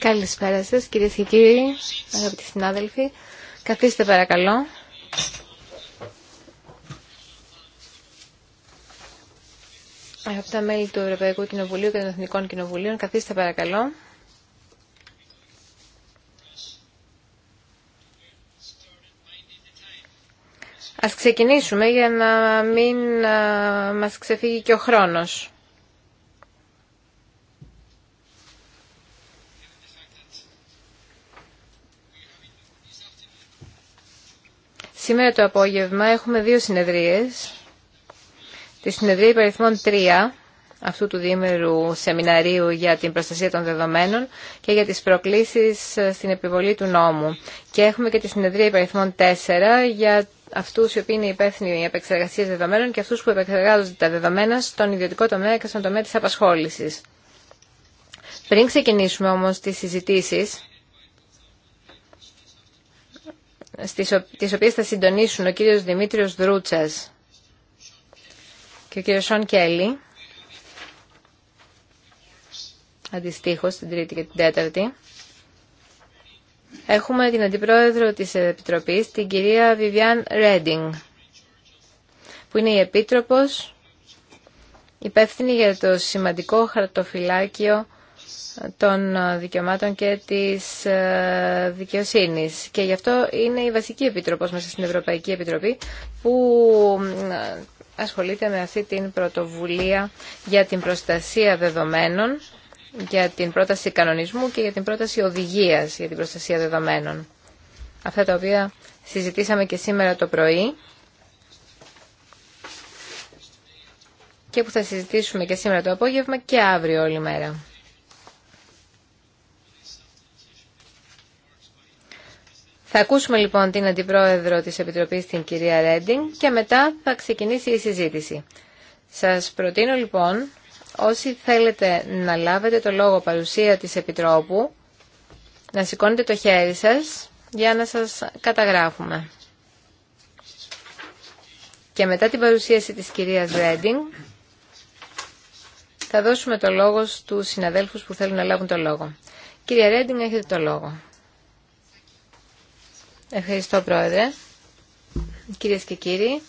Καλησπέρα σας κυρίες και κύριοι, αγαπητοί συνάδελφοι. Καθίστε παρακαλώ. Αγαπητά μέλη του Ευρωπαϊκού Κοινοβουλίου και των Εθνικών Κοινοβουλίων, καθίστε παρακαλώ. Ας ξεκινήσουμε για να μην μας ξεφύγει και ο χρόνος. Σήμερα το απόγευμα έχουμε δύο συνεδρίες. Τη συνεδρία υπεριθμών 3 αυτού του διήμερου σεμιναρίου για την προστασία των δεδομένων και για τις προκλήσεις ε, στην επιβολή του νόμου. Και έχουμε και τη συνεδρία υπαριθμών 4 για αυτούς οι οποίοι είναι υπεύθυνοι για επεξεργασία δεδομένων και αυτούς που επεξεργάζονται τα δεδομένα στον ιδιωτικό τομέα και στον τομέα τη απασχόληση. Πριν ξεκινήσουμε όμως τι συζητήσει, τις οποίες θα συντονίσουν ο κύριος Δημήτριος Δρούτσα και ο κύριο Σον Κέλλη, αντιστοίχω την Τρίτη και την Τέταρτη, έχουμε την Αντιπρόεδρο της Επιτροπής, την κυρία Βιβιάν Ρέντινγκ, που είναι η Επίτροπος υπεύθυνη για το σημαντικό χαρτοφυλάκιο των δικαιωμάτων και της ε, δικαιοσύνης. Και γι' αυτό είναι η βασική Επίτροπος μέσα στην Ευρωπαϊκή Επιτροπή που ε, ασχολείται με αυτή την πρωτοβουλία για την προστασία δεδομένων για την πρόταση κανονισμού και για την πρόταση οδηγίας για την προστασία δεδομένων. Αυτά τα οποία συζητήσαμε και σήμερα το πρωί και που θα συζητήσουμε και σήμερα το απόγευμα και αύριο όλη μέρα. Θα ακούσουμε λοιπόν την Αντιπρόεδρο της Επιτροπής, την κυρία Ρέντινγκ, και μετά θα ξεκινήσει η συζήτηση. Σας προτείνω λοιπόν Όσοι θέλετε να λάβετε το λόγο παρουσία της Επιτρόπου, να σηκώνετε το χέρι σας για να σας καταγράφουμε. Και μετά την παρουσίαση της κυρίας Ρέντινγκ, θα δώσουμε το λόγο στους συναδέλφους που θέλουν να λάβουν το λόγο. Κυρία Ρέντινγκ, έχετε το λόγο. Ευχαριστώ, Πρόεδρε. Κυρίες και κύριοι,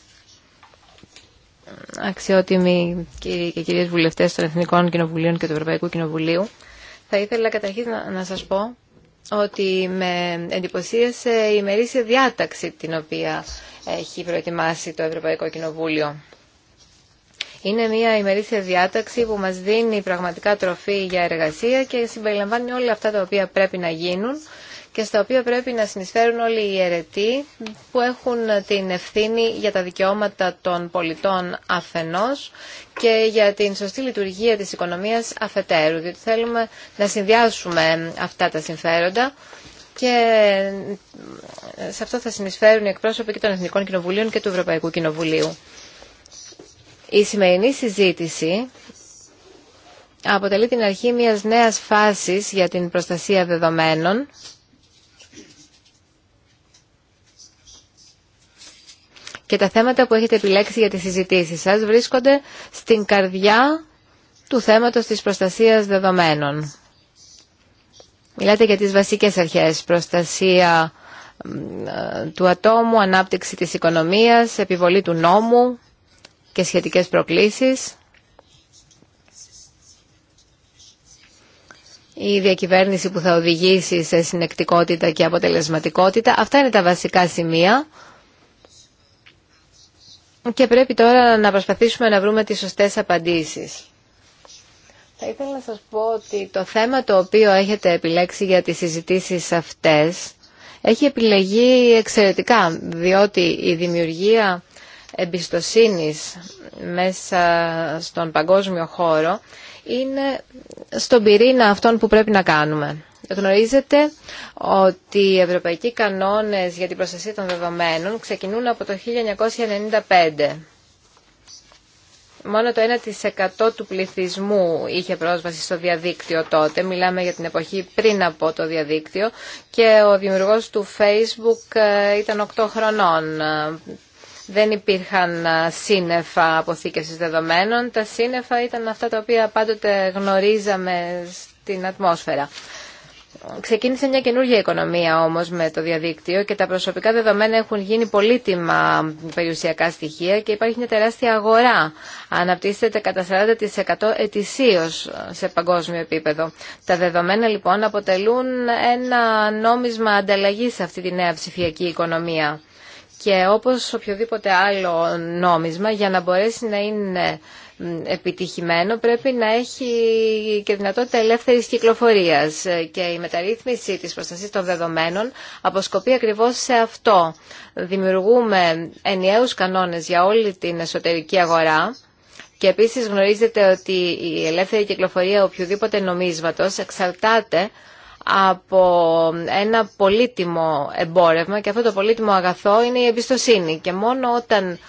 αξιότιμοι κύριοι και κυρίες βουλευτές των Εθνικών Κοινοβουλίων και του Ευρωπαϊκού Κοινοβουλίου. Θα ήθελα καταρχήν να σας πω ότι με εντυπωσίασε η ημερήσια διάταξη την οποία έχει προετοιμάσει το Ευρωπαϊκό Κοινοβούλιο. Είναι μια ημερήσια διάταξη που μας δίνει πραγματικά τροφή για εργασία και συμπεριλαμβάνει όλα αυτά τα οποία πρέπει να γίνουν και στα οποία πρέπει να συνεισφέρουν όλοι οι αιρετοί που έχουν την ευθύνη για τα δικαιώματα των πολιτών αφενός και για την σωστή λειτουργία της οικονομίας αφετέρου, διότι θέλουμε να συνδυάσουμε αυτά τα συμφέροντα και σε αυτό θα συνεισφέρουν οι εκπρόσωποι και των Εθνικών Κοινοβουλίων και του Ευρωπαϊκού Κοινοβουλίου. Η σημερινή συζήτηση αποτελεί την αρχή μιας νέας φάσης για την προστασία δεδομένων και τα θέματα που έχετε επιλέξει για τις συζητήσεις σας βρίσκονται στην καρδιά του θέματος της προστασίας δεδομένων. Μιλάτε για τις βασικές αρχές, προστασία ε, του ατόμου, ανάπτυξη της οικονομίας, επιβολή του νόμου και σχετικές προκλήσεις. η διακυβέρνηση που θα οδηγήσει σε συνεκτικότητα και αποτελεσματικότητα. Αυτά είναι τα βασικά σημεία και πρέπει τώρα να προσπαθήσουμε να βρούμε τις σωστές απαντήσεις. Θα ήθελα να σας πω ότι το θέμα το οποίο έχετε επιλέξει για τις συζητήσεις αυτές έχει επιλεγεί εξαιρετικά, διότι η δημιουργία εμπιστοσύνης μέσα στον παγκόσμιο χώρο είναι στον πυρήνα αυτών που πρέπει να κάνουμε. Γνωρίζετε ότι οι ευρωπαϊκοί κανόνες για την προστασία των δεδομένων ξεκινούν από το 1995. Μόνο το 1% του πληθυσμού είχε πρόσβαση στο διαδίκτυο τότε. Μιλάμε για την εποχή πριν από το διαδίκτυο και ο δημιουργός του Facebook ε, ήταν 8 χρονών. Δεν υπήρχαν ε, σύννεφα αποθήκευσης δεδομένων. Τα σύννεφα ήταν αυτά τα οποία πάντοτε γνωρίζαμε στην ατμόσφαιρα. Ξεκίνησε μια καινούργια οικονομία όμως με το διαδίκτυο και τα προσωπικά δεδομένα έχουν γίνει πολύτιμα περιουσιακά στοιχεία και υπάρχει μια τεράστια αγορά. Αναπτύσσεται κατά 40% ετησίως σε παγκόσμιο επίπεδο. Τα δεδομένα λοιπόν αποτελούν ένα νόμισμα ανταλλαγής σε αυτή τη νέα ψηφιακή οικονομία. Και όπως οποιοδήποτε άλλο νόμισμα για να μπορέσει να είναι επιτυχημένο πρέπει να έχει και δυνατότητα ελεύθερης κυκλοφορίας και η μεταρρύθμιση της προστασίας των δεδομένων αποσκοπεί ακριβώς σε αυτό. Δημιουργούμε ενιαίους κανόνες για όλη την εσωτερική αγορά και επίσης γνωρίζετε ότι η ελεύθερη κυκλοφορία οποιοδήποτε νομίσματος εξαρτάται από ένα πολύτιμο εμπόρευμα και αυτό το πολύτιμο αγαθό είναι η εμπιστοσύνη και μόνο όταν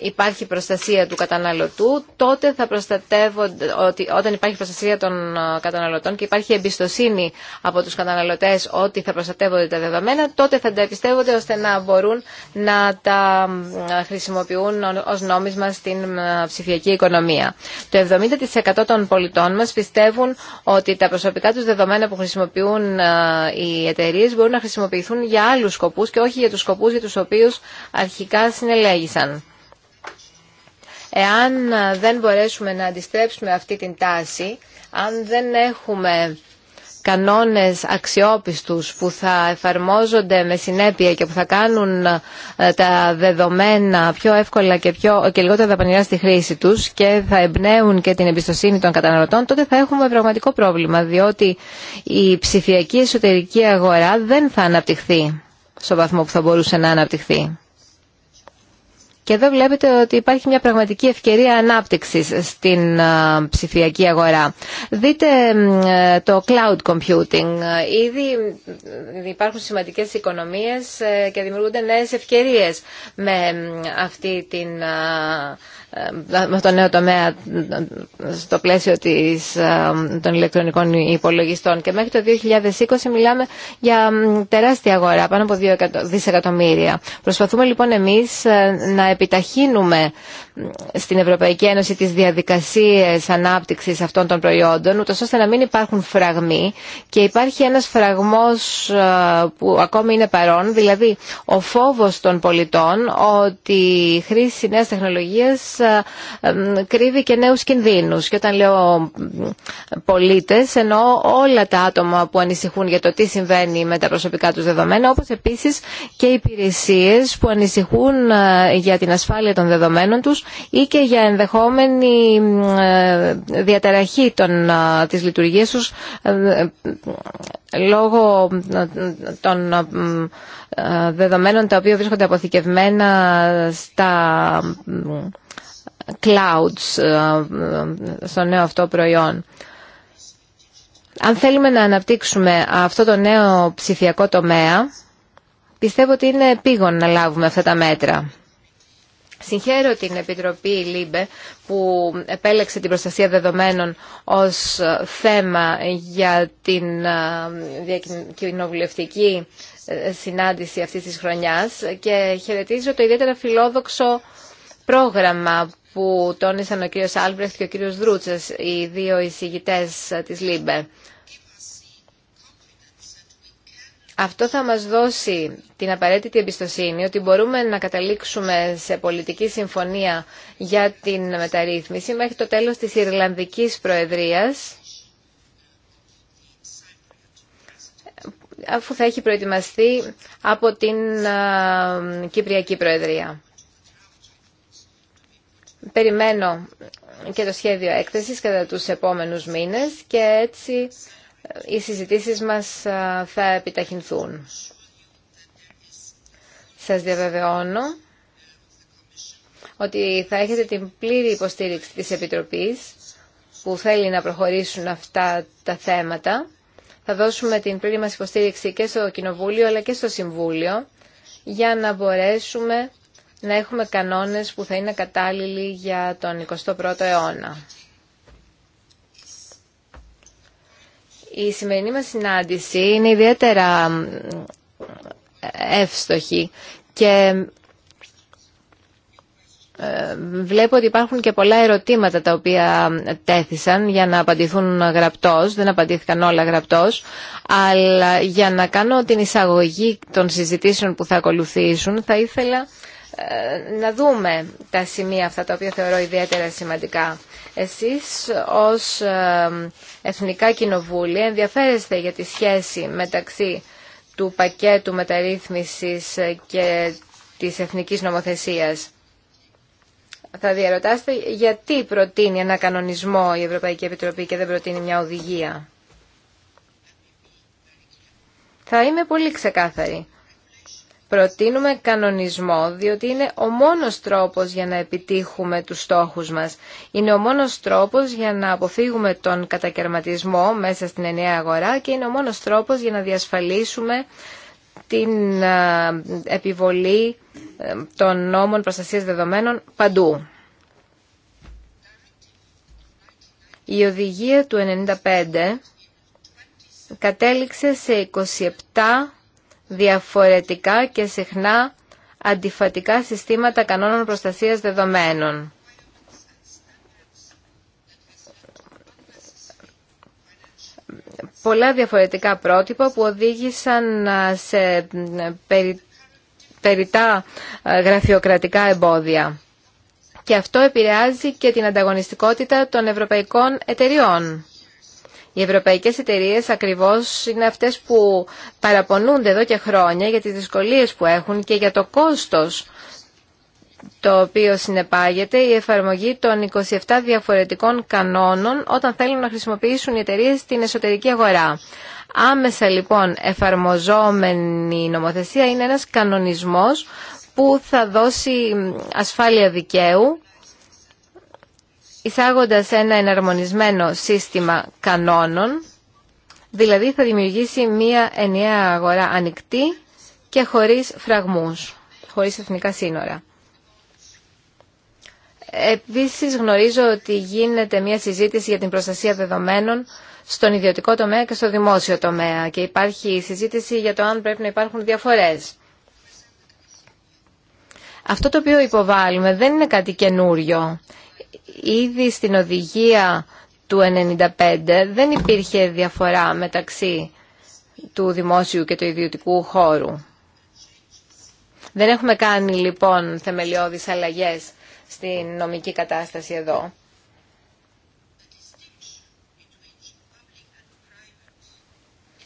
υπάρχει προστασία του καταναλωτού, τότε θα προστατεύονται, ότι όταν υπάρχει προστασία των ε, καταναλωτών και υπάρχει εμπιστοσύνη από τους καταναλωτές ότι θα προστατεύονται τα δεδομένα, τότε θα τα εμπιστεύονται ώστε να μπορούν να τα ε, χρησιμοποιούν ως νόμισμα στην ε, ψηφιακή οικονομία. Το 70% των πολιτών μας πιστεύουν ότι τα προσωπικά τους δεδομένα που χρησιμοποιούν οι εταιρείε μπορούν να χρησιμοποιηθούν για άλλους σκοπούς και όχι για τους σκοπούς για τους οποίους αρχικά συνελέγησαν. Εάν ε, δεν μπορέσουμε να αντιστρέψουμε αυτή την τάση, αν δεν έχουμε κανόνες αξιόπιστους που θα εφαρμόζονται με συνέπεια και που θα κάνουν ε, τα δεδομένα πιο εύκολα και, πιο, και λιγότερα δαπανηρά στη χρήση τους και θα εμπνέουν και την εμπιστοσύνη των καταναλωτών, τότε θα έχουμε πραγματικό πρόβλημα, διότι η ψηφιακή εσωτερική αγορά δεν θα αναπτυχθεί στον βαθμό που θα μπορούσε να αναπτυχθεί. Και εδώ βλέπετε ότι υπάρχει μια πραγματική ευκαιρία ανάπτυξης στην ε, ψηφιακή αγορά. Δείτε ε, το cloud computing. Ε, ήδη υπάρχουν σημαντικές οικονομίες και δημιουργούνται νέες ευκαιρίες με αυτή την με το νέο τομέα στο πλαίσιο της, των ηλεκτρονικών υπολογιστών και μέχρι το 2020 μιλάμε για τεράστια αγορά, πάνω από 2 δισεκατομμύρια. Προσπαθούμε λοιπόν εμείς να επιταχύνουμε στην Ευρωπαϊκή Ένωση τις διαδικασίες ανάπτυξης αυτών των προϊόντων, ούτως ώστε να μην υπάρχουν φραγμοί και υπάρχει ένας φραγμός ε, που ακόμη είναι παρόν, δηλαδή ο φόβος των πολιτών ότι η χρήση νέας τεχνολογίας ε, ε, κρύβει και νέους κινδύνους. Και όταν λέω πολίτες, εννοώ όλα τα άτομα που ανησυχούν για το τι συμβαίνει με τα προσωπικά τους δεδομένα, όπως επίσης και οι υπηρεσίες που ανησυχούν για την ασφάλεια των δεδομένων τους ή και για ενδεχόμενη ε, διαταραχή των, ε, της λειτουργίας τους ε, λόγω των δεδομένων τα οποία βρίσκονται αποθηκευμένα στα clouds στο νέο αυτό προϊόν. Αν θέλουμε να αναπτύξουμε αυτό το νέο ψηφιακό τομέα, πιστεύω ότι είναι επίγον να λάβουμε αυτά τα μέτρα. Συγχαίρω την Επιτροπή ΛΥΜΠΕ που επέλεξε την προστασία δεδομένων ως θέμα για την ε, κοινοβουλευτική ε, συνάντηση αυτής της χρονιάς και χαιρετίζω το ιδιαίτερα φιλόδοξο πρόγραμμα που τόνισαν ο κύριος Άλμπρεχτ και ο κύριος Δρούτσας, οι δύο εισηγητές ε, της ΛΥΜΠΕ. Αυτό θα μας δώσει την απαραίτητη εμπιστοσύνη ότι μπορούμε να καταλήξουμε σε πολιτική συμφωνία για την μεταρρύθμιση μέχρι το τέλος της Ιρλανδικής Προεδρίας αφού θα έχει προετοιμαστεί από την Κυπριακή Προεδρία. Περιμένω και το σχέδιο έκθεσης κατά τους επόμενους μήνες και έτσι οι συζητήσεις μας θα επιταχυνθούν. Σας διαβεβαιώνω ότι θα έχετε την πλήρη υποστήριξη της Επιτροπής που θέλει να προχωρήσουν αυτά τα θέματα. Θα δώσουμε την πλήρη μας υποστήριξη και στο Κοινοβούλιο αλλά και στο Συμβούλιο για να μπορέσουμε να έχουμε κανόνες που θα είναι κατάλληλοι για τον 21ο αιώνα. Η σημερινή μας συνάντηση είναι ιδιαίτερα εύστοχη και ε, βλέπω ότι υπάρχουν και πολλά ερωτήματα τα οποία τέθησαν για να απαντηθούν γραπτός, δεν απαντήθηκαν όλα γραπτός, αλλά για να κάνω την εισαγωγή των συζητήσεων που θα ακολουθήσουν θα ήθελα ε, να δούμε τα σημεία αυτά τα οποία θεωρώ ιδιαίτερα σημαντικά. Εσείς ως Εθνικά Κοινοβούλια ενδιαφέρεστε για τη σχέση μεταξύ του πακέτου μεταρρύθμισης ε, και της εθνικής νομοθεσίας. Θα διαρωτάστε γιατί προτείνει ένα κανονισμό η Ευρωπαϊκή Επιτροπή και δεν προτείνει μια οδηγία. Θα είμαι πολύ ξεκάθαρη. Προτείνουμε κανονισμό, διότι είναι ο μόνος τρόπος για να επιτύχουμε τους στόχους μας. Είναι ο μόνος τρόπος για να αποφύγουμε τον κατακαιρματισμό μέσα στην ενιαία αγορά και είναι ο μόνος τρόπος για να διασφαλίσουμε την ε, επιβολή ε, των νόμων προστασίας δεδομένων παντού. Η οδηγία του 95 κατέληξε σε 27 διαφορετικά και συχνά αντιφατικά συστήματα κανόνων προστασίας δεδομένων. Πολλά διαφορετικά πρότυπα που οδήγησαν σε περιτά γραφειοκρατικά εμπόδια. Και αυτό επηρεάζει και την ανταγωνιστικότητα των ευρωπαϊκών εταιριών. Οι ευρωπαϊκές εταιρείες ακριβώς είναι αυτές που παραπονούνται εδώ και χρόνια για τις δυσκολίες που έχουν και για το κόστος το οποίο συνεπάγεται η εφαρμογή των 27 διαφορετικών κανόνων όταν θέλουν να χρησιμοποιήσουν οι εταιρείες στην εσωτερική αγορά. Άμεσα λοιπόν εφαρμοζόμενη νομοθεσία είναι ένας κανονισμός που θα δώσει ασφάλεια δικαίου εισάγοντας ένα εναρμονισμένο σύστημα κανόνων, δηλαδή θα δημιουργήσει μία ενιαία αγορά ανοιχτή και χωρίς φραγμούς, χωρίς εθνικά σύνορα. Επίσης γνωρίζω ότι γίνεται μία συζήτηση για την προστασία δεδομένων στον ιδιωτικό τομέα και στο δημόσιο τομέα και υπάρχει συζήτηση για το αν πρέπει να υπάρχουν διαφορές. Αυτό το οποίο υποβάλλουμε δεν είναι κάτι καινούριο ήδη στην οδηγία του 1995 δεν υπήρχε διαφορά μεταξύ του δημόσιου και του ιδιωτικού χώρου. Δεν έχουμε κάνει λοιπόν θεμελιώδεις αλλαγές στην νομική κατάσταση εδώ.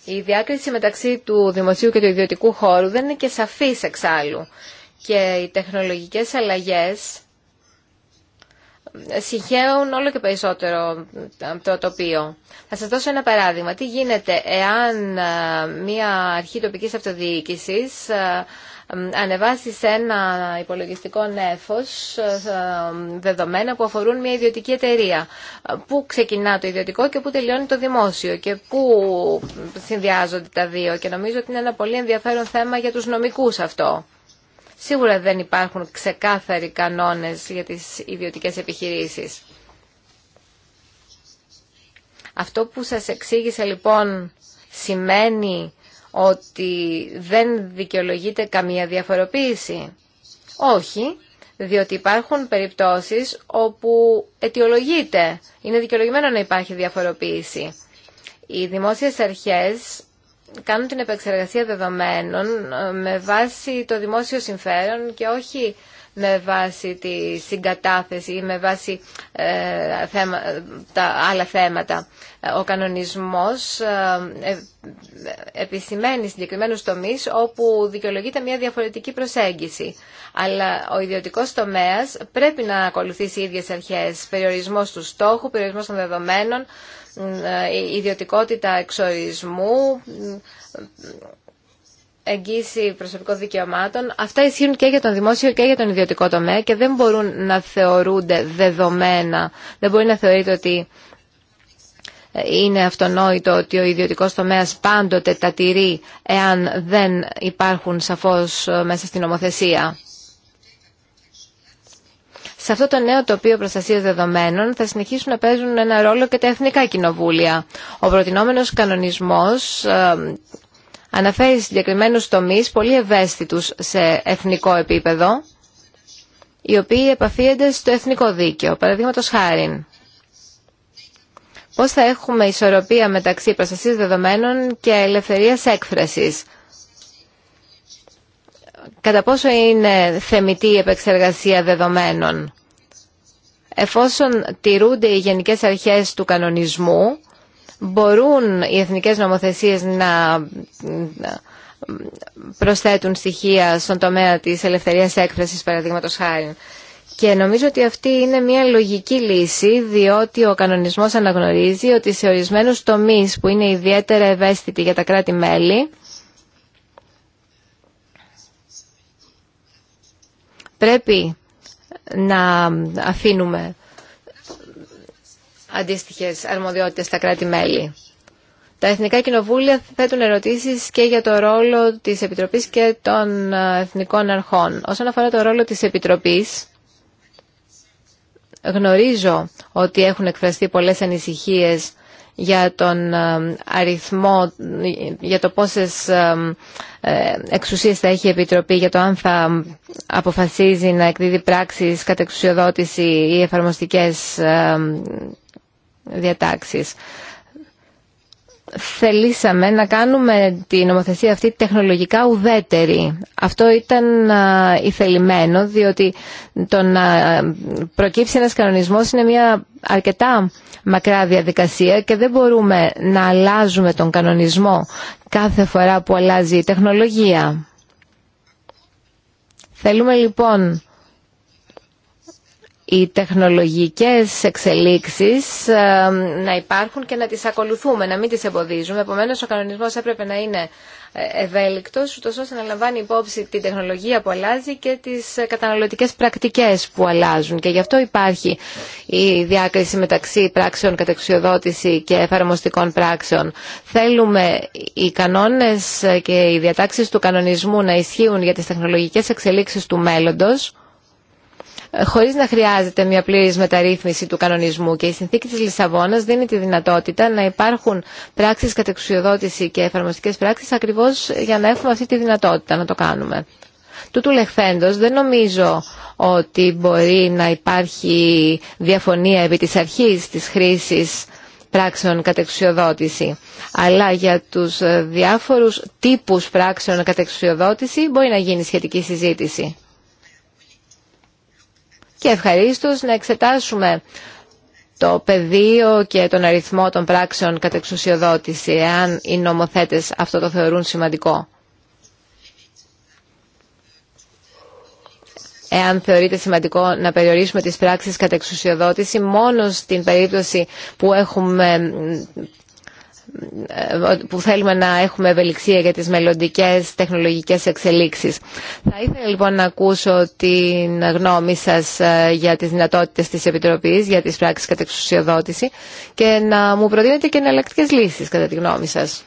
Η διάκριση μεταξύ του δημοσίου και του ιδιωτικού χώρου δεν είναι και σαφής εξάλλου. Και οι τεχνολογικές αλλαγές συγχαίουν όλο και περισσότερο το τοπίο. Θα σας δώσω ένα παράδειγμα. Τι γίνεται εάν ε, μια αρχή τοπικής αυτοδιοίκησης ε, ε, ανεβάσει σε ένα υπολογιστικό νέφος δεδομένα που αφορούν μια ιδιωτική εταιρεία. Πού ξεκινά το ιδιωτικό και πού τελειώνει το δημόσιο και πού συνδυάζονται τα δύο. Και νομίζω ότι είναι ένα πολύ ενδιαφέρον θέμα για τους νομικούς αυτό. Σίγουρα δεν υπάρχουν ξεκάθαροι κανόνες για τις ιδιωτικές επιχειρήσεις. Αυτό που σας εξήγησα λοιπόν σημαίνει ότι δεν δικαιολογείται καμία διαφοροποίηση. Όχι, διότι υπάρχουν περιπτώσεις όπου αιτιολογείται, είναι δικαιολογημένο να υπάρχει διαφοροποίηση. Οι δημόσιες αρχές κάνουν την επεξεργασία δεδομένων ε, με βάση το δημόσιο συμφέρον και όχι με βάση τη συγκατάθεση ή με βάση ε, τα άλλα θέματα. Ο κανονισμός ε, ε, επισημαίνει συγκεκριμένους τομείς όπου δικαιολογείται μια διαφορετική προσέγγιση. Αλλά ο ιδιωτικός τομέας πρέπει να ακολουθήσει οι ίδιες αρχές. Περιορισμός του στόχου, περιορισμός των δεδομένων, ε, ιδιωτικότητα εξορισμού, εγγύηση προσωπικών δικαιωμάτων, αυτά ισχύουν και για τον δημόσιο και για τον ιδιωτικό τομέα και δεν μπορούν να θεωρούνται δεδομένα. Δεν μπορεί να θεωρείται ότι ε, είναι αυτονόητο ότι ο ιδιωτικός τομέας πάντοτε τα τηρεί εάν δεν υπάρχουν σαφώς ε, μέσα στην νομοθεσία. Σε αυτό το νέο τοπίο προστασία δεδομένων θα συνεχίσουν να παίζουν ένα ρόλο και τα εθνικά κοινοβούλια. Ο προτινόμενος κανονισμός ε, αναφέρει συγκεκριμένους τομείς πολύ ευαίσθητους σε εθνικό επίπεδο, οι οποίοι επαφίονται στο εθνικό δίκαιο, παραδείγματο χάρη. Πώς θα έχουμε ισορροπία μεταξύ προστασίας δεδομένων και ελευθερίας έκφρασης. Κατά πόσο είναι θεμητή η επεξεργασία δεδομένων. Εφόσον τηρούνται οι γενικές αρχές του κανονισμού, μπορούν οι εθνικές νομοθεσίες να προσθέτουν στοιχεία στον τομέα της ελευθερίας έκφρασης παραδείγματος χάρη. Και νομίζω ότι αυτή είναι μια λογική λύση, διότι ο κανονισμός αναγνωρίζει ότι σε ορισμένους τομείς που είναι ιδιαίτερα ευαίσθητοι για τα κράτη-μέλη, πρέπει να αφήνουμε Αντίστοιχε αρμοδιότητε στα κράτη-μέλη. Τα Εθνικά Κοινοβούλια θέτουν ερωτήσεις και για το ρόλο της Επιτροπής και των ε, Εθνικών Αρχών. Όσον αφορά το ρόλο της Επιτροπής, γνωρίζω ότι έχουν εκφραστεί πολλές ανησυχίες για τον ε, αριθμό, για το πόσες ε, εξουσίες θα έχει η Επιτροπή, για το αν θα αποφασίζει να εκδίδει πράξεις κατά εξουσιοδότηση ή εφαρμοστικές διατάξεις. Θελήσαμε να κάνουμε την νομοθεσία αυτή τεχνολογικά ουδέτερη. Αυτό ήταν ηθελημένο, διότι το να προκύψει ένας κανονισμός είναι μια αρκετά μακρά διαδικασία και δεν μπορούμε να αλλάζουμε τον κανονισμό κάθε φορά που αλλάζει η τεχνολογία. Θέλουμε λοιπόν οι τεχνολογικές εξελίξεις ε, να υπάρχουν και να τις ακολουθούμε, να μην τις εμποδίζουμε. Επομένως, ο κανονισμός έπρεπε να είναι ε, ευέλικτος, ούτως ώστε να λαμβάνει υπόψη την τεχνολογία που αλλάζει και τις ε, καταναλωτικές πρακτικές που αλλάζουν. Και γι' αυτό υπάρχει η διάκριση μεταξύ πράξεων κατεξιοδότηση και εφαρμοστικών πράξεων. Θέλουμε οι κανόνες και οι διατάξεις του κανονισμού να ισχύουν για τις τεχνολογικές εξελίξεις του μέλλοντος, ε, χωρίς να χρειάζεται μια πλήρης μεταρρύθμιση του κανονισμού και η συνθήκη της Λισαβόνας δίνει τη δυνατότητα να υπάρχουν πράξεις κατεξουσιοδότηση και εφαρμοστικές πράξεις ακριβώς για να έχουμε αυτή τη δυνατότητα να το κάνουμε. Τούτου λεχθέντος δεν νομίζω ότι μπορεί να υπάρχει διαφωνία επί της αρχής της χρήσης πράξεων κατεξουσιοδότηση. Αλλά για τους ε, διάφορους τύπους πράξεων κατεξουσιοδότηση μπορεί να γίνει σχετική συζήτηση και ευχαρίστως να εξετάσουμε το πεδίο και τον αριθμό των πράξεων κατά εξουσιοδότηση, εάν οι νομοθέτες αυτό το θεωρούν σημαντικό. Εάν θεωρείται σημαντικό να περιορίσουμε τις πράξεις κατά εξουσιοδότηση μόνο στην περίπτωση που έχουμε που θέλουμε να έχουμε ευελιξία για τις μελλοντικές τεχνολογικές εξελίξεις. Θα ήθελα λοιπόν να ακούσω την γνώμη σας ε, για τις δυνατότητες της Επιτροπής, για τις πράξεις κατά εξουσιοδότηση και να μου προτείνετε και εναλλακτικέ λύσεις κατά τη γνώμη σας.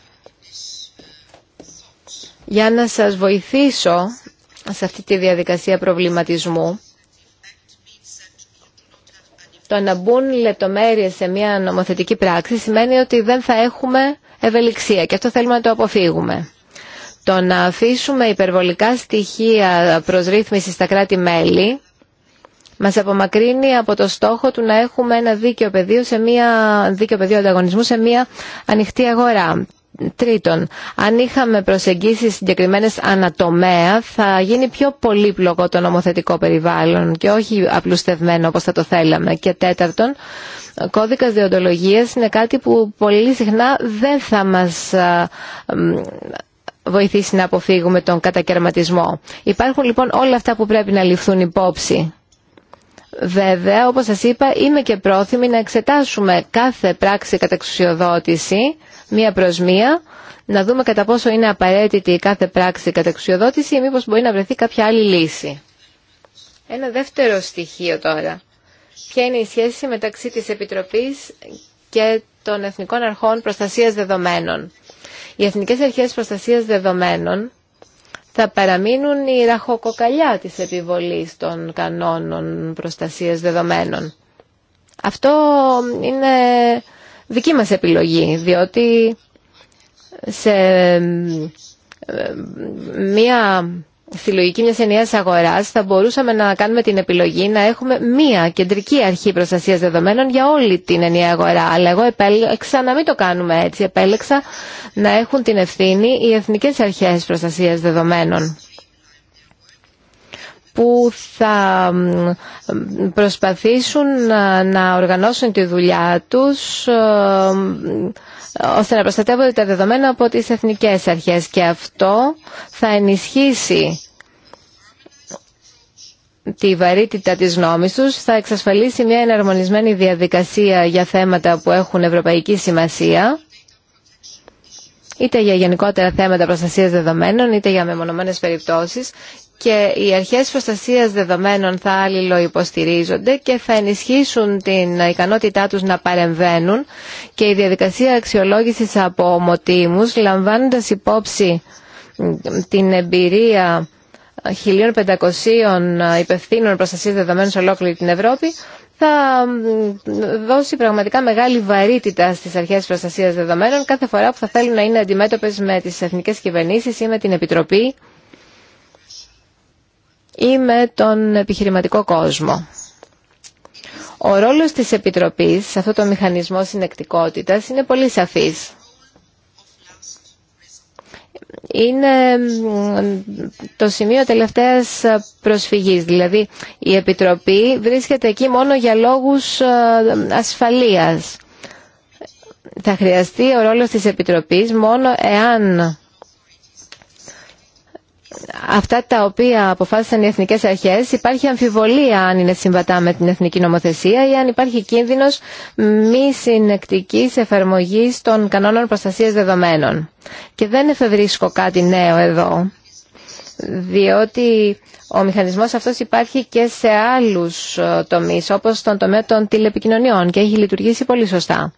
Για να σας βοηθήσω σε αυτή τη διαδικασία προβληματισμού, το να μπουν λεπτομέρειες σε μια νομοθετική πράξη σημαίνει ότι δεν θα έχουμε ευελιξία και αυτό θέλουμε να το αποφύγουμε. Το να αφήσουμε υπερβολικά στοιχεία προς ρύθμιση στα κράτη-μέλη μας απομακρύνει από το στόχο του να έχουμε ένα δίκαιο πεδίο, σε μια, δίκαιο πεδίο ανταγωνισμού σε μια ανοιχτή αγορά. Τρίτον, αν είχαμε προσεγγίσει συγκεκριμένες ανατομέα θα γίνει πιο πολύπλοκο το νομοθετικό περιβάλλον και όχι απλουστευμένο όπως θα το θέλαμε. Και τέταρτον, κώδικας είναι κάτι που πολύ συχνά δεν θα μας βοηθήσει να αποφύγουμε τον κατακαιρματισμό. Υπάρχουν λοιπόν όλα αυτά που πρέπει να ληφθούν υπόψη. Βέβαια, όπως σας είπα, είμαι και πρόθυμη να εξετάσουμε κάθε πράξη καταξουσιοδότηση μία προς μία, να δούμε κατά πόσο είναι απαραίτητη η κάθε πράξη καταξιοδότηση ή μήπως μπορεί να βρεθεί κάποια άλλη λύση. Ένα δεύτερο στοιχείο τώρα. Ποια είναι η σχέση μεταξύ της Επιτροπής και των Εθνικών Αρχών Προστασίας Δεδομένων. Οι Εθνικές Αρχές Προστασίας Δεδομένων θα παραμείνουν η ραχοκοκαλιά της επιβολής των κανόνων προστασίας δεδομένων. Αυτό είναι δική μας επιλογή, διότι σε ε, μία στη λογική μιας ενιαίας αγοράς θα μπορούσαμε να κάνουμε την επιλογή να έχουμε μία κεντρική αρχή προστασίας δεδομένων για όλη την ενιαία αγορά. Αλλά εγώ επέλεξα να μην το κάνουμε έτσι. Επέλεξα να έχουν την ευθύνη οι εθνικές αρχές προστασίας δεδομένων που θα προσπαθήσουν να οργανώσουν τη δουλειά τους ε, ώστε να προστατεύονται τα δεδομένα από τις εθνικές αρχές και αυτό θα ενισχύσει τη βαρύτητα της νόμης τους, θα εξασφαλίσει μια εναρμονισμένη διαδικασία για θέματα που έχουν ευρωπαϊκή σημασία είτε για γενικότερα θέματα προστασίας δεδομένων, είτε για μεμονωμένες περιπτώσεις και οι αρχές προστασίας δεδομένων θα αλληλοϊποστηρίζονται και θα ενισχύσουν την ικανότητά τους να παρεμβαίνουν και η διαδικασία αξιολόγησης από ομοτήμους λαμβάνοντας υπόψη την εμπειρία 1.500 υπευθύνων προστασίας δεδομένων σε ολόκληρη την Ευρώπη θα δώσει πραγματικά μεγάλη βαρύτητα στις αρχές προστασίας δεδομένων κάθε φορά που θα θέλουν να είναι αντιμέτωπες με τις εθνικές κυβερνήσεις ή με την Επιτροπή ή με τον επιχειρηματικό κόσμο. Ο ρόλος της Επιτροπής σε αυτό το μηχανισμό συνεκτικότητας είναι πολύ σαφής. Είναι το σημείο τελευταίας προσφυγής, δηλαδή η Επιτροπή βρίσκεται εκεί μόνο για λόγους ε, ασφαλείας. Θα χρειαστεί ο ρόλος της Επιτροπής μόνο εάν αυτά τα οποία αποφάσισαν οι εθνικές αρχές υπάρχει αμφιβολία αν είναι συμβατά με την εθνική νομοθεσία ή αν υπάρχει κίνδυνος μη συνεκτικής εφαρμογής των κανόνων προστασίας δεδομένων. Και δεν εφευρίσκω κάτι νέο εδώ, διότι ο μηχανισμός αυτός υπάρχει και σε άλλους ε, τομείς, όπως στον τομέα των τηλεπικοινωνιών και έχει λειτουργήσει πολύ σωστά.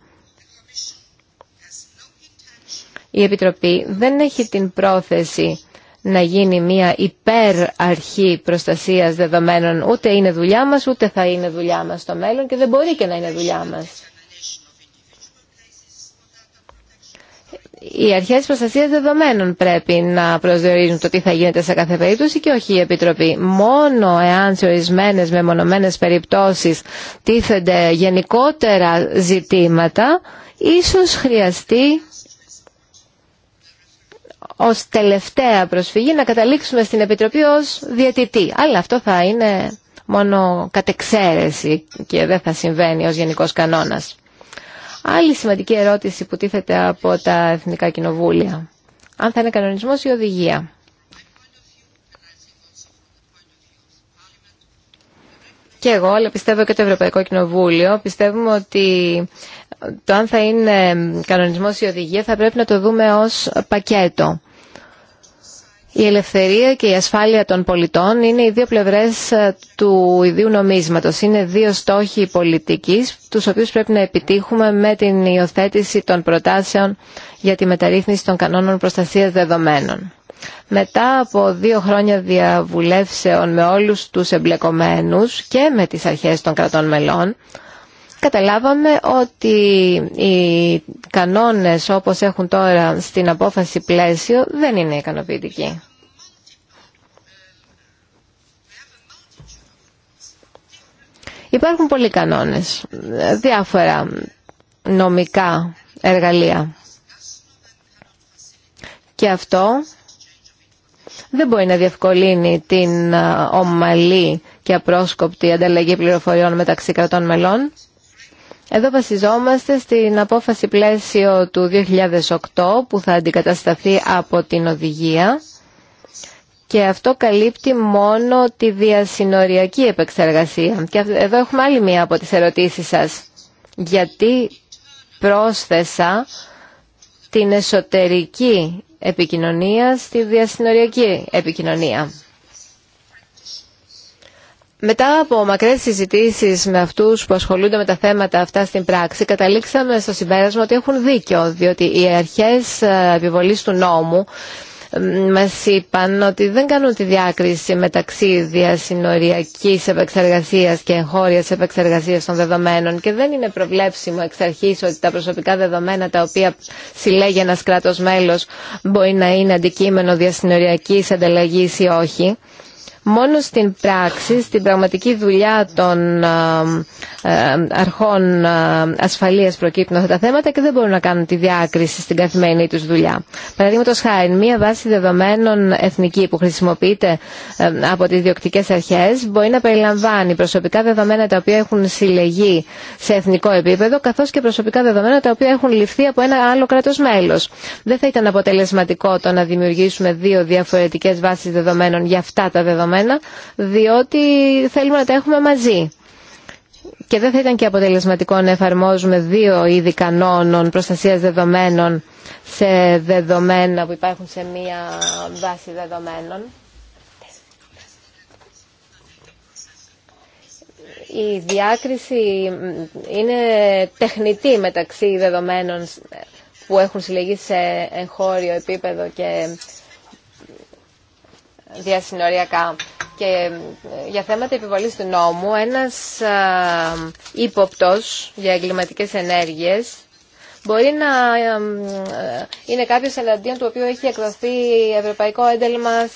Η Επιτροπή δεν έχει την πρόθεση να γίνει μια υπερ-αρχή προστασίας δεδομένων. Ούτε είναι δουλειά μας, ούτε θα είναι δουλειά μας στο μέλλον και δεν μπορεί και να είναι δουλειά μας. Οι αρχές προστασίας δεδομένων πρέπει να προσδιορίζουν το τι θα γίνεται σε κάθε περίπτωση και όχι η Επιτροπή. Μόνο εάν σε ορισμένες μεμονωμένες περιπτώσεις τίθενται γενικότερα ζητήματα, ίσως χρειαστεί ως τελευταία προσφυγή να καταλήξουμε στην Επιτροπή ως διαιτητή. Αλλά αυτό θα είναι μόνο κατεξαίρεση και δεν θα συμβαίνει ως γενικός κανόνας. Άλλη σημαντική ερώτηση που τίθεται από τα Εθνικά Κοινοβούλια. Αν θα είναι κανονισμός ή οδηγία. και εγώ, αλλά πιστεύω και το Ευρωπαϊκό Κοινοβούλιο, πιστεύουμε ότι το αν θα είναι κανονισμός ή οδηγία θα πρέπει να το δούμε ως πακέτο. Η ελευθερία και η ασφάλεια των πολιτών είναι οι δύο πλευρές του ιδίου νομίσματος. Είναι δύο στόχοι πολιτικής, τους οποίους πρέπει να επιτύχουμε με την υιοθέτηση των προτάσεων για τη μεταρρύθμιση των κανόνων προστασίας δεδομένων. Μετά από δύο χρόνια διαβουλεύσεων με όλους τους εμπλεκομένους και με τις αρχές των κρατών μελών, καταλάβαμε ότι οι κανόνες όπως έχουν τώρα στην απόφαση πλαίσιο δεν είναι ικανοποιητικοί. Υπάρχουν πολλοί κανόνες, διάφορα νομικά εργαλεία. Και αυτό δεν μπορεί να διευκολύνει την ε, ομαλή και απρόσκοπτη ανταλλαγή πληροφοριών μεταξύ κρατών μελών. Εδώ βασιζόμαστε στην απόφαση πλαίσιο του 2008 που θα αντικατασταθεί από την οδηγία και αυτό καλύπτει μόνο τη διασυνοριακή επεξεργασία. Και εδώ έχουμε άλλη μία από τις ερωτήσεις σας. Γιατί πρόσθεσα την εσωτερική επικοινωνία στη διασυνοριακή επικοινωνία. Μετά από μακρές συζητήσεις με αυτούς που ασχολούνται με τα θέματα αυτά στην πράξη, καταλήξαμε στο συμπέρασμα ότι έχουν δίκιο, διότι οι αρχές επιβολής του νόμου μας είπαν ότι δεν κάνουν τη διάκριση μεταξύ διασυνοριακής επεξεργασίας και εγχώριας επεξεργασίας των δεδομένων και δεν είναι προβλέψιμο εξ αρχής ότι τα προσωπικά δεδομένα τα οποία συλλέγει ένας κράτος μέλος μπορεί να είναι αντικείμενο διασυνοριακής ανταλλαγής ή όχι. Μόνο στην πράξη, στην πραγματική δουλειά των ε, ε, αρχών ε, ασφαλείας προκύπτουν αυτά τα θέματα και δεν μπορούν να κάνουν τη διάκριση στην καθημερινή τους δουλειά. Παραδείγματος χάρη, μία βάση δεδομένων εθνική που χρησιμοποιείται από τις διοκτικές αρχές μπορεί να περιλαμβάνει προσωπικά δεδομένα τα οποία έχουν συλλεγεί σε εθνικό επίπεδο καθώς και προσωπικά δεδομένα τα οποία έχουν ληφθεί από ένα άλλο κράτος μέλος. Δεν θα ήταν αποτελεσματικό το να δημιουργήσουμε δύο διαφορετικές βάσεις δεδομένων για αυτά τα δεδομένα διότι θέλουμε να τα έχουμε μαζί. Και δεν θα ήταν και αποτελεσματικό να εφαρμόζουμε δύο είδη κανόνων προστασίας δεδομένων σε δεδομένα που υπάρχουν σε μία βάση δεδομένων. Η διάκριση είναι τεχνητή μεταξύ δεδομένων που έχουν συλλεγεί σε εγχώριο επίπεδο και διασυνοριακά. Και για θέματα επιβολής του νόμου, ένας ύποπτος για εγκληματικές ενέργειες μπορεί να είναι κάποιος εναντίον του οποίου έχει εκδοθεί ευρωπαϊκό έντελμα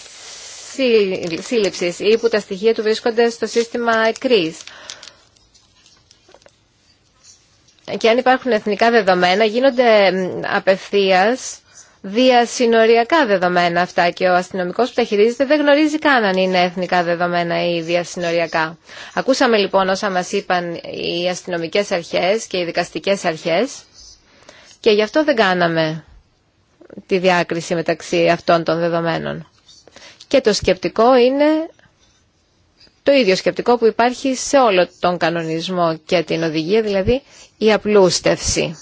σύλληψης ή που τα στοιχεία του βρίσκονται στο σύστημα ΕΚΡΙΣ. Και αν υπάρχουν εθνικά δεδομένα, γίνονται απευθείας διασυνοριακά δεδομένα αυτά και ο αστυνομικός που τα χειρίζεται δεν γνωρίζει καν αν είναι εθνικά δεδομένα ή διασυνοριακά. Ακούσαμε λοιπόν όσα μας είπαν οι αστυνομικές αρχές και οι δικαστικές αρχές και γι' αυτό δεν κάναμε τη διάκριση μεταξύ αυτών των δεδομένων. Και το σκεπτικό είναι το ίδιο σκεπτικό που υπάρχει σε όλο τον κανονισμό και την οδηγία, δηλαδή η απλούστευση.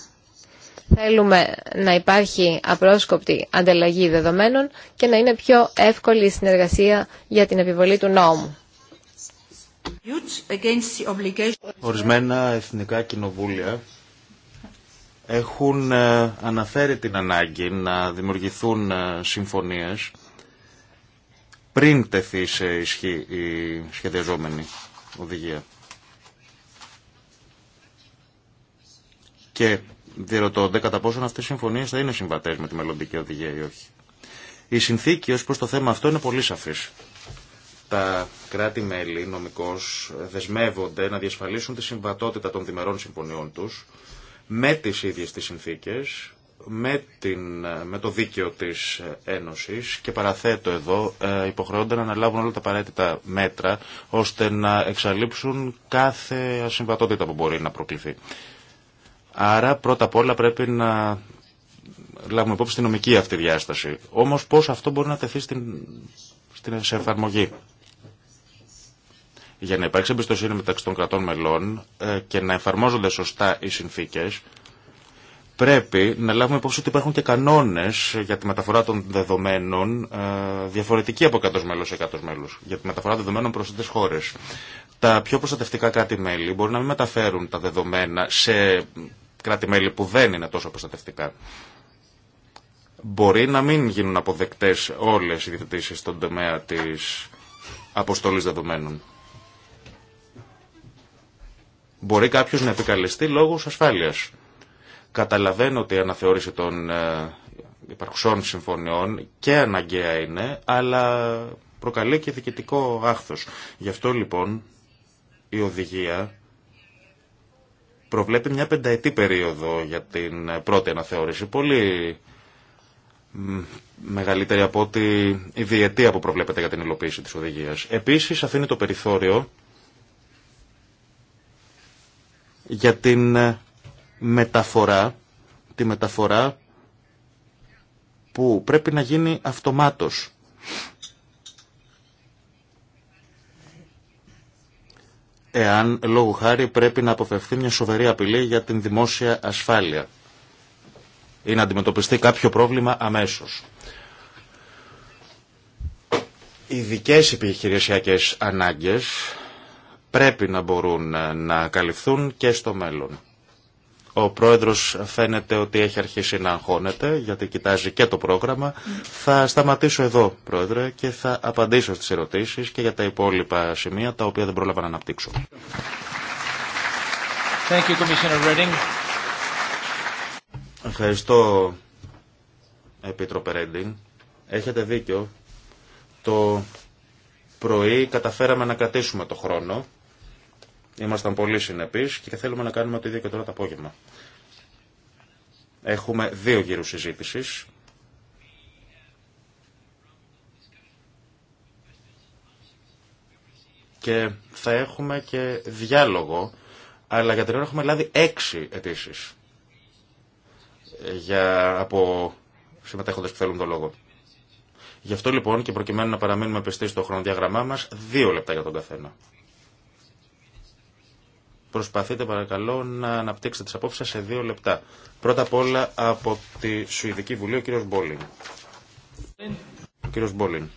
Θέλουμε να υπάρχει απρόσκοπτη ανταλλαγή δεδομένων και να είναι πιο εύκολη η συνεργασία για την επιβολή του νόμου. Ορισμένα εθνικά κοινοβούλια έχουν ε, αναφέρει την ανάγκη να δημιουργηθούν ε, συμφωνίες πριν τεθεί σε ισχύ η σχεδιαζόμενη οδηγία. Και διερωτώνται κατά πόσον αυτές οι συμφωνίες θα είναι συμβατές με τη μελλοντική οδηγία ή όχι. Η συνθήκη ως προς το θέμα αυτό είναι πολύ σαφής. Τα κράτη-μέλη νομικώς δεσμεύονται να διασφαλίσουν τη συμβατότητα των διμερών συμφωνιών τους με τις ίδιες τις συνθήκες, με, με το δίκαιο της Ένωσης και παραθέτω εδώ ε, υποχρεώνται να αναλάβουν όλα τα απαραίτητα μέτρα ώστε να εξαλείψουν κάθε ασυμβατότητα που μπορεί να προκληθεί. Άρα πρώτα απ' όλα πρέπει να λάβουμε υπόψη την νομική αυτή διάσταση. Όμως πώς αυτό μπορεί να τεθεί στην, στην σε εφαρμογή. Για να υπάρξει εμπιστοσύνη μεταξύ των κρατών μελών ε, και να εφαρμόζονται σωστά οι συνθήκες, πρέπει να λάβουμε υπόψη ότι υπάρχουν και κανόνες για τη μεταφορά των δεδομένων ε, διαφορετικοί από 100 μέλος σε 100 μέλους, για τη μεταφορά δεδομένων προς τις χώρες. Τα πιο προστατευτικά κράτη-μέλη μπορεί να μην μεταφέρουν τα δεδομένα σε κράτη-μέλη που δεν είναι τόσο προστατευτικά. Μπορεί να μην γίνουν αποδεκτές όλες οι διευθυντήσει στον τομέα της αποστολής δεδομένων. Μπορεί κάποιος να επικαλεστεί λόγους ασφάλειας. Καταλαβαίνω ότι η αναθεώρηση των ε, υπαρξών συμφωνιών και αναγκαία είναι, αλλά προκαλεί και διοικητικό άχθος. Γι' αυτό λοιπόν η οδηγία προβλέπει μια πενταετή περίοδο για την πρώτη αναθεώρηση. Πολύ μεγαλύτερη από ότι η διετία που προβλέπεται για την υλοποίηση της οδηγίας. Επίσης αφήνει το περιθώριο για την ε, μεταφορά, τη μεταφορά που πρέπει να γίνει αυτομάτως εάν λόγου χάρη πρέπει να αποφευθεί μια σοβαρή απειλή για την δημόσια ασφάλεια ή να αντιμετωπιστεί κάποιο πρόβλημα αμέσως. Ειδικέ επιχειρησιακέ ανάγκες πρέπει να μπορούν να καλυφθούν και στο μέλλον. Ο πρόεδρος φαίνεται ότι έχει αρχίσει να αγχώνεται, γιατί κοιτάζει και το πρόγραμμα. Θα σταματήσω εδώ, πρόεδρε, και θα απαντήσω στις ερωτήσεις και για τα υπόλοιπα σημεία, τα οποία δεν πρόλαβα να αναπτύξω. Thank you, Ευχαριστώ, Επίτροπε Ρέντινγκ. Έχετε δίκιο. Το πρωί καταφέραμε να κρατήσουμε το χρόνο. Ήμασταν πολύ συνεπεί και θέλουμε να κάνουμε το ίδιο και τώρα το απόγευμα. Έχουμε δύο γύρου συζήτηση. Και θα έχουμε και διάλογο, αλλά για την ώρα έχουμε λάβει έξι αιτήσει ε, για, από συμμετέχοντες που θέλουν το λόγο. Γι' αυτό λοιπόν και προκειμένου να παραμείνουμε πιστοί στο χρονοδιάγραμμά μας, δύο λεπτά για τον καθένα. Προσπαθείτε παρακαλώ να αναπτύξετε τις απόψεις σε δύο λεπτά. Πρώτα απ' όλα από τη Σουηδική Βουλή ο κύριος Μπόλιν. Ο κύριος Μπόλιν.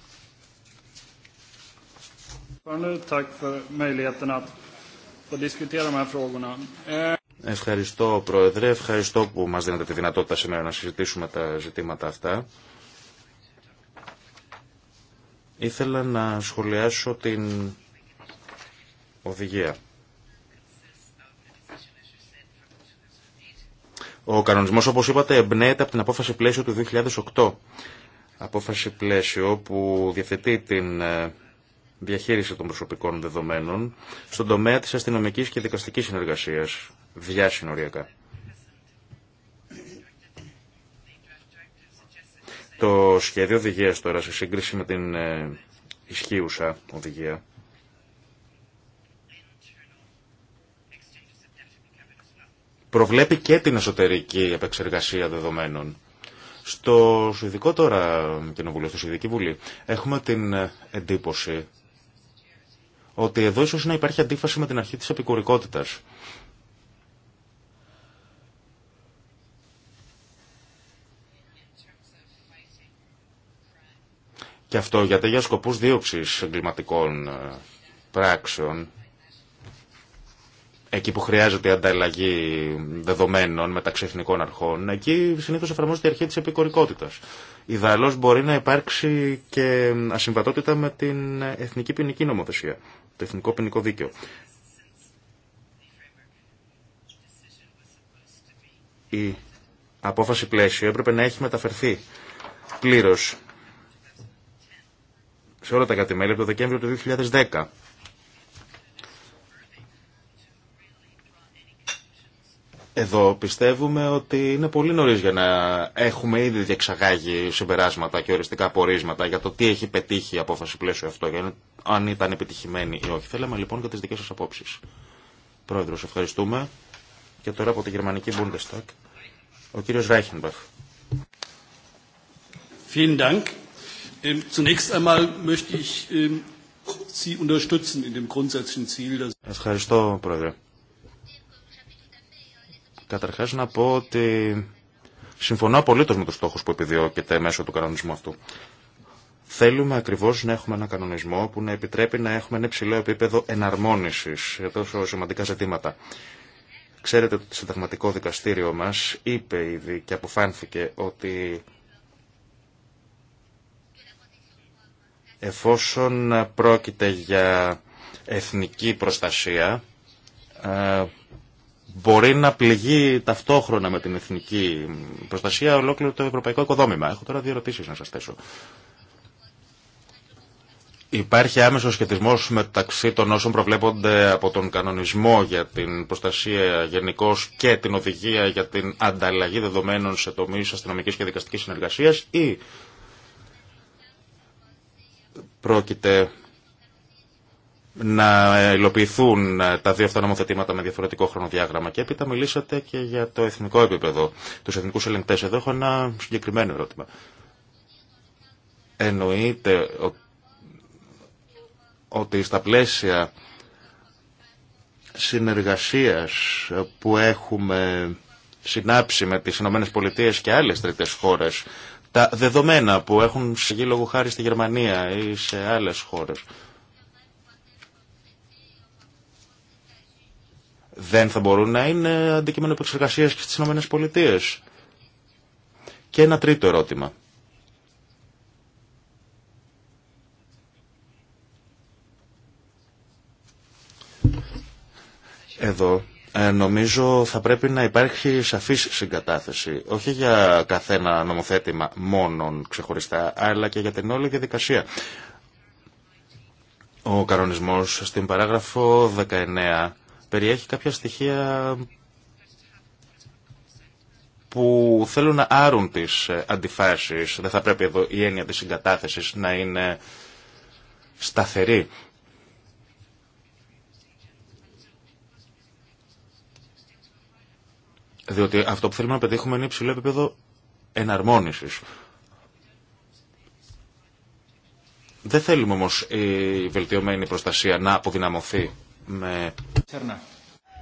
Ευχαριστώ Πρόεδρε, ευχαριστώ που μας δίνετε τη δυνατότητα σήμερα να συζητήσουμε τα ζητήματα αυτά. Ήθελα να σχολιάσω την οδηγία. Ο κανονισμός, όπως είπατε, εμπνέεται από την απόφαση πλαίσιο του 2008. Απόφαση πλαίσιο που διαθετεί την ε, διαχείριση των προσωπικών δεδομένων στον τομέα της αστυνομική και δικαστικής συνεργασίας, διασυνοριακά. Το σχέδιο οδηγία τώρα, σε σύγκριση με την ε, ισχύουσα οδηγία, προβλέπει και την εσωτερική επεξεργασία δεδομένων. Στο Σουηδικό τώρα Κοινοβούλιο, στο Σουηδική Βουλή, έχουμε την εντύπωση ότι εδώ ίσως να υπάρχει αντίφαση με την αρχή της επικουρικότητας. Και αυτό γιατί για σκοπούς δίωξης εγκληματικών ε, πράξεων εκεί που χρειάζεται η ανταλλαγή δεδομένων μεταξύ εθνικών αρχών, εκεί συνήθως εφαρμόζεται η αρχή της επικορικότητας. Ιδαλώς μπορεί να υπάρξει και ασυμβατότητα με την εθνική ποινική νομοθεσία, το εθνικό ποινικό δίκαιο. Η απόφαση πλαίσιο έπρεπε να έχει μεταφερθεί πλήρως σε όλα τα κατημέρια από το Δεκέμβριο του 2010 Εδώ πιστεύουμε ότι είναι πολύ νωρί για να έχουμε ήδη διεξαγάγει συμπεράσματα και οριστικά πορίσματα για το τι έχει πετύχει η απόφαση πλαίσιο αυτό, για αν ήταν επιτυχημένη ή όχι. Θέλαμε λοιπόν και τι δικέ σα απόψει. Πρόεδρο, ευχαριστούμε. Και τώρα από τη γερμανική Bundestag, ο κύριο Ράιχενμπαχ. Ähm, ähm, Ευχαριστώ, Πρόεδρε. Καταρχάς να πω ότι συμφωνώ απολύτως με τους στόχους που επιδιώκεται μέσω του κανονισμού αυτού. Θέλουμε ακριβώ να έχουμε ένα κανονισμό που να επιτρέπει να έχουμε ένα υψηλό επίπεδο εναρμόνιση για τόσο σημαντικά ζητήματα. Ξέρετε ότι το συνταγματικό δικαστήριο μα είπε ήδη και αποφάνθηκε ότι εφόσον πρόκειται για εθνική προστασία, ε, μπορεί να πληγεί ταυτόχρονα με την εθνική προστασία ολόκληρο το ευρωπαϊκό οικοδόμημα. Έχω τώρα δύο ερωτήσει να σα θέσω. Υπάρχει άμεσο σχετισμό μεταξύ των όσων προβλέπονται από τον κανονισμό για την προστασία γενικώ και την οδηγία για την ανταλλαγή δεδομένων σε τομεί αστυνομική και δικαστική συνεργασία ή πρόκειται να υλοποιηθούν ε, τα δύο αυτά νομοθετήματα με διαφορετικό χρονοδιάγραμμα. Και έπειτα μιλήσατε και για το εθνικό επίπεδο, του εθνικού ελεγκτέ. Εδώ έχω ένα συγκεκριμένο ερώτημα. Εννοείται ότι στα πλαίσια συνεργασίας που έχουμε συνάψει με τις Ηνωμένες και άλλες τρίτες χώρες, τα δεδομένα που έχουν συγγεί λόγω χάρη στη Γερμανία ή σε άλλες χώρες, δεν θα μπορούν να είναι αντικείμενο επεξεργασία και στις ΗΠΑ. Και ένα τρίτο ερώτημα. Εδώ ε, νομίζω θα πρέπει να υπάρχει σαφής συγκατάθεση, όχι για καθένα νομοθέτημα μόνον ξεχωριστά, αλλά και για την όλη διαδικασία. Ο κανονισμός στην παράγραφο 19 περιέχει κάποια στοιχεία που θέλουν να άρουν τις ε, αντιφάσεις. Δεν θα πρέπει εδώ η έννοια της συγκατάθεσης να είναι σταθερή. Διότι αυτό που θέλουμε να πετύχουμε είναι υψηλό επίπεδο εναρμόνισης. Δεν θέλουμε όμως η βελτιωμένη προστασία να αποδυναμωθεί με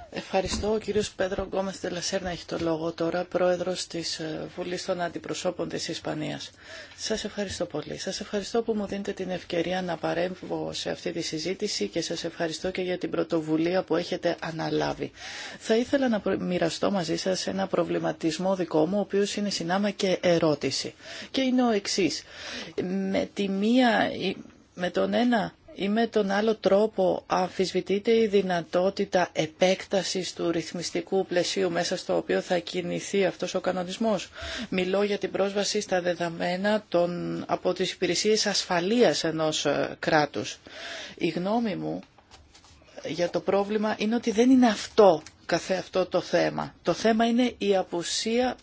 Ευχαριστώ. Ο κύριος Πέδρο Γκόμες Τελασέρνα έχει το λόγο τώρα, πρόεδρος της ε, Βουλής των Αντιπροσώπων της Ισπανίας. Σας ευχαριστώ πολύ. Σας ευχαριστώ που μου δίνετε την ευκαιρία να παρέμβω σε αυτή τη συζήτηση και σας ευχαριστώ και για την πρωτοβουλία που έχετε αναλάβει. Θα ήθελα να μοιραστώ μαζί σας ένα προβληματισμό δικό μου, ο οποίος είναι συνάμα και ερώτηση. Και είναι ο εξή. Με τη μία... Με τον ένα ή με τον άλλο τρόπο αμφισβητείται η δυνατότητα επέκτασης του ρυθμιστικού πλαισίου μέσα στο οποίο θα κινηθεί αυτός ο κανονισμός. Μιλώ για την πρόσβαση στα δεδομένα των, από τις υπηρεσίες ασφαλείας ενός ε, κράτους. Η γνώμη μου για το πρόβλημα είναι ότι δεν είναι αυτό καθεαυτό το θέμα. Το θέμα είναι η απουσία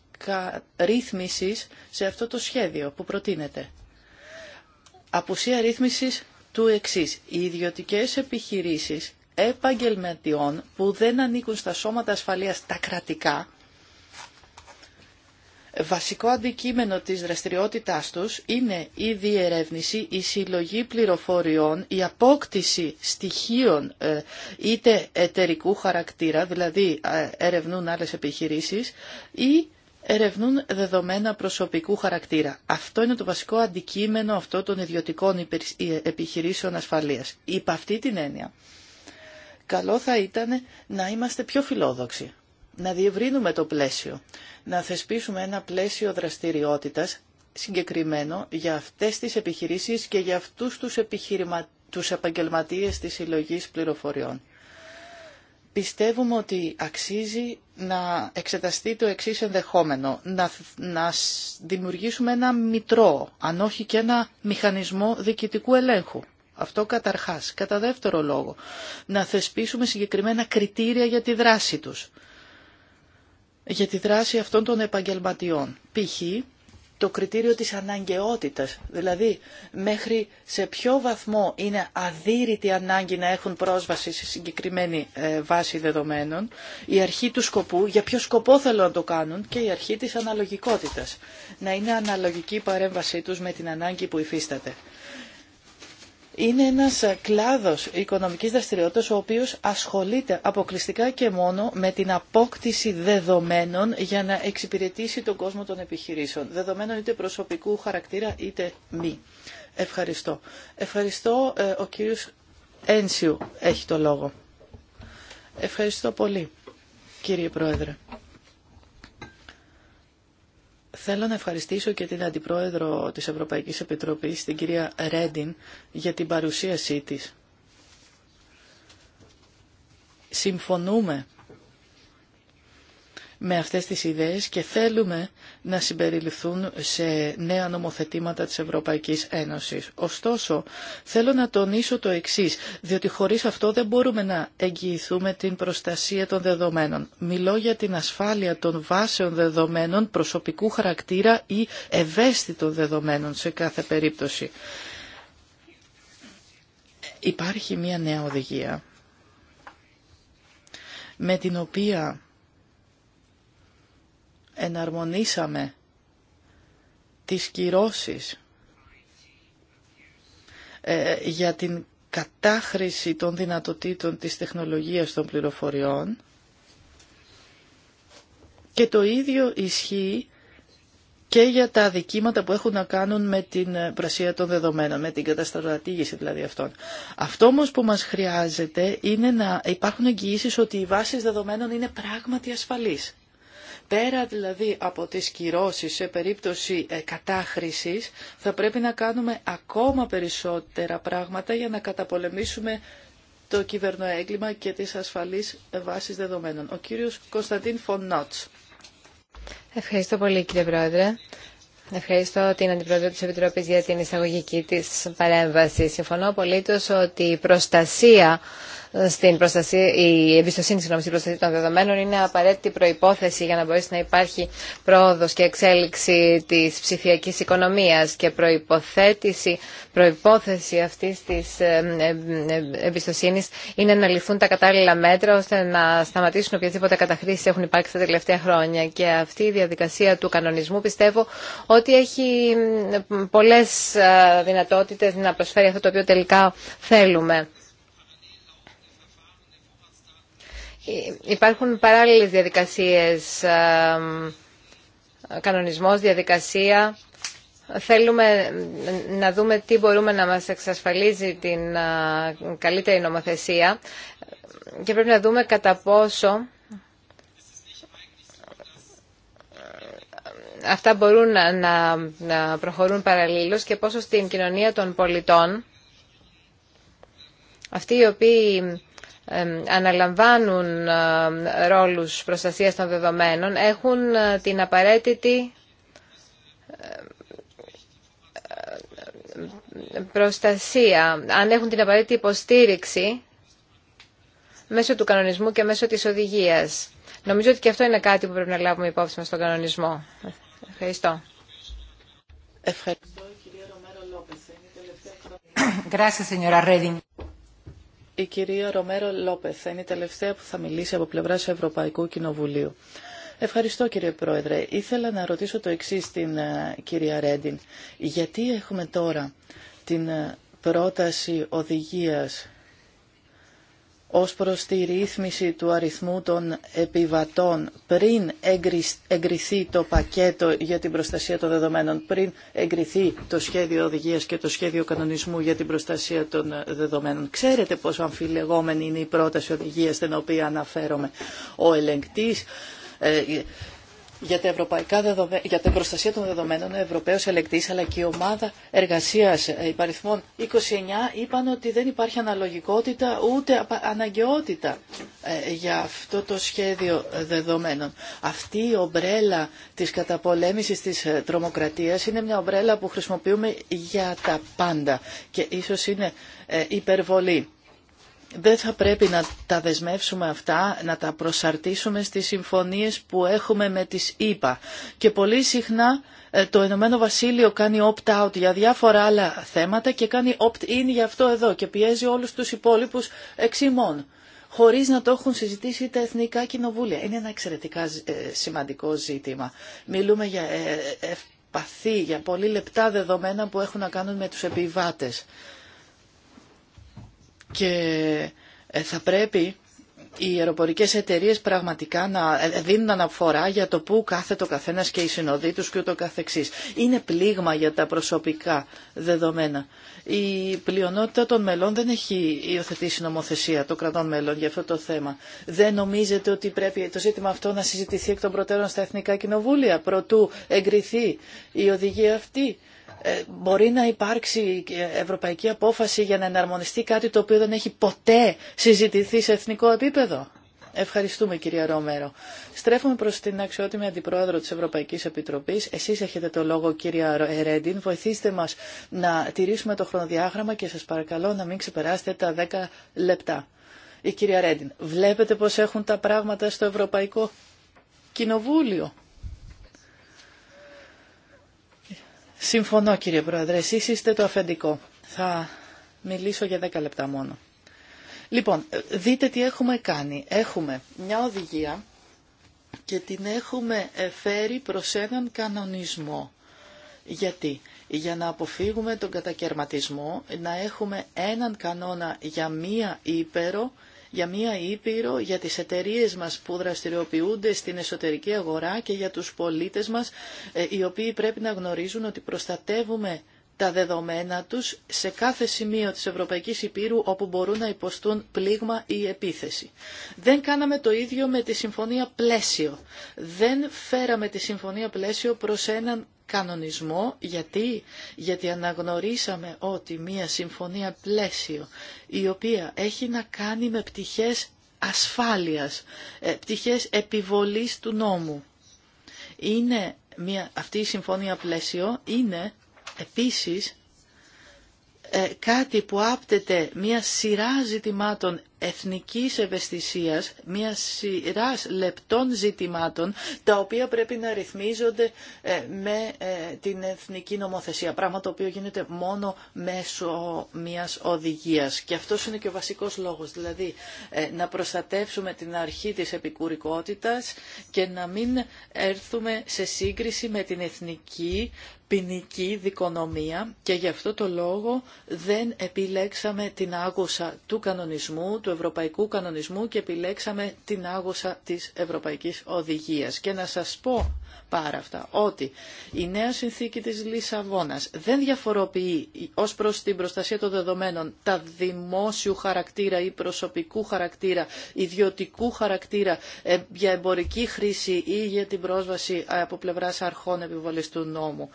ρύθμισης σε αυτό το σχέδιο που προτείνεται. Απουσία ρύθμισης του εξής. Οι ιδιωτικές επιχειρήσεις επαγγελματιών που δεν ανήκουν στα σώματα ασφαλείας τα κρατικά, βασικό αντικείμενο της δραστηριότητάς τους είναι η διερεύνηση, η συλλογή πληροφοριών, η απόκτηση στοιχείων ε, είτε εταιρικού χαρακτήρα, δηλαδή ε, ερευνούν άλλες επιχειρήσεις, ή ερευνούν δεδομένα προσωπικού χαρακτήρα. Αυτό είναι το βασικό αντικείμενο αυτό των ιδιωτικών ε, επιχειρήσεων ασφαλείας. Υπ' αυτή την έννοια, καλό θα ήταν να είμαστε πιο φιλόδοξοι, να διευρύνουμε το πλαίσιο, να θεσπίσουμε ένα πλαίσιο δραστηριότητας συγκεκριμένο για αυτές τις επιχειρήσεις και για αυτούς τους, επιχειρημα... τους επαγγελματίες της συλλογή πληροφοριών πιστεύουμε ότι αξίζει να εξεταστεί το εξής ενδεχόμενο, να, να δημιουργήσουμε ένα μητρό, αν όχι και ένα μηχανισμό διοικητικού ελέγχου. Αυτό καταρχάς. Κατά δεύτερο λόγο, να θεσπίσουμε συγκεκριμένα κριτήρια για τη δράση τους. Για τη δράση αυτών των επαγγελματιών. Π.χ το κριτήριο της αναγκαιότητας, δηλαδή μέχρι σε ποιο βαθμό είναι αδύρυτη ανάγκη να έχουν πρόσβαση σε συγκεκριμένη ε, βάση δεδομένων, η αρχή του σκοπού, για ποιο σκοπό θέλουν να το κάνουν και η αρχή της αναλογικότητας, να είναι αναλογική η παρέμβασή τους με την ανάγκη που υφίσταται είναι ένας κλάδος οικονομικής δραστηριότητας ο οποίος ασχολείται αποκλειστικά και μόνο με την απόκτηση δεδομένων για να εξυπηρετήσει τον κόσμο των επιχειρήσεων. Δεδομένων είτε προσωπικού χαρακτήρα είτε μη. Ευχαριστώ. Ευχαριστώ. Ε, ο κύριος Ένσιου έχει το λόγο. Ευχαριστώ πολύ κύριε Πρόεδρε. Θέλω να ευχαριστήσω και την Αντιπρόεδρο της Ευρωπαϊκής Επιτροπής, την κυρία Ρέντιν, για την παρουσίασή της. Συμφωνούμε με αυτές τις ιδέες και θέλουμε να συμπεριληφθούν σε νέα νομοθετήματα της Ευρωπαϊκής Ένωσης. Ωστόσο, θέλω να τονίσω το εξής, διότι χωρίς αυτό δεν μπορούμε να εγγυηθούμε την προστασία των δεδομένων. Μιλώ για την ασφάλεια των βάσεων δεδομένων προσωπικού χαρακτήρα ή ευαίσθητων δεδομένων σε κάθε περίπτωση. Υπάρχει μια νέα οδηγία με την οποία εναρμονίσαμε τις κυρώσεις ε, για την κατάχρηση των δυνατοτήτων της τεχνολογίας των πληροφοριών και το ίδιο ισχύει και για τα αδικήματα που έχουν να κάνουν με την ε, πρασία των δεδομένων, με την καταστρατήγηση δηλαδή αυτών. Αυτό όμως που μας χρειάζεται είναι να υπάρχουν εγγυήσεις ότι οι βάσεις δεδομένων είναι πράγματι ασφαλείς. Πέρα δηλαδή από τις κυρώσεις σε περίπτωση ε, κατάχρησης, θα πρέπει να κάνουμε ακόμα περισσότερα πράγματα για να καταπολεμήσουμε το κυβερνοέγκλημα και τις ασφαλείς βάσεις δεδομένων. Ο κύριος Κωνσταντίν Νότς. Ευχαριστώ πολύ κύριε Πρόεδρε. Ευχαριστώ την Αντιπρόεδρο της Επιτροπής για την εισαγωγική της παρέμβαση. Συμφωνώ απολύτως ότι η προστασία στην προστασία, η εμπιστοσύνη συγγνώμη, στην προστασία των δεδομένων είναι απαραίτητη προϋπόθεση για να μπορέσει να υπάρχει πρόοδος και εξέλιξη της ψηφιακής οικονομίας και προϋποθέτηση, προϋπόθεση αυτής της ε, ε, ε, εμπιστοσύνης είναι να ληφθούν τα κατάλληλα μέτρα ώστε να σταματήσουν οποιαδήποτε καταχρήσεις έχουν υπάρξει τα τελευταία χρόνια και αυτή η διαδικασία του κανονισμού πιστεύω ότι έχει πολλές δυνατότητες να προσφέρει αυτό το οποίο τελικά θέλουμε. Υπάρχουν παράλληλες διαδικασίες, κανονισμός, διαδικασία. Θέλουμε να δούμε τι μπορούμε να μας εξασφαλίζει την καλύτερη νομοθεσία και πρέπει να δούμε κατά πόσο αυτά μπορούν να προχωρούν παραλλήλως και πόσο στην κοινωνία των πολιτών αυτοί οι οποίοι αναλαμβάνουν ε, ρόλους προστασίας των δεδομένων έχουν ε, την απαραίτητη ε, προστασία, αν έχουν την απαραίτητη υποστήριξη μέσω του κανονισμού και μέσω της οδηγίας. Νομίζω ότι και αυτό είναι κάτι που πρέπει να λάβουμε υπόψη μας στον κανονισμό. Ευχαριστώ. Ευχαριστώ, η κυρία Ρομέρο Λόπεθ. Θα είναι η τελευταία που θα μιλήσει από πλευρά Ευρωπαϊκού Κοινοβουλίου. Ευχαριστώ κύριε Πρόεδρε. Ήθελα να ρωτήσω το εξή στην ε, κυρία Ρέντιν. Γιατί έχουμε τώρα την ε, πρόταση οδηγίας ως προς τη ρύθμιση του αριθμού των επιβατών πριν εγκριθεί το πακέτο για την προστασία των δεδομένων, πριν εγκριθεί το σχέδιο οδηγίας και το σχέδιο κανονισμού για την προστασία των ε, δεδομένων. Ξέρετε πόσο αμφιλεγόμενη είναι η πρόταση οδηγίας στην οποία αναφέρομαι. Ο ελεγκτής ε, για, τα ευρωπαϊκά δεδομέ... για την προστασία των δεδομένων ο Ευρωπαίο ελεκτή, αλλά και η ομάδα εργασίας ε, υπαριθμών 29 είπαν ότι δεν υπάρχει αναλογικότητα ούτε αναγκαιότητα ε, για αυτό το σχέδιο ε, δεδομένων. Αυτή η ομπρέλα της καταπολέμησης της τρομοκρατίας είναι μια ομπρέλα που χρησιμοποιούμε για τα πάντα και ίσω είναι υπερβολή δεν θα πρέπει να τα δεσμεύσουμε αυτά, να τα προσαρτήσουμε στις συμφωνίες που έχουμε με τις ΗΠΑ. Και πολύ συχνά ε, το Ηνωμένο Βασίλειο κάνει opt-out για διάφορα άλλα θέματα και κάνει opt-in για αυτό εδώ και πιέζει όλους τους υπόλοιπους εξημών χωρίς να το έχουν συζητήσει τα εθνικά κοινοβούλια. Είναι ένα εξαιρετικά ε, σημαντικό ζήτημα. Μιλούμε για ε, ευπαθή, για πολύ λεπτά δεδομένα που έχουν να κάνουν με τους επιβάτες και ε, θα πρέπει οι αεροπορικές εταιρείες πραγματικά να ε, ε, δίνουν αναφορά για το πού κάθε το καθένας και οι συνοδοί τους και ούτω καθεξής. Είναι πλήγμα για τα προσωπικά δεδομένα. Η πλειονότητα των μελών δεν έχει υιοθετήσει νομοθεσία των κρατών μέλων για αυτό το θέμα. Δεν νομίζετε ότι πρέπει το ζήτημα αυτό να συζητηθεί εκ των προτέρων στα Εθνικά Κοινοβούλια προτού εγκριθεί η οδηγία αυτή. Ε, μπορεί να υπάρξει ευρωπαϊκή απόφαση για να εναρμονιστεί κάτι το οποίο δεν έχει ποτέ συζητηθεί σε εθνικό επίπεδο. Ευχαριστούμε κυρία Ρόμερο. Στρέφουμε προς την αξιότιμη Αντιπρόεδρο της Ευρωπαϊκής Επιτροπής. Εσείς έχετε το λόγο κυρία ε, Ρέντιν. Βοηθήστε μας να τηρήσουμε το χρονοδιάγραμμα και σας παρακαλώ να μην ξεπεράσετε τα 10 λεπτά. Η κυρία Ρέντιν, βλέπετε πώς έχουν τα πράγματα στο Ευρωπαϊκό Κοινοβούλιο. Συμφωνώ κύριε Πρόεδρε, εσείς είστε το αφεντικό. Θα μιλήσω για 10 λεπτά μόνο. Λοιπόν, δείτε τι έχουμε κάνει. Έχουμε μια οδηγία και την έχουμε φέρει προς έναν κανονισμό. Γιατί? Για να αποφύγουμε τον κατακαιρματισμό, να έχουμε έναν κανόνα για μία ύπερο για μία ήπειρο, για τις εταιρείε μας που δραστηριοποιούνται στην εσωτερική αγορά και για τους πολίτες μας, ε, οι οποίοι πρέπει να γνωρίζουν ότι προστατεύουμε τα δεδομένα τους σε κάθε σημείο της Ευρωπαϊκής Υπήρου όπου μπορούν να υποστούν πλήγμα ή επίθεση. Δεν κάναμε το ίδιο με τη Συμφωνία Πλαίσιο. Δεν φέραμε τη Συμφωνία Πλαίσιο προς έναν κανονισμό. Γιατί? Γιατί αναγνωρίσαμε ότι μια συμφωνία πλαίσιο η οποία έχει να κάνει με πτυχές ασφάλειας, ε, πτυχές επιβολής του νόμου. Είναι μια, αυτή η συμφωνία πλαίσιο είναι επίσης ε, κάτι που άπτεται μια σειρά ζητημάτων εθνικής ευαισθησίας, μια σειρά λεπτών ζητημάτων, τα οποία πρέπει να ρυθμίζονται ε, με ε, την εθνική νομοθεσία, πράγμα το οποίο γίνεται μόνο μέσω μιας οδηγίας. Και αυτός είναι και ο βασικός λόγος, δηλαδή ε, να προστατεύσουμε την αρχή της επικουρικότητας και να μην έρθουμε σε σύγκριση με την εθνική ποινική δικονομία και γι' αυτό το λόγο δεν επιλέξαμε την άγουσα του κανονισμού, του ευρωπαϊκού κανονισμού και επιλέξαμε την άγουσα της ευρωπαϊκής οδηγίας. Και να σας πω πάρα αυτά, ότι η νέα συνθήκη της Λισαβόνας δεν διαφοροποιεί ως προς την προστασία των δεδομένων τα δημόσιου χαρακτήρα ή προσωπικού χαρακτήρα, ιδιωτικού χαρακτήρα ε, για εμπορική χρήση ή για την πρόσβαση ε, από πλευράς αρχών επιβολής του νόμου.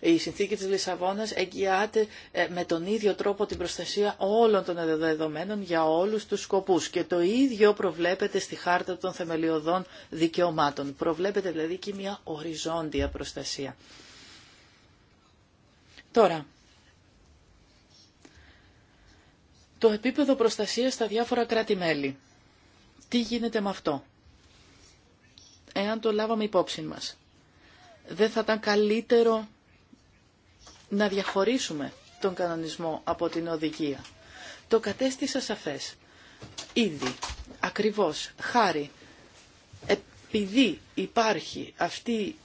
Η συνθήκη της Λισαβόνας εγγυάται ε, με τον ίδιο τρόπο την προστασία όλων των δεδομένων για όλους τους σκοπούς και το ίδιο προβλέπεται στη Χάρτα των Θεμελιωδών Δικαιωμάτων. Προβλέπεται δηλαδή και μια οριζόντια προστασία. Τώρα, το επίπεδο προστασίας στα διάφορα κράτη-μέλη. Τι γίνεται με αυτό, εάν το λάβαμε υπόψη μας. Δεν θα ήταν καλύτερο να διαχωρίσουμε τον κανονισμό από την οδηγία. Το κατέστησα σαφές. Ήδη, ακριβώς, χάρη ε, επειδή υπάρχει αυτή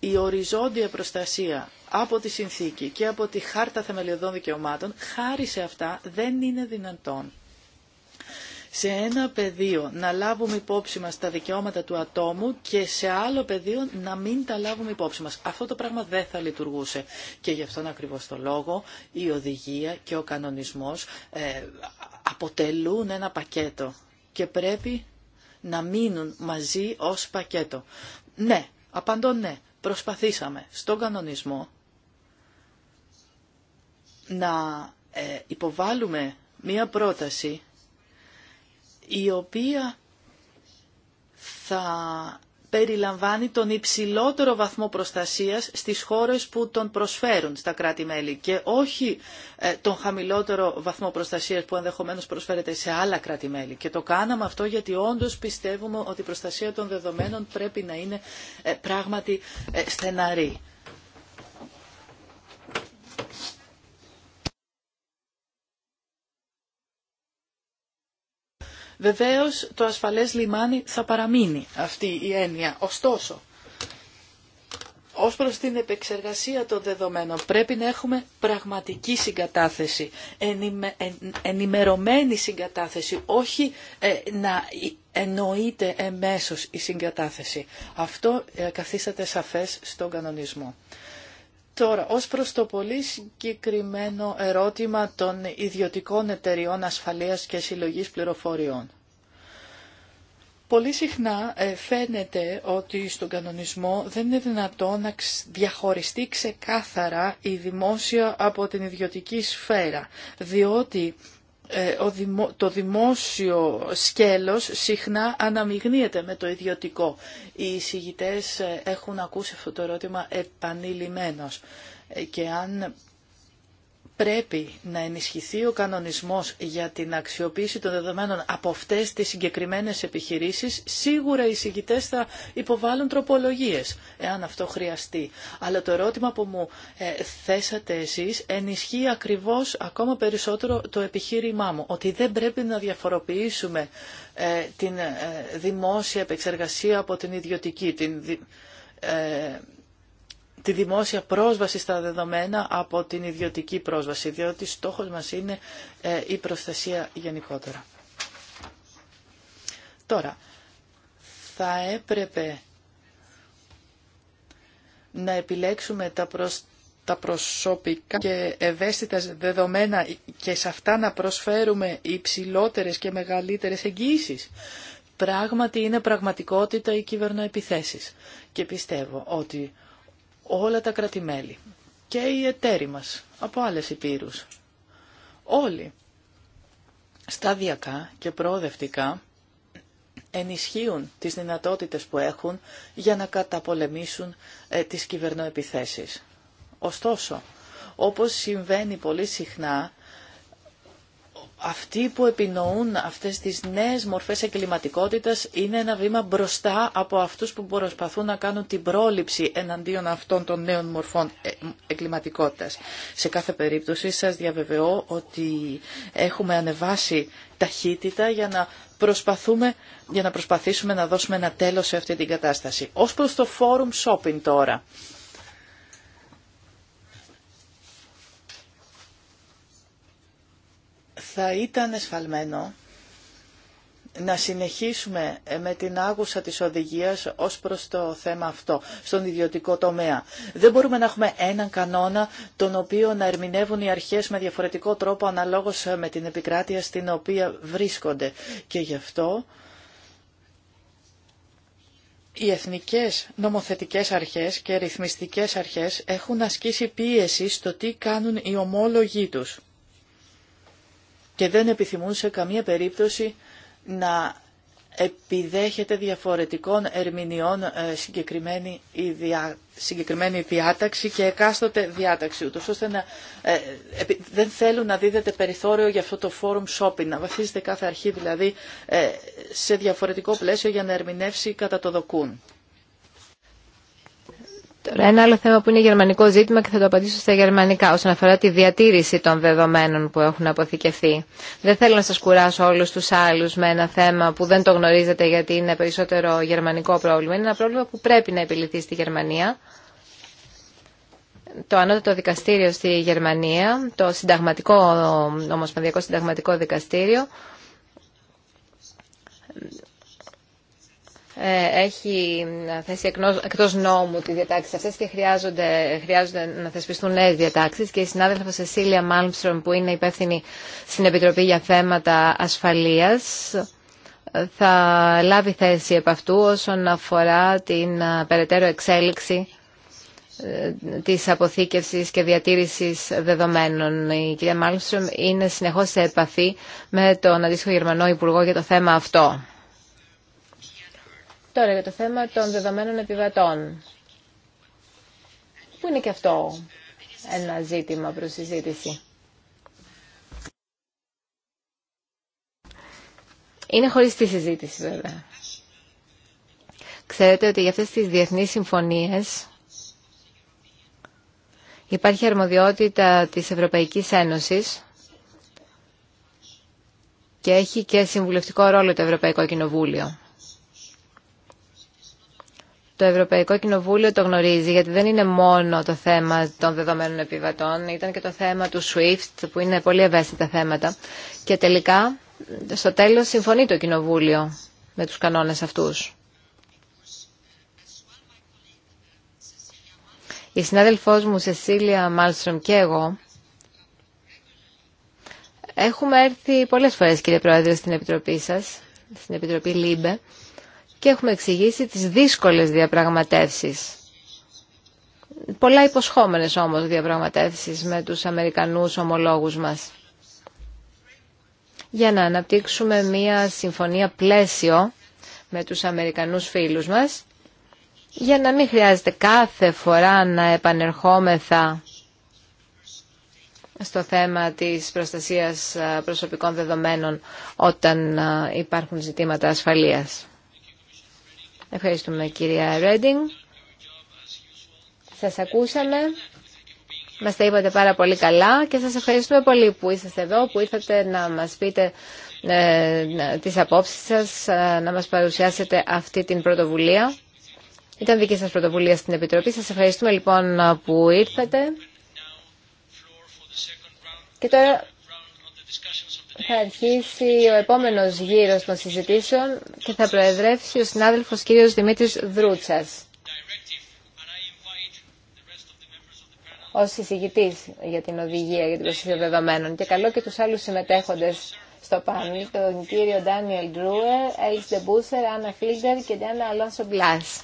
η οριζόντια προστασία από τη συνθήκη και από τη χάρτα θεμελιωδών δικαιωμάτων, χάρη σε αυτά δεν είναι δυνατόν σε ένα πεδίο να λάβουμε υπόψη μας τα δικαιώματα του ατόμου και σε άλλο πεδίο να μην τα λάβουμε υπόψη μας. Αυτό το πράγμα δεν θα λειτουργούσε και γι' αυτόν ακριβώς το λόγο η οδηγία και ο κανονισμός ε, αποτελούν ένα πακέτο και πρέπει να μείνουν μαζί ως πακέτο. Ναι, απαντώ ναι, προσπαθήσαμε στον κανονισμό να ε, υποβάλουμε μία πρόταση η οποία θα περιλαμβάνει τον υψηλότερο βαθμό προστασίας στις χώρες που τον προσφέρουν στα κράτη-μέλη και όχι ε, τον χαμηλότερο βαθμό προστασίας που ενδεχομένως προσφέρεται σε άλλα κράτη-μέλη. Και το κάναμε αυτό γιατί όντως πιστεύουμε ότι η προστασία των δεδομένων πρέπει να είναι ε, πράγματι ε, στεναρή. Βεβαίως το ασφαλές λιμάνι θα παραμείνει αυτή η έννοια. Ωστόσο, ως προς την επεξεργασία των δεδομένων πρέπει να έχουμε πραγματική συγκατάθεση, ενημερωμένη συγκατάθεση, όχι ε, να εννοείται εμέσως η συγκατάθεση. Αυτό καθίσατε καθίσταται σαφές στον κανονισμό. Τώρα, ως προς το πολύ συγκεκριμένο ερώτημα των ιδιωτικών εταιριών ασφαλείας και συλλογής πληροφοριών. Πολύ συχνά ε, φαίνεται ότι στον κανονισμό δεν είναι δυνατό να διαχωριστεί ξεκάθαρα η δημόσια από την ιδιωτική σφαίρα, διότι ε, το δημόσιο σκέλος συχνά αναμειγνύεται με το ιδιωτικό. Οι εισηγητές ε, έχουν ακούσει αυτό το ερώτημα επανειλημμένος ε, και αν πρέπει να ενισχυθεί ο κανονισμός για την αξιοποίηση των δεδομένων από αυτές τις συγκεκριμένες επιχειρήσεις, σίγουρα οι συγκητές θα υποβάλουν τροπολογίες, εάν αυτό χρειαστεί. Αλλά το ερώτημα που μου ε, θέσατε εσείς ενισχύει ακριβώς ακόμα περισσότερο το επιχείρημά μου, ότι δεν πρέπει να διαφοροποιήσουμε ε, την ε, δημόσια επεξεργασία από την ιδιωτική, την, τη δημόσια πρόσβαση στα δεδομένα από την ιδιωτική πρόσβαση, διότι στόχος μας είναι ε, η προστασία γενικότερα. Τώρα, θα έπρεπε να επιλέξουμε τα, προσωπικά και ευαίσθητα δεδομένα και σε αυτά να προσφέρουμε υψηλότερες και μεγαλύτερες εγγύησεις. Πράγματι είναι πραγματικότητα οι κυβερνοεπιθέσεις. Και πιστεύω ότι όλα τα κρατημέλη και οι εταίροι μας από άλλες υπήρους. Όλοι σταδιακά και προοδευτικά ενισχύουν τις δυνατότητες που έχουν για να καταπολεμήσουν ε, τις κυβερνοεπιθέσεις. Ωστόσο, όπως συμβαίνει πολύ συχνά, αυτοί που επινοούν αυτές τις νέες μορφές εγκληματικότητας είναι ένα βήμα μπροστά από αυτούς που προσπαθούν να κάνουν την πρόληψη εναντίον αυτών των νέων μορφών ε, εγκληματικότητας. Σε κάθε περίπτωση σας διαβεβαιώ ότι έχουμε ανεβάσει ταχύτητα για να προσπαθούμε για να προσπαθήσουμε να δώσουμε ένα τέλος σε αυτή την κατάσταση. Ως προς το forum shopping τώρα. Θα ήταν εσφαλμένο να συνεχίσουμε ε, με την άγουσα της οδηγίας ως προς το θέμα αυτό, στον ιδιωτικό τομέα. Δεν μπορούμε να έχουμε έναν κανόνα τον οποίο να ερμηνεύουν οι αρχές με διαφορετικό τρόπο αναλόγως ε, με την επικράτεια στην οποία βρίσκονται. Και γι' αυτό οι εθνικές νομοθετικές αρχές και ρυθμιστικές αρχές έχουν ασκήσει πίεση στο τι κάνουν οι ομόλογοι τους και δεν επιθυμούν σε καμία περίπτωση να επιδέχεται διαφορετικών ερμηνεών ε, συγκεκριμένη, η διά, συγκεκριμένη διάταξη και εκάστοτε διάταξη, ούτως ώστε ε, δεν θέλουν να δίδεται περιθώριο για αυτό το forum shopping, να βασίζεται κάθε αρχή δηλαδή ε, σε διαφορετικό πλαίσιο για να ερμηνεύσει κατά το δοκούν. Τώρα ένα άλλο θέμα που είναι γερμανικό ζήτημα και θα το απαντήσω στα γερμανικά όσον αφορά τη διατήρηση των δεδομένων που έχουν αποθηκευθεί. Δεν θέλω να σας κουράσω όλους τους άλλους με ένα θέμα που δεν το γνωρίζετε γιατί είναι περισσότερο γερμανικό πρόβλημα. Είναι ένα πρόβλημα που πρέπει να επιληθεί στη Γερμανία. Το ανώτατο δικαστήριο στη Γερμανία, το συνταγματικό, ομοσπονδιακό συνταγματικό δικαστήριο, ε, έχει θέσει εκτός νόμου τις διατάξεις αυτές και χρειάζονται, χρειάζονται να θεσπιστούν νέες διατάξεις και η συνάδελφα Σεσίλια Μάλμστρομ που είναι υπεύθυνη στην Επιτροπή για θέματα ασφαλείας θα λάβει θέση επ' αυτού όσον αφορά την ε, περαιτέρω εξέλιξη ε, της αποθήκευσης και διατήρησης δεδομένων. Η κυρία Μάλμστρομ είναι συνεχώς σε επαφή με τον αντίστοιχο Γερμανό Υπουργό για το θέμα αυτό. Τώρα για το θέμα των δεδομένων επιβατών. Πού είναι και αυτό ένα ζήτημα προς συζήτηση. Είναι χωρίς τη συζήτηση βέβαια. Ξέρετε ότι για αυτές τις διεθνείς συμφωνίες υπάρχει αρμοδιότητα της Ευρωπαϊκής Ένωσης και έχει και συμβουλευτικό ρόλο το Ευρωπαϊκό Κοινοβούλιο. Το Ευρωπαϊκό Κοινοβούλιο το γνωρίζει γιατί δεν είναι μόνο το θέμα των δεδομένων επιβατών, ήταν και το θέμα του SWIFT που είναι πολύ ευαίσθητα θέματα. Και τελικά, στο τέλος, συμφωνεί το Κοινοβούλιο με τους κανόνες αυτούς. Η συνάδελφός μου Σεσίλια Μάλστρομ και εγώ έχουμε έρθει πολλές φορές κύριε Πρόεδρε στην Επιτροπή σας, στην Επιτροπή ΛΥΜΠΕ και έχουμε εξηγήσει τις δύσκολες διαπραγματεύσεις. Πολλά υποσχόμενες όμως διαπραγματεύσεις με τους Αμερικανούς ομολόγους μας. Για να αναπτύξουμε μία συμφωνία πλαίσιο με τους Αμερικανούς φίλους μας, για να μην χρειάζεται κάθε φορά να επανερχόμεθα στο θέμα της προστασίας προσωπικών δεδομένων όταν υπάρχουν ζητήματα ασφαλείας. Ευχαριστούμε κυρία Ρέντινγκ. Σας ακούσαμε. Μας τα είπατε πάρα πολύ καλά και σας ευχαριστούμε πολύ που είσαστε εδώ, που ήρθατε να μας πείτε ε, τις απόψεις σας, ε, να μας παρουσιάσετε αυτή την πρωτοβουλία. Ήταν δική σας πρωτοβουλία στην Επιτροπή. Σας ευχαριστούμε λοιπόν που ήρθατε. Και τώρα θα αρχίσει ο επόμενος γύρος των συζητήσεων και θα προεδρεύσει ο συνάδελφος κύριος Δημήτρης Δρούτσας. Ω συζητητής για την οδηγία για την προστασία δεδομένων και καλό και τους άλλους συμμετέχοντες στο πάνελ, τον κύριο Ντάνιελ Ντρούερ, Έλις Ντεμπούσερ, Άννα Φίλτερ και Ντιάννα Αλόνσο Μπλάς.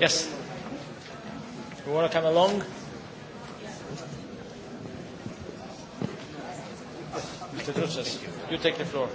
Yes. You want to come along? Mr. you take the floor.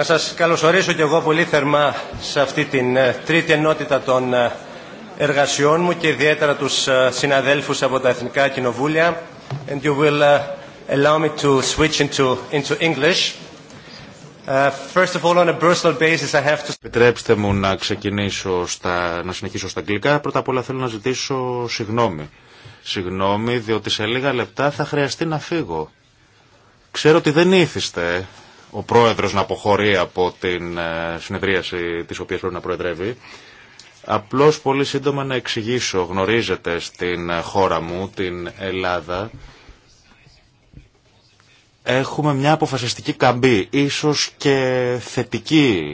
Να σας καλωσορίσω και εγώ πολύ θερμά σε αυτή την ε, τρίτη ενότητα των ε, εργασιών μου και ιδιαίτερα τους ε, συναδέλφους από τα Εθνικά Κοινοβούλια. And you will allow me to switch into, into English. Επιτρέψτε μου να ξεκινήσω στα, να συνεχίσω στα αγγλικά. Πρώτα απ' όλα θέλω να ζητήσω συγγνώμη. Συγγνώμη, διότι σε λίγα λεπτά θα χρειαστεί να φύγω. Ξέρω ότι δεν ήθιστε ο πρόεδρος να αποχωρεί από την ε, συνεδρίαση της οποίας πρέπει να προεδρεύει. Απλώς πολύ σύντομα να εξηγήσω, γνωρίζετε στην χώρα μου, την Ελλάδα, έχουμε μια αποφασιστική καμπή, ίσως και θετική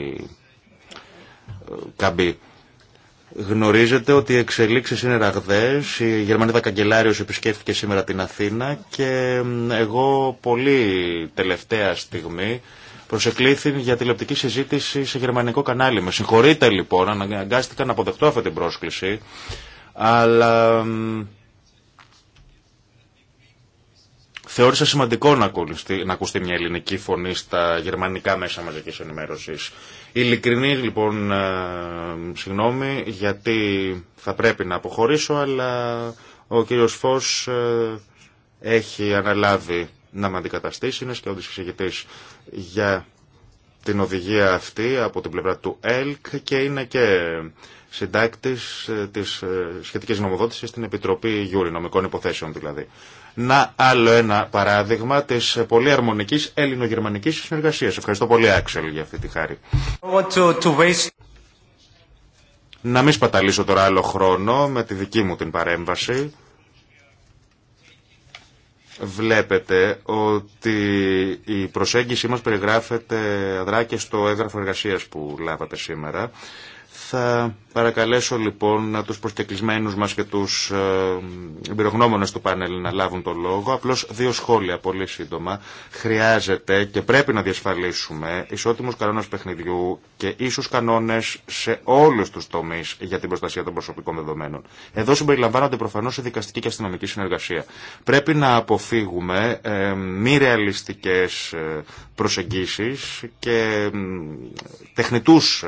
ε, καμπή. Γνωρίζετε ότι οι εξελίξεις είναι ραγδαίες. Η Γερμανίδα Καγκελάριος επισκέφθηκε σήμερα την Αθήνα και εγώ πολύ τελευταία στιγμή προσεκλήθη για τηλεοπτική συζήτηση σε γερμανικό κανάλι. Με συγχωρείτε λοιπόν, αναγκάστηκα να αποδεχτώ αυτή την πρόσκληση, αλλά θεώρησα σημαντικό να, ακουστεί, να μια ελληνική φωνή στα γερμανικά μέσα μαζικής ενημέρωσης. Ειλικρινή λοιπόν, ε, συγγνώμη, γιατί θα πρέπει να αποχωρήσω, αλλά ο κύριο Φως ε, έχει αναλάβει να με αντικαταστήσει, είναι σκέφτο εξηγητή για την οδηγία αυτή από την πλευρά του ΕΛΚ και είναι και συντάκτης ε, της σχετικής νομοδότησης στην Επιτροπή Γιούρι, νομικών υποθέσεων δηλαδή. Να άλλο ένα παράδειγμα τη πολύ αρμονική ελληνογερμανική συνεργασία. Ευχαριστώ πολύ, Άξελ, για αυτή τη χάρη. Να μην σπαταλήσω τώρα άλλο χρόνο με τη δική μου την παρέμβαση. Βλέπετε ότι η προσέγγιση μας περιγράφεται αδρά στο έγγραφο εργασίας που λάβατε σήμερα. Θα παρακαλέσω λοιπόν τους προσκεκλισμένους μας και τους ε, εμπειρογνώμονες του πάνελ να λάβουν το λόγο. Απλώς δύο σχόλια πολύ σύντομα. Χρειάζεται και πρέπει να διασφαλίσουμε ισότιμους κανόνες παιχνιδιού και ίσους κανόνες σε όλους τους τομείς για την προστασία των προσωπικών δεδομένων. Εδώ συμπεριλαμβάνονται προφανώς η δικαστική και αστυνομική συνεργασία. Πρέπει να αποφύγουμε ε, μη ρεαλιστικές ε, προσεγγίσεις και τεχνητούς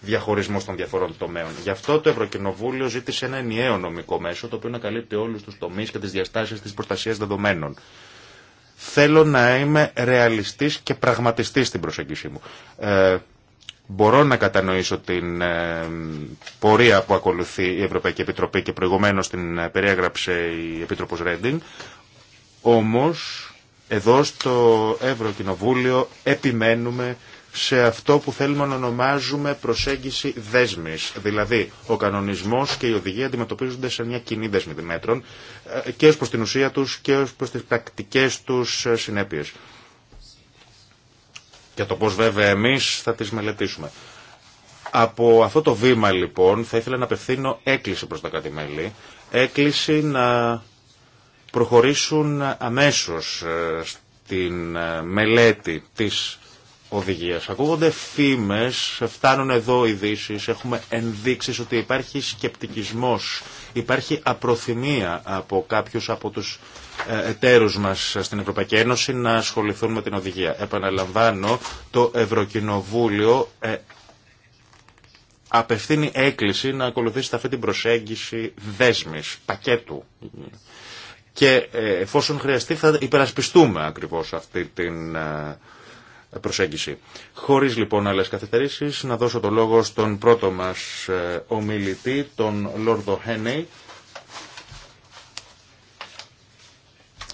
διαχωρισμό των διαφορών τομέων. Γι' αυτό το Ευρωκοινοβούλιο ζήτησε ένα ενιαίο νομικό μέσο, το οποίο να καλύπτει όλου του τομεί και τι διαστάσει τη προστασία δεδομένων. Θέλω να είμαι ρεαλιστή και πραγματιστή στην προσέγγιση μου. Ε, μπορώ να κατανοήσω την ε, πορεία που ακολουθεί η Ευρωπαϊκή Επιτροπή και προηγουμένω την ε, περιέγραψε η Επίτροπο Ρέντινγκ. Όμω, εδώ στο Ευρωκοινοβούλιο επιμένουμε σε αυτό που θέλουμε να ονομάζουμε προσέγγιση δέσμη. Δηλαδή, ο κανονισμός και η οδηγία αντιμετωπίζονται σε μια κοινή δέσμη μέτρων ε, και ως προς την ουσία τους και ως προς τις πρακτικές τους ε, συνέπειες. Και το πώς βέβαια εμείς θα τις μελετήσουμε. Από αυτό το βήμα λοιπόν θα ήθελα να απευθύνω έκκληση προς τα κρατη έκκληση να προχωρήσουν αμέσως ε, στην μελέτη της οδηγία. Ακούγονται φήμε, φτάνουν εδώ ειδήσει, έχουμε ενδείξεις ότι υπάρχει σκεπτικισμό, υπάρχει απροθυμία από κάποιου από τους ε, εταίρου μας στην Ευρωπαϊκή Ένωση να ασχοληθούν με την οδηγία. Επαναλαμβάνω, το Ευρωκοινοβούλιο ε, απευθύνει έκκληση να ακολουθήσει αυτή την προσέγγιση δέσμη, πακέτου. Και ε, εφόσον χρειαστεί θα υπερασπιστούμε ακριβώς αυτή την προσέγγιση. Χωρίς λοιπόν άλλες καθυστερήσεις να δώσω το λόγο στον πρώτο μας ε, ομιλητή, τον Λόρδο Χένεϊ,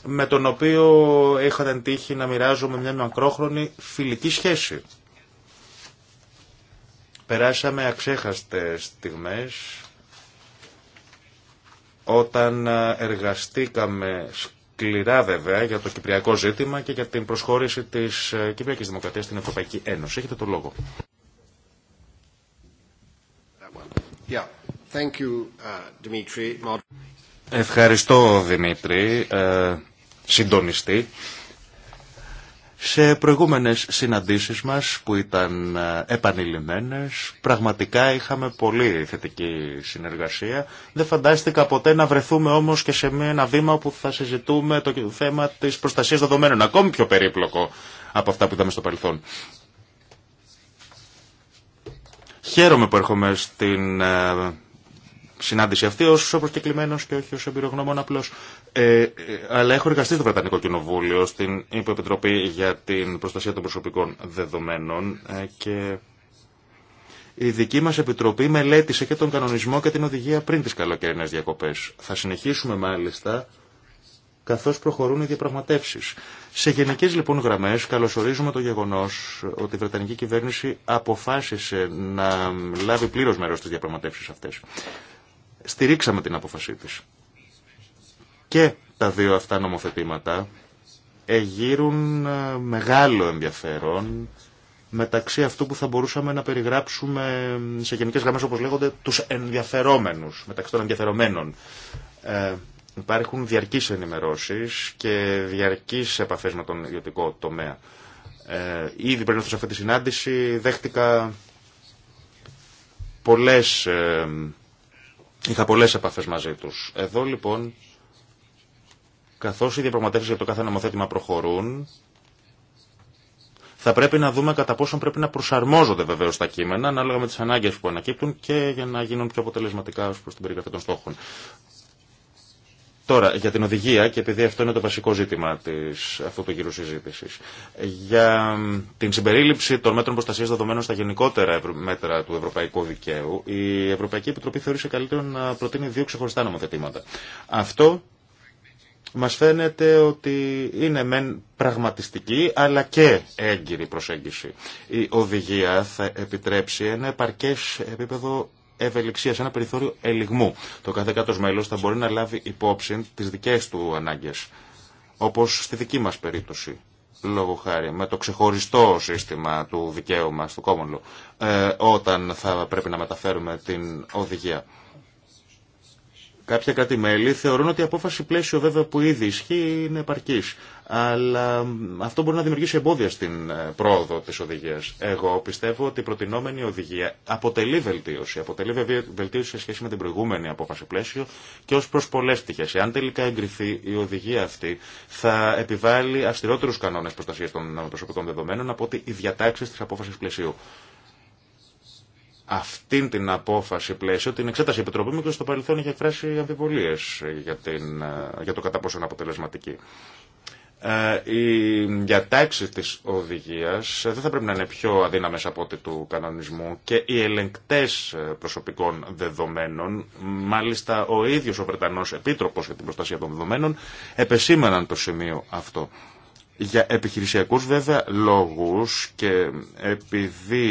με τον οποίο είχα την να μοιράζομαι μια μακρόχρονη φιλική σχέση. Περάσαμε αξέχαστες στιγμές όταν ε, εργαστήκαμε σκληρά βέβαια για το κυπριακό ζήτημα και για την προσχώρηση της ε, Κυπριακής Δημοκρατίας στην Ευρωπαϊκή Ένωση. Έχετε το λόγο. Uh, Ευχαριστώ Δημήτρη, ε, συντονιστή. Σε προηγούμενες συναντήσεις μας που ήταν ε, επανειλημμένες, πραγματικά είχαμε πολύ θετική συνεργασία. Δεν φαντάστηκα ποτέ να βρεθούμε όμως και σε ένα βήμα που θα συζητούμε το θέμα της προστασίας δεδομένων, ακόμη πιο περίπλοκο από αυτά που είδαμε στο παρελθόν. Χαίρομαι που έρχομαι στην ε, συνάντηση αυτή ω προσκεκλημένο και όχι ω εμπειρογνώμων απλώ. Ε, ε, αλλά έχω εργαστεί στο Βρετανικό Κοινοβούλιο, στην Υποεπιτροπή για την Προστασία των Προσωπικών Δεδομένων ε, και η δική μα Επιτροπή μελέτησε και τον κανονισμό και την οδηγία πριν τι καλοκαιρινέ διακοπέ. Θα συνεχίσουμε μάλιστα καθώ προχωρούν οι διαπραγματεύσει. Σε γενικέ λοιπόν γραμμέ, καλωσορίζουμε το γεγονό ότι η Βρετανική κυβέρνηση αποφάσισε να λάβει πλήρω μέρο στι διαπραγματεύσει αυτέ στηρίξαμε την απόφασή της. Και τα δύο αυτά νομοθετήματα εγείρουν ε, μεγάλο ενδιαφέρον μεταξύ αυτού που θα μπορούσαμε να περιγράψουμε ε, σε γενικές γραμμές όπως λέγονται τους ενδιαφερόμενους, μεταξύ των ενδιαφερομένων. Ε, υπάρχουν διαρκείς ενημερώσεις και διαρκείς επαφές με τον ιδιωτικό τομέα. Ε, ήδη πριν έρθω σε αυτή τη συνάντηση δέχτηκα πολλές ε, Είχα πολλές επαφές μαζί τους. Εδώ λοιπόν, καθώς οι διαπραγματεύσεις για το κάθε νομοθέτημα προχωρούν, θα πρέπει να δούμε κατά πόσον πρέπει να προσαρμόζονται βεβαίω τα κείμενα, ανάλογα με τι ανάγκε που ανακύπτουν και για να γίνουν πιο αποτελεσματικά ω προ την περιγραφή των στόχων. Τώρα, για την οδηγία, και επειδή αυτό είναι το βασικό ζήτημα της, αυτού του γύρου συζήτηση, για την συμπερίληψη των μέτρων προστασία δεδομένων στα γενικότερα μέτρα του ευρωπαϊκού δικαίου, η Ευρωπαϊκή Επιτροπή θεωρήσε καλύτερο να προτείνει δύο ξεχωριστά νομοθετήματα. Αυτό μας φαίνεται ότι είναι μεν πραγματιστική αλλά και έγκυρη προσέγγιση. Η οδηγία θα επιτρέψει ένα επαρκές επίπεδο ευελιξία, ένα περιθώριο ελιγμού. Το κάθε κάτω μέλο θα μπορεί να λάβει υπόψη τι δικέ του ανάγκε. Όπω στη δική μα περίπτωση, λόγω χάρη, με το ξεχωριστό σύστημα του δικαίου μα, του Common ε, όταν θα πρέπει να μεταφέρουμε την οδηγία. Κάποια κράτη-μέλη θεωρούν ότι η απόφαση πλαίσιο βέβαια που ήδη ισχύει είναι επαρκής αλλά αυτό μπορεί να δημιουργήσει εμπόδια στην ε, πρόοδο της οδηγίας. Εγώ πιστεύω ότι η προτινόμενη οδηγία αποτελεί βελτίωση. Αποτελεί βελτίωση σε σχέση με την προηγούμενη απόφαση πλαίσιο και ως προς πολλές πτυχές. Εάν τελικά εγκριθεί η οδηγία αυτή θα επιβάλλει αυστηρότερους κανόνες προστασίας των προσωπικών δεδομένων από ότι οι διατάξεις της απόφασης πλαισίου Αυτή την απόφαση πλαίσιο, την εξέταση επιτροπή μου και στο παρελθόν είχε εκφράσει αμφιβολίε για, ε, για το κατά πόσο αποτελεσματική. Ε, οι διατάξει της οδηγίας δεν θα πρέπει να είναι πιο αδύναμες από ό,τι του κανονισμού και οι ελεγκτές ε, προσωπικών δεδομένων, μάλιστα ο ίδιος ο Βρετανός Επίτροπος για την Προστασία των Δεδομένων, επεσήμαναν το σημείο αυτό. Για επιχειρησιακούς βέβαια λόγους και επειδή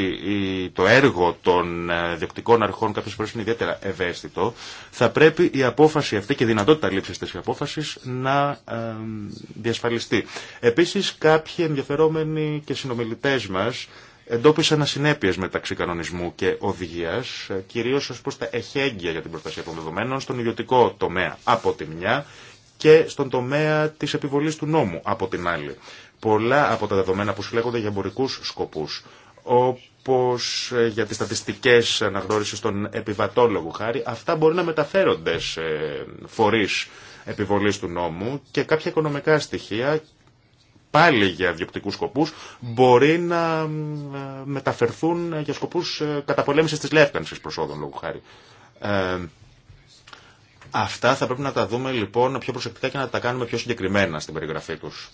το έργο των ε, διοκτικών αρχών κάποιες φορές είναι ιδιαίτερα ευαίσθητο, θα πρέπει η απόφαση αυτή και η δυνατότητα λήψης της απόφασης να ε, διασφαλιστεί. Επίσης κάποιοι ενδιαφερόμενοι και συνομιλητές μας εντόπισαν ασυνέπειε μεταξύ κανονισμού και οδηγία, ε, κυρίω ω προ τα εχέγγυα για την προστασία των δεδομένων στον ιδιωτικό τομέα από τη μια και στον τομέα της επιβολής του νόμου από την άλλη. Πολλά από τα δεδομένα που συλλέγονται για εμπορικούς σκοπούς, όπως ε, για τις στατιστικές αναγνώρισης των επιβατόλογου χάρη, αυτά μπορεί να μεταφέρονται σε φορείς επιβολής του νόμου και κάποια οικονομικά στοιχεία πάλι για διοπτικού σκοπούς μπορεί να ε, μεταφερθούν για σκοπούς ε, καταπολέμησης της λεύκανσης προσόδων λόγου χάρη. Αυτά θα πρέπει να τα δούμε λοιπόν πιο προσεκτικά και να τα κάνουμε πιο συγκεκριμένα στην περιγραφή τους.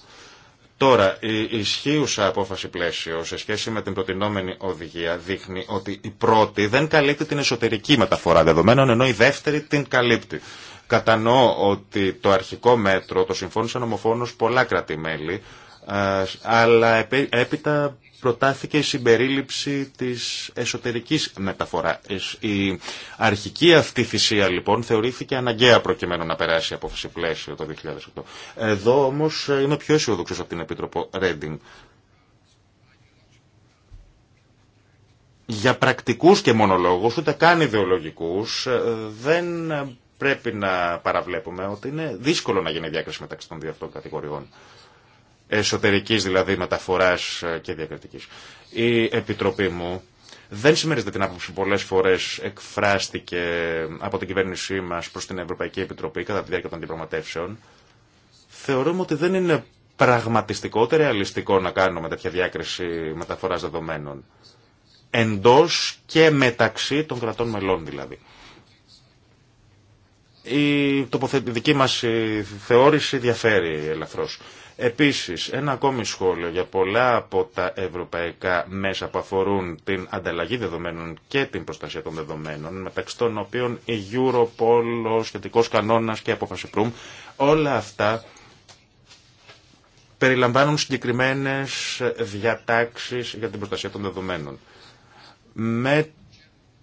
Τώρα, η ισχύουσα απόφαση πλαίσιο σε σχέση με την προτινόμενη οδηγία δείχνει ότι η πρώτη δεν καλύπτει την εσωτερική μεταφορά δεδομένων, ενώ η δεύτερη την καλύπτει. Κατανοώ ότι το αρχικό μέτρο το συμφωνησαν ομοφόνο ομοφόνος πολλά κράτη-μέλη, ε, αλλά έπειτα προτάθηκε η συμπερίληψη της εσωτερικής μεταφοράς. Η αρχική αυτή θυσία λοιπόν θεωρήθηκε αναγκαία προκειμένου να περάσει από απόφαση πλαίσιο το 2008. Εδώ όμως είμαι πιο αισιοδόξο από την Επίτροπο Ρέντινγκ. Για πρακτικούς και μονολόγους, ούτε καν ιδεολογικούς, δεν πρέπει να παραβλέπουμε ότι είναι δύσκολο να γίνει διάκριση μεταξύ των δύο αυτών κατηγοριών εσωτερικής δηλαδή μεταφοράς ε, και διακριτικής. Η Επιτροπή μου δεν συμμερίζεται την άποψη που πολλέ φορέ εκφράστηκε από την κυβέρνησή μας προς την Ευρωπαϊκή Επιτροπή κατά τη διάρκεια των διαπραγματεύσεων. Θεωρούμε ότι δεν είναι πραγματιστικό ρεαλιστικό να κάνουμε τέτοια διάκριση μεταφοράς δεδομένων. εντός και μεταξύ των κρατών μελών δηλαδή. Η δική μας θεώρηση διαφέρει ελαφρώς. Επίσης, ένα ακόμη σχόλιο για πολλά από τα ευρωπαϊκά μέσα που αφορούν την ανταλλαγή δεδομένων και την προστασία των δεδομένων, μεταξύ των οποίων η Europol, ο σχετικός κανόνας και η απόφαση Προύμ, όλα αυτά περιλαμβάνουν συγκεκριμένες διατάξεις για την προστασία των δεδομένων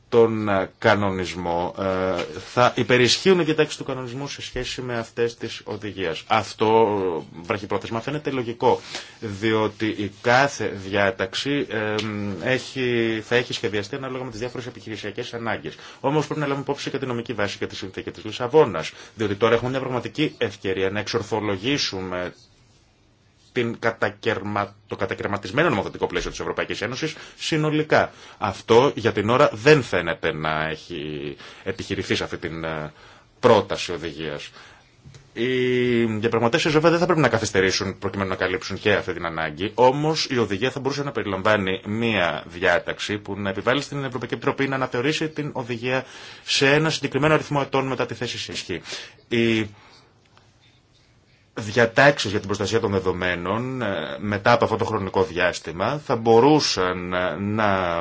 τον ε, κανονισμό ε, θα υπερισχύουν οι τάξεις του κανονισμού σε σχέση με αυτές τις οδηγίες. Αυτό ε, βραχυπρόθεσμα φαίνεται λογικό, διότι η κάθε διάταξη έχει, θα έχει σχεδιαστεί ανάλογα με τις διάφορες επιχειρησιακές ανάγκες. Όμως πρέπει να λάβουμε υπόψη και την νομική βάση και τη συνθήκη της Λισαβόνα. διότι τώρα έχουμε μια πραγματική ευκαιρία να εξορθολογήσουμε την το κατακαιρματισμένο νομοθετικό πλαίσιο της Ευρωπαϊκής Ένωσης συνολικά. Αυτό για την ώρα δεν φαίνεται να έχει επιχειρηθεί σε αυτή την ε, πρόταση οδηγίας. Οι διαπραγματεύσει βέβαια δεν θα πρέπει να καθυστερήσουν προκειμένου να καλύψουν και αυτή την ανάγκη. Όμω η οδηγία θα μπορούσε να περιλαμβάνει μία διάταξη που να επιβάλλει στην Ευρωπαϊκή Επιτροπή να αναθεωρήσει την οδηγία σε ένα συγκεκριμένο αριθμό ετών μετά τη θέση σε ισχύ διατάξεις για την προστασία των δεδομένων ε, μετά από αυτό το χρονικό διάστημα θα μπορούσαν ε, να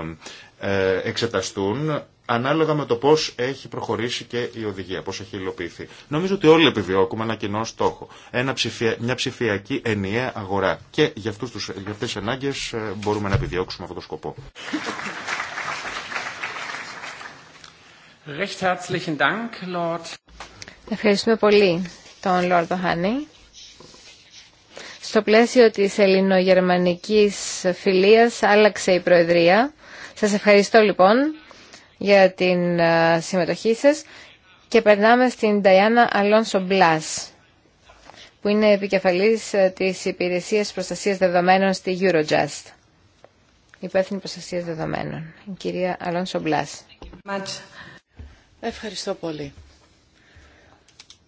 ε, εξεταστούν ανάλογα με το πώς έχει προχωρήσει και η οδηγία, πώς έχει υλοποιηθεί. Νομίζω ότι όλοι επιδιώκουμε ένα κοινό στόχο, ένα μια ψηφιακή ενιαία αγορά και για, αυτούς τους... για αυτές τις ανάγκες μπορούμε να επιδιώξουμε αυτό το σκοπό. Ευχαριστούμε πολύ τον Λόρδο Χάνι. Στο πλαίσιο της ελληνογερμανικής φιλίας άλλαξε η Προεδρία. Σας ευχαριστώ λοιπόν για την ε, συμμετοχή σας και περνάμε στην Νταϊάννα Αλόνσο Μπλάς που είναι επικεφαλής ε, της Υπηρεσίας Προστασίας Δεδομένων στη Eurojust. Υπεύθυνη Προστασίας Δεδομένων. Η κυρία Αλόνσο Μπλάς. Ευχαριστώ πολύ.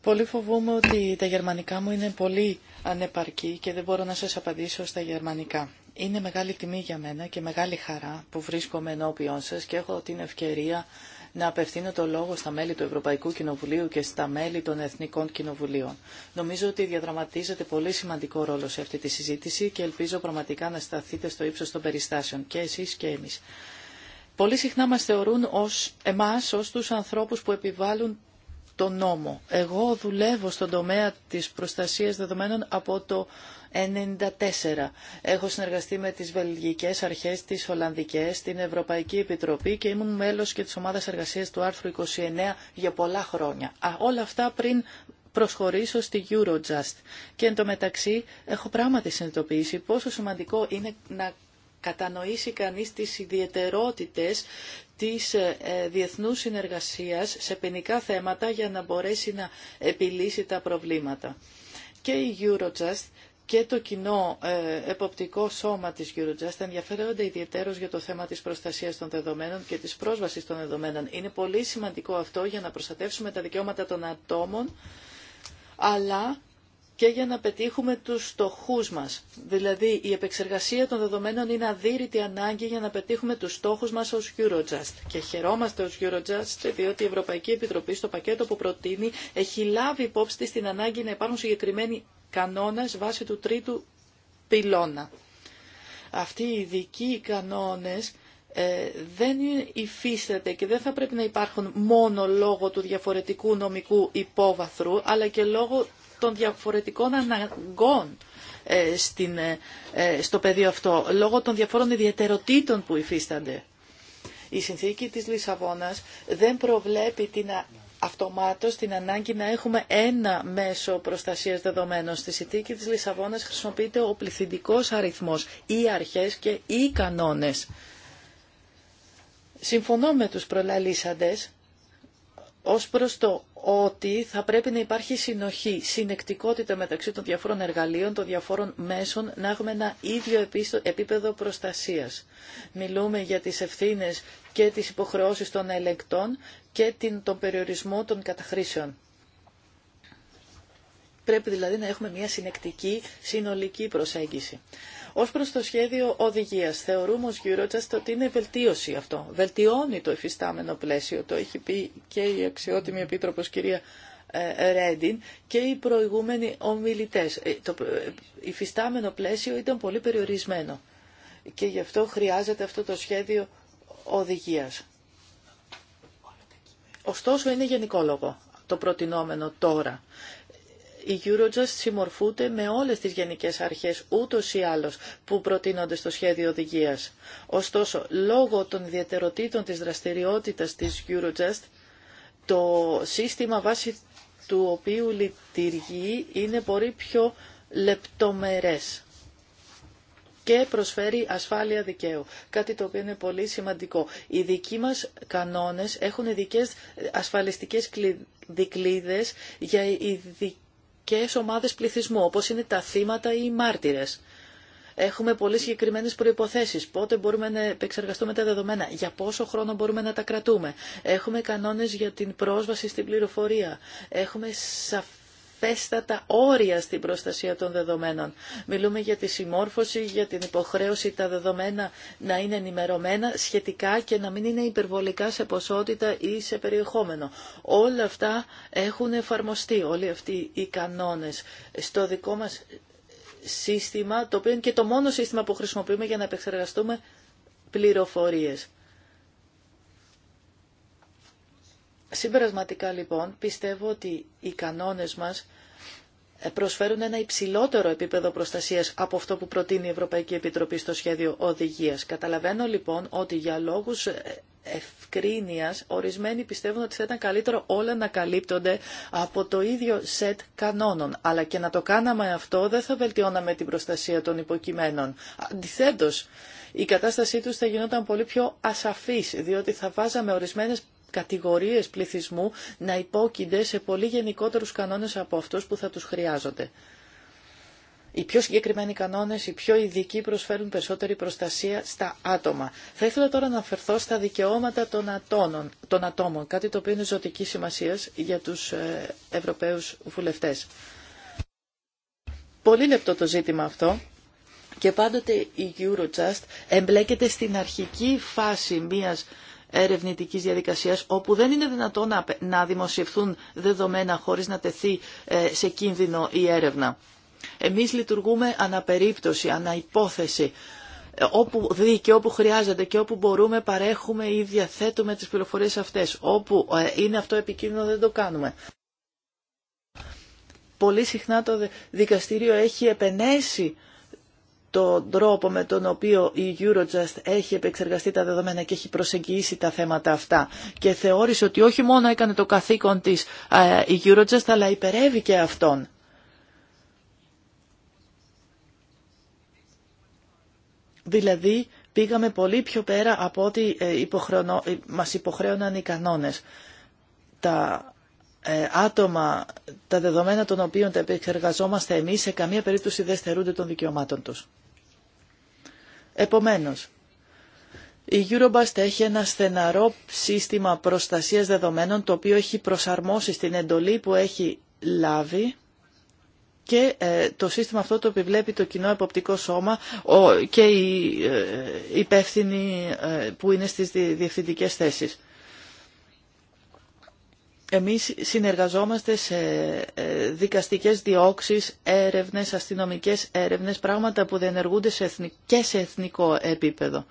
Πολύ φοβούμαι ότι τα γερμανικά μου είναι πολύ ανεπαρκή και δεν μπορώ να σας απαντήσω στα γερμανικά. Είναι μεγάλη τιμή για μένα και μεγάλη χαρά που βρίσκομαι ενώπιον σας και έχω την ευκαιρία να απευθύνω το λόγο στα μέλη του Ευρωπαϊκού Κοινοβουλίου και στα μέλη των Εθνικών Κοινοβουλίων. Νομίζω ότι διαδραματίζεται πολύ σημαντικό ρόλο σε αυτή τη συζήτηση και ελπίζω πραγματικά να σταθείτε στο ύψος των περιστάσεων και εσείς και εμείς. Πολύ συχνά μας θεωρούν ως εμάς, ως τους ανθρώπους που επιβάλλουν το νόμο. Εγώ δουλεύω στον τομέα της προστασίας δεδομένων από το 1994. Έχω συνεργαστεί με τις βελγικές αρχές, τις Ολλανδικές, την Ευρωπαϊκή Επιτροπή και ήμουν μέλος και της ομάδας εργασίας του άρθρου 29 για πολλά χρόνια. Α, όλα αυτά πριν προσχωρήσω στη Eurojust. Και εν τω μεταξύ έχω πράγματι συνειδητοποιήσει πόσο σημαντικό είναι να κατανοήσει κανείς τις ιδιαιτερότητες της ε, διεθνούς συνεργασίας σε ποινικά θέματα για να μπορέσει να επιλύσει τα προβλήματα. Και η Eurojust και το κοινό ε, εποπτικό σώμα της Eurojust ενδιαφέρονται ιδιαίτερως για το θέμα της προστασίας των δεδομένων και της πρόσβασης των δεδομένων. Είναι πολύ σημαντικό αυτό για να προστατεύσουμε τα δικαιώματα των ατόμων, αλλά και για να πετύχουμε τους στοχούς μας. Δηλαδή, η επεξεργασία των δεδομένων είναι αδύρυτη ανάγκη για να πετύχουμε τους στόχους μας ως Eurojust. Και χαιρόμαστε ως Eurojust, διότι η Ευρωπαϊκή Επιτροπή στο πακέτο που προτείνει έχει λάβει υπόψη της την ανάγκη να υπάρχουν συγκεκριμένοι κανόνες βάσει του τρίτου πυλώνα. Αυτοί οι ειδικοί κανόνες ε, δεν υφίσταται και δεν θα πρέπει να υπάρχουν μόνο λόγω του διαφορετικού νομικού υπόβαθρου, αλλά και λόγω των διαφορετικών αναγκών ε, στην, ε, ε, στο πεδίο αυτό, λόγω των διαφόρων ιδιαιτεροτήτων που υφίστανται. Η συνθήκη της Λισαβόνας δεν προβλέπει την αυτομάτως την ανάγκη να έχουμε ένα μέσο προστασίας δεδομένων. Στη συνθήκη της Λισαβόνας χρησιμοποιείται ο πληθυντικός αριθμός, ή αρχές και οι κανόνες. Συμφωνώ με τους προλαλήσαντες ως προς το ότι θα πρέπει να υπάρχει συνοχή, συνεκτικότητα μεταξύ των διαφόρων εργαλείων, των διαφόρων μέσων, να έχουμε ένα ίδιο επίπεδο προστασίας. Μιλούμε για τις ευθύνες και τις υποχρεώσεις των ελεγκτών και τον περιορισμό των καταχρήσεων. Πρέπει δηλαδή να έχουμε μια συνεκτική, συνολική προσέγγιση. Ω προ το σχέδιο οδηγίας, θεωρούμε ω Eurojust ότι είναι βελτίωση αυτό. Βελτιώνει το εφιστάμενο πλαίσιο, το έχει πει και η αξιότιμη επίτροπος κυρία ε, Ρέντιν και οι προηγούμενοι ομιλητές. Ε, το ε, υφιστάμενο πλαίσιο ήταν πολύ περιορισμένο και γι' αυτό χρειάζεται αυτό το σχέδιο οδηγίας. Ωστόσο είναι γενικό λόγο το προτινόμενο τώρα η Eurojust συμμορφούνται με όλες τις γενικές αρχές ούτως ή άλλως που προτείνονται στο σχέδιο οδηγίας. Ωστόσο, λόγω των ιδιαιτεροτήτων της δραστηριότητας της Eurojust, το σύστημα βάση του οποίου λειτουργεί είναι πολύ πιο λεπτομερές και προσφέρει ασφάλεια δικαίου. Κάτι το οποίο είναι πολύ σημαντικό. Οι δικοί μας κανόνες έχουν ειδικέ ασφαλιστικές δικλείδες για ειδικέ και ομάδες πληθυσμού, όπως είναι τα θύματα ή οι μάρτυρες. Έχουμε πολύ συγκεκριμένε προποθέσει. Πότε μπορούμε να επεξεργαστούμε τα δεδομένα, για πόσο χρόνο μπορούμε να τα κρατούμε. Έχουμε κανόνε για την πρόσβαση στην πληροφορία. Έχουμε σαφ σαφέστατα όρια στην προστασία των δεδομένων. Μιλούμε για τη συμμόρφωση, για την υποχρέωση τα δεδομένα να είναι ενημερωμένα σχετικά και να μην είναι υπερβολικά σε ποσότητα ή σε περιεχόμενο. Όλα αυτά έχουν εφαρμοστεί, όλοι αυτοί οι κανόνες. Στο δικό μας σύστημα, το οποίο είναι και το μόνο σύστημα που χρησιμοποιούμε για να επεξεργαστούμε πληροφορίες. Συμπερασματικά λοιπόν πιστεύω ότι οι κανόνες μας ε, προσφέρουν ένα υψηλότερο επίπεδο προστασίας από αυτό που προτείνει η Ευρωπαϊκή Επιτροπή στο σχέδιο οδηγίας. Καταλαβαίνω λοιπόν ότι για λόγους ε, ευκρίνειας ορισμένοι πιστεύουν ότι θα ήταν καλύτερο όλα να καλύπτονται από το ίδιο σετ κανόνων. Αλλά και να το κάναμε αυτό δεν θα βελτιώναμε την προστασία των υποκειμένων. Αντιθέτως, η κατάστασή τους θα γινόταν πολύ πιο ασαφής, διότι θα βάζαμε ορισμένες κατηγορίες πληθυσμού να υπόκεινται σε πολύ γενικότερους κανόνες από αυτούς που θα τους χρειάζονται. Οι πιο συγκεκριμένοι κανόνες, οι πιο ειδικοί προσφέρουν περισσότερη προστασία στα άτομα. Θα ήθελα τώρα να αναφερθώ στα δικαιώματα των, των ατόμων, κάτι το οποίο είναι ζωτική σημασία για τους ε, Ευρωπαίους βουλευτέ. Πολύ λεπτό το ζήτημα αυτό και πάντοτε η Eurojust εμπλέκεται στην αρχική φάση μιας ερευνητικής διαδικασίας όπου δεν είναι δυνατόν να δημοσιευθούν δεδομένα χωρίς να τεθεί ε, σε κίνδυνο η έρευνα. Εμείς λειτουργούμε αναπερίπτωση, αναϋπόθεση ε, όπου δει και όπου χρειάζεται και όπου μπορούμε παρέχουμε ή διαθέτουμε τις πληροφορίες αυτές. Όπου ε, είναι αυτό επικίνδυνο δεν το κάνουμε. Πολύ συχνά το δικαστήριο έχει επενέσει τον τρόπο με τον οποίο η Eurojust έχει επεξεργαστεί τα δεδομένα και έχει προσεγγίσει τα θέματα αυτά και θεώρησε ότι όχι μόνο έκανε το καθήκον της ε, η Eurojust αλλά υπερεύει και αυτόν. Δηλαδή πήγαμε πολύ πιο πέρα από ό,τι ε, υποχρεωνο... Ε, μας υποχρέωναν οι κανόνες. Τα άτομα, τα δεδομένα των οποίων τα επεξεργαζόμαστε εμείς, σε καμία περίπτωση δεν στερούνται των δικαιωμάτων τους. Επομένως, η Eurobust έχει ένα στεναρό σύστημα προστασίας δεδομένων το οποίο έχει προσαρμόσει στην εντολή που έχει λάβει και ε, το σύστημα αυτό το επιβλέπει το κοινό εποπτικό σώμα και οι ε, υπεύθυνοι ε, που είναι στις διευθυντικές θέσεις. Εμείς συνεργαζόμαστε σε ε, δικαστικές διώξεις, έρευνες, αστυνομικές έρευνες, πράγματα που διενεργούνται σε και σε εθνικό επίπεδο.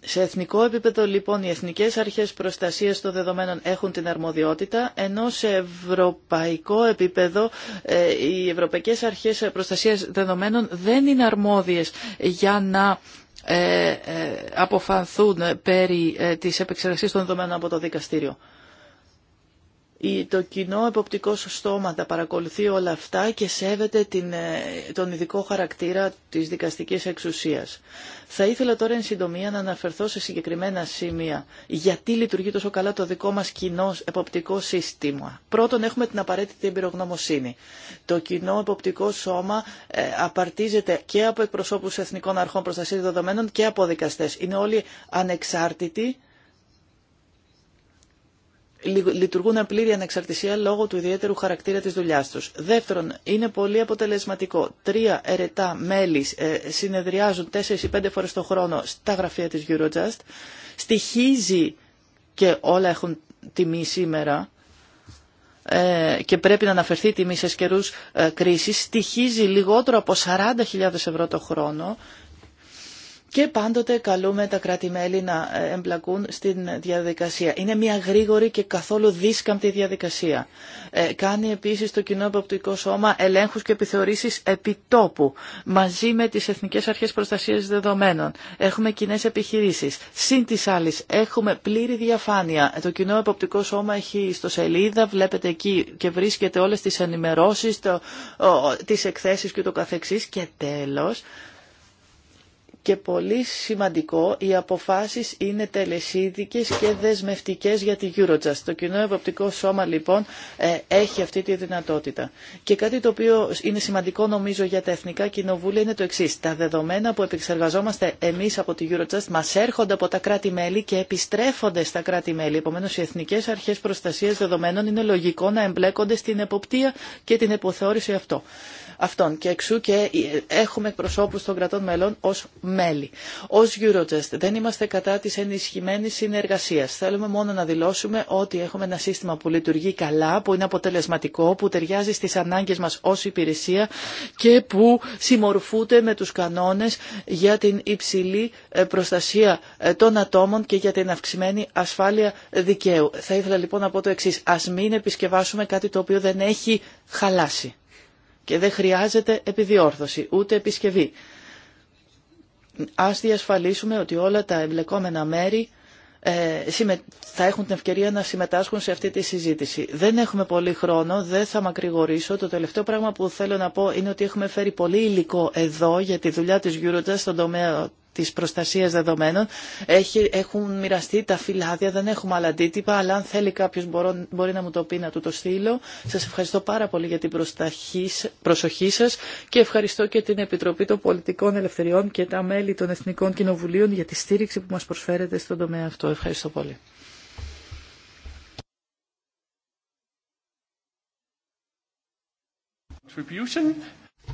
Σε εθνικό επίπεδο λοιπόν οι εθνικές αρχές προστασίας των δεδομένων έχουν την αρμοδιότητα, ενώ σε ευρωπαϊκό επίπεδο ε, οι ευρωπαϊκές αρχές προστασίας δεδομένων δεν είναι αρμόδιες για να ε, ε, αποφανθούν περί της επεξεργασίας των δεδομένων από το δικαστήριο το κοινό εποπτικό στόμα τα παρακολουθεί όλα αυτά και σέβεται την, ε, τον ειδικό χαρακτήρα της δικαστικής εξουσίας. Θα ήθελα τώρα εν συντομία να αναφερθώ σε συγκεκριμένα σημεία. Γιατί λειτουργεί τόσο καλά το δικό μας κοινό εποπτικό σύστημα. Πρώτον έχουμε την απαραίτητη εμπειρογνωμοσύνη. Το κοινό εποπτικό σώμα ε, απαρτίζεται και από εκπροσώπους εθνικών αρχών προστασίας δεδομένων και από δικαστές. Είναι όλοι ανεξάρτητοι λειτουργούν εν πλήρη ανεξαρτησία λόγω του ιδιαίτερου χαρακτήρα της δουλειάς τους. Δεύτερον, είναι πολύ αποτελεσματικό. Τρία ερετά μέλη ε, συνεδριάζουν τέσσερις ή πέντε φορές το χρόνο στα γραφεία της Eurojust. Στοιχίζει και όλα έχουν τιμή σήμερα ε, και πρέπει να αναφερθεί τιμή σε καιρούς ε, κρίσης, στοιχίζει λιγότερο από 40.000 ευρώ το χρόνο και πάντοτε καλούμε τα κράτη-μέλη να ε, εμπλακούν στην διαδικασία. Είναι μια γρήγορη και καθόλου δίσκαμπτη διαδικασία. Ε, κάνει επίσης το Κοινό Εποπτικό Σώμα ελέγχους και επιθεωρήσεις επιτόπου, μαζί με τις Εθνικές Αρχές Προστασίας Δεδομένων. Έχουμε κοινέ επιχειρήσεις. Συν τις άλλες, έχουμε πλήρη διαφάνεια. Ε, το Κοινό Εποπτικό Σώμα έχει στο σελίδα, βλέπετε εκεί και βρίσκεται όλες τις ενημερώσεις, το, ο, τις εκθέσεις και το καθεξής. Και τέλος, και πολύ σημαντικό, οι αποφάσεις είναι τελεσίδικες και δεσμευτικές για τη Eurojust. Το κοινό ευρωπτικό σώμα λοιπόν ε, έχει αυτή τη δυνατότητα. Και κάτι το οποίο είναι σημαντικό νομίζω για τα εθνικά κοινοβούλια είναι το εξή. Τα δεδομένα που επεξεργαζόμαστε εμείς από τη Eurojust μας έρχονται από τα κράτη-μέλη και επιστρέφονται στα κράτη-μέλη. Επομένως οι εθνικές αρχές προστασίας δεδομένων είναι λογικό να εμπλέκονται στην εποπτεία και την υποθεώρηση αυτό αυτών. Και εξού και ε, έχουμε εκπροσώπους των κρατών μελών ως μέλη. Ως Eurojust δεν είμαστε κατά της ενισχυμένης συνεργασίας. Θέλουμε μόνο να δηλώσουμε ότι έχουμε ένα σύστημα που λειτουργεί καλά, που είναι αποτελεσματικό, που ταιριάζει στις ανάγκες μας ως υπηρεσία και που συμμορφούνται με τους κανόνες για την υψηλή ε, προστασία ε, των ατόμων και για την αυξημένη ασφάλεια δικαίου. Θα ήθελα λοιπόν να πω το εξής. Ας μην επισκευάσουμε κάτι το οποίο δεν έχει χαλάσει και δεν χρειάζεται επιδιόρθωση, ούτε επισκευή. Ας διασφαλίσουμε ότι όλα τα εμπλεκόμενα μέρη ε, θα έχουν την ευκαιρία να συμμετάσχουν σε αυτή τη συζήτηση. Δεν έχουμε πολύ χρόνο, δεν θα μακρηγορήσω. Το τελευταίο πράγμα που θέλω να πω είναι ότι έχουμε φέρει πολύ υλικό εδώ για τη δουλειά της Eurojust στον τομέα Τη προστασία δεδομένων έχουν μοιραστεί τα φυλάδια, δεν έχουμε άλλα αντίτυπα, αλλά αν θέλει κάποιο μπορεί να μου το πει να του το στείλω. Σα ευχαριστώ πάρα πολύ για την προσοχή σα και ευχαριστώ και την Επιτροπή των Πολιτικών Ελευθεριών και τα μέλη των Εθνικών Κοινοβουλίων για τη στήριξη που μα προσφέρετε στον τομέα αυτό. Ευχαριστώ πολύ.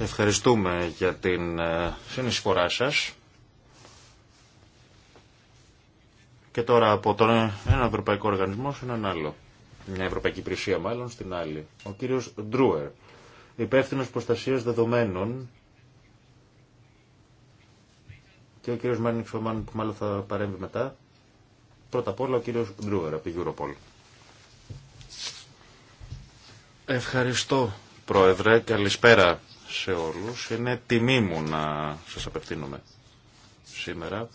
Ευχαριστούμε για την ε, συνεισφορά σας. Και τώρα από τον ένα ευρωπαϊκό οργανισμό σε έναν άλλο. Μια ευρωπαϊκή υπηρεσία μάλλον στην άλλη. Ο κύριο Ντρούερ, υπεύθυνο Προστασία δεδομένων και ο κύριος Μάνιξ που μάλλον θα παρέμβει μετά. Πρώτα απ' όλα ο κύριος Ντρούερ από την Europol. Ευχαριστώ Πρόεδρε, καλησπέρα σε όλους. Είναι τιμή μου να σας απευθύνομαι σήμερα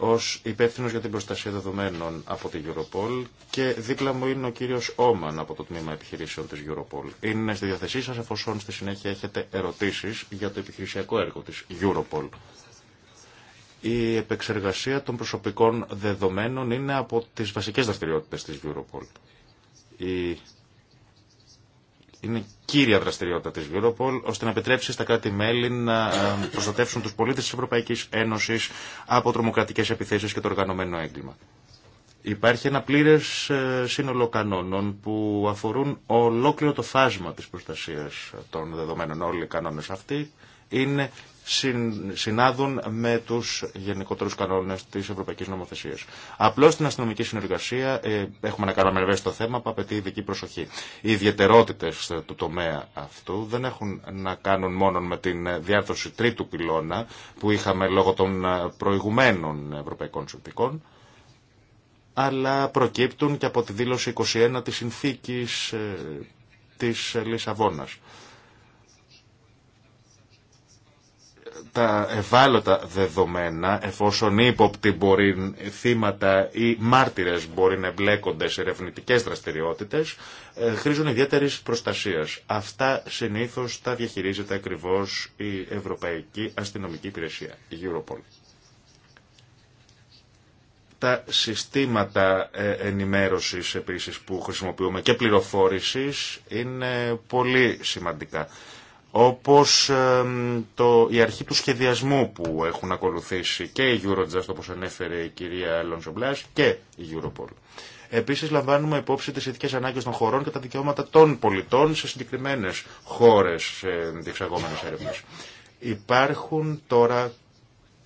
ω υπεύθυνο για την προστασία δεδομένων από την Europol και δίπλα μου είναι ο κύριο Όμαν από το Τμήμα Επιχειρήσεων τη Europol. Είναι στη διαθεσή σα εφόσον στη συνέχεια έχετε ερωτήσει για το επιχειρησιακό έργο τη Europol. Η επεξεργασία των προσωπικών δεδομένων είναι από τι βασικέ δραστηριότητε τη Europol. Η είναι κύρια δραστηριότητα της Europol ώστε να επιτρέψει στα κράτη-μέλη να ε, προστατεύσουν τους πολίτες της Ευρωπαϊκής Ένωσης από τρομοκρατικές επιθέσεις και το οργανωμένο έγκλημα. Υπάρχει ένα πλήρες ε, σύνολο κανόνων που αφορούν ολόκληρο το φάσμα της προστασίας των δεδομένων. Όλοι οι κανόνες αυτοί είναι συνάδουν με του γενικότερου κανόνε τη Ευρωπαϊκή Νομοθεσία. Απλώ στην αστυνομική συνεργασία ε, έχουμε να κάνουμε ευαίσθητο στο θέμα που απαιτεί ειδική προσοχή. Οι ιδιαιτερότητε του τομέα αυτού δεν έχουν να κάνουν μόνο με την διάρθρωση τρίτου πυλώνα που είχαμε λόγω των προηγουμένων ευρωπαϊκών συνθήκων αλλά προκύπτουν και από τη δήλωση 21 της συνθήκης ε, της Λισαβόνας. τα ευάλωτα δεδομένα, εφόσον ύποπτοι μπορεί, θύματα ή μάρτυρες μπορεί να εμπλέκονται σε ερευνητικές δραστηριότητες, ε, χρήζουν ιδιαίτερη προστασίας. Αυτά συνήθως τα διαχειρίζεται ακριβώς η Ευρωπαϊκή Αστυνομική Υπηρεσία, η Europol. Τα συστήματα ε, ενημέρωσης επίσης που χρησιμοποιούμε και πληροφόρησης είναι πολύ σημαντικά όπως το, η αρχή του σχεδιασμού που έχουν ακολουθήσει και η Eurojust, όπως ανέφερε η κυρία Αλόνσο και η Europol. Επίσης λαμβάνουμε υπόψη τις ειδικές ανάγκες των χωρών και τα δικαιώματα των πολιτών σε συγκεκριμένες χώρες σε διεξαγόμενες έρευνες. Υπάρχουν τώρα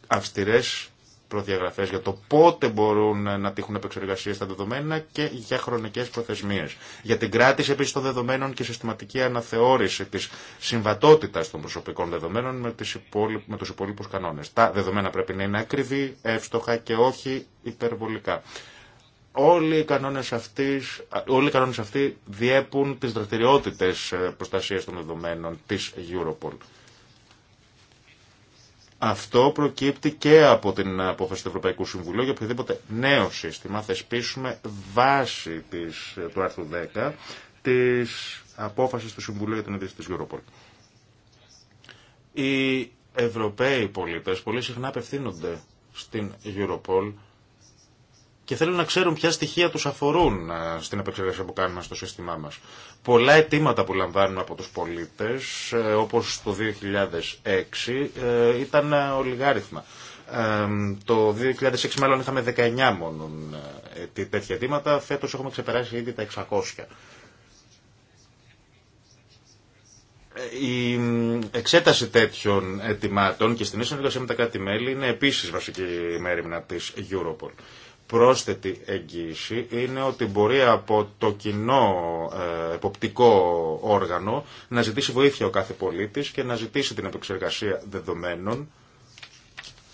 αυστηρές προδιαγραφέ για το πότε μπορούν να τύχουν επεξεργασίε στα δεδομένα και για χρονικέ προθεσμίε. Για την κράτηση επίση των δεδομένων και συστηματική αναθεώρηση τη συμβατότητα των προσωπικών δεδομένων με, υπόλοι... με του υπόλοιπου κανόνε. Τα δεδομένα πρέπει να είναι ακριβή, εύστοχα και όχι υπερβολικά. Όλοι οι, κανόνες όλοι οι κανόνες αυτοί διέπουν τις δραστηριότητες ε, προστασίας των δεδομένων της Europol. Αυτό προκύπτει και από την απόφαση του Ευρωπαϊκού Συμβουλίου για οποιοδήποτε νέο σύστημα θεσπίσουμε βάση της, του άρθρου 10 της απόφασης του Συμβουλίου για την ίδρυση της Europol. Οι Ευρωπαίοι πολίτες πολύ συχνά απευθύνονται στην Europol και θέλουν να ξέρουν ποια στοιχεία τους αφορούν ε, στην επεξεργασία που κάνουμε στο σύστημά μας. Πολλά αιτήματα που λαμβάνουμε από τους πολίτες, ε, όπως το 2006, ε, ήταν ολιγάριθμα. Το 2006 μάλλον είχαμε 19 μόνο τέτοια αιτήματα, φέτος έχουμε ξεπεράσει ήδη τα 600. Η εξέταση τέτοιων αιτημάτων και στην ίσια με τα κράτη-μέλη είναι επίσης βασική μέρημνα της Europol πρόσθετη εγγύηση είναι ότι μπορεί από το κοινό ε, εποπτικό όργανο να ζητήσει βοήθεια ο κάθε πολίτης και να ζητήσει την επεξεργασία δεδομένων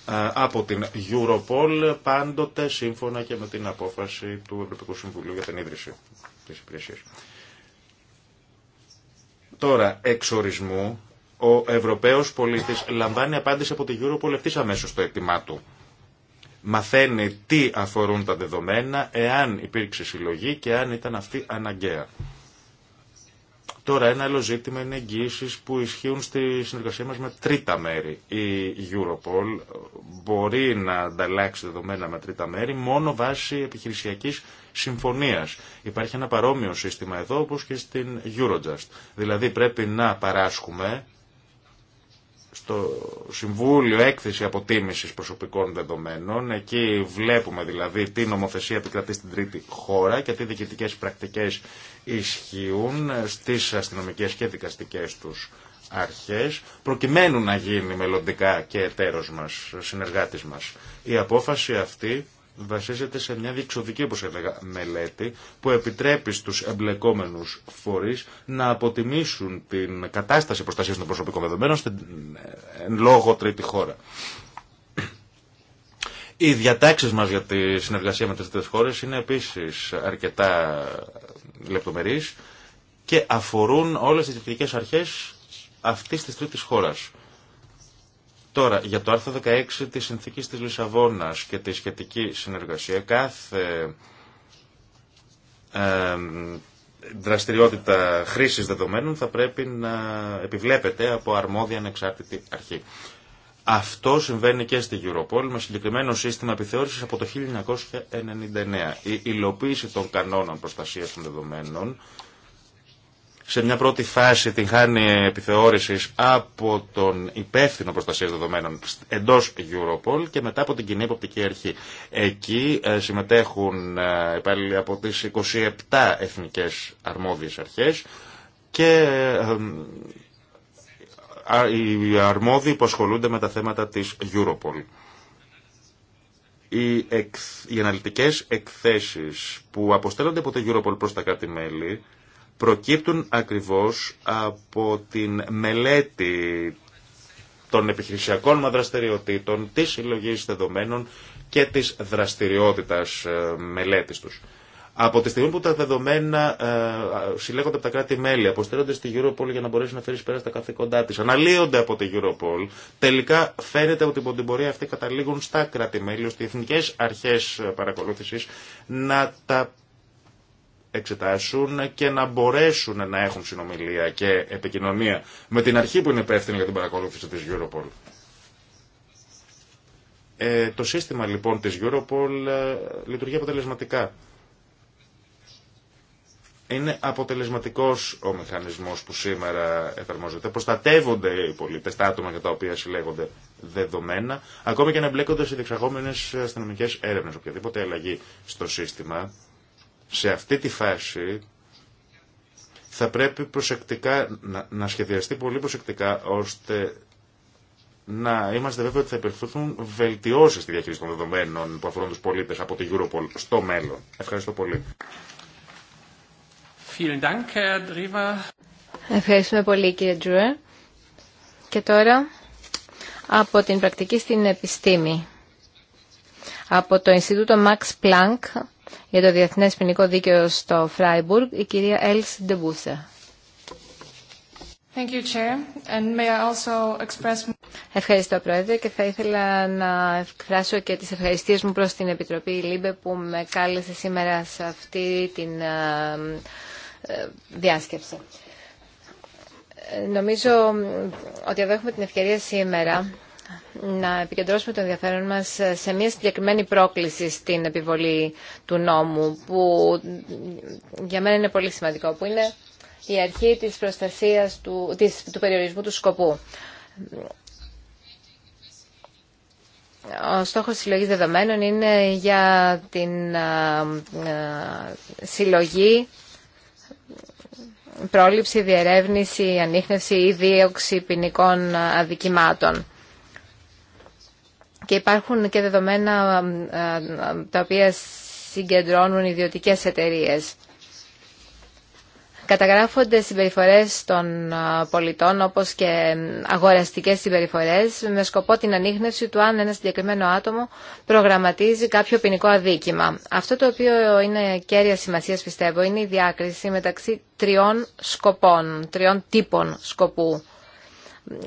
ε, από την Europol πάντοτε σύμφωνα και με την απόφαση του Ευρωπαϊκού Συμβουλίου για την ίδρυση της υπηρεσίας. Τώρα, εξορισμού, ο Ευρωπαίος πολίτης λαμβάνει απάντηση από την Europol ευθύς αμέσως στο αίτημά του μαθαίνει τι αφορούν τα δεδομένα, εάν υπήρξε συλλογή και αν ήταν αυτή αναγκαία. Τώρα ένα άλλο ζήτημα είναι εγγυήσει που ισχύουν στη συνεργασία μας με τρίτα μέρη. Η Europol μπορεί να ανταλλάξει δεδομένα με τρίτα μέρη μόνο βάσει επιχειρησιακής συμφωνίας. Υπάρχει ένα παρόμοιο σύστημα εδώ όπως και στην Eurojust. Δηλαδή πρέπει να παράσχουμε στο Συμβούλιο έκθεση αποτίμησης προσωπικών δεδομένων. Εκεί βλέπουμε δηλαδή τι νομοθεσία επικρατεί στην τρίτη χώρα και τι διοικητικές πρακτικές ισχύουν στις αστυνομικές και δικαστικές τους αρχές προκειμένου να γίνει μελλοντικά και εταίρος μας, συνεργάτης μας. Η απόφαση αυτή βασίζεται σε μια διεξοδική, όπως έλεγα, μελέτη που επιτρέπει στους εμπλεκόμενους φορείς να αποτιμήσουν την κατάσταση προστασίας των προσωπικών δεδομένων στην ε, λόγω τρίτη χώρα. Οι διατάξεις μας για τη συνεργασία με τις τρίτες χώρες είναι επίσης αρκετά λεπτομερείς και αφορούν όλες τις διεκτικές αρχές αυτής της τρίτης χώρας. Τώρα, για το άρθρο 16 της συνθήκης της Λισαβόνας και τη σχετική συνεργασία, κάθε δραστηριότητα χρήσης δεδομένων θα πρέπει να επιβλέπεται από αρμόδια ανεξάρτητη αρχή. Αυτό συμβαίνει και στη Europol με συγκεκριμένο σύστημα επιθεώρησης από το 1999. Η υλοποίηση των κανόνων προστασίας των δεδομένων σε μια πρώτη φάση την χάνει επιθεώρηση από τον υπεύθυνο προστασία δεδομένων εντό Europol και μετά από την κοινή υποπτική αρχή. Εκεί ε, συμμετέχουν ε, υπάλληλοι από τι 27 εθνικέ αρμόδιε αρχέ και ε, οι αρμόδιοι που ασχολούνται με τα θέματα της Europol. Οι, εκ, οι αναλυτικές εκθέσεις που αποστέλλονται από το Europol προς τα κράτη-μέλη προκύπτουν ακριβώς από την μελέτη των επιχειρησιακών μα δραστηριοτήτων, της συλλογή δεδομένων και της δραστηριότητας ε, μελέτης τους. Από τη στιγμή που τα δεδομένα ε, συλλέγονται από τα κράτη-μέλη, αποστέλλονται στη Europol για να μπορέσει να φέρει πέρα στα καθήκοντά τη, αναλύονται από τη Europol, τελικά φαίνεται ότι από την πορεία αυτή καταλήγουν στα κράτη-μέλη, ώστε οι εθνικέ αρχέ παρακολούθηση να τα εξετάσουν και να μπορέσουν να έχουν συνομιλία και επικοινωνία με την αρχή που είναι υπεύθυνη για την παρακολούθηση της Europol. Ε, το σύστημα λοιπόν της Europol ε, λειτουργεί αποτελεσματικά. Είναι αποτελεσματικός ο μηχανισμός που σήμερα εφαρμόζεται. Προστατεύονται οι πολίτες, τα άτομα για τα οποία συλλέγονται δεδομένα, ακόμη και να εμπλέκονται σε διεξαγόμενες αστυνομικές έρευνες. Οποιαδήποτε αλλαγή στο σύστημα σε αυτή τη φάση θα πρέπει προσεκτικά, να, να σχεδιαστεί πολύ προσεκτικά ώστε να είμαστε βέβαιοι ότι θα υπερθούν βελτιώσει στη διαχείριση των δεδομένων που αφορούν του πολίτε από την Europol στο μέλλον. Ευχαριστώ πολύ. Ευχαριστούμε πολύ κύριε Τζουέ. Και τώρα από την πρακτική στην επιστήμη. Από το Ινστιτούτο Max Planck για το Διεθνές Ποινικό Δίκαιο στο Φράιμπουργκ, η κυρία Έλς Ντεμπούσα. Ευχαριστώ, Πρόεδρε, και θα ήθελα να εκφράσω και τις ευχαριστίες μου προς την Επιτροπή ΛΥΜΠΕ που με κάλεσε σήμερα σε αυτή την ε, ε, διάσκεψη. Ε, νομίζω ότι εδώ έχουμε την ευκαιρία σήμερα να επικεντρώσουμε το ενδιαφέρον μας σε μια συγκεκριμένη πρόκληση στην επιβολή του νόμου που για μένα είναι πολύ σημαντικό που είναι η αρχή της προστασίας του, του περιορισμού του σκοπού. Ο στόχος συλλογής δεδομένων είναι για την συλλογή πρόληψη, διερεύνηση, ανείχνευση ή δίωξη ποινικών αδικημάτων και υπάρχουν και δεδομένα τα οποία συγκεντρώνουν ιδιωτικές εταιρείες. Καταγράφονται συμπεριφορές των πολιτών όπως και αγοραστικές συμπεριφορές με σκοπό την ανείχνευση του αν ένα συγκεκριμένο άτομο προγραμματίζει κάποιο ποινικό αδίκημα. Αυτό το οποίο είναι κέρια σημασίας πιστεύω είναι η διάκριση μεταξύ τριών σκοπών, τριών τύπων σκοπού.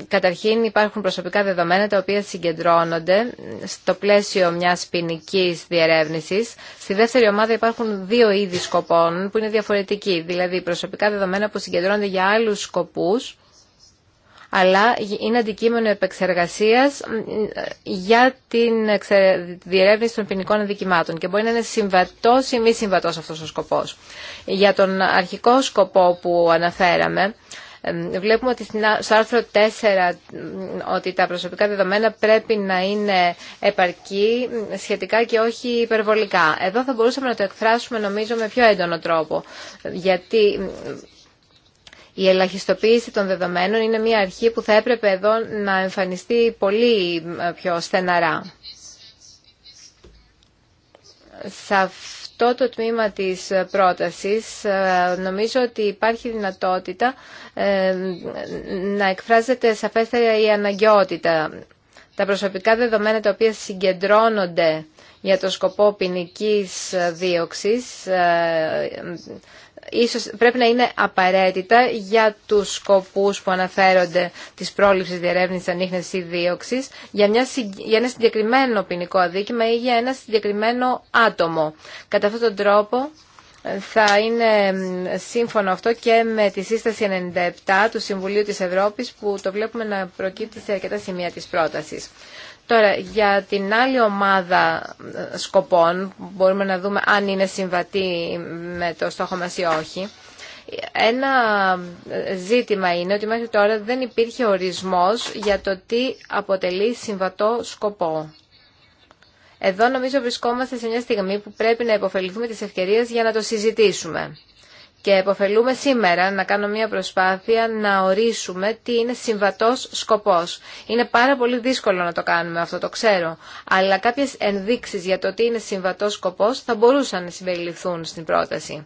Καταρχήν υπάρχουν προσωπικά δεδομένα τα οποία συγκεντρώνονται στο πλαίσιο μιας ποινική διερεύνησης. Στη δεύτερη ομάδα υπάρχουν δύο είδη σκοπών που είναι διαφορετικοί, δηλαδή προσωπικά δεδομένα που συγκεντρώνονται για άλλους σκοπούς, αλλά είναι αντικείμενο επεξεργασίας για την διερεύνηση των ποινικών αδικημάτων και μπορεί να είναι συμβατός ή μη συμβατός αυτός ο σκοπός. Για τον αρχικό σκοπό που αναφέραμε, Βλέπουμε ότι στο άρθρο 4 ότι τα προσωπικά δεδομένα πρέπει να είναι επαρκή σχετικά και όχι υπερβολικά. Εδώ θα μπορούσαμε να το εκφράσουμε νομίζω με πιο έντονο τρόπο. Γιατί η ελαχιστοποίηση των δεδομένων είναι μια αρχή που θα έπρεπε εδώ να εμφανιστεί πολύ πιο στεναρά αυτό το τμήμα της πρότασης ε, νομίζω ότι υπάρχει δυνατότητα ε, να εκφράζεται σαφέστερα η αναγκαιότητα. Τα προσωπικά δεδομένα τα οποία συγκεντρώνονται για το σκοπό ποινική δίωξης ε, ίσως πρέπει να είναι απαραίτητα για τους σκοπούς που αναφέρονται της πρόληψης διερεύνησης ανείχνευσης ή δίωξης για, μια, για ένα συγκεκριμένο ποινικό αδίκημα ή για ένα συγκεκριμένο άτομο. Κατά αυτόν τον τρόπο ε, θα είναι σύμφωνο αυτό και με τη σύσταση 97 του Συμβουλίου της Ευρώπης που το βλέπουμε να προκύπτει σε αρκετά σημεία της πρότασης. Τώρα, για την άλλη ομάδα ε, σκοπών, μπορούμε να δούμε αν είναι συμβατή με το στόχο μας ή όχι. Ένα ε, ζήτημα είναι ότι μέχρι τώρα δεν υπήρχε ορισμός για το τι αποτελεί συμβατό σκοπό. Εδώ νομίζω βρισκόμαστε σε μια στιγμή που πρέπει να υποφεληθούμε τις ευκαιρίες για να το συζητήσουμε και εποφελούμε σήμερα να κάνω μια προσπάθεια να ορίσουμε τι είναι συμβατός σκοπός. Είναι πάρα πολύ δύσκολο να το κάνουμε αυτό, το ξέρω, αλλά κάποιες ενδείξεις για το τι είναι συμβατός σκοπός θα μπορούσαν να συμπεριληφθούν στην πρόταση.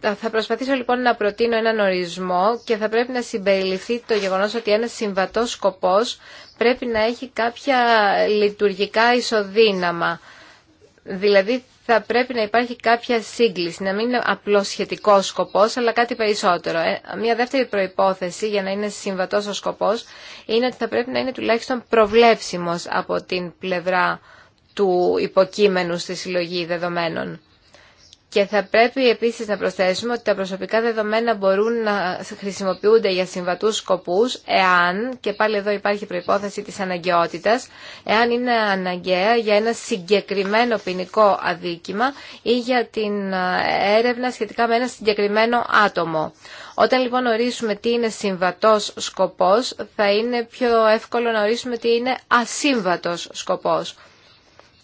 Θα προσπαθήσω λοιπόν να προτείνω έναν ορισμό και θα πρέπει να συμπεριληφθεί το γεγονός ότι ένας συμβατός σκοπός πρέπει να έχει κάποια λειτουργικά ισοδύναμα Δηλαδή θα πρέπει να υπάρχει κάποια σύγκληση, να μην είναι απλό σχετικό σκοπός, αλλά κάτι περισσότερο. Ε, Μία δεύτερη προϋπόθεση για να είναι συμβατό ο σκοπός είναι ότι θα πρέπει να είναι τουλάχιστον προβλέψιμο από την πλευρά του υποκείμενου στη συλλογή δεδομένων. Και θα πρέπει επίσης να προσθέσουμε ότι τα προσωπικά δεδομένα μπορούν να χρησιμοποιούνται για συμβατούς σκοπούς εάν, και πάλι εδώ υπάρχει προϋπόθεση της αναγκαιότητας, εάν είναι αναγκαία για ένα συγκεκριμένο ποινικό αδίκημα ή για την έρευνα σχετικά με ένα συγκεκριμένο άτομο. Όταν λοιπόν ορίσουμε τι είναι συμβατός σκοπός, θα είναι πιο εύκολο να ορίσουμε τι είναι ασύμβατος σκοπός.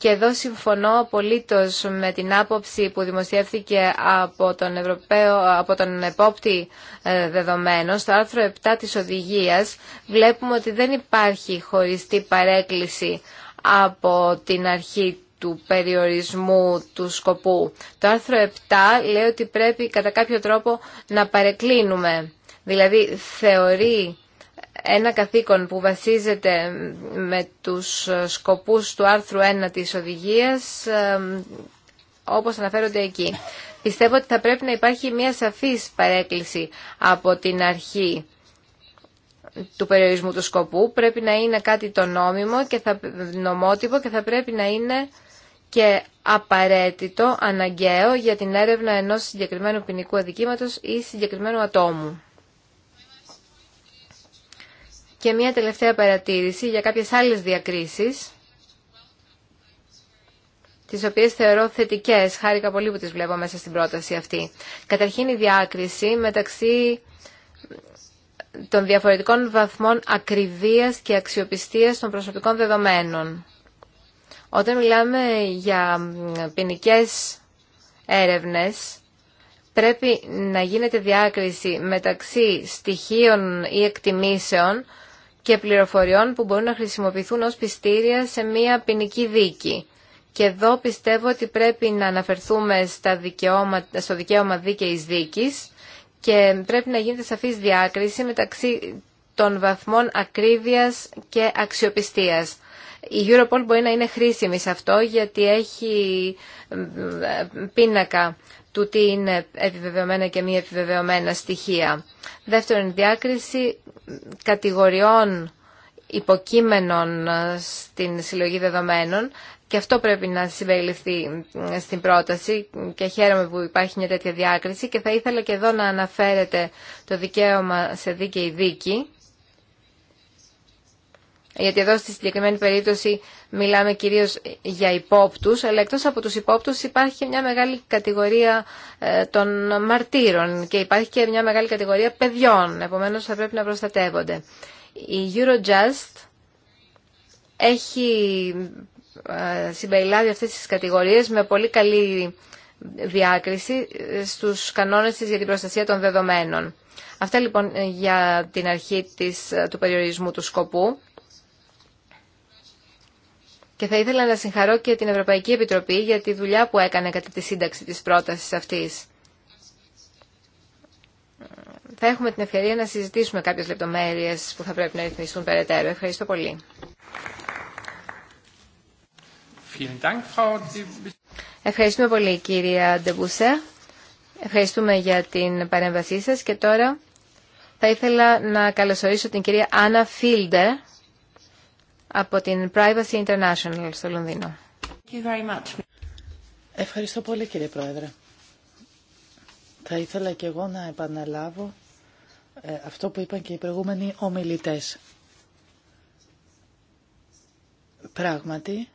Και εδώ συμφωνώ απολύτω με την άποψη που δημοσιεύθηκε από τον, Ευρωπαίο, από τον επόπτη ε, δεδομένο. Στο άρθρο 7 της οδηγίας βλέπουμε ότι δεν υπάρχει χωριστή παρέκκληση από την αρχή του περιορισμού του σκοπού. Το άρθρο 7 λέει ότι πρέπει κατά κάποιο τρόπο να παρεκκλίνουμε. Δηλαδή θεωρεί ένα καθήκον που βασίζεται με τους σκοπούς του άρθρου 1 της οδηγίας όπως αναφέρονται εκεί. Πιστεύω ότι θα πρέπει να υπάρχει μια σαφής παρέκκληση από την αρχή του περιορισμού του σκοπού. Πρέπει να είναι κάτι το νόμιμο και θα, νομότυπο και θα πρέπει να είναι και απαραίτητο, αναγκαίο για την έρευνα ενός συγκεκριμένου ποινικού αδικήματος ή συγκεκριμένου ατόμου. Και μια τελευταία παρατήρηση για κάποιες άλλες διακρίσεις, τις οποίες θεωρώ θετικές. Χάρηκα πολύ που τις βλέπω μέσα στην πρόταση αυτή. Καταρχήν η διάκριση μεταξύ των διαφορετικών βαθμών ακριβίας και αξιοπιστίας των προσωπικών δεδομένων. Όταν μιλάμε για ποινικέ έρευνες, πρέπει να γίνεται διάκριση μεταξύ στοιχείων ή εκτιμήσεων και πληροφοριών που μπορούν να χρησιμοποιηθούν ως πιστήρια σε μια ποινική δίκη. Και εδώ πιστεύω ότι πρέπει να αναφερθούμε στα δικαιώματα, στο δικαίωμα δίκαιης δίκης και πρέπει να γίνεται σαφής διάκριση μεταξύ των βαθμών ακρίβειας και αξιοπιστίας. Η Europol μπορεί να είναι χρήσιμη σε αυτό γιατί έχει πίνακα του τι είναι επιβεβαιωμένα και μη επιβεβαιωμένα στοιχεία. Δεύτερον, διάκριση κατηγοριών υποκείμενων ε, στην συλλογή δεδομένων και αυτό πρέπει να συμπεριληφθεί στην πρόταση και χαίρομαι που υπάρχει μια τέτοια διάκριση και θα ήθελα και εδώ να αναφέρεται το δικαίωμα σε δίκαιη δίκη γιατί εδώ στη συγκεκριμένη περίπτωση μιλάμε κυρίως για υπόπτους, αλλά εκτός από τους υπόπτους υπάρχει και μια μεγάλη κατηγορία ε, των μαρτύρων και υπάρχει και μια μεγάλη κατηγορία παιδιών, επομένως θα πρέπει να προστατεύονται. Η Eurojust έχει ε, συμπεριλάβει αυτές τις κατηγορίες με πολύ καλή διάκριση ε, στους κανόνες της για την προστασία των δεδομένων. Αυτά λοιπόν για την αρχή της, του περιορισμού του σκοπού. Και θα ήθελα να συγχαρώ και την Ευρωπαϊκή Επιτροπή για τη δουλειά που έκανε κατά τη σύνταξη της πρότασης αυτής. Θα έχουμε την ευκαιρία να συζητήσουμε κάποιες λεπτομέρειες που θα πρέπει να ρυθμιστούν περαιτέρω. Ευχαριστώ πολύ. Ευχαριστούμε πολύ κυρία Ντεμπουσέ. Ευχαριστούμε για την παρέμβασή σας και τώρα θα ήθελα να καλωσορίσω την κυρία Άννα Φίλντερ από την Privacy International στο Λονδίνο. Ευχαριστώ πολύ κύριε Πρόεδρε. Θα ήθελα και εγώ να επαναλάβω ε, αυτό που είπαν και οι προηγούμενοι ομιλητές. Πράγματι,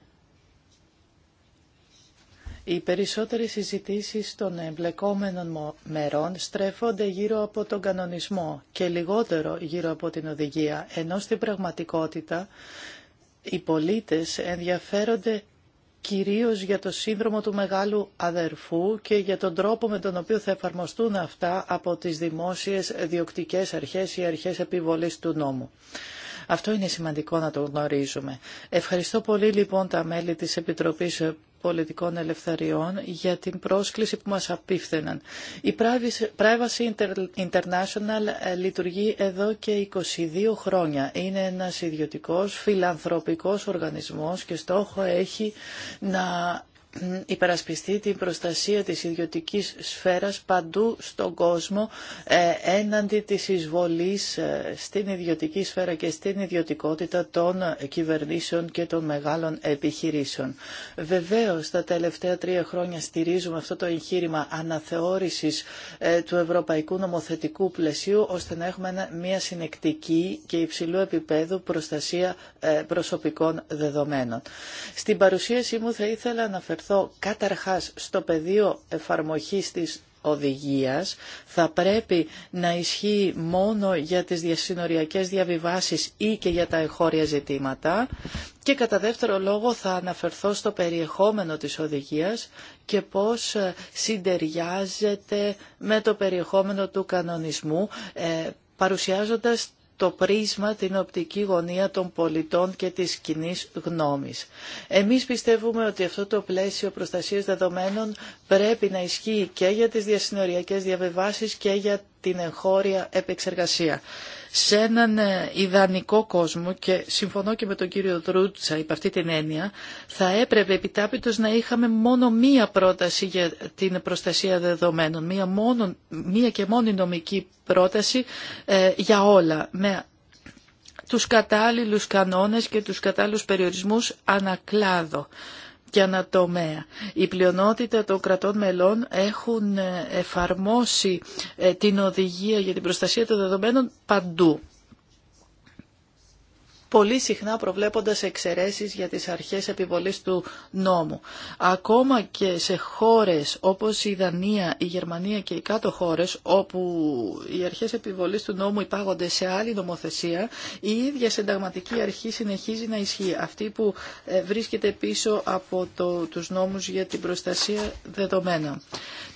οι περισσότερες συζητήσεις των εμπλεκόμενων μερών στρέφονται γύρω από τον κανονισμό και λιγότερο γύρω από την οδηγία, ενώ στην πραγματικότητα οι πολίτες ενδιαφέρονται κυρίως για το σύνδρομο του μεγάλου αδερφού και για τον τρόπο με τον οποίο θα εφαρμοστούν αυτά από τις δημόσιες διοκτικές αρχές ή αρχές επιβολής του νόμου. Αυτό είναι σημαντικό να το γνωρίζουμε. Ευχαριστώ πολύ λοιπόν τα μέλη της Επιτροπής πολιτικών ελευθεριών για την πρόσκληση που μας απίφθεναν. Η Privacy International ε, λειτουργεί εδώ και 22 χρόνια. Είναι ένας ιδιωτικός φιλανθρωπικός οργανισμός και στόχο έχει να υπερασπιστεί την προστασία της ιδιωτικής σφαίρας παντού στον κόσμο ε, έναντι της εισβολής ε, στην ιδιωτική σφαίρα και στην ιδιωτικότητα των κυβερνήσεων και των μεγάλων επιχειρήσεων. Βεβαίως, τα τελευταία τρία χρόνια στηρίζουμε αυτό το εγχείρημα αναθεώρησης ε, του ευρωπαϊκού νομοθετικού πλαισίου ώστε να έχουμε μια συνεκτική και υψηλού επίπεδου προστασία προσωπικών δεδομένων. Στην παρουσίασή μου θα ήθελα να αναφερθώ καταρχάς στο πεδίο εφαρμογής της οδηγίας θα πρέπει να ισχύει μόνο για τις διασυνοριακές διαβιβάσεις ή και για τα εγχώρια ζητήματα και κατά δεύτερο λόγο θα αναφερθώ στο περιεχόμενο της οδηγίας και πώς ε, συντεριάζεται με το περιεχόμενο του κανονισμού ε, παρουσιάζοντας το πρίσμα, την οπτική γωνία των πολιτών και της κοινή γνώμης. Εμείς πιστεύουμε ότι αυτό το πλαίσιο προστασίας δεδομένων πρέπει να ισχύει και για τις διασυνοριακές διαβεβάσεις και για την εγχώρια επεξεργασία σε έναν ε, ιδανικό κόσμο και συμφωνώ και με τον κύριο Δρούτσα υπ' αυτή την έννοια θα έπρεπε επιτάπητος να είχαμε μόνο μία πρόταση για την προστασία δεδομένων, μία, μόνο, μία και μόνη νομική πρόταση ε, για όλα με τους κατάλληλους κανόνες και τους κατάλληλους περιορισμούς ανακλάδο και Η πλειονότητα των κρατών μελών έχουν ε, εφαρμόσει ε, την οδηγία για την προστασία των δεδομένων παντού πολύ συχνά προβλέποντας εξαιρέσεις για τις αρχές επιβολής του νόμου. Ακόμα και σε χώρες όπως η Δανία, η Γερμανία και οι κάτω χώρες, όπου οι αρχές επιβολής του νόμου υπάγονται σε άλλη νομοθεσία, η ίδια συνταγματική αρχή συνεχίζει να ισχύει. Αυτή που ε, βρίσκεται πίσω από το, τους νόμους για την προστασία δεδομένων.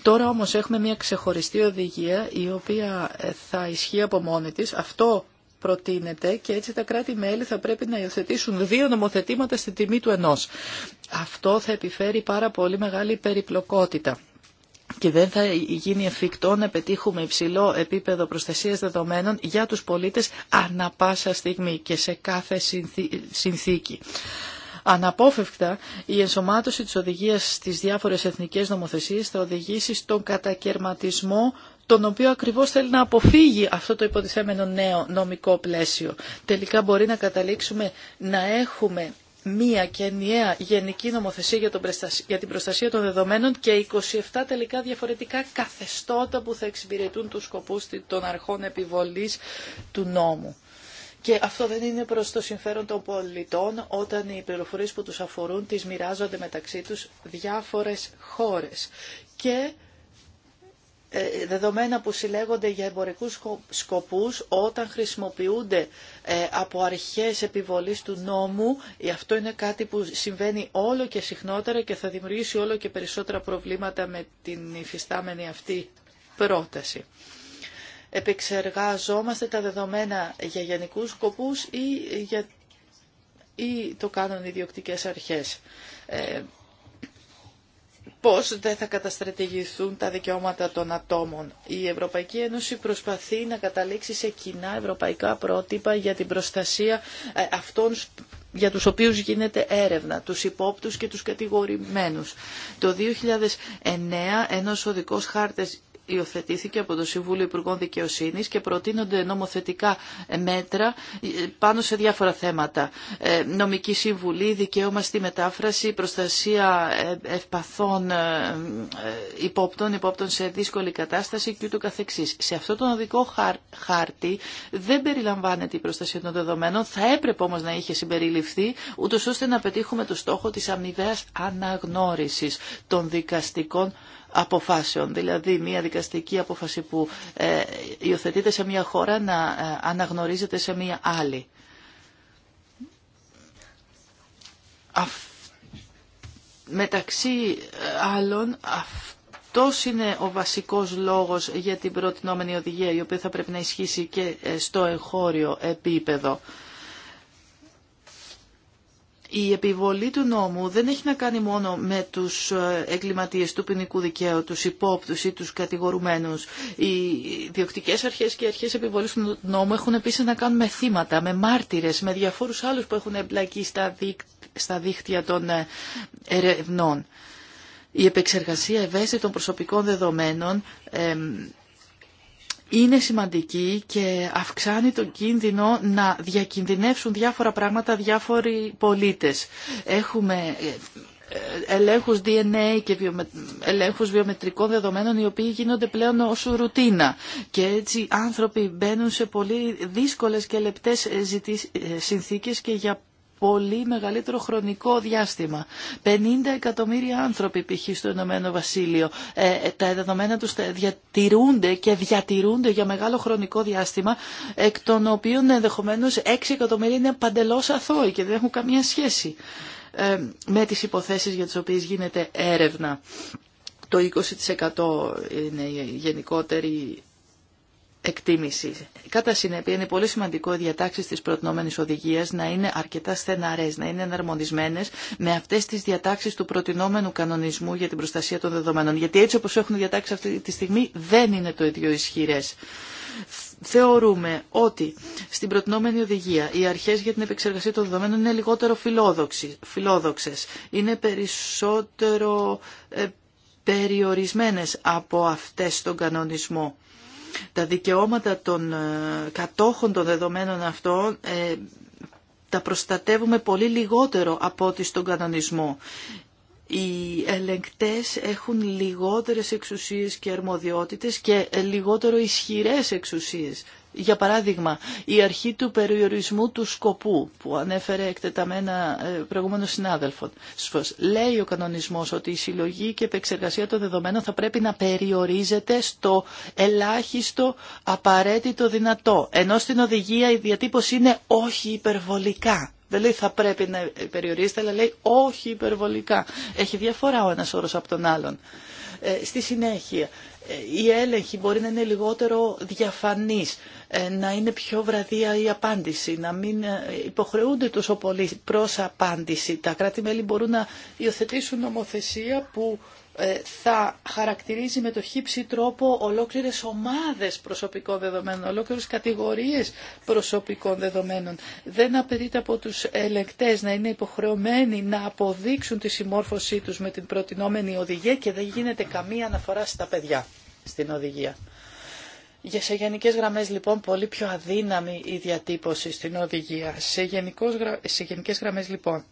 Τώρα όμως έχουμε μια ξεχωριστή οδηγία η οποία ε, θα ισχύει από μόνη της. Αυτό προτείνεται και έτσι τα κράτη-μέλη θα πρέπει να υιοθετήσουν δύο νομοθετήματα στη τιμή του ενός. Αυτό θα επιφέρει πάρα πολύ μεγάλη περιπλοκότητα και δεν θα γίνει εφικτό να πετύχουμε υψηλό επίπεδο προστασίας δεδομένων για τους πολίτες ανα πάσα στιγμή και σε κάθε συνθήκη. Αναπόφευκτα, η ενσωμάτωση της οδηγίας στις διάφορες εθνικές νομοθεσίες θα οδηγήσει στον κατακαιρματισμό τον οποίο ακριβώς θέλει να αποφύγει αυτό το υποτιθέμενο νέο νομικό πλαίσιο. Τελικά μπορεί να καταλήξουμε να έχουμε μία και ενιαία γενική νομοθεσία για, τον την προστασία των δεδομένων και 27 τελικά διαφορετικά καθεστώτα που θα εξυπηρετούν τους σκοπούς των αρχών επιβολής του νόμου. Και αυτό δεν είναι προς το συμφέρον των πολιτών όταν οι πληροφορίες που τους αφορούν τις μοιράζονται μεταξύ τους διάφορες χώρες. Και ε, δεδομένα που συλλέγονται για εμπορικούς σκοπούς όταν χρησιμοποιούνται ε, από αρχές επιβολής του νόμου ε, αυτό είναι κάτι που συμβαίνει όλο και συχνότερα και θα δημιουργήσει όλο και περισσότερα προβλήματα με την υφιστάμενη αυτή πρόταση. Επεξεργάζομαστε τα δεδομένα για γενικούς σκοπούς ή, ή το κάνουν οι ιδιοκτικές αρχές πώς δεν θα καταστρατηγηθούν τα δικαιώματα των ατόμων. Η Ευρωπαϊκή Ένωση προσπαθεί να καταλήξει σε κοινά ευρωπαϊκά πρότυπα για την προστασία ε, αυτών για τους οποίους γίνεται έρευνα, τους υπόπτους και τους κατηγορημένους. Το 2009 ένας οδικός χάρτης υιοθετήθηκε από το Συμβούλιο Υπουργών Δικαιοσύνης και προτείνονται νομοθετικά μέτρα πάνω σε διάφορα θέματα. Ε, νομική συμβουλή, δικαίωμα στη μετάφραση, προστασία ε, ευπαθών ε, υπόπτων, υπόπτων σε δύσκολη κατάσταση και Σε αυτό το οδικό χάρτη δεν περιλαμβάνεται η προστασία των δεδομένων, θα έπρεπε όμω να είχε συμπεριληφθεί, ούτω ώστε να πετύχουμε το στόχο τη αμοιβαία αναγνώριση των δικαστικών αποφάσεων. Δηλαδή μια δικαστική απόφαση που ε, υιοθετείται σε μια χώρα να ε, αναγνωρίζεται σε μια άλλη. Μεταξύ ε, άλλων αυτό είναι ο βασικός λόγος για την προτινόμενη οδηγία η οποία θα πρέπει να ισχύσει και στο εγχώριο επίπεδο η επιβολή του νόμου δεν έχει να κάνει μόνο με τους ε, εγκληματίες του ποινικού δικαίου, τους υπόπτους ή τους κατηγορουμένους. Οι διοκτικές αρχές και οι αρχές επιβολής του νόμου έχουν επίσης να κάνουν με θύματα, με μάρτυρες, με διαφόρους άλλους που έχουν εμπλακεί στα, δίκ, δίκτυα των ε, ερευνών. Η επεξεργασία ευαίσθητων προσωπικών δεδομένων είναι σημαντική και αυξάνει τον κίνδυνο να διακινδυνεύσουν διάφορα πράγματα διάφοροι πολίτες. Έχουμε ε, ελέγχους DNA και ελέγχους βιομετρικών δεδομένων οι οποίοι γίνονται πλέον ως ρουτίνα και έτσι άνθρωποι μπαίνουν σε πολύ δύσκολες και λεπτές ε, ε, συνθήκες και για πολύ μεγαλύτερο χρονικό διάστημα. 50 εκατομμύρια άνθρωποι π.χ. στο Ηνωμένο Βασίλειο. Ε, ε, τα δεδομένα τους διατηρούνται και διατηρούνται για μεγάλο χρονικό διάστημα, εκ των οποίων ενδεχομένω 6 εκατομμύρια είναι παντελώς αθώοι και δεν έχουν καμία σχέση ε, με τις υποθέσεις για τις οποίες γίνεται έρευνα. Το 20% είναι η γενικότερη εκτίμηση. Κατά συνέπεια, είναι πολύ σημαντικό οι διατάξει τη προτινόμενη οδηγία να είναι αρκετά στεναρέ, να είναι εναρμονισμένε με αυτέ τι διατάξει του προτινόμενου κανονισμού για την προστασία των δεδομένων. Γιατί έτσι όπω έχουν διατάξει αυτή τη στιγμή δεν είναι το ίδιο ισχυρέ. Θεωρούμε ότι στην προτινόμενη οδηγία οι αρχέ για την επεξεργασία των δεδομένων είναι λιγότερο φιλόδοξε, είναι περισσότερο ε, περιορισμένες από αυτές στον κανονισμό τα δικαιώματα των ε, κατόχων των δεδομένων αυτών ε, τα προστατεύουμε πολύ λιγότερο από ό,τι στον κανονισμό. Οι ελεγκτές έχουν λιγότερες εξουσίες και αρμοδιότητες και λιγότερο ισχυρές εξουσίες για παράδειγμα, η αρχή του περιορισμού του σκοπού που ανέφερε εκτεταμένα ε, προηγούμενο συνάδελφο. Λέει ο κανονισμός ότι η συλλογή και επεξεργασία των δεδομένων θα πρέπει να περιορίζεται στο ελάχιστο απαραίτητο δυνατό. Ενώ στην οδηγία η διατύπωση είναι όχι υπερβολικά. Δεν λέει θα πρέπει να περιορίζεται, αλλά λέει όχι υπερβολικά. Έχει διαφορά ο ένα όρο από τον άλλον. Ε, στη συνέχεια, ε, η έλεγχη μπορεί να είναι λιγότερο διαφανής, ε, να είναι πιο βραδία η απάντηση, να μην υποχρεούνται τόσο πολύ προς απάντηση. Τα κράτη-μέλη μπορούν να υιοθετήσουν νομοθεσία που ε, θα χαρακτηρίζει με το χύψη τρόπο ολόκληρες ομάδες προσωπικών δεδομένων, ολόκληρες κατηγορίες προσωπικών δεδομένων. Δεν απαιτείται από τους ελεκτές να είναι υποχρεωμένοι να αποδείξουν τη συμμόρφωσή τους με την προτινόμενη οδηγία και δεν γίνεται καμία αναφορά στα παιδιά στην οδηγία. Για σε γενικέ γραμμέ, λοιπόν, πολύ πιο αδύναμη η διατύπωση στην οδηγία. Σε, σε γενικέ γραμμέ, λοιπόν,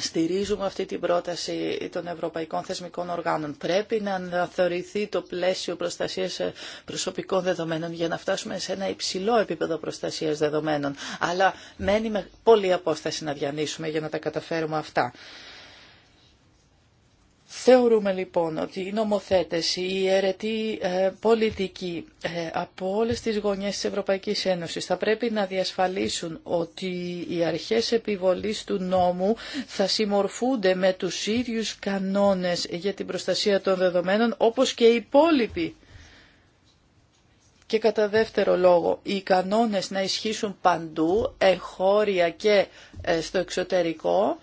στηρίζουμε αυτή την πρόταση των ευρωπαϊκών θεσμικών οργάνων. Πρέπει να αναθεωρηθεί το πλαίσιο προστασίας προσωπικών δεδομένων για να φτάσουμε σε ένα υψηλό επίπεδο προστασίας δεδομένων. Αλλά μένει με πολλή απόσταση να διανύσουμε για να τα καταφέρουμε αυτά. Θεωρούμε λοιπόν ότι οι νομοθέτες, οι αιρετοί ε, πολιτικοί ε, από όλες τις γωνιές της Ευρωπαϊκής Ένωσης θα πρέπει να διασφαλίσουν ότι οι αρχές επιβολής του νόμου θα συμμορφούνται με τους ίδιους κανόνες για την προστασία των δεδομένων όπως και οι υπόλοιποι. Και κατά δεύτερο λόγο, οι κανόνες να ισχύσουν παντού, εγχώρια και ε, στο εξωτερικό,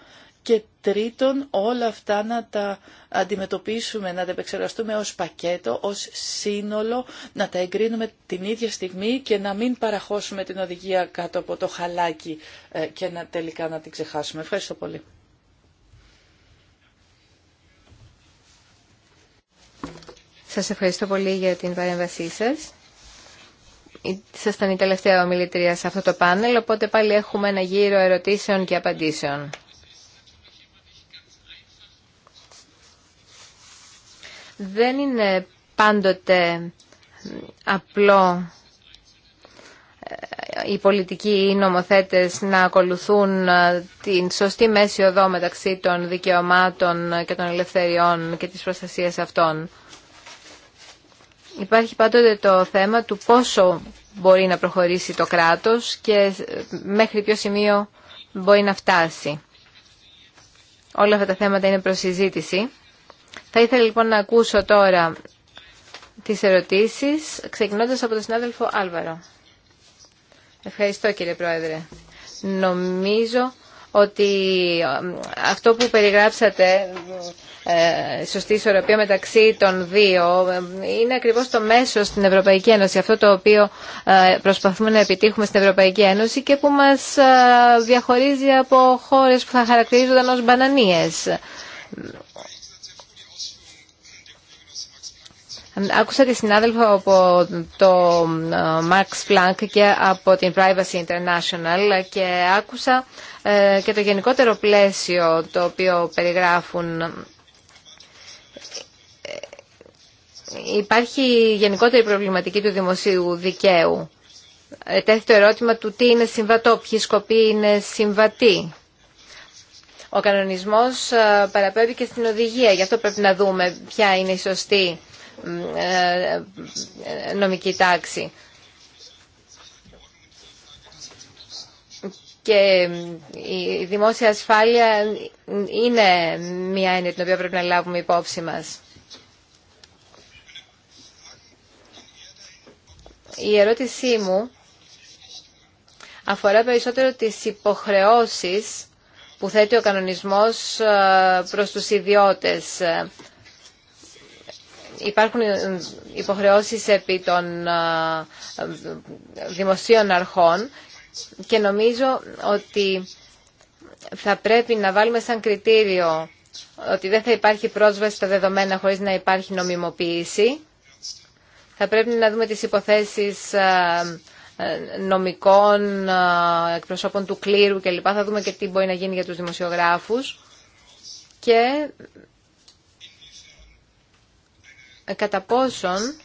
και τρίτον, όλα αυτά να τα αντιμετωπίσουμε, να τα επεξεργαστούμε ως πακέτο, ως σύνολο, να τα εγκρίνουμε την ίδια στιγμή και να μην παραχώσουμε την οδηγία κάτω από το χαλάκι ε, και να τελικά να την ξεχάσουμε. Ευχαριστώ πολύ. Σας ευχαριστώ πολύ για την παρέμβασή σας. Ήσασταν η τελευταία ομιλητρία σε αυτό το πάνελ, οπότε πάλι έχουμε ένα γύρο ερωτήσεων και απαντήσεων. δεν είναι πάντοτε απλό ε, οι πολιτικοί ή οι νομοθέτες να ακολουθούν ε, την σωστή μέση οδό μεταξύ των δικαιωμάτων και των ελευθεριών και της προστασίας αυτών. Υπάρχει πάντοτε το θέμα του πόσο μπορεί να προχωρήσει το κράτος και ε, μέχρι ποιο σημείο μπορεί να φτάσει. Όλα αυτά τα θέματα είναι προς συζήτηση. Θα ήθελα λοιπόν να ακούσω τώρα τις ερωτήσεις, ξεκινώντας από τον συνάδελφο Άλβαρο. Ευχαριστώ κύριε Πρόεδρε. Νομίζω ότι αυτό που περιγράψατε, ε, σωστή ισορροπία μεταξύ των δύο, είναι ακριβώς το μέσο στην Ευρωπαϊκή Ένωση, αυτό το οποίο ε, προσπαθούμε να επιτύχουμε στην Ευρωπαϊκή Ένωση και που μας ε, διαχωρίζει από χώρες που θα χαρακτηρίζονταν ως μπανανίες. Άκουσα τη συνάδελφα από το ε, Max Planck και από την Privacy International και άκουσα ε, και το γενικότερο πλαίσιο το οποίο περιγράφουν υπάρχει γενικότερη προβληματική του δημοσίου δικαίου. Ε, Τέθηκε το ερώτημα του τι είναι συμβατό, ποιοι σκοποί είναι συμβατοί. Ο κανονισμός παραπέμπει και στην οδηγία, γι' αυτό πρέπει να δούμε ποια είναι η σωστή ε, ε, νομική τάξη. Και η δημόσια ασφάλεια είναι μια έννοια την οποία πρέπει να λάβουμε υπόψη μας. Η ερώτησή μου αφορά περισσότερο τις υποχρεώσεις που θέτει ο κανονισμός ε, προς τους ιδιώτες υπάρχουν ε, υποχρεώσεις επί των ε, δημοσίων αρχών και νομίζω ότι θα πρέπει να βάλουμε σαν κριτήριο ότι δεν θα υπάρχει πρόσβαση στα δεδομένα χωρίς να υπάρχει νομιμοποίηση. Θα πρέπει να δούμε τις υποθέσεις ε, νομικών, εκπροσώπων του κλήρου κλπ. Θα δούμε και τι μπορεί να γίνει για τους δημοσιογράφους. Και ε, κατά πόσον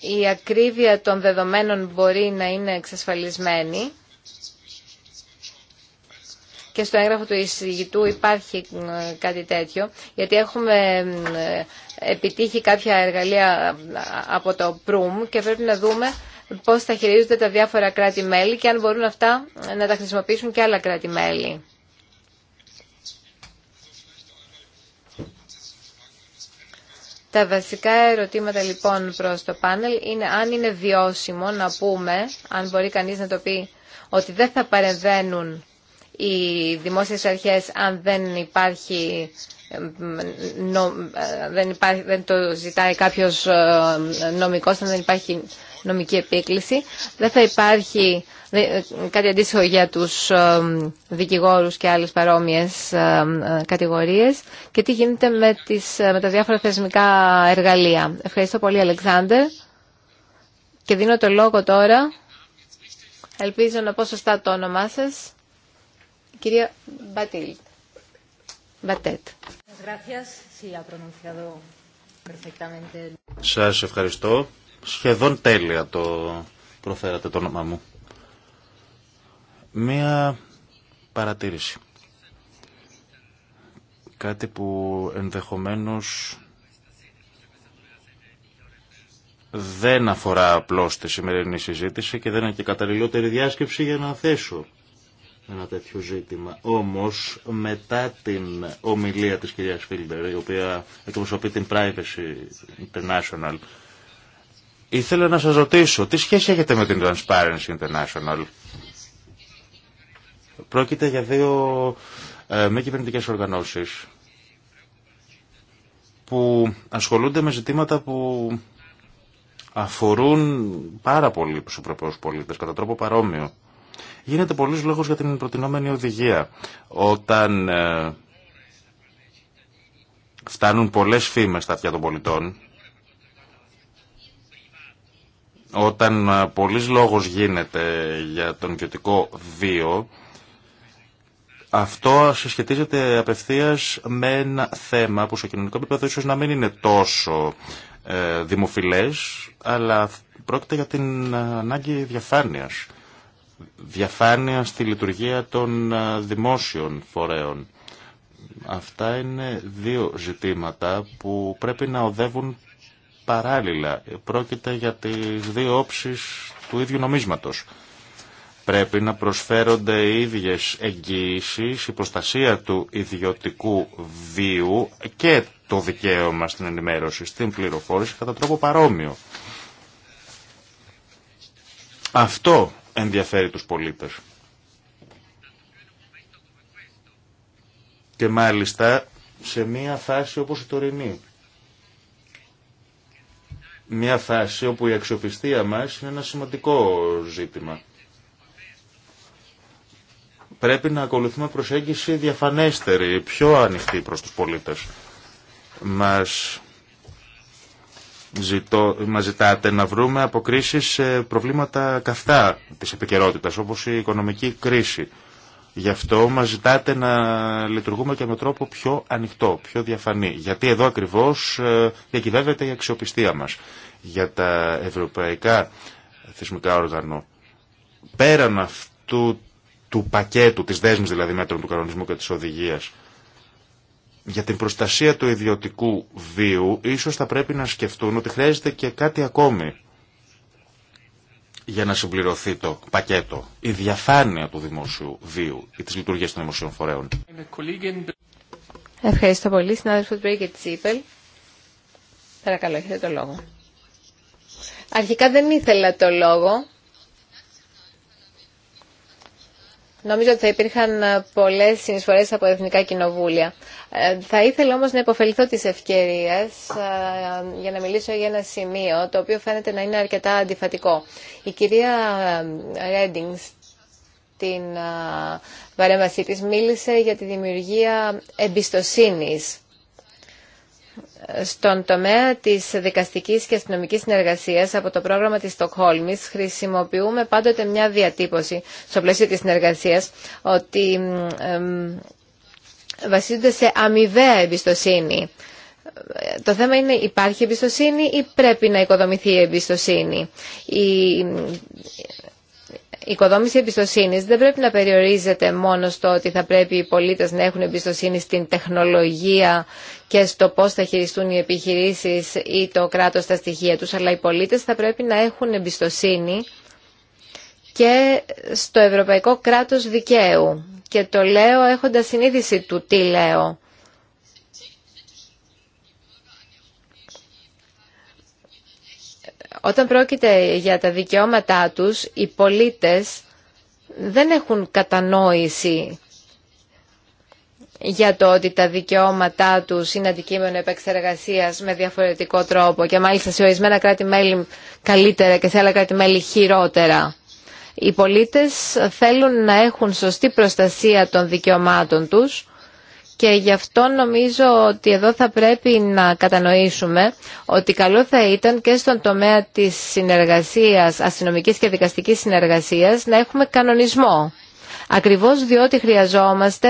η ακρίβεια των δεδομένων μπορεί να είναι εξασφαλισμένη και στο έγγραφο του εισηγητού υπάρχει ε, κάτι τέτοιο, γιατί έχουμε ε, επιτύχει κάποια εργαλεία από το ΠΡΟΥΜ και πρέπει να δούμε πώς θα χειρίζονται τα διάφορα κράτη-μέλη και αν μπορούν αυτά να τα χρησιμοποιήσουν και άλλα κράτη-μέλη. Τα βασικά ερωτήματα λοιπόν προς το πάνελ είναι αν είναι βιώσιμο να πούμε, αν μπορεί κανείς να το πει, ότι δεν θα παρεμβαίνουν οι δημόσιες αρχές αν δεν υπάρχει ε, δεν, δεν το ζητάει κάποιος ε, νομικός, αν δεν υπάρχει νομική επίκληση. Δεν θα υπάρχει ε, κάτι αντίστοιχο για τους ε, δικηγόρους και άλλες παρόμοιες ε, κατηγορίες. Και τι γίνεται με, τις, με τα διάφορα θεσμικά εργαλεία. Ευχαριστώ πολύ, Αλεξάνδερ. Και δίνω το λόγο τώρα. Ελπίζω να πω σωστά το όνομά σας. Κυρία Μπατήλ. Μπατέτ. Σας ευχαριστώ. Σχεδόν τέλεια το προφέρατε το όνομα μου. Μία παρατήρηση. Κάτι που ενδεχομένως δεν αφορά απλώς τη σημερινή συζήτηση και δεν είναι και καταλληλότερη διάσκεψη για να θέσω ένα τέτοιο ζήτημα. Όμως μετά την ομιλία της κυρίας Φίλντερ, η οποία εκπροσωπεί την Privacy International, Ήθελα να σας ρωτήσω, τι σχέση έχετε με την Transparency International. Πρόκειται για δύο ε, μη κυβερνητικέ οργανώσεις που ασχολούνται με ζητήματα που αφορούν πάρα πολύ τους Ευρωπαίους πολίτες, κατά τρόπο παρόμοιο. Γίνεται πολλή λόγος για την προτινόμενη οδηγία. Όταν ε, φτάνουν πολλές φήμες στα αυτιά των πολιτών, όταν πολλής λόγος γίνεται για τον ιδιωτικό βίο, αυτό συσχετίζεται απευθείας με ένα θέμα που σε κοινωνικό επίπεδο ίσως να μην είναι τόσο ε, δημοφιλές, αλλά πρόκειται για την ανάγκη διαφάνειας. Διαφάνεια στη λειτουργία των δημόσιων φορέων. Αυτά είναι δύο ζητήματα που πρέπει να οδεύουν παράλληλα. Πρόκειται για τις δύο όψεις του ίδιου νομίσματος. Πρέπει να προσφέρονται οι ίδιες εγγύησεις, η προστασία του ιδιωτικού βίου και το δικαίωμα στην ενημέρωση, στην πληροφόρηση κατά τρόπο παρόμοιο. Αυτό ενδιαφέρει τους πολίτες. Και μάλιστα σε μία φάση όπως η τωρινή μια φάση όπου η αξιοπιστία μας είναι ένα σημαντικό ζήτημα. Πρέπει να ακολουθούμε προσέγγιση διαφανέστερη, πιο ανοιχτή προς τους πολίτες. Μας, μας ζητάτε να βρούμε αποκρίσεις σε προβλήματα καυτά της επικαιρότητα, όπως η οικονομική κρίση. Γι' αυτό μας ζητάτε να λειτουργούμε και με τρόπο πιο ανοιχτό, πιο διαφανή. Γιατί εδώ ακριβώς ε, διακυβεύεται η αξιοπιστία μας. Για τα ευρωπαϊκά θεσμικά όργανα, πέραν αυτού του πακέτου, της δέσμης δηλαδή μέτρων του κανονισμού και της οδηγίας, για την προστασία του ιδιωτικού βίου, ίσως θα πρέπει να σκεφτούν ότι χρειάζεται και κάτι ακόμη για να συμπληρωθεί το πακέτο, η διαφάνεια του δημόσιου βίου ή της λειτουργίας των δημοσίων φορέων. Ευχαριστώ πολύ, συνάδελφο Μπρίγκετ Τσίπελ. Παρακαλώ, έχετε το λόγο. Αρχικά δεν ήθελα το λόγο, Νομίζω ότι θα υπήρχαν ε, πολλές συνεισφορές από εθνικά κοινοβούλια. Ε, θα ήθελα όμως να υποφεληθώ της ευκαιρίας ε, για να μιλήσω για ένα σημείο το οποίο φαίνεται να είναι αρκετά αντιφατικό. Η κυρία Ρέντινγκ στην παρέμβασή της μίλησε για τη δημιουργία εμπιστοσύνης στον τομέα της δικαστικής και αστυνομικής συνεργασίας από το πρόγραμμα της Στοκχόλμης χρησιμοποιούμε πάντοτε μια διατύπωση στο πλαίσιο της συνεργασίας ότι βασίζονται σε αμοιβαία εμπιστοσύνη. Το θέμα είναι υπάρχει εμπιστοσύνη ή πρέπει να οικοδομηθεί η εμπιστοσύνη. Η οικοδόμηση εμπιστοσύνη δεν πρέπει να περιορίζεται μόνο στο ότι θα πρέπει οι πολίτε να έχουν εμπιστοσύνη στην τεχνολογία και στο πώ θα χειριστούν οι επιχειρήσει ή το κράτο τα στοιχεία του, αλλά οι πολίτε θα πρέπει να έχουν εμπιστοσύνη και στο ευρωπαϊκό κράτος δικαίου. Και το λέω έχοντας συνείδηση του τι λέω. Όταν πρόκειται για τα δικαιώματά τους, οι πολίτες δεν έχουν κατανόηση για το ότι τα δικαιώματά τους είναι αντικείμενο επεξεργασίας με διαφορετικό τρόπο και μάλιστα σε ορισμένα κράτη-μέλη καλύτερα και σε άλλα κράτη-μέλη χειρότερα. Οι πολίτες θέλουν να έχουν σωστή προστασία των δικαιωμάτων τους και γι' αυτό νομίζω ότι εδώ θα πρέπει να κατανοήσουμε ότι καλό θα ήταν και στον τομέα της συνεργασίας, αστυνομικής και δικαστικής συνεργασίας να έχουμε κανονισμό. Ακριβώς διότι χρειαζόμαστε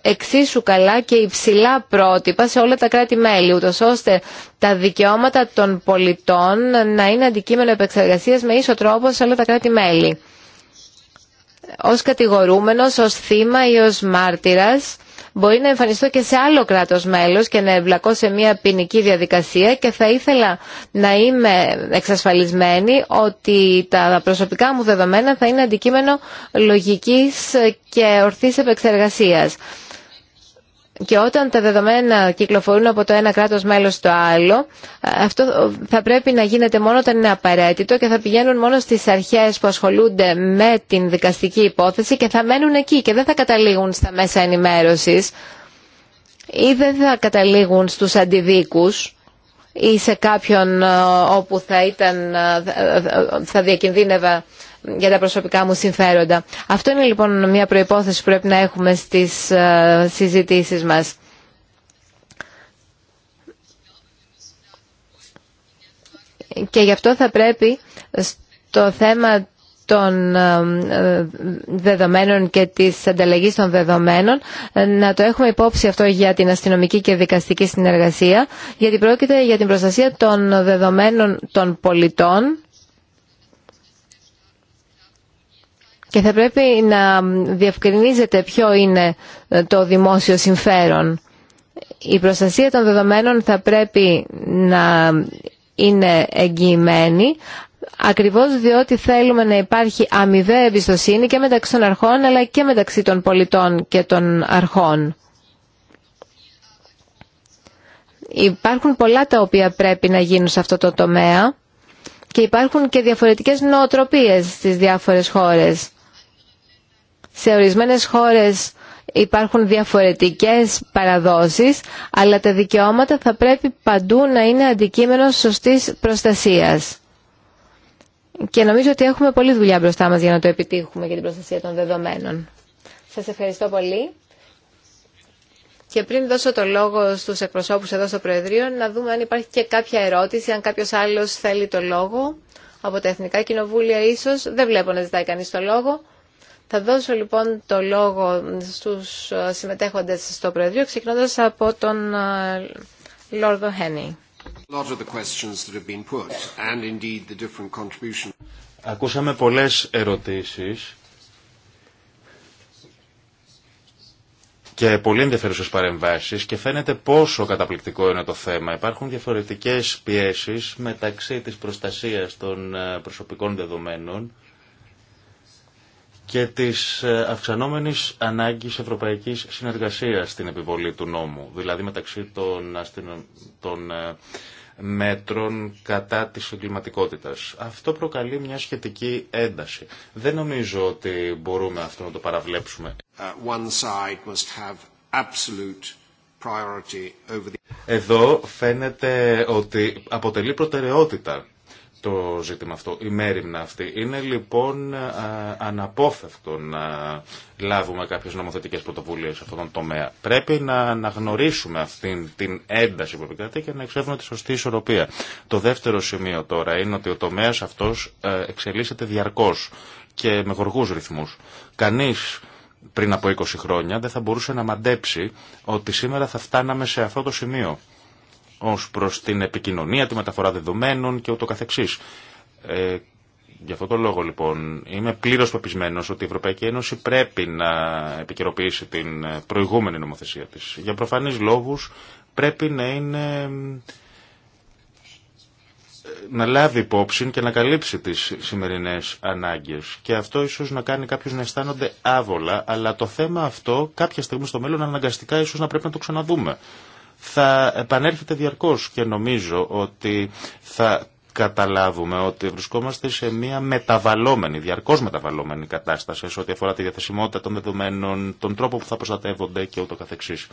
εξίσου καλά και υψηλά πρότυπα σε όλα τα κράτη-μέλη, ούτως ώστε τα δικαιώματα των πολιτών να είναι αντικείμενο επεξεργασίας με ίσο τρόπο σε όλα τα κράτη-μέλη. Ως κατηγορούμενος, ως θύμα ή ως μάρτυρας, μπορεί να εμφανιστώ και σε άλλο κράτος μέλος και να εμπλακώ σε μια ποινική διαδικασία και θα ήθελα να είμαι εξασφαλισμένη ότι τα προσωπικά μου δεδομένα θα είναι αντικείμενο λογικής και ορθής επεξεργασίας. Και όταν τα δεδομένα κυκλοφορούν από το ένα κράτος μέλος στο άλλο, αυτό θα πρέπει να γίνεται μόνο όταν είναι απαραίτητο και θα πηγαίνουν μόνο στις αρχές που ασχολούνται με την δικαστική υπόθεση και θα μένουν εκεί και δεν θα καταλήγουν στα μέσα ενημέρωσης ή δεν θα καταλήγουν στους αντιδίκους ή σε κάποιον ε, όπου θα, ήταν, ε, ε, θα διακινδύνευα για τα προσωπικά μου συμφέροντα. Αυτό είναι λοιπόν μια προϋπόθεση που πρέπει να έχουμε στις ε, συζητήσεις μας. Και γι' αυτό θα πρέπει στο θέμα των ε, δεδομένων και της ανταλλαγής των δεδομένων ε, να το έχουμε υπόψη αυτό για την αστυνομική και δικαστική συνεργασία γιατί πρόκειται για την προστασία των δεδομένων των πολιτών και θα πρέπει να διευκρινίζεται ποιο είναι ε, το δημόσιο συμφέρον. Η προστασία των δεδομένων θα πρέπει να είναι εγγυημένη ακριβώς διότι θέλουμε να υπάρχει αμοιβαία εμπιστοσύνη και μεταξύ των αρχών αλλά και μεταξύ των πολιτών και των αρχών. Υπάρχουν πολλά τα οποία πρέπει να γίνουν σε αυτό το τομέα και υπάρχουν και διαφορετικές νοοτροπίες στις διάφορες χώρες. Σε ορισμένες χώρες υπάρχουν διαφορετικές παραδόσεις, αλλά τα δικαιώματα θα πρέπει παντού να είναι αντικείμενο σωστής προστασίας. Και νομίζω ότι έχουμε πολλή δουλειά μπροστά μας για να το επιτύχουμε για την προστασία των δεδομένων. Σας ευχαριστώ πολύ. Και πριν δώσω το λόγο στους εκπροσώπους εδώ στο Προεδρείο, να δούμε αν υπάρχει και κάποια ερώτηση, αν κάποιος άλλος θέλει το λόγο. Από τα Εθνικά Κοινοβούλια ίσως δεν βλέπω να ζητάει κανείς το λόγο. Θα δώσω λοιπόν το λόγο στους ε, συμμετέχοντες στο Προεδρείο, ξεκινώντας από τον Λόρδο ε, Χένι. Ακούσαμε πολλές ερωτήσεις και πολύ ενδιαφέρουσες παρεμβάσεις και φαίνεται πόσο καταπληκτικό είναι το θέμα. Υπάρχουν διαφορετικές πιέσεις μεταξύ της προστασίας των ε, προσωπικών δεδομένων και της ε, αυξανόμενης ανάγκης ευρωπαϊκής συνεργασίας στην επιβολή του νόμου, δηλαδή μεταξύ των, των ε, μέτρων κατά της εγκληματικότητα. Αυτό προκαλεί μια σχετική ένταση. Δεν νομίζω ότι μπορούμε αυτό να το παραβλέψουμε. Uh, Εδώ φαίνεται ότι αποτελεί προτεραιότητα το ζήτημα αυτό, η μέρημνα αυτή. Είναι λοιπόν ε, αναπόφευκτο να λάβουμε κάποιες νομοθετικές πρωτοβουλίες σε αυτόν τον τομέα. Πρέπει να αναγνωρίσουμε αυτήν την ένταση που επικρατεί και να εξεύρουμε τη σωστή ισορροπία. Το δεύτερο σημείο τώρα είναι ότι ο τομέας αυτός ε, εξελίσσεται διαρκώς και με γοργούς ρυθμούς. Κανείς πριν από 20 χρόνια δεν θα μπορούσε να μαντέψει ότι σήμερα θα φτάναμε σε αυτό το σημείο ως προς την επικοινωνία, τη μεταφορά δεδομένων και ούτω καθεξής. Ε, Γι' αυτό το λόγο λοιπόν είμαι πλήρως πεπισμένος ότι η Ευρωπαϊκή Ένωση πρέπει να επικαιροποιήσει την προηγούμενη νομοθεσία της. Για προφανείς λόγους πρέπει να είναι ε, να λάβει υπόψη και να καλύψει τις σημερινές ανάγκες. Και αυτό ίσως να κάνει κάποιους να αισθάνονται άβολα, αλλά το θέμα αυτό κάποια στιγμή στο μέλλον αναγκαστικά ίσως να πρέπει να το ξαναδούμε θα επανέρχεται διαρκώς και νομίζω ότι θα καταλάβουμε ότι βρισκόμαστε σε μια μεταβαλλόμενη, διαρκώς μεταβαλλόμενη κατάσταση σε ό,τι αφορά τη διαθεσιμότητα των δεδομένων, τον τρόπο που θα προστατεύονται και ούτω καθεξής.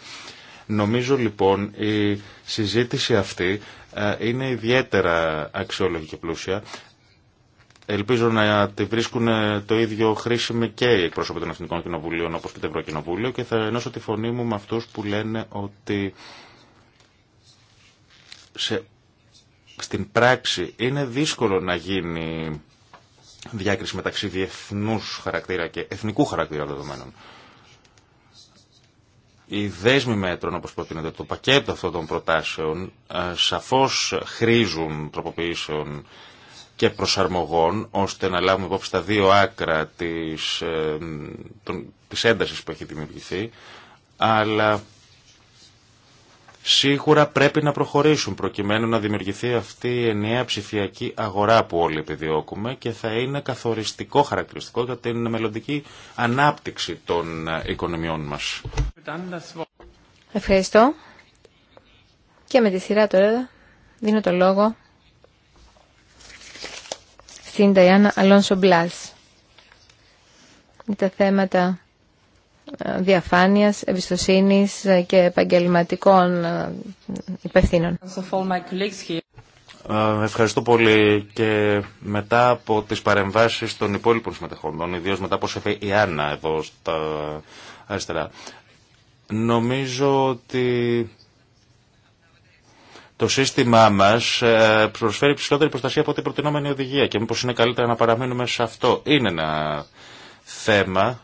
Νομίζω λοιπόν η συζήτηση αυτή ε, είναι ιδιαίτερα αξιόλογη και πλούσια. Ελπίζω να τη βρίσκουν ε, το ίδιο χρήσιμη και οι εκπρόσωποι των Εθνικών Κοινοβουλίων όπως και το Ευρωκοινοβούλιο και θα ενώσω τη φωνή μου με αυτούς που λένε ότι σε, στην πράξη είναι δύσκολο να γίνει διάκριση μεταξύ διεθνούς χαρακτήρα και εθνικού χαρακτήρα δεδομένων. Οι δέσμοι μέτρων, όπως προτείνεται, το πακέτο αυτών των προτάσεων, ε, σαφώς χρήζουν τροποποιήσεων και προσαρμογών, ώστε να λάβουμε υπόψη τα δύο άκρα της, ε, της έντασης που έχει δημιουργηθεί, αλλά Σίγουρα πρέπει να προχωρήσουν προκειμένου να δημιουργηθεί αυτή η ενιαία ψηφιακή αγορά που όλοι επιδιώκουμε και θα είναι καθοριστικό χαρακτηριστικό για την μελλοντική ανάπτυξη των ε, οικονομιών μας. Ευχαριστώ. Και με τη σειρά τώρα δίνω το λόγο στην Ταϊάννα Αλόνσο Μπλάς τα θέματα διαφάνειας, εμπιστοσύνης και επαγγελματικών ε, υπευθύνων. Ευχαριστώ πολύ και μετά από τις παρεμβάσεις των υπόλοιπων συμμετεχόντων, ιδίως μετά από σεφή η Άννα εδώ στα αριστερά, νομίζω ότι το σύστημά μα ε, προσφέρει ψηλότερη προστασία από την προτινόμενη οδηγία και μήπω είναι καλύτερα να παραμείνουμε σε αυτό. Είναι ένα θέμα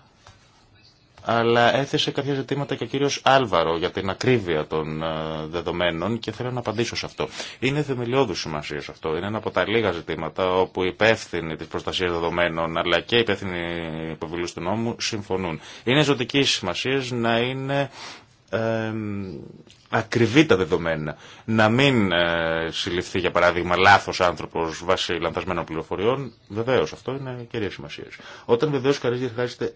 αλλά έθεσε κάποια ζητήματα και ο κύριος Άλβαρο για την ακρίβεια των ε, δεδομένων και θέλω να απαντήσω σε αυτό. Είναι θεμελιώδους σημασία σε αυτό. Είναι ένα από τα λίγα ζητήματα όπου οι υπεύθυνοι της προστασίας δεδομένων αλλά και οι υπεύθυνοι υποβουλής του νόμου συμφωνούν. Είναι ζωτική σημασία να είναι ε, ακριβή τα δεδομένα. Να μην ε, συλληφθεί, για παράδειγμα, λάθο άνθρωπο βάσει λανθασμένων πληροφοριών. Βεβαίω, αυτό είναι κυρία σημασία. Όταν βεβαίω κανεί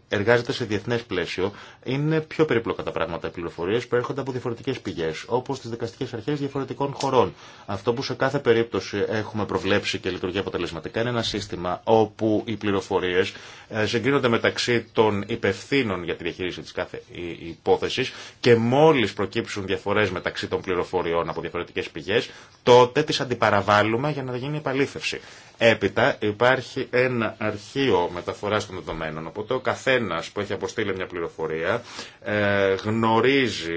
εργάζεται, σε διεθνέ πλαίσιο, είναι πιο περίπλοκα τα πράγματα. Οι πληροφορίε προέρχονται από διαφορετικέ πηγέ, όπω τι δικαστικέ αρχέ διαφορετικών χωρών. Αυτό που σε κάθε περίπτωση έχουμε προβλέψει και λειτουργεί αποτελεσματικά είναι ένα σύστημα όπου οι πληροφορίε ε, συγκρίνονται μεταξύ των υπευθύνων για τη διαχείριση τη κάθε υπόθεση και μόλι προκύψουν διαφορέ μεταξύ των πληροφοριών από διαφορετικέ πηγέ, τότε τι αντιπαραβάλλουμε για να γίνει επαλήθευση. Έπειτα υπάρχει ένα αρχείο μεταφορά των δεδομένων, οπότε ο καθένα που έχει αποστείλει μια πληροφορία ε, γνωρίζει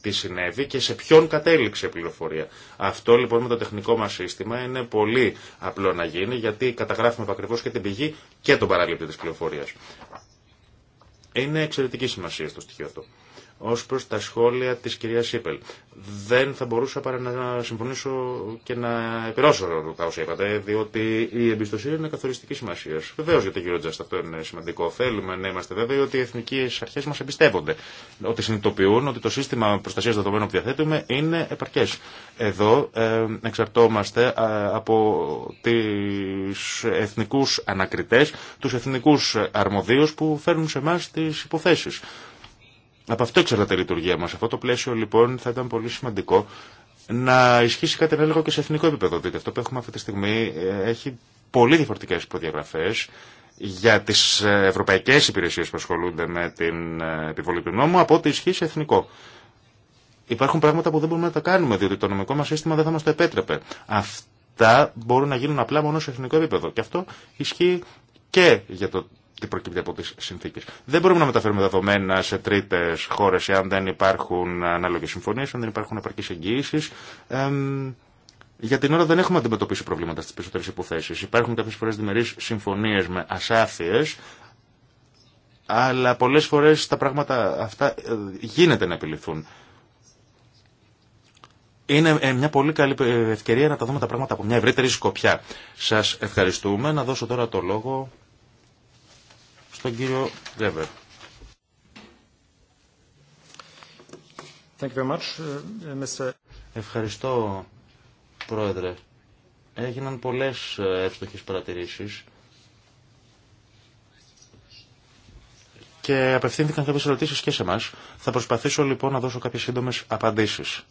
τι συνέβη και σε ποιον κατέληξε η πληροφορία. Αυτό λοιπόν με το τεχνικό μα σύστημα είναι πολύ απλό να γίνει, γιατί καταγράφουμε ακριβώ και την πηγή και τον παραλήπτη τη πληροφορία. Είναι εξαιρετική σημασία στο στοιχείο αυτό. Ω προ τα σχόλια τη κυρία Σίπελ. Δεν θα μπορούσα παρά να συμφωνήσω και να επιρώσω τα όσα είπατε, διότι η εμπιστοσύνη είναι καθοριστική σημασία. Βεβαίω για τον κύριο Τζαστ αυτό είναι σημαντικό. Θέλουμε να είμαστε βέβαιοι ότι οι εθνικέ αρχέ μα εμπιστεύονται. Ότι συνειδητοποιούν ότι το σύστημα προστασία δεδομένων που διαθέτουμε είναι επαρκέ. Εδώ ε, εξαρτώμαστε ε, από τις εθνικού ανακριτέ, του εθνικού αρμοδίου που φέρνουν σε εμά τι υποθέσει. Από αυτό εξαρτάται η λειτουργία μας. Αυτό το πλαίσιο λοιπόν θα ήταν πολύ σημαντικό να ισχύσει κάτι ανάλογο και σε εθνικό επίπεδο. Δείτε, αυτό που έχουμε αυτή τη στιγμή ε, έχει πολύ διαφορετικές υποδιαγραφές για τις ε, ευρωπαϊκές υπηρεσίες που ασχολούνται με την ε, επιβολή του νόμου από ό,τι ισχύει σε εθνικό. Υπάρχουν πράγματα που δεν μπορούμε να τα κάνουμε, διότι το νομικό μας σύστημα δεν θα μας το επέτρεπε. Αυτά μπορούν να γίνουν απλά μόνο σε εθνικό επίπεδο. Και αυτό ισχύει και για το τι προκύπτει από τις συνθήκες. Δεν μπορούμε να μεταφέρουμε δεδομένα σε τρίτες χώρες εάν δεν υπάρχουν ανάλογες συμφωνίες, αν δεν υπάρχουν επαρκείς εγγυήσεις. Για την ώρα δεν έχουμε αντιμετωπίσει προβλήματα στι περισσότερε υποθέσει. Υπάρχουν κάποιε φορέ διμερεί συμφωνίε με ασάφειε, αλλά πολλέ φορέ τα πράγματα αυτά ε, γίνεται να επιληθούν. Είναι ε, μια πολύ καλή ε, ευκαιρία να τα δούμε τα πράγματα από μια ευρύτερη σκοπιά. Σα ευχαριστούμε. Να δώσω τώρα το λόγο στον κύριο Γκρέβερ. Uh, Ευχαριστώ, Πρόεδρε. Έγιναν πολλές ε, εύστοχες παρατηρήσεις και απευθύνθηκαν κάποιες ερωτήσεις και σε εμάς. Θα προσπαθήσω λοιπόν να δώσω κάποιες σύντομες απαντήσεις.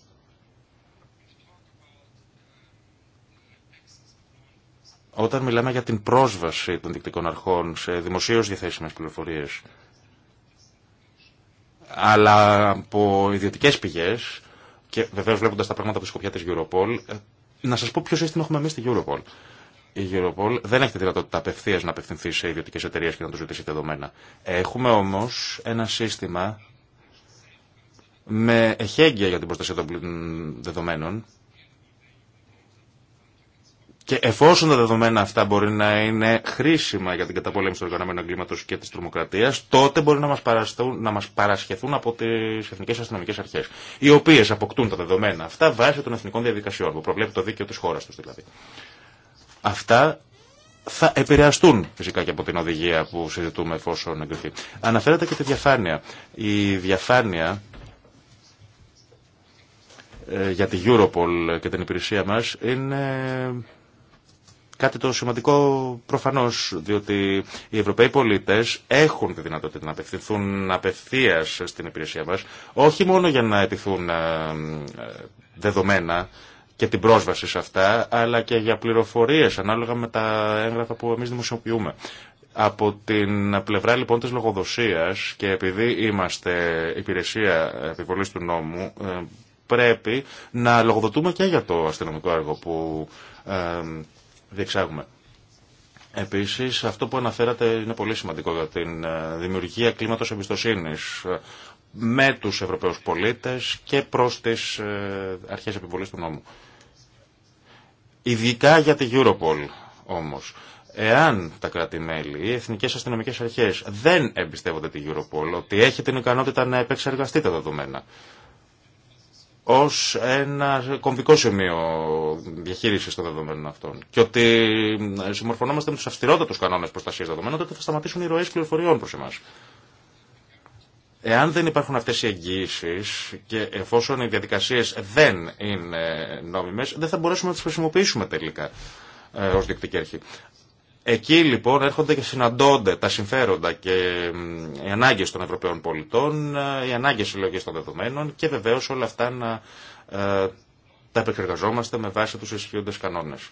Όταν μιλάμε για την πρόσβαση των δικτικών αρχών σε δημοσίως διαθέσιμες πληροφορίες, αλλά από ιδιωτικές πηγές, και βεβαίως βλέποντας τα πράγματα από τη σκοπιά της Europol, ε, να σας πω ποιο σύστημα έχουμε εμείς στη Europol. Η Europol δεν έχει τη δυνατότητα απευθείας να απευθυνθεί σε ιδιωτικέ εταιρείε και να του ζητήσει δεδομένα. Έχουμε όμως ένα σύστημα με εχέγγυα για την προστασία των δεδομένων και εφόσον τα δεδομένα αυτά μπορεί να είναι χρήσιμα για την καταπολέμηση του οργανωμένου εγκλήματο και τη τρομοκρατία, τότε μπορεί να μα να παρασχεθούν από τι εθνικέ αστυνομικέ αρχέ, οι οποίε αποκτούν τα δεδομένα αυτά βάσει των εθνικών διαδικασιών που προβλέπει το δίκαιο τη χώρα του δηλαδή. Αυτά θα επηρεαστούν φυσικά και από την οδηγία που συζητούμε εφόσον εγκριθεί. Αναφέρατε και τη διαφάνεια. Η διαφάνεια ε, για τη Europol και την υπηρεσία μας είναι Κάτι το σημαντικό προφανώς, διότι οι Ευρωπαίοι πολίτες έχουν τη δυνατότητα να απευθυνθούν απευθεία στην υπηρεσία μας, όχι μόνο για να επιθούν ε, ε, δεδομένα και την πρόσβαση σε αυτά, αλλά και για πληροφορίες ανάλογα με τα έγγραφα που εμείς δημοσιοποιούμε. Από την πλευρά λοιπόν της λογοδοσίας και επειδή είμαστε υπηρεσία επιβολής του νόμου, ε, πρέπει να λογοδοτούμε και για το αστυνομικό έργο που διεξάγουμε. Επίσης, αυτό που αναφέρατε είναι πολύ σημαντικό για την ε, δημιουργία κλίματος εμπιστοσύνη ε, με του Ευρωπαίου πολίτε και προς τι ε, αρχέ επιβολή του νόμου. Ειδικά για την Europol όμως. Εάν τα κράτη-μέλη, οι εθνικέ αστυνομικέ αρχές δεν εμπιστεύονται την Europol ότι έχει την ικανότητα να επεξεργαστεί τα δεδομένα ως ένα κομβικό σημείο διαχείρισης των δεδομένων αυτών. Και ότι συμμορφωνόμαστε με τους αυστηρότατους κανόνες προστασίας δεδομένων, τότε θα σταματήσουν οι ροές πληροφοριών προς εμάς. Εάν δεν υπάρχουν αυτές οι εγγύησεις και εφόσον οι διαδικασίες δεν είναι νόμιμες, δεν θα μπορέσουμε να τις χρησιμοποιήσουμε τελικά ε, ως αρχή. Εκεί λοιπόν έρχονται και συναντώνται τα συμφέροντα και οι ανάγκες των Ευρωπαίων πολιτών, ε, οι ανάγκες συλλογής των δεδομένων και βεβαίως όλα αυτά να ε, τα επεξεργαζόμαστε με βάση τους ισχύοντες κανόνες.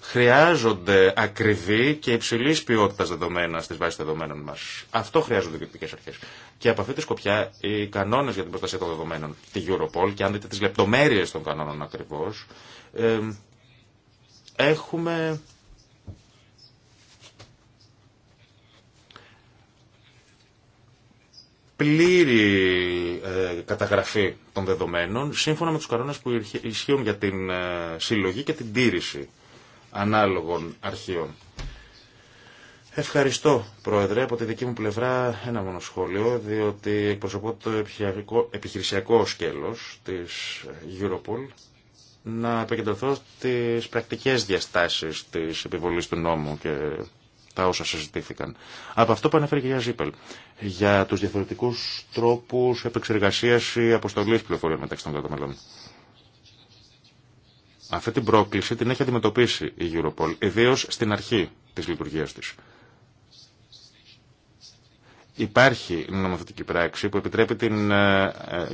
Χρειάζονται ακριβή και υψηλή ποιότητα δεδομένα στι βάσει δεδομένων μα. Αυτό χρειάζονται οι διοικητικέ αρχέ. Και από αυτή τη σκοπιά, οι κανόνε για την προστασία των δεδομένων, τη Europol, και αν δείτε τι λεπτομέρειε των κανόνων ακριβώ, ε, έχουμε πλήρη ε, καταγραφή των δεδομένων σύμφωνα με τους κανόνες που ισχύουν για την ε, συλλογή και την τήρηση ανάλογων αρχείων. Ευχαριστώ, Πρόεδρε. Από τη δική μου πλευρά ένα μόνο σχόλιο, διότι εκπροσωπώ το επιχειρησιακό σκέλος της Europol να επικεντρωθώ στις πρακτικές διαστάσεις της επιβολής του νόμου και τα όσα συζητήθηκαν. Από αυτό που ανέφερε και η Ζήπελ, για τους διαφορετικούς τρόπους επεξεργασία ή αποστολή πληροφοριών μεταξύ των κρατών Αυτή την πρόκληση την έχει αντιμετωπίσει η Europol, ιδίω στην αρχή της λειτουργία της. Υπάρχει νομοθετική πράξη που επιτρέπει την ε, ε,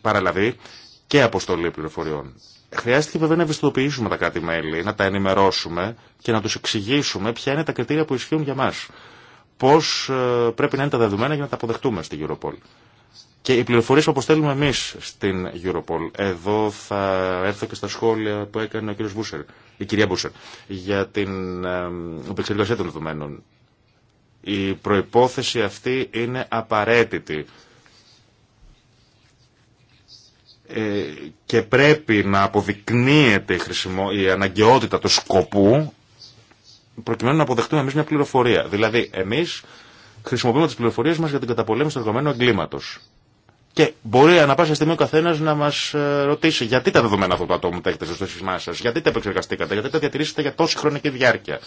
παραλαβή και αποστολή πληροφοριών. Χρειάστηκε βέβαια να ευαισθητοποιήσουμε τα κράτη-μέλη, να τα ενημερώσουμε και να του εξηγήσουμε ποια είναι τα κριτήρια που ισχύουν για μα. Πώ ε, πρέπει να είναι τα δεδομένα για να τα αποδεχτούμε στην Europol. Και οι πληροφορίε που αποστέλνουμε εμεί στην Europol. Εδώ θα έρθω και στα σχόλια που έκανε ο η κυρία Μπούσερ, για την ε, επεξεργασία των δεδομένων. Η προπόθεση αυτή είναι απαραίτητη ε, και πρέπει να αποδεικνύεται η, χρησιμο... η αναγκαιότητα του σκοπού προκειμένου να αποδεχτούμε εμείς μια πληροφορία. Δηλαδή εμείς χρησιμοποιούμε τις πληροφορίες μας για την καταπολέμηση του δεδομένου εγκλήματος. Και μπορεί ανα πάσα στιγμή ο καθένα να μα ε, ρωτήσει γιατί τα δεδομένα αυτού του ατόμου τα έχετε στο σύστημά σα, γιατί τα επεξεργαστήκατε, γιατί τα διατηρήσατε για τόση χρονική διάρκεια.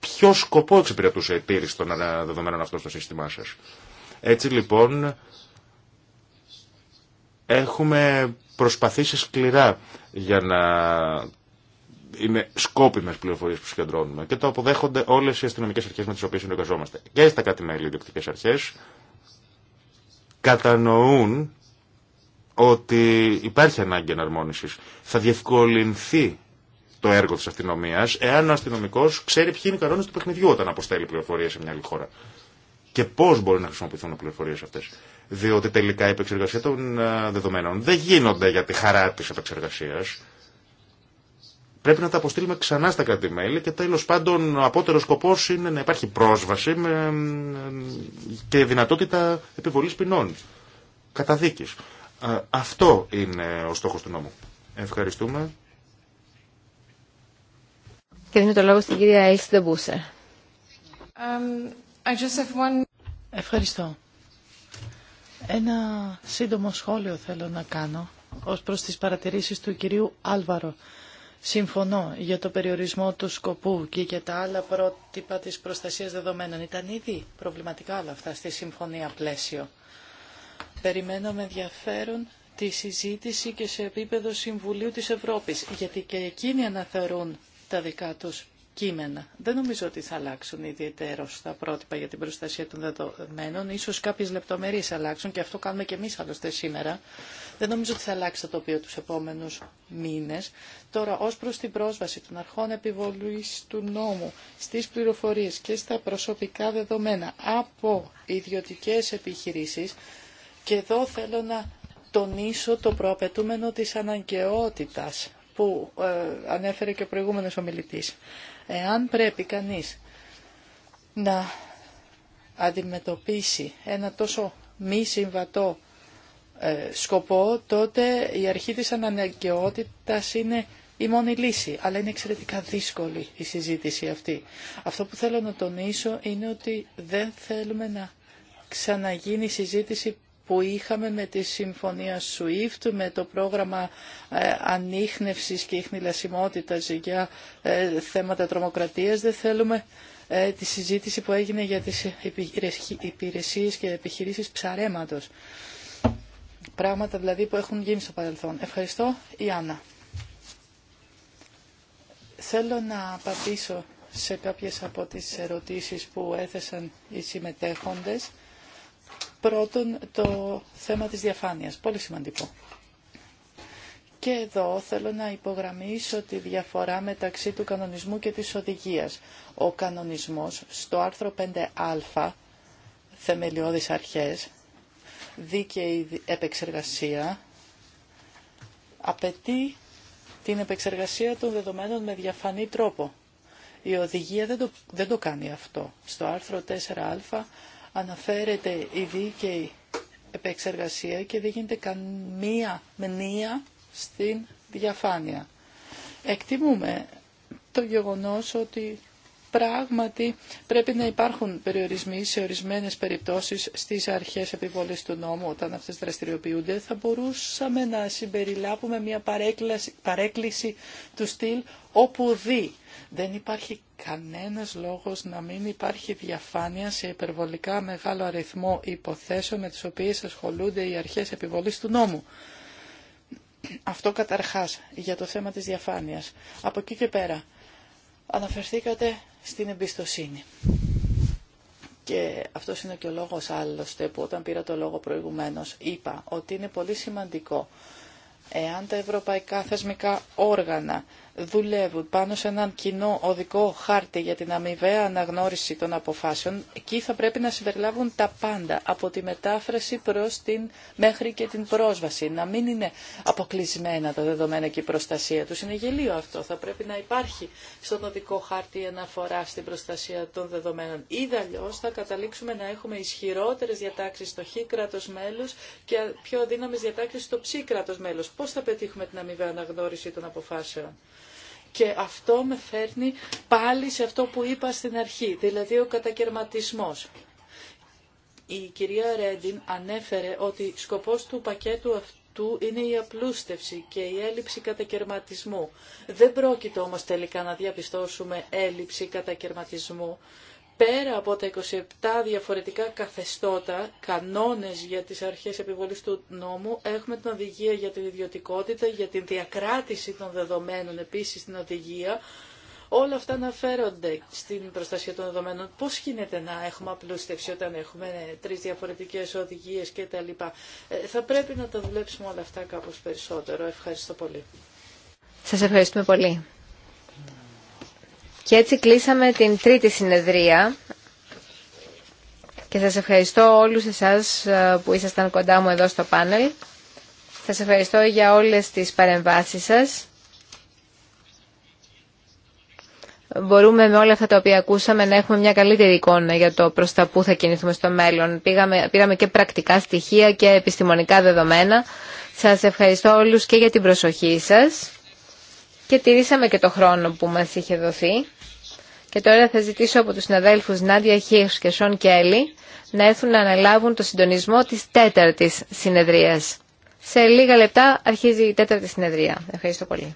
Ποιο σκοπό εξυπηρετούσε η τήρηση των ε, δεδομένων αυτών στο σύστημά σα. Έτσι λοιπόν Έχουμε προσπαθήσει σκληρά για να είναι σκόπιμε πληροφορίε που συγκεντρώνουμε και το αποδέχονται όλε οι αστυνομικέ αρχέ με τι οποίε συνεργαζόμαστε. Και στα κάτι μέλη ιδιοκτικέ αρχέ κατανοούν ότι υπάρχει ανάγκη εναρμόνιση. Θα διευκολυνθεί το έργο τη αστυνομία εάν ο αστυνομικό ξέρει ποιοι είναι οι κανόνε του παιχνιδιού όταν αποστέλει πληροφορίε σε μια άλλη χώρα. Και πώ μπορεί να χρησιμοποιηθούν οι πληροφορίε αυτέ. Διότι τελικά η επεξεργασία των ε, δεδομένων δεν γίνονται για τη χαρά τη επεξεργασία. Πρέπει να τα αποστείλουμε ξανά στα κρατημέλη και τέλο πάντων ο απότερο σκοπό είναι να υπάρχει πρόσβαση με... Ε, και δυνατότητα επιβολή ποινών. Καταδίκη. Ε, αυτό είναι ο στόχο του νόμου. Ευχαριστούμε. Και δίνω το λόγο στην κυρία Έλση Um, one... Ευχαριστώ. Ένα σύντομο σχόλιο θέλω να κάνω ως προς τις παρατηρήσεις του κυρίου Άλβαρο. Συμφωνώ για το περιορισμό του σκοπού και για τα άλλα πρότυπα της προστασίας δεδομένων. Ήταν ήδη προβληματικά όλα αυτά στη Συμφωνία Πλαίσιο. Περιμένω με ενδιαφέρον τη συζήτηση και σε επίπεδο Συμβουλίου της Ευρώπης, γιατί και εκείνοι αναθεωρούν τα δικά τους κείμενα. Δεν νομίζω ότι θα αλλάξουν ιδιαίτερω τα πρότυπα για την προστασία των δεδομένων. σω κάποιε λεπτομερίες αλλάξουν και αυτό κάνουμε και εμεί άλλωστε σήμερα. Δεν νομίζω ότι θα αλλάξει το τοπίο του επόμενου μήνε. Τώρα, ω προ την πρόσβαση των αρχών επιβολή του νόμου στι πληροφορίε και στα προσωπικά δεδομένα από ιδιωτικέ επιχειρήσει, και εδώ θέλω να τονίσω το προαπαιτούμενο της αναγκαιότητας που ε, ανέφερε και ο προηγούμενος ομιλητής. Εάν πρέπει κανείς να αντιμετωπίσει ένα τόσο μη συμβατό ε, σκοπό, τότε η αρχή της αναγκαιότητας είναι η μόνη λύση, αλλά είναι εξαιρετικά δύσκολη η συζήτηση αυτή. Αυτό που θέλω να τονίσω είναι ότι δεν θέλουμε να ξαναγίνει συζήτηση που είχαμε με τη συμφωνία SWIFT, με το πρόγραμμα ε, ανείχνευσης και ειχνηλασιμότητας για ε, θέματα τρομοκρατίας. Δεν θέλουμε ε, τη συζήτηση που έγινε για τις υπηρεσίες και επιχειρήσεις ψαρέματος. Πράγματα δηλαδή που έχουν γίνει στο παρελθόν. Ευχαριστώ. Ιάννα. Θέλω να απαντήσω σε κάποιες από τις ερωτήσεις που έθεσαν οι συμμετέχοντες. Πρώτον, το θέμα της διαφάνειας. Πολύ σημαντικό. Και εδώ θέλω να υπογραμμίσω τη διαφορά μεταξύ του κανονισμού και της οδηγίας. Ο κανονισμός στο άρθρο 5α, θεμελιώδεις αρχές, δίκαιη επεξεργασία, απαιτεί την επεξεργασία των δεδομένων με διαφανή τρόπο. Η οδηγία δεν το, δεν το κάνει αυτό. Στο άρθρο 4α αναφέρεται η δίκαιη επεξεργασία και δεν γίνεται καμία μνήμα στην διαφάνεια. Εκτιμούμε το γεγονός ότι Πράγματι, πρέπει να υπάρχουν περιορισμοί σε ορισμένε περιπτώσει στι αρχέ επιβολή του νόμου όταν αυτέ δραστηριοποιούνται. Θα μπορούσαμε να συμπεριλάβουμε μια παρέκκληση του στυλ όπου δει. Δεν υπάρχει κανένας λόγος να μην υπάρχει διαφάνεια σε υπερβολικά μεγάλο αριθμό υποθέσεων με τις οποίες ασχολούνται οι αρχές επιβολής του νόμου. Αυτό καταρχάς για το θέμα της διαφάνειας. Από εκεί και πέρα, αναφερθήκατε στην εμπιστοσύνη. Και αυτό είναι και ο λόγος άλλωστε που όταν πήρα το λόγο προηγουμένως είπα ότι είναι πολύ σημαντικό εάν τα ευρωπαϊκά θεσμικά όργανα δουλεύουν πάνω σε έναν κοινό οδικό χάρτη για την αμοιβαία αναγνώριση των αποφάσεων, εκεί θα πρέπει να συμπεριλάβουν τα πάντα, από τη μετάφραση προς την, μέχρι και την πρόσβαση. Να μην είναι αποκλεισμένα τα δεδομένα και η προστασία Του Είναι γελίο αυτό. Θα πρέπει να υπάρχει στον οδικό χάρτη αναφορά στην προστασία των δεδομένων. Είδα αλλιώ θα καταλήξουμε να έχουμε ισχυρότερες διατάξεις στο χ κράτος μέλος και πιο δύναμε διατάξεις στο ψ κράτος μέλος. Πώς θα πετύχουμε την αμοιβαία αναγνώριση των αποφάσεων. Και αυτό με φέρνει πάλι σε αυτό που είπα στην αρχή, δηλαδή ο κατακαιρματισμός. Η κυρία Ρέντιν ανέφερε ότι σκοπός του πακέτου αυτού είναι η απλούστευση και η έλλειψη κατακαιρματισμού. Δεν πρόκειται όμως τελικά να διαπιστώσουμε έλλειψη κατακαιρματισμού πέρα από τα 27 διαφορετικά καθεστώτα, κανόνες για τις αρχές επιβολής του νόμου, έχουμε την οδηγία για την ιδιωτικότητα, για την διακράτηση των δεδομένων, επίσης την οδηγία. Όλα αυτά αναφέρονται στην προστασία των δεδομένων. Πώς γίνεται να έχουμε απλούστευση όταν έχουμε τρεις διαφορετικές οδηγίες κτλ. Ε, θα πρέπει να τα δουλέψουμε όλα αυτά κάπως περισσότερο. Ευχαριστώ πολύ. Σας ευχαριστούμε πολύ. Και έτσι κλείσαμε την τρίτη συνεδρία και σας ευχαριστώ όλους εσάς ε, που ήσασταν κοντά μου εδώ στο πάνελ. Σας ευχαριστώ για όλες τις παρεμβάσεις σας. μπορούμε με όλα αυτά τα οποία ακούσαμε να έχουμε μια καλύτερη εικόνα για το προς τα που θα κινηθούμε στο μέλλον. Πήγαμε, πήραμε και πρακτικά στοιχεία και επιστημονικά δεδομένα. Σας ευχαριστώ όλους και για την προσοχή σας και τηρήσαμε και το χρόνο που μας είχε δοθεί. Και τώρα θα ζητήσω από τους συναδέλφους Νάντια Χίρς και Σον Κέλλη να έρθουν να αναλάβουν το συντονισμό της τέταρτης συνεδρίας. Σε λίγα λεπτά αρχίζει η τέταρτη συνεδρία. Ευχαριστώ πολύ.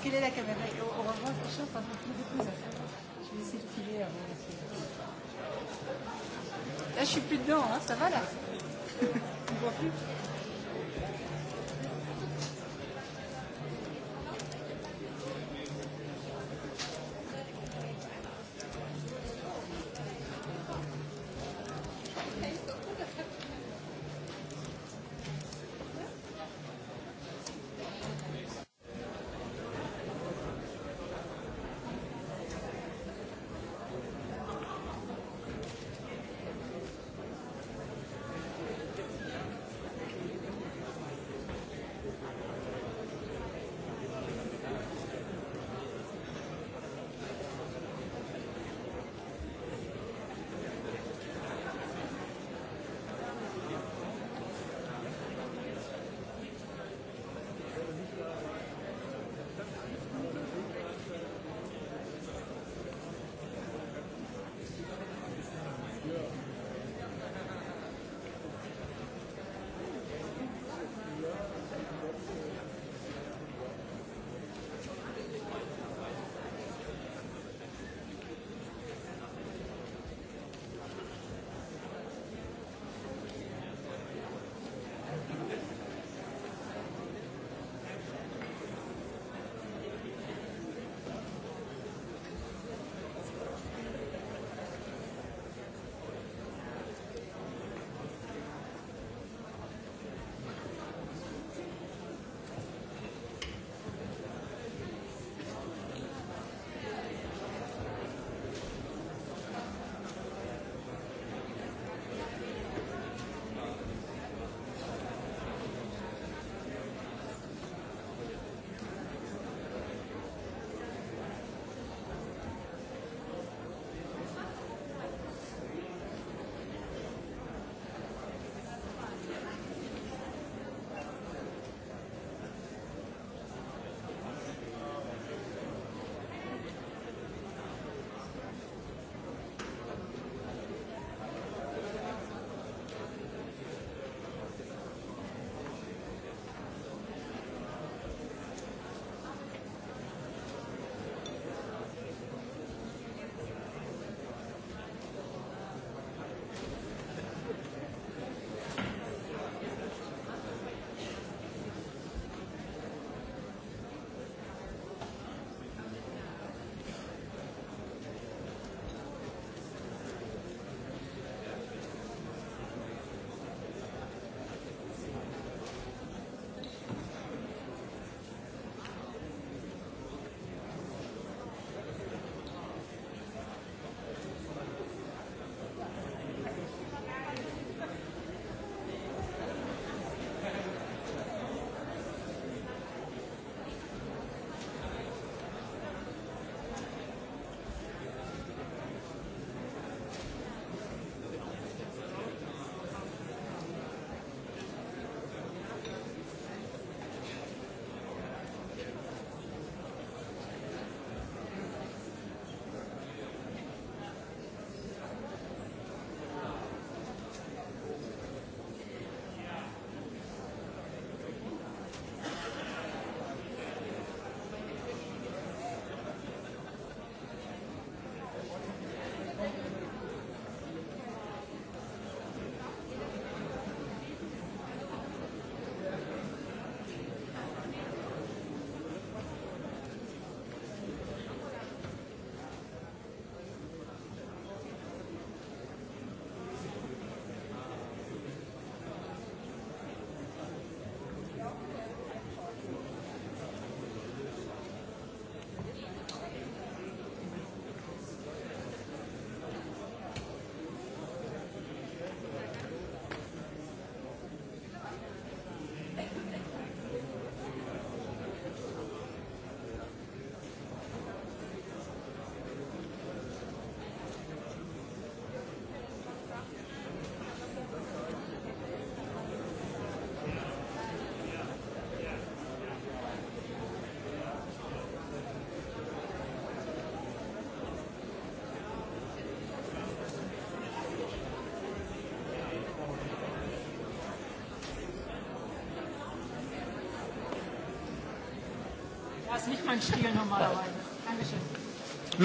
qu'elle est la caméra. Au revoir, Je vais essayer de filer avant. Là, je suis plus dedans, hein. ça va là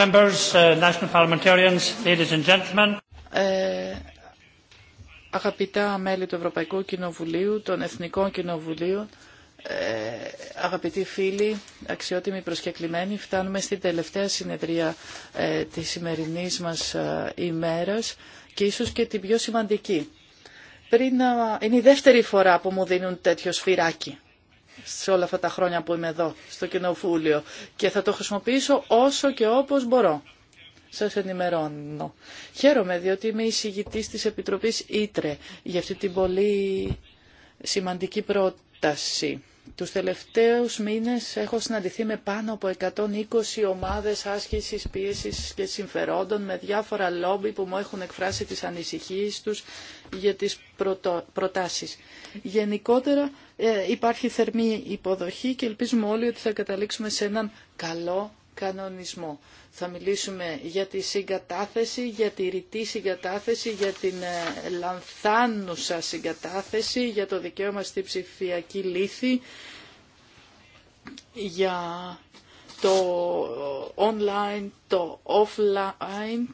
Members, uh, national parliamentarians, ladies and gentlemen. Ε, αγαπητά μέλη του Ευρωπαϊκού Κοινοβουλίου, των Εθνικών Κοινοβουλίων, ε, αγαπητοί φίλοι, αξιότιμοι προσκεκλημένοι, φτάνουμε στην τελευταία συνεδρία ε, της σημερινής μας ημέρας και ίσως και την πιο σημαντική. Πριν, είναι η δεύτερη φορά που μου δίνουν τέτοιο σφυράκι σε όλα αυτά τα χρόνια που είμαι εδώ στο Κοινοβούλιο και θα το χρησιμοποιήσω όσο και όπως μπορώ. Σας ενημερώνω. Χαίρομαι διότι είμαι συγητής της Επιτροπής Ήτρε για αυτή την πολύ σημαντική πρόταση. Τους τελευταίους μήνες έχω συναντηθεί με πάνω από 120 ομάδες άσκησης, πίεσης και συμφερόντων με διάφορα λόμπι που μου έχουν εκφράσει τις ανησυχίες τους για τις προτάσεις. Γενικότερα ε, υπάρχει θερμή υποδοχή και ελπίζουμε όλοι ότι θα καταλήξουμε σε έναν καλό κανονισμό. Θα μιλήσουμε για τη συγκατάθεση, για τη ρητή συγκατάθεση, για την ε, λανθάνουσα συγκατάθεση, για το δικαίωμα στη ψηφιακή λύθη, για το online, το offline,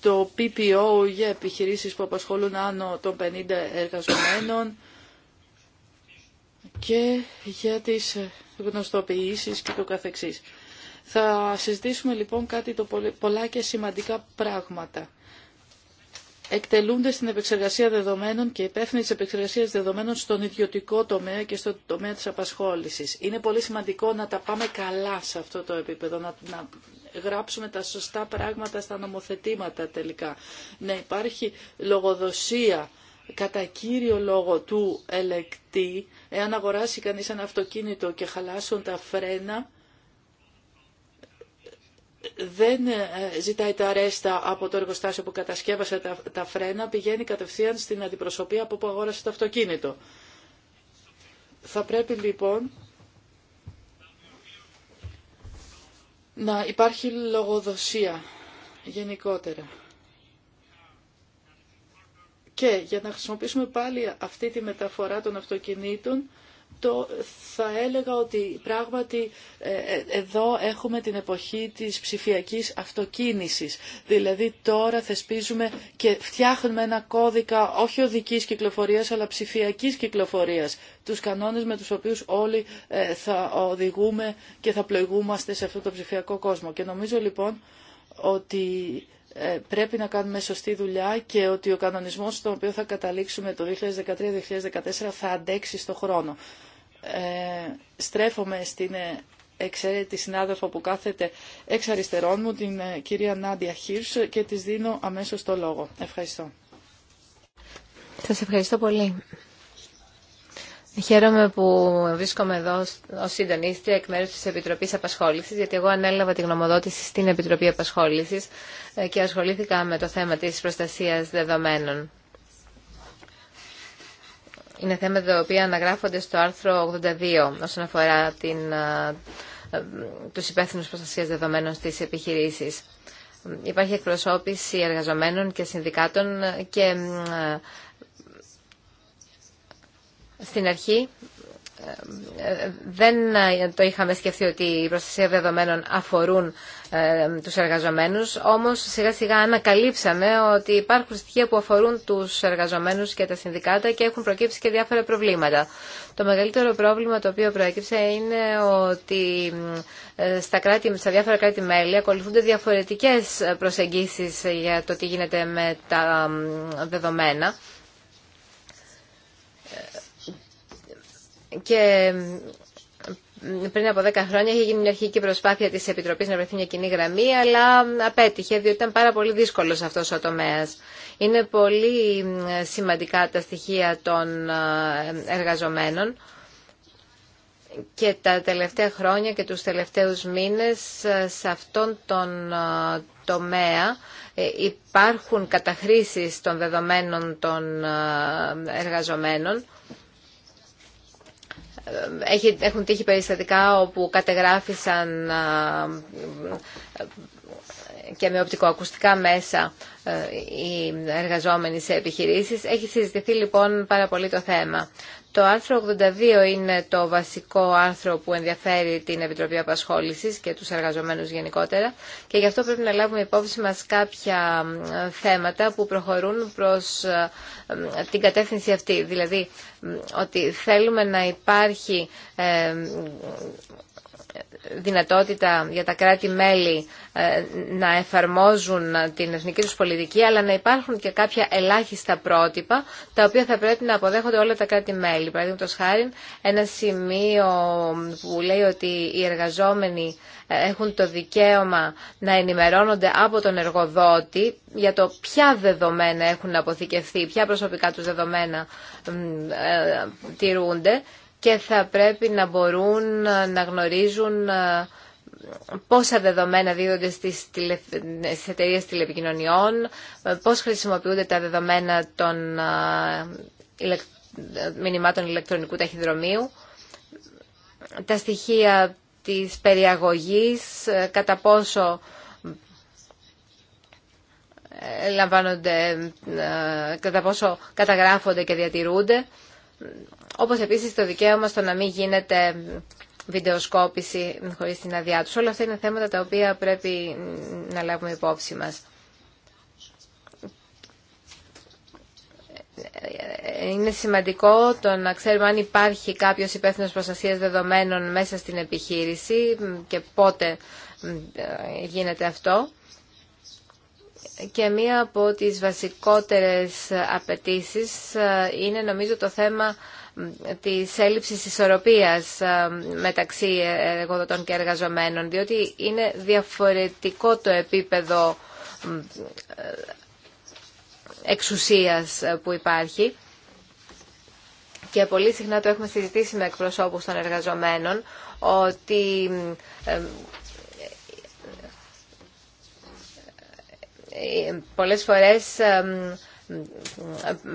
το PPO για επιχειρήσεις που απασχολούν άνω των 50 εργαζομένων και για τις γνωστοποιήσεις και το καθεξής. Θα συζητήσουμε λοιπόν κάτι το πολλά και σημαντικά πράγματα. Εκτελούνται στην επεξεργασία δεδομένων και υπεύθυνοι τη επεξεργασία δεδομένων στον ιδιωτικό τομέα και στον τομέα τη απασχόληση. Είναι πολύ σημαντικό να τα πάμε καλά σε αυτό το επίπεδο, να, γράψουμε τα σωστά πράγματα στα νομοθετήματα τελικά. Να υπάρχει λογοδοσία κατά κύριο λόγο του ελεκτή, εάν αγοράσει κανείς ένα αυτοκίνητο και χαλάσουν τα φρένα, δεν ε, ζητάει τα αρέστα από το εργοστάσιο που κατασκεύασε τα, φρένα, πηγαίνει κατευθείαν στην αντιπροσωπεία από όπου αγόρασε το αυτοκίνητο. Θα πρέπει λοιπόν να υπάρχει λογοδοσία γενικότερα. Και για να χρησιμοποιήσουμε πάλι αυτή τη μεταφορά των αυτοκινήτων, το, θα έλεγα ότι πράγματι ε, ε, εδώ έχουμε την εποχή της ψηφιακής αυτοκίνησης. Δηλαδή τώρα θεσπίζουμε και φτιάχνουμε ένα κώδικα όχι οδικής κυκλοφορίας αλλά ψηφιακής κυκλοφορίας. Τους κανόνες με τους οποίους όλοι ε, θα οδηγούμε και θα πλοηγούμαστε σε αυτό το ψηφιακό κόσμο. Και νομίζω λοιπόν ότι πρέπει να κάνουμε σωστή δουλειά και ότι ο κανονισμός στον οποίο θα καταλήξουμε το 2013-2014 θα αντέξει στο χρόνο ε, στρέφομαι στην ε, εξαίρετη συνάδελφο που κάθεται εξ αριστερών μου, την ε, κυρία Νάντια Χίρς και της δίνω αμέσως το λόγο. Ευχαριστώ. Σας ευχαριστώ πολύ. Χαίρομαι που βρίσκομαι εδώ ως συντονίστρια εκ μέρους της Επιτροπής Απασχόλησης, γιατί εγώ ανέλαβα τη γνωμοδότηση στην Επιτροπή Απασχόλησης ε, και ασχολήθηκα με το θέμα της προστασίας δεδομένων είναι θέματα τα οποία αναγράφονται στο άρθρο 82 όσον αφορά την, τους υπεύθυνους προστασίας δεδομένων στις επιχειρήσεις. Υπάρχει εκπροσώπηση εργαζομένων και συνδικάτων και στην αρχή δεν ε, το είχαμε σκεφτεί ότι η προστασία δεδομένων αφορούν ε, τους εργαζομένους, όμως σιγά σιγά ανακαλύψαμε ότι υπάρχουν στοιχεία που αφορούν τους εργαζομένους και τα συνδικάτα και έχουν προκύψει και διάφορα προβλήματα. Το μεγαλύτερο πρόβλημα το οποίο προέκυψε είναι ότι ε, στα, κράτη, στα διάφορα κράτη-μέλη ακολουθούνται διαφορετικές προσεγγίσεις για το τι γίνεται με τα δεδομένα. Και πριν από 10 χρόνια είχε γίνει μια αρχική προσπάθεια της Επιτροπής να βρεθεί μια κοινή γραμμή, αλλά απέτυχε, διότι ήταν πάρα πολύ δύσκολος αυτός ο τομέας. Είναι πολύ σημαντικά τα στοιχεία των ε, εργαζομένων και τα τελευταία χρόνια και τους τελευταίους μήνες ε, σε αυτόν τον ε, τομέα υπάρχουν καταχρήσεις των δεδομένων των εργαζομένων έχουν τύχει περιστατικά όπου κατεγράφησαν και με οπτικοακουστικά μέσα ε, οι εργαζόμενοι σε επιχειρήσεις. Έχει συζητηθεί λοιπόν πάρα πολύ το θέμα. Το άρθρο 82 είναι το βασικό άρθρο που ενδιαφέρει την Επιτροπή Απασχόλησης και τους εργαζομένους γενικότερα και γι' αυτό πρέπει να λάβουμε υπόψη μας κάποια θέματα που προχωρούν προς την κατεύθυνση αυτή. Δηλαδή ότι θέλουμε να υπάρχει ε, δυνατότητα για τα κράτη-μέλη ε, να εφαρμόζουν την εθνική τους πολιτική, αλλά να υπάρχουν και κάποια ελάχιστα πρότυπα, τα οποία θα πρέπει να αποδέχονται όλα τα κράτη-μέλη. Παραδείγματος χάρη, ένα σημείο που λέει ότι οι εργαζόμενοι ε, έχουν το δικαίωμα να ενημερώνονται από τον εργοδότη για το ποια δεδομένα έχουν αποθηκευθεί, ποια προσωπικά τους δεδομένα ε, τηρούνται και θα πρέπει να μπορούν να γνωρίζουν ε, πόσα δεδομένα δίδονται στις, τηλε... εταιρείε τηλεπικοινωνιών, ε, πώς χρησιμοποιούνται τα δεδομένα των ε, ηλεκ... μηνυμάτων ηλεκτρονικού ταχυδρομείου, τα στοιχεία της περιαγωγής, κατά πόσο λαμβάνονται, κατά πόσο καταγράφονται και διατηρούνται όπως επίσης το δικαίωμα στο να μην γίνεται βιντεοσκόπηση χωρίς την αδειά τους. Όλα αυτά είναι θέματα τα οποία πρέπει να λάβουμε υπόψη μας. Είναι σημαντικό το να ξέρουμε αν υπάρχει κάποιος υπεύθυνος προστασίας δεδομένων μέσα στην επιχείρηση και πότε γίνεται αυτό και μία από τις βασικότερες απαιτήσεις ε, είναι νομίζω το θέμα της έλλειψης ισορροπίας ε, μεταξύ ε, εργοδοτών και εργαζομένων, διότι είναι διαφορετικό το επίπεδο εξουσίας που υπάρχει και πολύ συχνά το έχουμε συζητήσει με εκπροσώπους των εργαζομένων ότι πολλές φορές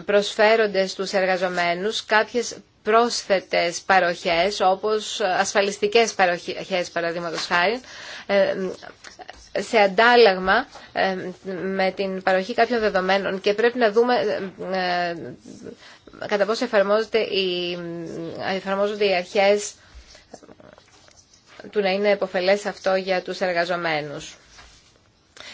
προσφέρονται στους εργαζομένους κάποιες πρόσθετες παροχές όπως ασφαλιστικές παροχές παραδείγματος χάρη σε αντάλλαγμα με την παροχή κάποιων δεδομένων και πρέπει να δούμε κατά πόσο εφαρμόζονται οι, εφαρμόζονται οι αρχές του να είναι επωφελές αυτό για τους εργαζομένους.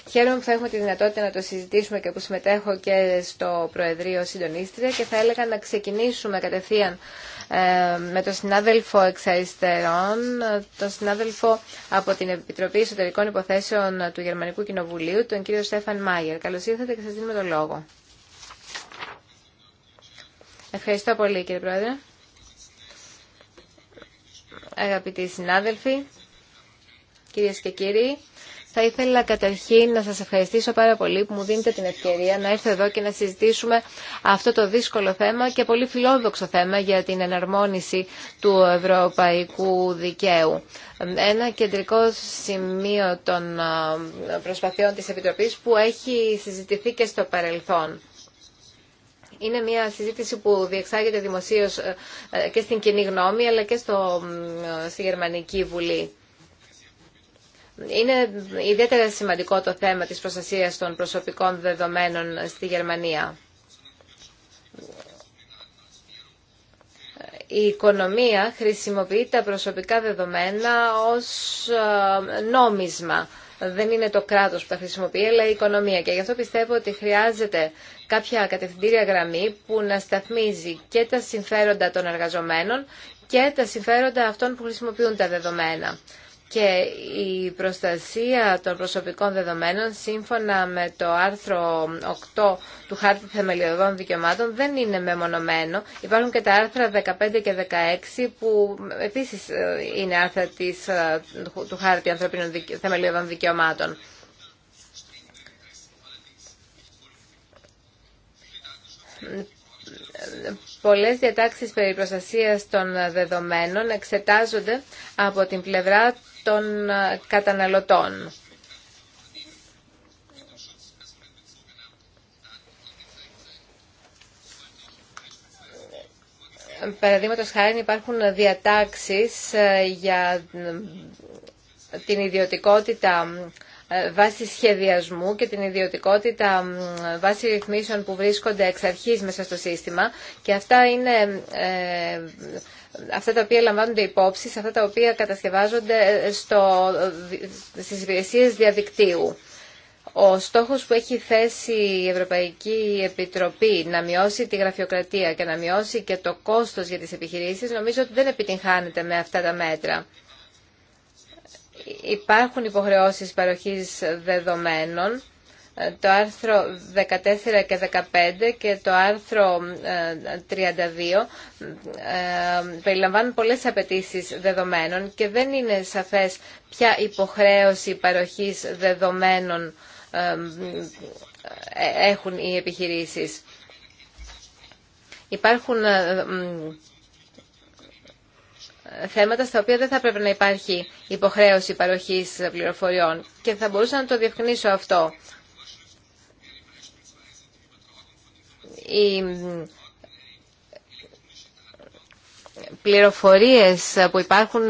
Χαίρομαι που θα έχουμε τη δυνατότητα να το συζητήσουμε και που συμμετέχω και στο Προεδρείο Συντονίστρια και θα έλεγα να ξεκινήσουμε κατευθείαν ε, με τον συνάδελφο εξ αριστερών, τον συνάδελφο από την Επιτροπή Εσωτερικών Υποθέσεων του Γερμανικού Κοινοβουλίου, τον κύριο Στέφαν Μάγερ. Καλώς ήρθατε και σας δίνουμε το λόγο. Ευχαριστώ πολύ κύριε Πρόεδρε. Αγαπητοί συνάδελφοι, κυρίες και κύριοι, θα ήθελα καταρχήν να σας ευχαριστήσω πάρα πολύ που μου δίνετε την ευκαιρία να έρθω εδώ και να συζητήσουμε αυτό το δύσκολο θέμα και πολύ φιλόδοξο θέμα για την εναρμόνιση του ευρωπαϊκού δικαίου. Ένα κεντρικό σημείο των προσπαθειών της Επιτροπής που έχει συζητηθεί και στο παρελθόν. Είναι μια συζήτηση που διεξάγεται δημοσίως ε, ε, και στην κοινή γνώμη αλλά και στο, στη Γερμανική Βουλή. Είναι ιδιαίτερα σημαντικό το θέμα της προστασίας των προσωπικών δεδομένων στη Γερμανία. Η οικονομία χρησιμοποιεί τα προσωπικά δεδομένα ως ε, νόμισμα. Δεν είναι το κράτος που τα χρησιμοποιεί, αλλά η οικονομία. Και γι' αυτό πιστεύω ότι χρειάζεται κάποια κατευθυντήρια γραμμή που να σταθμίζει και τα συμφέροντα των εργαζομένων και τα συμφέροντα αυτών που χρησιμοποιούν τα δεδομένα και η προστασία των προσωπικών δεδομένων σύμφωνα με το άρθρο 8 του Χάρτη Θεμελιωδών Δικαιωμάτων δεν είναι μεμονωμένο. Υπάρχουν και τα άρθρα 15 και 16 που επίσης ε, είναι άρθρα της, ε, του Χάρτη Ανθρωπίνων Θεμελιωδών Δικαιωμάτων. Πολλές διατάξεις περί προστασίας των δεδομένων εξετάζονται από την πλευρά των ε, καταναλωτών. Παραδείγματο χάρη υπάρχουν διατάξεις ε, για ε, την ιδιωτικότητα βάσει σχεδιασμού και την ιδιωτικότητα βάση ρυθμίσεων που βρίσκονται εξ αρχής μέσα στο σύστημα και αυτά είναι αυτά τα οποία λαμβάνονται υπόψη, αυτά τα οποία κατασκευάζονται στο, στις υπηρεσίες διαδικτύου. Ο στόχος που έχει θέσει η Ευρωπαϊκή Επιτροπή να μειώσει τη γραφειοκρατία και να μειώσει και το κόστος για τις επιχειρήσεις νομίζω ότι δεν επιτυγχάνεται με αυτά τα μέτρα. Υπάρχουν υποχρεώσεις παροχής δεδομένων το άρθρο 14 και 15 και το άρθρο 32 ε, ε, περιλαμβάνουν πολλές απαιτήσει δεδομένων και δεν είναι σαφές ποια υποχρέωση παροχής δεδομένων ε, έχουν οι επιχειρήσεις. Υπάρχουν θέματα στα οποία δεν θα πρέπει να υπάρχει υποχρέωση παροχής πληροφοριών και θα μπορούσα να το διευκρινίσω αυτό. οι πληροφορίες που υπάρχουν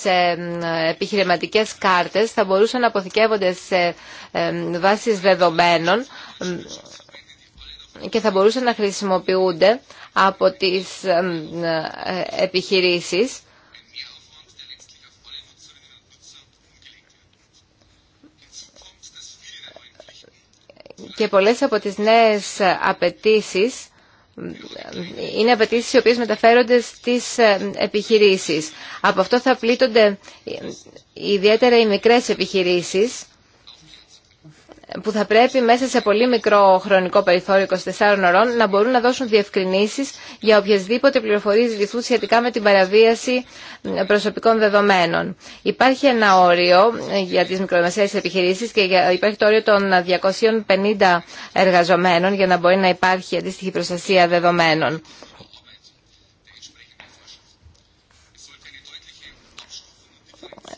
σε επιχειρηματικές κάρτες θα μπορούσαν να αποθηκεύονται σε βάσεις δεδομένων και θα μπορούσαν να χρησιμοποιούνται από τις ε, επιχειρήσεις και πολλές από τις νέες απαιτήσει είναι απαιτήσει οι οποίες μεταφέρονται στις ε, επιχειρήσεις. Από αυτό θα πλήττονται ε, ιδιαίτερα οι μικρές επιχειρήσεις που θα πρέπει μέσα σε πολύ μικρό χρονικό περιθώριο 24 ωρών να μπορούν να δώσουν διευκρινήσεις για οποιασδήποτε πληροφορίες λυθούν σχετικά με την παραβίαση προσωπικών δεδομένων. Υπάρχει ένα όριο ε, για τις μικρομεσαίες επιχειρήσεις και υπάρχει το όριο των 250 εργαζομένων για να μπορεί να υπάρχει αντίστοιχη προστασία δεδομένων.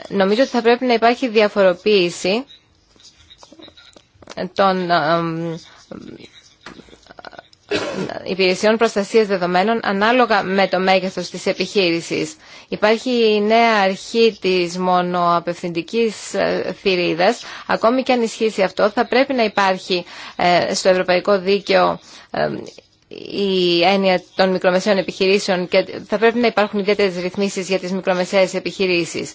Νομίζω ότι θα πρέπει να υπάρχει διαφοροποίηση των υπηρεσιών προστασίας δεδομένων ανάλογα με το μέγεθος της επιχείρησης. Υπάρχει η νέα αρχή της μονοαπευθυντικής ε, θηρίδας. Ακόμη και αν ισχύσει αυτό, θα πρέπει να υπάρχει ε, στο ευρωπαϊκό δίκαιο η έννοια των μικρομεσαίων επιχειρήσεων και θα πρέπει να υπάρχουν ιδιαίτερε ρυθμίσεις για τις μικρομεσαίες επιχειρήσεις.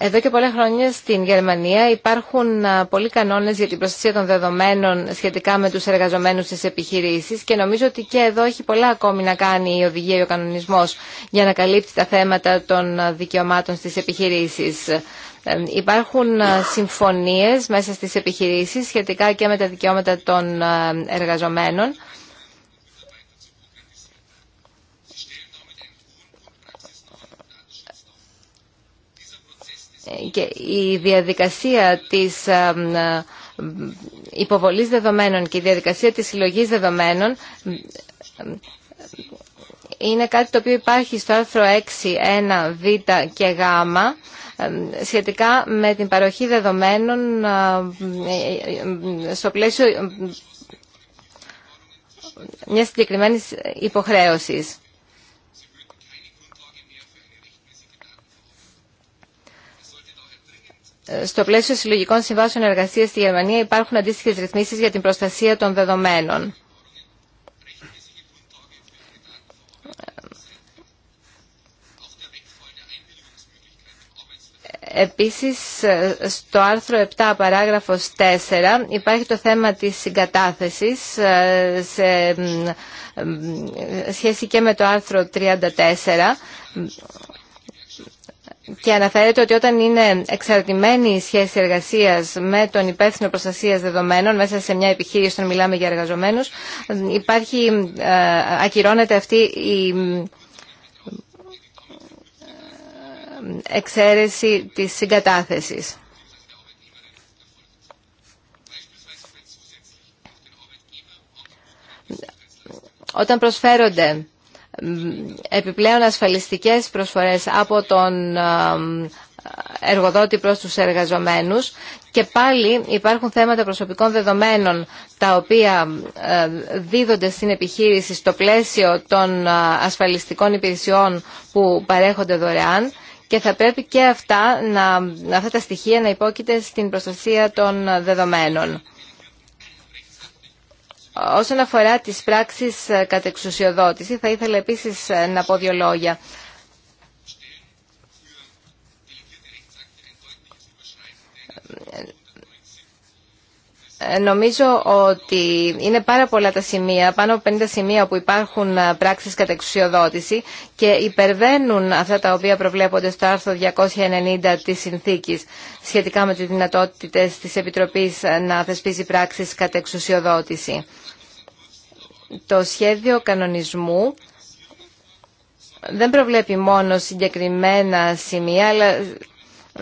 Εδώ και πολλά χρόνια στην Γερμανία υπάρχουν πολλοί κανόνες για την προστασία των δεδομένων σχετικά με τους εργαζομένους στις επιχειρήσεις και νομίζω ότι και εδώ έχει πολλά ακόμη να κάνει η οδηγία ή ο κανονισμό για να καλύπτει τα θέματα των δικαιωμάτων στις επιχειρήσεις. Ε, υπάρχουν συμφωνίες μέσα στις επιχειρήσεις σχετικά και με τα δικαιώματα των εργαζομένων και η διαδικασία της υποβολής δεδομένων και η διαδικασία της συλλογής δεδομένων είναι κάτι το οποίο υπάρχει στο άρθρο 6, 1, β και γ σχετικά με την παροχή δεδομένων στο πλαίσιο μιας συγκεκριμένης υποχρέωσης. στο πλαίσιο συλλογικών συμβάσεων εργασία στη Γερμανία υπάρχουν αντίστοιχε ρυθμίσει για την προστασία των δεδομένων. Επίσης, στο άρθρο 7, παράγραφος 4, υπάρχει το θέμα της συγκατάθεσης ε, σε ε, σχέση και με το άρθρο 34 και αναφέρεται ότι όταν είναι εξαρτημένη η σχέση εργασία με τον υπεύθυνο προστασία δεδομένων μέσα σε μια επιχείρηση όταν μιλάμε για εργαζομένου, υπάρχει, ε, ακυρώνεται αυτή η ε, εξαίρεση της συγκατάθεσης. Όταν προσφέρονται επιπλέον ασφαλιστικές προσφορές από τον ε, εργοδότη προς τους εργαζομένους και πάλι υπάρχουν θέματα προσωπικών δεδομένων τα οποία ε, δίδονται στην επιχείρηση στο πλαίσιο των ε, ασφαλιστικών υπηρεσιών που παρέχονται δωρεάν και θα πρέπει και αυτά, να, αυτά τα στοιχεία να υπόκειται στην προστασία των δεδομένων. Όσον αφορά τις πράξεις ε, κατεξουσιοδότηση, θα ήθελα επίσης ε, να πω δύο λόγια. Ε, νομίζω ότι είναι πάρα πολλά τα σημεία, πάνω από 50 σημεία που υπάρχουν ε, πράξεις κατά εξουσιοδότηση και υπερβαίνουν αυτά τα οποία προβλέπονται στο άρθρο 290 της συνθήκης σχετικά με τις δυνατότητες της Επιτροπής ε, να θεσπίζει πράξεις κατά εξουσιοδότηση. Το σχέδιο κανονισμού δεν προβλέπει μόνο συγκεκριμένα σημεία, αλλά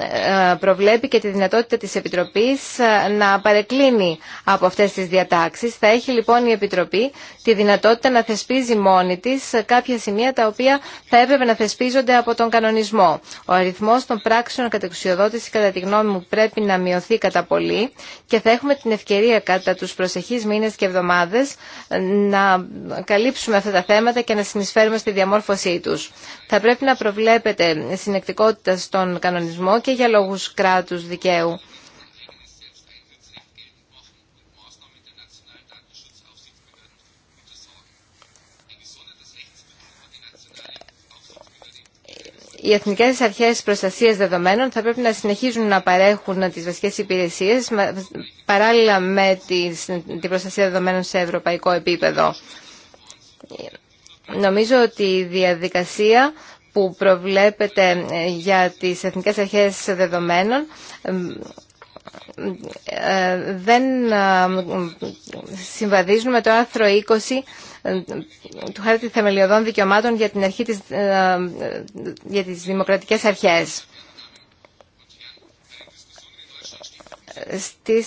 ε, προβλέπει και τη δυνατότητα της Επιτροπής ε, να παρεκκλίνει από αυτές τις διατάξεις. Θα έχει λοιπόν η Επιτροπή τη δυνατότητα να θεσπίζει μόνη της κάποια σημεία τα οποία θα έπρεπε να θεσπίζονται από τον κανονισμό. Ο αριθμός των πράξεων κατεξουσιοδότηση κατά τη γνώμη μου πρέπει να μειωθεί κατά πολύ και θα έχουμε την ευκαιρία κατά τους προσεχείς μήνες και εβδομάδες να καλύψουμε αυτά τα θέματα και να συνεισφέρουμε στη διαμόρφωσή τους. Θα πρέπει να προβλέπετε συνεκτικότητα στον κανονισμό και για λόγους κράτους δικαίου. οι εθνικές αρχές προστασίας δεδομένων θα πρέπει να συνεχίζουν να παρέχουν τις βασικές υπηρεσίες παράλληλα με την προστασία δεδομένων σε ευρωπαϊκό επίπεδο. Νομίζω ότι η διαδικασία που προβλέπεται ε, για τις Εθνικές Αρχές Δεδομένων ε, δεν ε, συμβαδίζουν με το άρθρο 20 του Χάρτη Θεμελιωδών Δικαιωμάτων για την αρχή της, για τις δημοκρατικές αρχές. Στις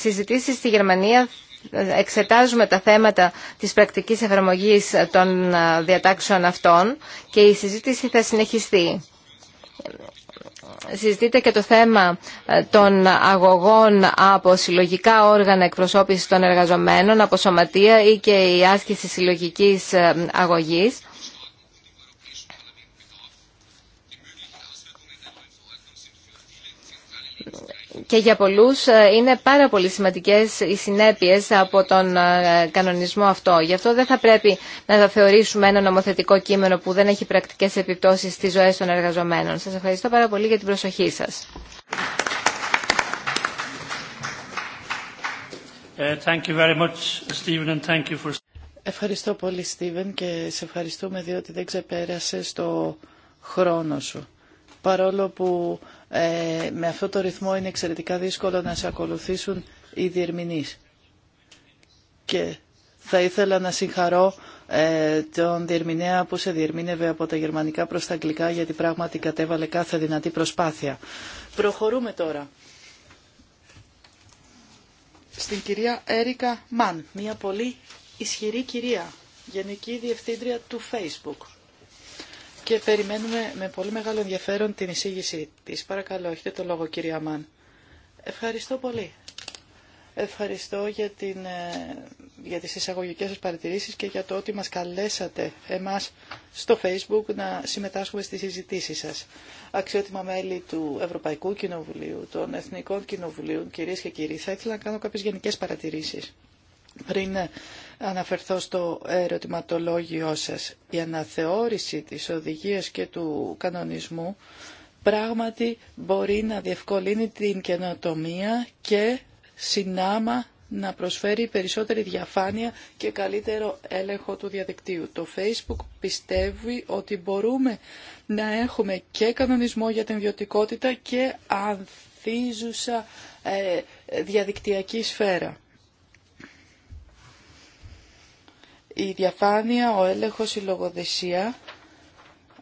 συζητήσεις στη Γερμανία εξετάζουμε τα θέματα της πρακτικής εφαρμογής των ε, διατάξεων αυτών και η συζήτηση θα συνεχιστεί. Συζητείται και το θέμα ε, των αγωγών από συλλογικά όργανα εκπροσώπησης των εργαζομένων, από σωματεία ή και η άσκηση συλλογικής ε, αγωγής. και για πολλούς ε, είναι πάρα πολύ σημαντικές οι συνέπειες από τον ε, κανονισμό αυτό. Γι' αυτό δεν θα πρέπει να τα θεωρήσουμε ένα νομοθετικό κείμενο που δεν έχει πρακτικές επιπτώσεις στις ζωές των εργαζομένων. Σας ευχαριστώ πάρα πολύ για την προσοχή σας. Ε, ευχαριστώ πολύ, Στίβεν, και σε ευχαριστούμε διότι δεν ξεπέρασες το χρόνο σου. Παρόλο που ε, με αυτό το ρυθμό είναι εξαιρετικά δύσκολο να σε ακολουθήσουν οι διερμηνείς. Και θα ήθελα να συγχαρώ ε, τον διερμηνέα που σε διερμήνευε από τα γερμανικά προς τα αγγλικά γιατί πράγματι κατέβαλε κάθε δυνατή προσπάθεια. Προχωρούμε τώρα στην κυρία Έρικα Μαν, μια πολύ ισχυρή κυρία, γενική διευθύντρια του Facebook και περιμένουμε με πολύ μεγάλο ενδιαφέρον την εισήγηση της. Παρακαλώ, έχετε το λόγο κυρία Μαν. Ευχαριστώ πολύ. Ευχαριστώ για, την, ε, για τις εισαγωγικές σας παρατηρήσεις και για το ότι μας καλέσατε εμάς στο Facebook να συμμετάσχουμε στις συζητήσεις σας. Αξιότιμα μέλη του Ευρωπαϊκού Κοινοβουλίου, των Εθνικών Κοινοβουλίων, κυρίες και κύριοι, θα ήθελα να κάνω κάποιες γενικές παρατηρήσεις πριν αναφερθώ στο ερωτηματολόγιο σας. Η αναθεώρηση της οδηγίας και του κανονισμού πράγματι μπορεί να διευκολύνει την καινοτομία και συνάμα να προσφέρει περισσότερη διαφάνεια και καλύτερο έλεγχο του διαδικτύου. Το Facebook πιστεύει ότι μπορούμε να έχουμε και κανονισμό για την ιδιωτικότητα και ανθίζουσα ε, διαδικτυακή σφαίρα. η διαφάνεια, ο έλεγχος, η λογοδεσία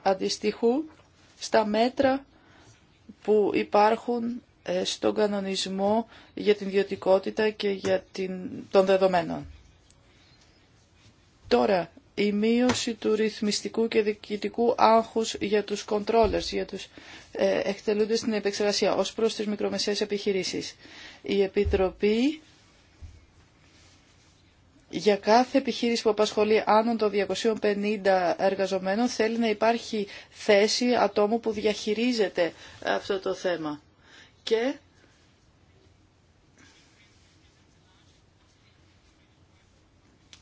αντιστοιχούν στα μέτρα που υπάρχουν ε, στον κανονισμό για την ιδιωτικότητα και για την, των δεδομένων. Τώρα, η μείωση του ρυθμιστικού και διοικητικού άγχους για τους controllers, για τους ε, εκτελούντες στην επεξεργασία ως προς τις μικρομεσαίες επιχειρήσεις. Η Επιτροπή για κάθε επιχείρηση που απασχολεί άνω των 250 εργαζομένων θέλει να υπάρχει θέση ατόμου που διαχειρίζεται αυτό το θέμα. Και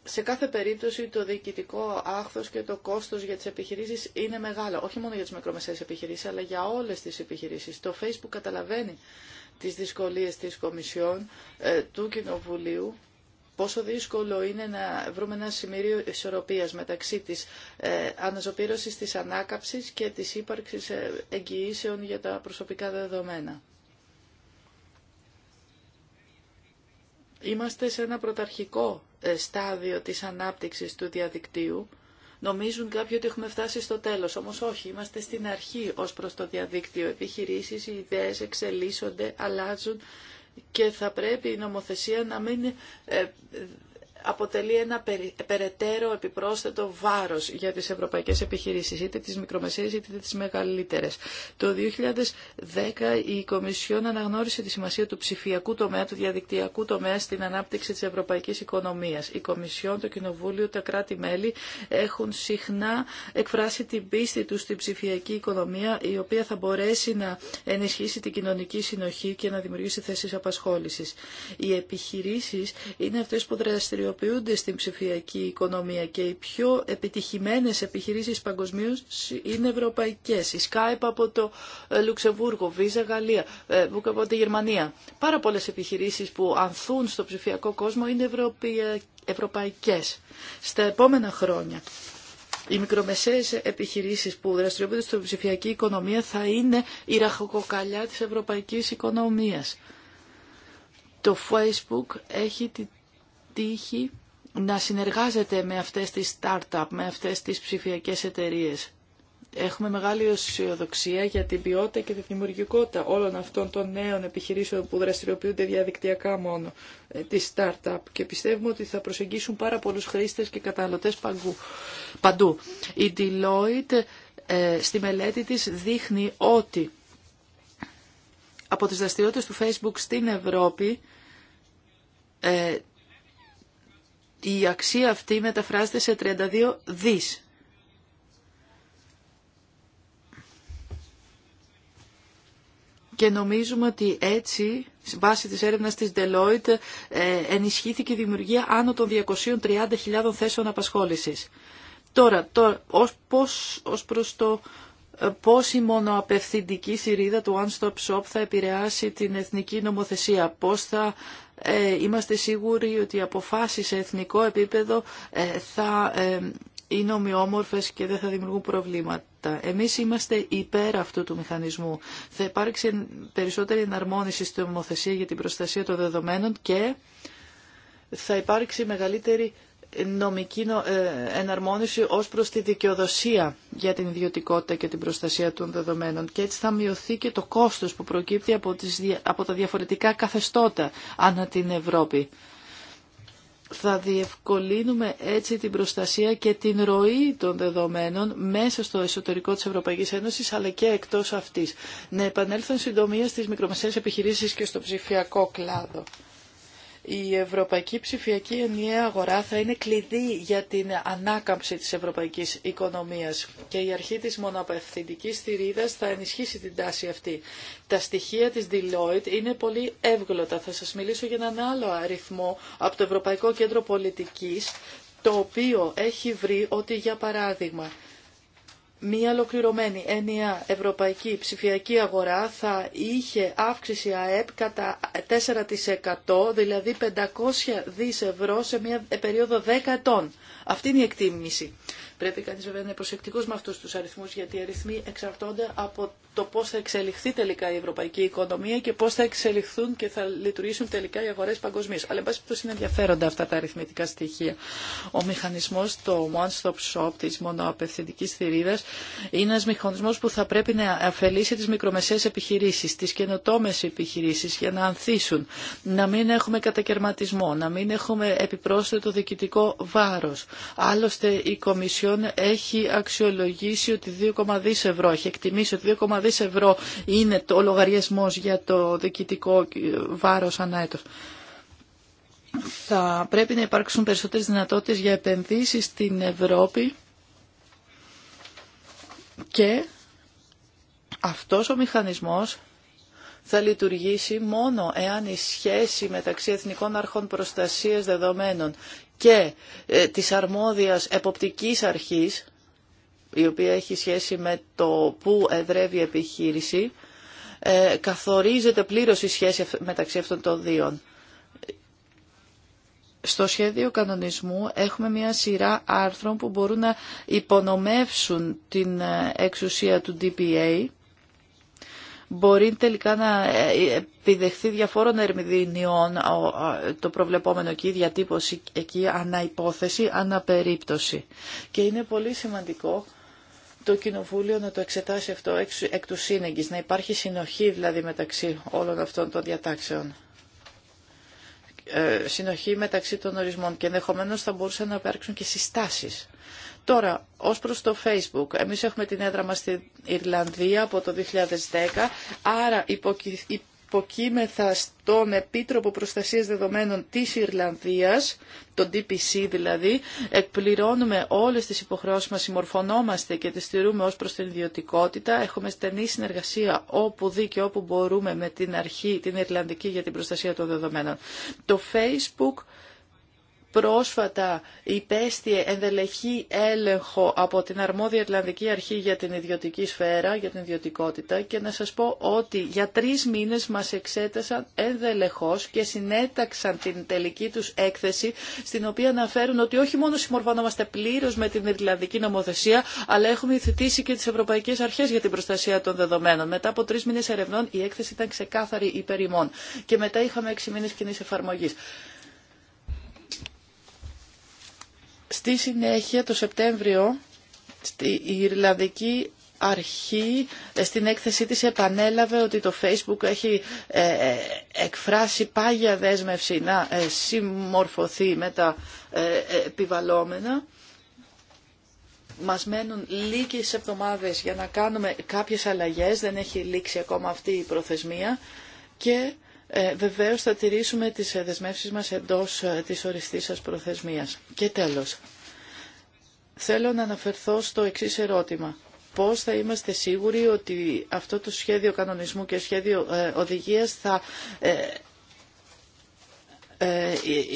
σε κάθε περίπτωση το διοικητικό άχθος και το κόστος για τις επιχειρήσεις είναι μεγάλο. Όχι μόνο για τις μικρομεσαίες επιχειρήσεις, αλλά για όλες τις επιχειρήσεις. Το Facebook καταλαβαίνει τις δυσκολίες της Κομισιόν, ε, του Κοινοβουλίου πόσο δύσκολο είναι να βρούμε ένα σημείο ισορροπία μεταξύ της ε, τη της ανάκαψης και της ύπαρξης ε, εγγυήσεων για τα προσωπικά δεδομένα. Είμαστε σε ένα πρωταρχικό ε, στάδιο της ανάπτυξης του διαδικτύου. Νομίζουν κάποιοι ότι έχουμε φτάσει στο τέλος, όμως όχι, είμαστε στην αρχή ως προς το διαδίκτυο. Επιχειρήσεις, οι ιδέες εξελίσσονται, αλλάζουν και θα πρέπει η νομοθεσία να μην ε, αποτελεί ένα περαιτέρω επιπρόσθετο βάρος για τις ευρωπαϊκές επιχειρήσεις, είτε τις μικρομεσαίες είτε τις μεγαλύτερες. Το 2010 η Κομισιόν αναγνώρισε τη σημασία του ψηφιακού τομέα, του διαδικτυακού τομέα στην ανάπτυξη της ευρωπαϊκής οικονομίας. Η Κομισιόν, το Κοινοβούλιο, τα κράτη-μέλη έχουν συχνά εκφράσει την πίστη τους στην ψηφιακή οικονομία, η οποία θα μπορέσει να ενισχύσει την κοινωνική συνοχή και να δημιουργήσει θέσεις απασχόλησης. Οι επιχειρήσεις είναι αυτές που δραστηριοποιούνται δραστηριοποιούνται στην ψηφιακή οικονομία και οι πιο επιτυχημένες επιχειρήσεις παγκοσμίω είναι ευρωπαϊκές. Η Skype από το ε, Λουξεμβούργο, Visa Γαλλία, ε, Book από τη Γερμανία. Πάρα πολλές επιχειρήσεις που ανθούν στο ψηφιακό κόσμο είναι ευρωπαϊκές. Στα επόμενα χρόνια οι μικρομεσαίες επιχειρήσεις που δραστηριοποιούνται στην ψηφιακή οικονομία θα είναι η ραχοκοκαλιά της ευρωπαϊκής οικονομίας. Το Facebook έχει τύχει να συνεργάζεται με αυτές τις startup, με αυτές τις ψηφιακές εταιρείες. Έχουμε μεγάλη αισιοδοξία για την ποιότητα και τη δημιουργικότητα όλων αυτών των νέων επιχειρήσεων που δραστηριοποιούνται διαδικτυακά μόνο, ε, τις startup και πιστεύουμε ότι θα προσεγγίσουν πάρα πολλούς χρήστες και καταναλωτές παντού. Η Deloitte ε, στη μελέτη της δείχνει ότι από τις δραστηριότητες του Facebook στην Ευρώπη ε, η αξία αυτή μεταφράζεται σε 32 δις. Και νομίζουμε ότι έτσι, βάσει της έρευνας της Deloitte, ε, ενισχύθηκε η δημιουργία άνω των 230.000 θέσεων απασχόλησης. Τώρα, ω ως, ως προς το ε, πώς η μονοαπευθυντική θηρίδα του One Stop Shop θα επηρεάσει την εθνική νομοθεσία, πώς θα ε, είμαστε σίγουροι ότι οι αποφάσεις σε εθνικό επίπεδο ε, θα ε, είναι ομοιόμορφες και δεν θα δημιουργούν προβλήματα. Εμείς είμαστε υπέρ αυτού του μηχανισμού. Θα υπάρξει περισσότερη εναρμόνιση στην νομοθεσία για την προστασία των δεδομένων και θα υπάρξει μεγαλύτερη νομική ε, εναρμόνιση ως προς τη δικαιοδοσία για την ιδιωτικότητα και την προστασία των δεδομένων και έτσι θα μειωθεί και το κόστος που προκύπτει από, τις, από τα διαφορετικά καθεστώτα ανά την Ευρώπη. Θα διευκολύνουμε έτσι την προστασία και την ροή των δεδομένων μέσα στο εσωτερικό της Ευρωπαϊκής Ένωσης αλλά και εκτός αυτής. Να επανέλθουν συντομία στις μικρομεσαίες επιχειρήσεις και στο ψηφιακό κλάδο. Η Ευρωπαϊκή Ψηφιακή Ενιαία Αγορά θα είναι κλειδί για την ανάκαμψη της ευρωπαϊκής οικονομίας και η αρχή της μοναπευθυντικής θηρίδας θα ενισχύσει την τάση αυτή. Τα στοιχεία της Deloitte είναι πολύ εύγλωτα. Θα σας μιλήσω για έναν άλλο αριθμό από το Ευρωπαϊκό Κέντρο Πολιτικής, το οποίο έχει βρει ότι, για παράδειγμα, Μία ολοκληρωμένη ενιαία ευρωπαϊκή ψηφιακή αγορά θα είχε αύξηση ΑΕΠ κατά 4%, δηλαδή 500 δις ευρώ σε μία περίοδο 10 ετών. Αυτή είναι η εκτίμηση. Πρέπει κανείς βέβαια να είναι προσεκτικός με αυτούς τους αριθμούς γιατί οι αριθμοί εξαρτώνται από το πώς θα εξελιχθεί τελικά η ευρωπαϊκή οικονομία και πώς θα εξελιχθούν και θα λειτουργήσουν τελικά οι αγορές παγκοσμίως. Αλλά εν πάση είναι ενδιαφέροντα αυτά τα αριθμητικά στοιχεία. Ο μηχανισμός το One Stop Shop της μονοαπευθυντικής θηρίδας είναι ένας μηχανισμός που θα πρέπει να αφελήσει τις μικρομεσαίες επιχειρήσεις, τις καινοτόμε επιχειρήσεις για να ανθίσουν, να μην έχουμε κατακαιρματισμό, να μην έχουμε επιπρόσθετο διοικητικό βάρος. Άλλωστε η Κομισιόν έχει αξιολογήσει ότι 2,2 ευρώ, έχει εκτιμήσει ότι 2,2 ευρώ είναι το λογαριασμός για το διοικητικό βάρος ανά έτος. Θα πρέπει να υπάρξουν περισσότερες δυνατότητες για επενδύσεις στην Ευρώπη και αυτός ο μηχανισμός θα λειτουργήσει μόνο εάν η σχέση μεταξύ εθνικών αρχών προστασίας δεδομένων και ε, της αρμόδιας εποπτικής αρχής, η οποία έχει σχέση με το που εδρεύει η επιχείρηση, ε, καθορίζεται πλήρως η σχέση μεταξύ αυτών των δύο. Στο σχέδιο κανονισμού έχουμε μια σειρά άρθρων που μπορούν να υπονομεύσουν την ε, εξουσία του DPA μπορεί τελικά να ε, ε, επιδεχθεί διαφόρων ερμηδινιών το προβλεπόμενο και η διατύπωση εκεί αναϋπόθεση, αναπερίπτωση. Και είναι πολύ σημαντικό το Κοινοβούλιο να το εξετάσει αυτό εκ του να υπάρχει συνοχή δηλαδή μεταξύ όλων αυτών των διατάξεων ε, συνοχή μεταξύ των ορισμών και ενδεχομένω θα μπορούσαν να υπάρξουν και συστάσεις Τώρα, ως προς το Facebook, εμείς έχουμε την έδρα μας στην Ιρλανδία από το 2010, άρα υποκείμεθα στον Επίτροπο Προστασίας Δεδομένων της Ιρλανδίας, τον DPC δηλαδή, εκπληρώνουμε όλες τις υποχρεώσεις μας, συμμορφωνόμαστε και τις στηρούμε ως προς την ιδιωτικότητα. Έχουμε στενή συνεργασία όπου δει και όπου μπορούμε με την αρχή, την Ιρλανδική για την προστασία των δεδομένων. Το Facebook πρόσφατα υπέστη ενδελεχή έλεγχο από την αρμόδια Ατλαντική Αρχή για την ιδιωτική σφαίρα, για την ιδιωτικότητα και να σας πω ότι για τρεις μήνες μας εξέτασαν ενδελεχώς και συνέταξαν την τελική τους έκθεση στην οποία αναφέρουν ότι όχι μόνο συμμορφωνόμαστε πλήρως με την Ιρλανδική νομοθεσία αλλά έχουμε υιοθετήσει και τις Ευρωπαϊκές Αρχές για την προστασία των δεδομένων. Μετά από τρεις μήνες ερευνών η έκθεση ήταν ξεκάθαρη υπερημών και μετά είχαμε έξι μήνες κοινή εφαρμογής. Στη συνέχεια, το Σεπτέμβριο, η Ιρλανδική αρχή ε, στην έκθεσή της επανέλαβε ότι το Facebook έχει ε, ε, εκφράσει πάγια δέσμευση να συμμορφωθεί με τα ε, επιβαλόμενα. Μας μένουν λίγες εβδομάδες για να κάνουμε κάποιες αλλαγές, δεν έχει λήξει ακόμα αυτή η προθεσμία και ε, βεβαίως θα τηρήσουμε τις ε, δεσμεύσεις μας εντός ε, της οριστής σας προθεσμίας. Και τέλος, θέλω να αναφερθώ στο εξή ερώτημα. Πώς θα είμαστε σίγουροι ότι αυτό το σχέδιο κανονισμού και σχέδιο ε, οδηγίας θα ε, ε,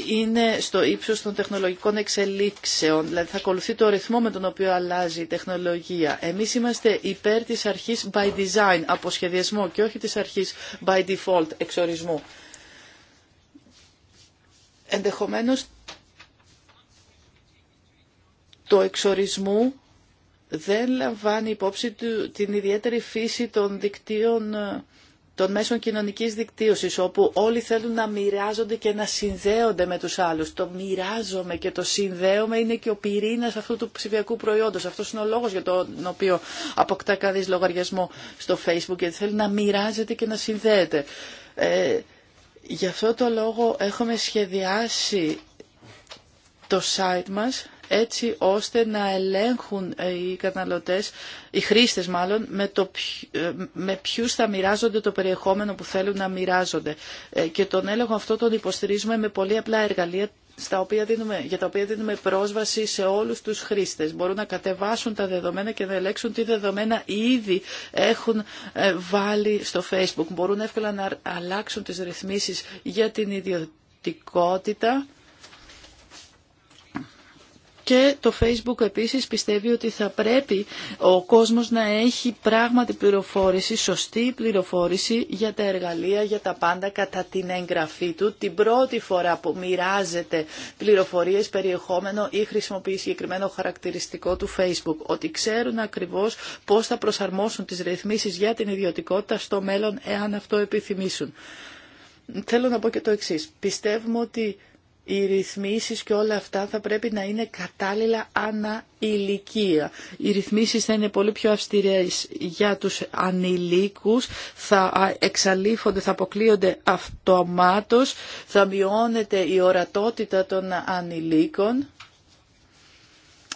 είναι στο ύψος των τεχνολογικών εξελίξεων, δηλαδή θα ακολουθεί το ρυθμό με τον οποίο αλλάζει η τεχνολογία. Εμείς είμαστε υπέρ της αρχής by design, από σχεδιασμό και όχι της αρχής by default, εξορισμού. Ενδεχομένως το εξορισμού δεν λαμβάνει υπόψη την ιδιαίτερη φύση των δικτύων ε, των μέσων κοινωνικής δικτύωσης, όπου όλοι θέλουν να μοιράζονται και να συνδέονται με τους άλλους. Το μοιράζομαι και το συνδέομαι είναι και ο πυρήνας αυτού του ψηφιακού προϊόντος. Αυτός είναι ο λόγος για τον οποίο αποκτά κανείς λογαριασμό στο Facebook, γιατί θέλει να μοιράζεται και να συνδέεται. Ε, γι' αυτό το λόγο έχουμε σχεδιάσει το site μας έτσι ώστε να ελέγχουν οι καταναλωτές, οι χρήστες μάλλον, με, το, ποιους θα μοιράζονται το περιεχόμενο που θέλουν να μοιράζονται. Ε, και τον έλεγχο αυτό τον υποστηρίζουμε με πολύ απλά εργαλεία στα οποία δίνουμε, για τα οποία δίνουμε πρόσβαση σε όλους τους χρήστες. Μπορούν να κατεβάσουν τα δεδομένα και να ελέγξουν τι δεδομένα ήδη έχουν ε, βάλει στο Facebook. Μπορούν εύκολα να αλλάξουν τις ρυθμίσεις για την ιδιωτικότητα και το Facebook επίσης πιστεύει ότι θα πρέπει ο κόσμος να έχει πράγματι πληροφόρηση, σωστή πληροφόρηση για τα εργαλεία, για τα πάντα κατά την εγγραφή του. Την πρώτη φορά που μοιράζεται πληροφορίες, περιεχόμενο ή χρησιμοποιεί συγκεκριμένο χαρακτηριστικό του Facebook. Ότι ξέρουν ακριβώς πώς θα προσαρμόσουν τις ρυθμίσεις για την ιδιωτικότητα στο μέλλον εάν αυτό επιθυμήσουν. Θέλω να πω και το εξής. Πιστεύουμε ότι οι ρυθμίσεις και όλα αυτά θα πρέπει να είναι κατάλληλα ανά ηλικία. Οι ρυθμίσεις θα είναι πολύ πιο αυστηρές για τους ανηλίκους, θα εξαλείφονται, θα αποκλείονται αυτομάτως, θα μειώνεται η ορατότητα των ανηλίκων.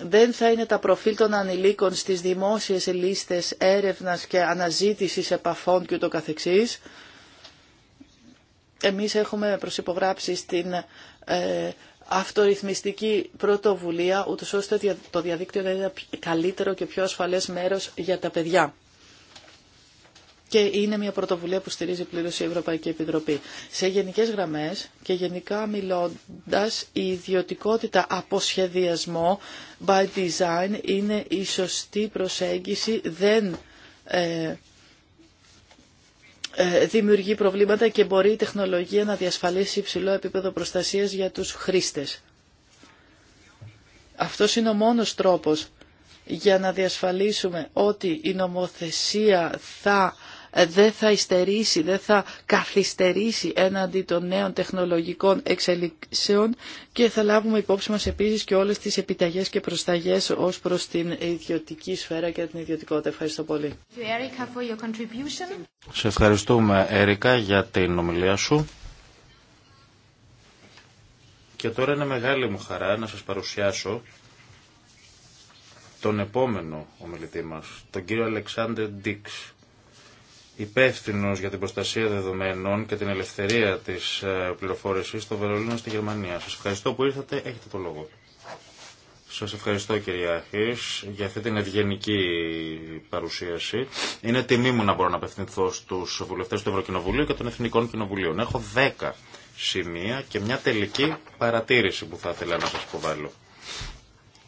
Δεν θα είναι τα προφίλ των ανηλίκων στις δημόσιες λίστες έρευνας και αναζήτησης επαφών και καθεξής. Εμείς έχουμε προσυπογράψει στην ε, αυτορυθμιστική πρωτοβουλία, ούτως ώστε το διαδίκτυο να είναι καλύτερο και πιο ασφαλές μέρος για τα παιδιά. Και είναι μια πρωτοβουλία που στηρίζει πλήρως η Ευρωπαϊκή Επιτροπή. Σε γενικές γραμμές και γενικά μιλώντας, η ιδιωτικότητα από σχεδιασμό by design είναι η σωστή προσέγγιση, δεν ε, ε, δημιουργεί προβλήματα και μπορεί η τεχνολογία να διασφαλίσει υψηλό επίπεδο προστασίας για τους χρήστες. Αυτός είναι ο μόνος τρόπος για να διασφαλίσουμε ότι η νομοθεσία θα δεν θα υστερήσει, δεν θα καθυστερήσει έναντι των νέων τεχνολογικών εξελίξεων και θα λάβουμε υπόψη μας επίσης και όλες τις επιταγές και προσταγές ως προς την ιδιωτική σφαίρα και την ιδιωτικότητα. Ευχαριστώ πολύ. Σε ευχαριστούμε Έρικα για την ομιλία σου. Και τώρα είναι μεγάλη μου χαρά να σας παρουσιάσω τον επόμενο ομιλητή μας, τον κύριο Αλεξάνδρ Ντίξ υπεύθυνο για την προστασία δεδομένων και την ελευθερία τη ε, πληροφόρηση στο Βερολίνο στη Γερμανία. Σα ευχαριστώ που ήρθατε. Έχετε το λόγο. Σα ευχαριστώ κυρία Αχή για αυτή την ευγενική παρουσίαση. Είναι τιμή μου να μπορώ να απευθυνθώ στου βουλευτέ του Ευρωκοινοβουλίου και των Εθνικών Κοινοβουλίων. Έχω δέκα σημεία και μια τελική παρατήρηση που θα ήθελα να σα υποβάλω.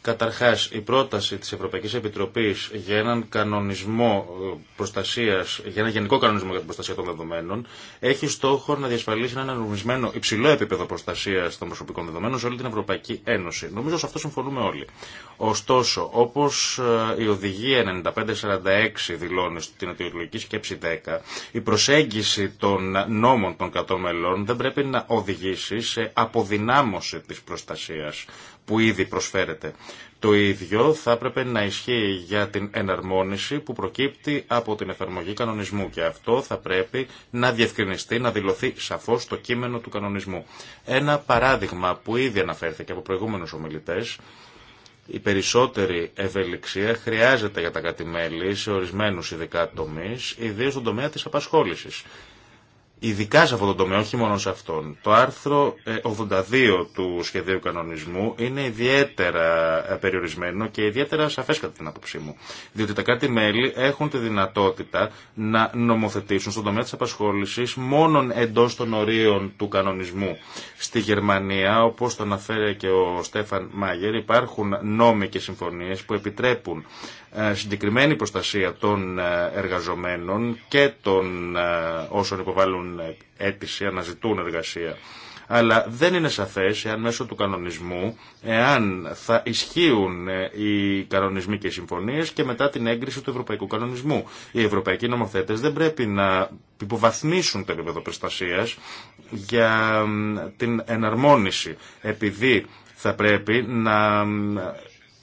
Καταρχάς, η πρόταση της Ευρωπαϊκής Επιτροπής για έναν κανονισμό ε, προστασίας, για ένα γενικό κανονισμό για την προστασία των δεδομένων, έχει στόχο να διασφαλίσει ένα νομισμένο υψηλό επίπεδο προστασίας των προσωπικών δεδομένων σε όλη την Ευρωπαϊκή Ένωση. Νομίζω σε αυτό συμφωνούμε όλοι. Ωστόσο, όπως ε, η Οδηγία 9546 δηλώνει στην αιτιολογική σκέψη 10, η προσέγγιση των νόμων των κατώμελών μελών δεν πρέπει να οδηγήσει σε αποδυνάμωση της προστασίας που ήδη προσφέρεται. Το ίδιο θα έπρεπε να ισχύει για την εναρμόνιση που προκύπτει από την εφαρμογή κανονισμού και αυτό θα πρέπει να διευκρινιστεί, να δηλωθεί σαφώς το κείμενο του κανονισμού. Ένα παράδειγμα που ήδη αναφέρθηκε από προηγούμενους ομιλητές η περισσότερη ευελιξία χρειάζεται για τα κατημέλη σε ορισμένους ειδικά τομείς, ιδίως στον τομέα της απασχόλησης ειδικά σε αυτό το τομέα, όχι μόνο σε αυτόν. Το άρθρο 82 ε, του σχεδίου κανονισμού είναι ιδιαίτερα ε, περιορισμένο και ιδιαίτερα σαφές κατά την άποψή μου. Διότι τα κάτι μελη έχουν τη δυνατότητα να νομοθετήσουν στον τομέα της απασχόλησης μόνον εντός των ορίων του κανονισμού. Στη Γερμανία, όπως το αναφέρει και ο Στέφαν Μάγερ, υπάρχουν νόμοι και συμφωνίες που επιτρέπουν ε, συγκεκριμένη προστασία των εργαζομένων και των όσων υποβάλλουν αίτηση αναζητούν εργασία. Αλλά δεν είναι σαφές εάν μέσω του κανονισμού, εάν θα ισχύουν ε, οι κανονισμοί και οι συμφωνίες και μετά την έγκριση του ευρωπαϊκού κανονισμού. Οι ευρωπαϊκοί νομοθέτες δεν πρέπει να υποβαθμίσουν το επίπεδο προστασία για την εναρμόνιση, επειδή θα πρέπει να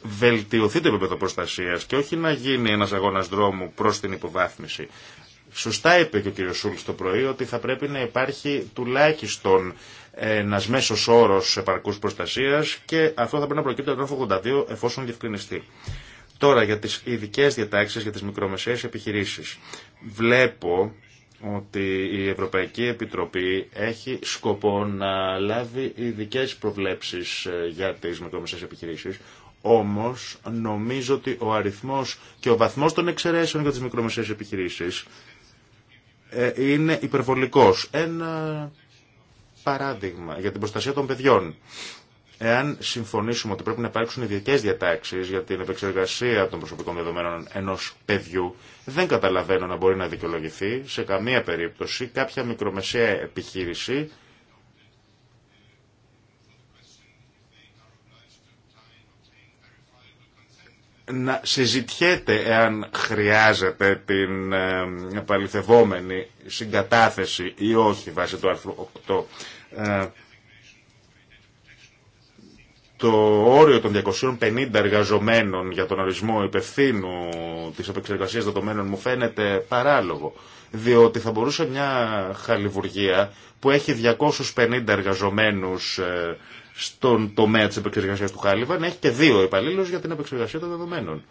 βελτιωθεί το επίπεδο προστασία και όχι να γίνει ένα αγώνα δρόμου προ την υποβάθμιση. Σωστά είπε και ο κ. Σούλς το πρωί ότι θα πρέπει να υπάρχει τουλάχιστον ένας μέσος όρος επαρκούς προστασίας και αυτό θα πρέπει να προκύπτει από το 82 εφόσον διευκρινιστεί. Τώρα για τις ειδικέ διατάξεις για τις μικρομεσαίες επιχειρήσεις. Βλέπω ότι η Ευρωπαϊκή Επιτροπή έχει σκοπό να λάβει ειδικέ προβλέψεις ε, για τις μικρομεσαίες επιχειρήσεις, όμως νομίζω ότι ο αριθμός και ο βαθμός των εξαιρέσεων για τις μικρομεσαίες επιχειρήσεις ε, είναι υπερβολικός. Ένα παράδειγμα για την προστασία των παιδιών. Εάν συμφωνήσουμε ότι πρέπει να υπάρξουν ειδικέ διατάξει για την επεξεργασία των προσωπικών δεδομένων ενό παιδιού, δεν καταλαβαίνω να μπορεί να δικαιολογηθεί σε καμία περίπτωση κάποια μικρομεσαία επιχείρηση να συζητιέται εάν χρειάζεται την ε, παλιθευόμενη συγκατάθεση ή όχι βάσει του άρθρου 8. Ε, το όριο των 250 εργαζομένων για τον ορισμό υπευθύνου της επεξεργασίας δεδομένων μου φαίνεται παράλογο, διότι θα μπορούσε μια χαλιβουργία που έχει 250 εργαζομένους ε, στον τομέα τη επεξεργασία του Χάλιβα να έχει και δύο υπαλλήλου για την επεξεργασία των δεδομένων.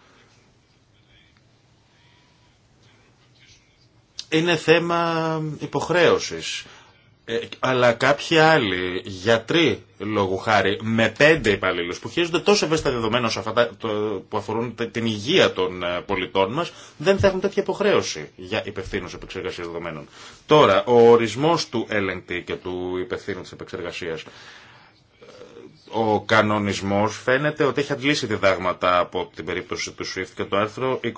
Είναι θέμα υποχρέωση, Ε, αλλά κάποιοι άλλοι γιατροί, λόγου χάρη, με πέντε υπαλλήλου που χειρίζονται τόσο ευαίσθητα δεδομένα αυτά το, που αφορούν την υγεία των ε, πολιτών μα, δεν θα έχουν τέτοια υποχρέωση για υπευθύνου επεξεργασία δεδομένων. Τώρα, ο ορισμό του έλεγκτη και του υπευθύνου τη επεξεργασία ο κανονισμός φαίνεται ότι έχει αντλήσει διδάγματα από την περίπτωση του SWIFT και το άρθρο 24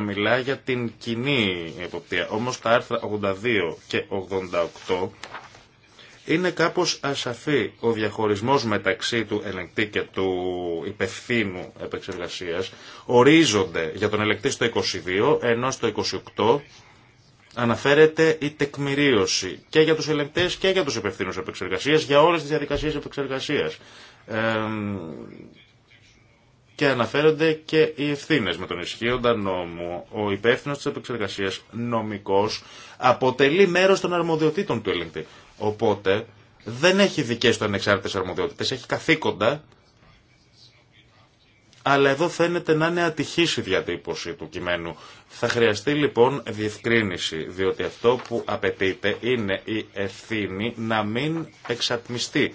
μιλά για την κοινή εποπτεία. Όμως τα άρθρα 82 και 88 είναι κάπως ασαφή ο διαχωρισμός μεταξύ του ελεγκτή και του υπευθύνου επεξεργασίας. Ορίζονται για τον ελεγκτή στο 22, ενώ στο 28 αναφέρεται η τεκμηρίωση και για τους ελεγκτές και για τους υπευθύνους επεξεργασίας, για όλες τις διαδικασίες επεξεργασίας. και αναφέρονται και οι ευθύνε με τον ισχύοντα νόμο. Ο υπεύθυνο τη επεξεργασία νομικό αποτελεί μέρο των αρμοδιοτήτων του ελεγκτή. Οπότε δεν έχει δικέ του ανεξάρτητε αρμοδιότητε, έχει καθήκοντα αλλά εδώ φαίνεται να είναι ατυχής η διατύπωση του κειμένου. Θα χρειαστεί λοιπόν διευκρίνηση, διότι αυτό που απαιτείται είναι η ευθύνη να μην εξατμιστεί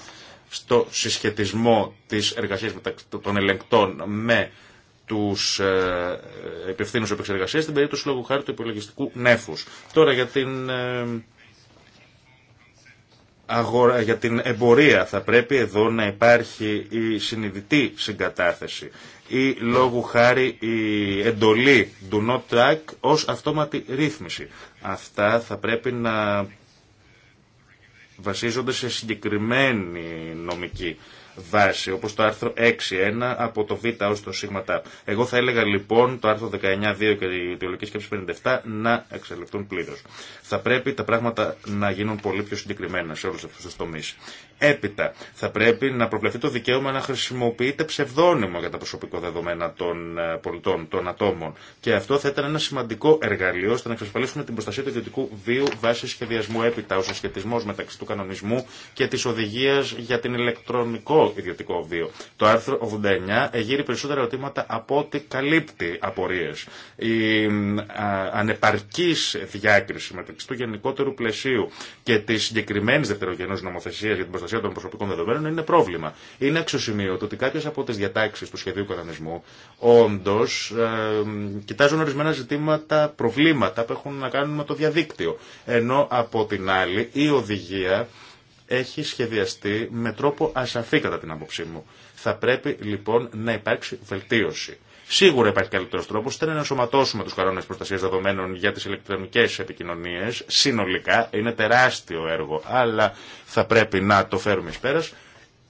στο συσχετισμό της εργασίας των ελεγκτών με του ε, ε, υπευθύνου επεξεργασία, στην περίπτωση λόγου χάρη του υπολογιστικού νέφους. Τώρα για την ε, αγορα, για την εμπορία θα πρέπει εδώ να υπάρχει η συνειδητή συγκατάθεση ή λόγου χάρη η εντολή do not track ως αυτόματη ρύθμιση. Αυτά θα πρέπει να βασίζονται σε συγκεκριμένη νομική βάση, όπως το άρθρο 6.1 από το Β ως το ΣΥΓΜΑΤΑ. Εγώ θα έλεγα λοιπόν το άρθρο 19.2 και η ιδεολογική σκέψη 57 να εξελιχθούν πλήρως. Θα πρέπει τα πράγματα να γίνουν πολύ πιο συγκεκριμένα σε όλους αυτούς τους τομείς. Έπειτα, θα πρέπει να προβλεφθεί το δικαίωμα να χρησιμοποιείται ψευδόνυμο για τα προσωπικό δεδομένα των ε, πολιτών, των ατόμων. Και αυτό θα ήταν ένα σημαντικό εργαλείο ώστε να εξασφαλίσουμε την προστασία του ιδιωτικού βίου βάσει σχεδιασμού. Έπειτα, ο συσχετισμό μεταξύ του κανονισμού και τη οδηγία για την ηλεκτρονικό ιδιωτικό βίο. Το άρθρο 89 εγείρει περισσότερα ερωτήματα από ό,τι καλύπτει απορίε. Η ε, ανεπαρκή διάκριση μεταξύ του γενικότερου πλαισίου και τη συγκεκριμένη δευτερογενή νομοθεσία προστασία των προσωπικών δεδομένων είναι πρόβλημα. Είναι αξιοσημείωτο ότι κάποιε από τι διατάξει του σχεδίου κανονισμού όντω κοιτάζουν ορισμένα ζητήματα, προβλήματα που έχουν να κάνουν με το διαδίκτυο. Ενώ από την άλλη η οδηγία έχει σχεδιαστεί με τρόπο ασαφή κατά την άποψή μου. Θα πρέπει λοιπόν να υπάρξει βελτίωση. Σίγουρα υπάρχει καλύτερο τρόπο, είτε να ενσωματώσουμε του κανόνε προστασία δεδομένων για τι ηλεκτρονικέ επικοινωνίε. Συνολικά είναι τεράστιο έργο, αλλά θα πρέπει να το φέρουμε ει πέρα,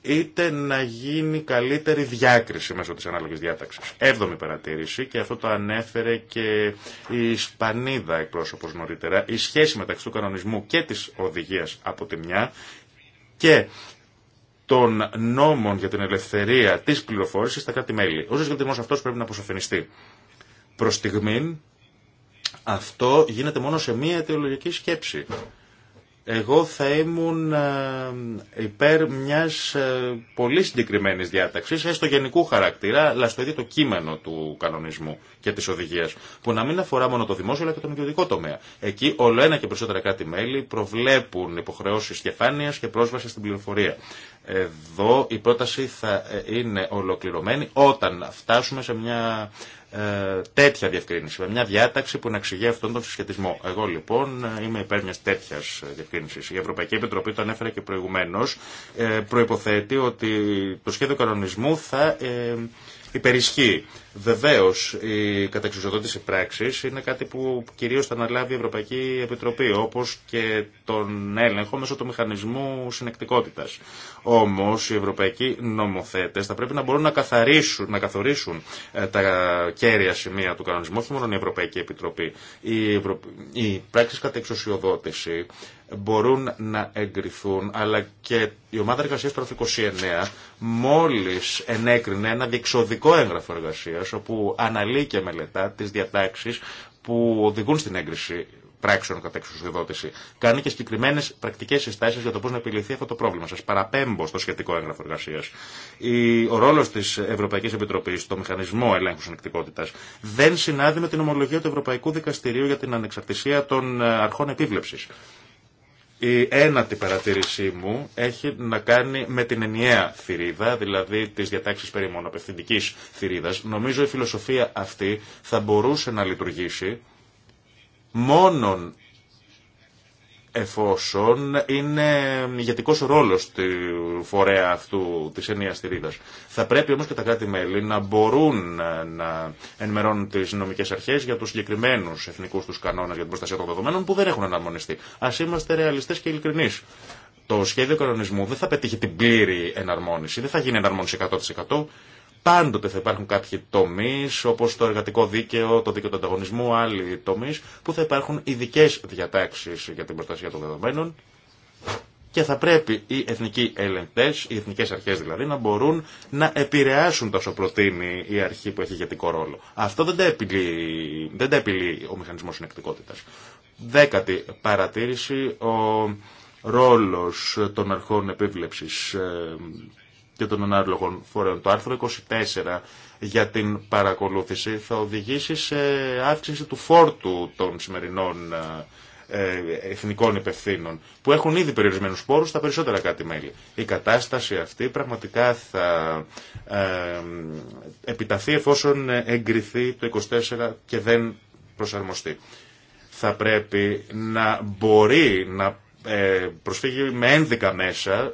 είτε να γίνει καλύτερη διάκριση μέσω τη ανάλογη διάταξη. Έβδομη παρατήρηση, και αυτό το ανέφερε και η Ισπανίδα εκπρόσωπο νωρίτερα, η σχέση μεταξύ του κανονισμού και τη οδηγία από τη μια και των νόμων για την ελευθερία τη πληροφόρηση στα κράτη-μέλη. Ο ζητημό αυτό πρέπει να αποσαφινιστεί. Προ στιγμή, αυτό γίνεται μόνο σε μία αιτιολογική σκέψη. Εγώ θα ήμουν ε, υπέρ μιας ε, πολύ συγκεκριμένης διάταξης, έστω γενικού χαρακτήρα, αλλά στο ίδιο το κείμενο του κανονισμού και της οδηγίας, που να μην αφορά μόνο το δημόσιο αλλά και τον ιδιωτικό τομέα. Εκεί όλο ένα και περισσότερα κάτι μέλη προβλέπουν υποχρεώσεις διαφάνειας και πρόσβαση στην πληροφορία. Εδώ η πρόταση θα ε, είναι ολοκληρωμένη όταν φτάσουμε σε μια ε, τέτοια διευκρίνηση, με μια διάταξη που να εξηγεί αυτόν τον συσχετισμό. Εγώ λοιπόν είμαι υπέρ μια τέτοια διευκρίνηση. Η Ευρωπαϊκή Επιτροπή το ανέφερα και προηγουμένω, ε, προποθέτει ότι το σχέδιο κανονισμού θα. Ε, υπερισχύει. Βεβαίω, η καταξιοδότηση πράξη είναι κάτι που κυρίω θα αναλάβει η Ευρωπαϊκή Επιτροπή, όπω και τον έλεγχο μέσω του μηχανισμού συνεκτικότητα. Όμω, οι ευρωπαϊκοί νομοθέτε θα πρέπει να μπορούν να, καθαρίσουν, να καθορίσουν ε, τα κέρια σημεία του κανονισμού, όχι μόνο η Ευρωπαϊκή Επιτροπή. Οι, πράξει μπορούν να εγκριθούν, αλλά και η ομάδα εργασίας του 29 μόλις ενέκρινε ένα διεξοδικό έγγραφο εργασίας, όπου αναλύει και μελετά τις διατάξεις που οδηγούν στην έγκριση πράξεων κατά εξουσιοδότηση. Κάνει και συγκεκριμένε πρακτικέ συστάσει για το πώ να επιληθεί αυτό το πρόβλημα. Σα παραπέμπω στο σχετικό έγγραφο εργασία. Ο ρόλο τη Ευρωπαϊκή Επιτροπή, το μηχανισμό ελέγχου συνεκτικότητα, δεν συνάδει με την ομολογία του Ευρωπαϊκού Δικαστηρίου για την ανεξαρτησία των ε, αρχών επίβλεψη. Η ένατη παρατήρησή μου έχει να κάνει με την ενιαία θηρίδα, δηλαδή τι διατάξει περί μονοπευθυντική θηρίδα. Νομίζω η φιλοσοφία αυτή θα μπορούσε να λειτουργήσει μόνον εφόσον είναι ηγετικό ρόλο τη φορέα αυτού τη ενία θηρίδα. Θα πρέπει όμω και τα κράτη-μέλη να μπορούν να ενημερώνουν τι νομικέ αρχέ για του συγκεκριμένου εθνικού του κανόνε για την προστασία των δεδομένων που δεν έχουν εναρμονιστεί. Α είμαστε ρεαλιστέ και ειλικρινεί. Το σχέδιο κανονισμού δεν θα πετύχει την πλήρη εναρμόνιση, δεν θα γίνει εναρμόνιση 100%. Πάντοτε θα υπάρχουν κάποιοι τομεί, όπω το εργατικό δίκαιο, το δίκαιο του ανταγωνισμού, άλλοι τομεί, που θα υπάρχουν ειδικέ διατάξει για την προστασία των δεδομένων και θα πρέπει οι εθνικοί ελεγκτέ, οι εθνικέ αρχέ δηλαδή, να μπορούν να επηρεάσουν τόσο προτείνει η αρχή που έχει ηγετικό ρόλο. Αυτό δεν τα επιλύει, δεν τα επιλύει ο μηχανισμό συνεκτικότητα. Δέκατη παρατήρηση, ο ρόλος των αρχών επίβλεψης ε, και των ανάλογων φορέων. Το άρθρο 24 για την παρακολούθηση θα οδηγήσει σε αύξηση του φόρτου των σημερινών ε, ε, εθνικών υπευθύνων που έχουν ήδη περιορισμένους πόρους στα περισσότερα κάτι μέλη. Η κατάσταση αυτή πραγματικά θα ε, επιταθεί εφόσον εγκριθεί το 24 και δεν προσαρμοστεί. Θα πρέπει να μπορεί να προσφύγει με ένδικα μέσα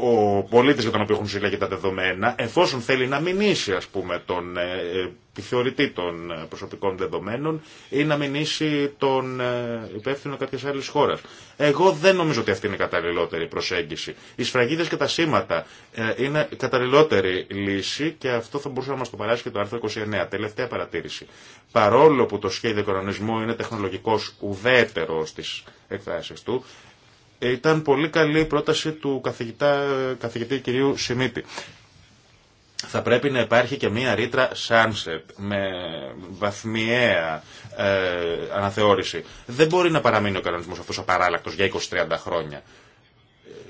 ο πολίτης για τον οποίο έχουν συλλέγει τα δεδομένα, εφόσον θέλει να μηνύσει, ας πούμε, τον ε, επιθεωρητή των ε, προσωπικών δεδομένων ή να μηνύσει τον ε, υπεύθυνο κάποια άλλη χώρα. Εγώ δεν νομίζω ότι αυτή είναι η να μηνυσει τον υπευθυνο καποιες αλλες χωρα εγω προσέγγιση. Οι σφραγίδε και τα σήματα είναι η καταλληλότερη λύση και αυτό θα μπορούσε να μας το παράσει και το άρθρο 29. Τελευταία παρατήρηση. Παρόλο που το σχέδιο κανονισμού είναι τεχνολογικός ουδέτερο στι εκφράσεις του, ήταν πολύ καλή η πρόταση του καθηγητά, καθηγητή κυρίου Σιμίτη. Θα πρέπει να υπάρχει και μία ρήτρα sunset με βαθμιαία ε, αναθεώρηση. Δεν μπορεί να παραμείνει ο κανονισμός αυτός απαράλλακτος για 20-30 χρόνια.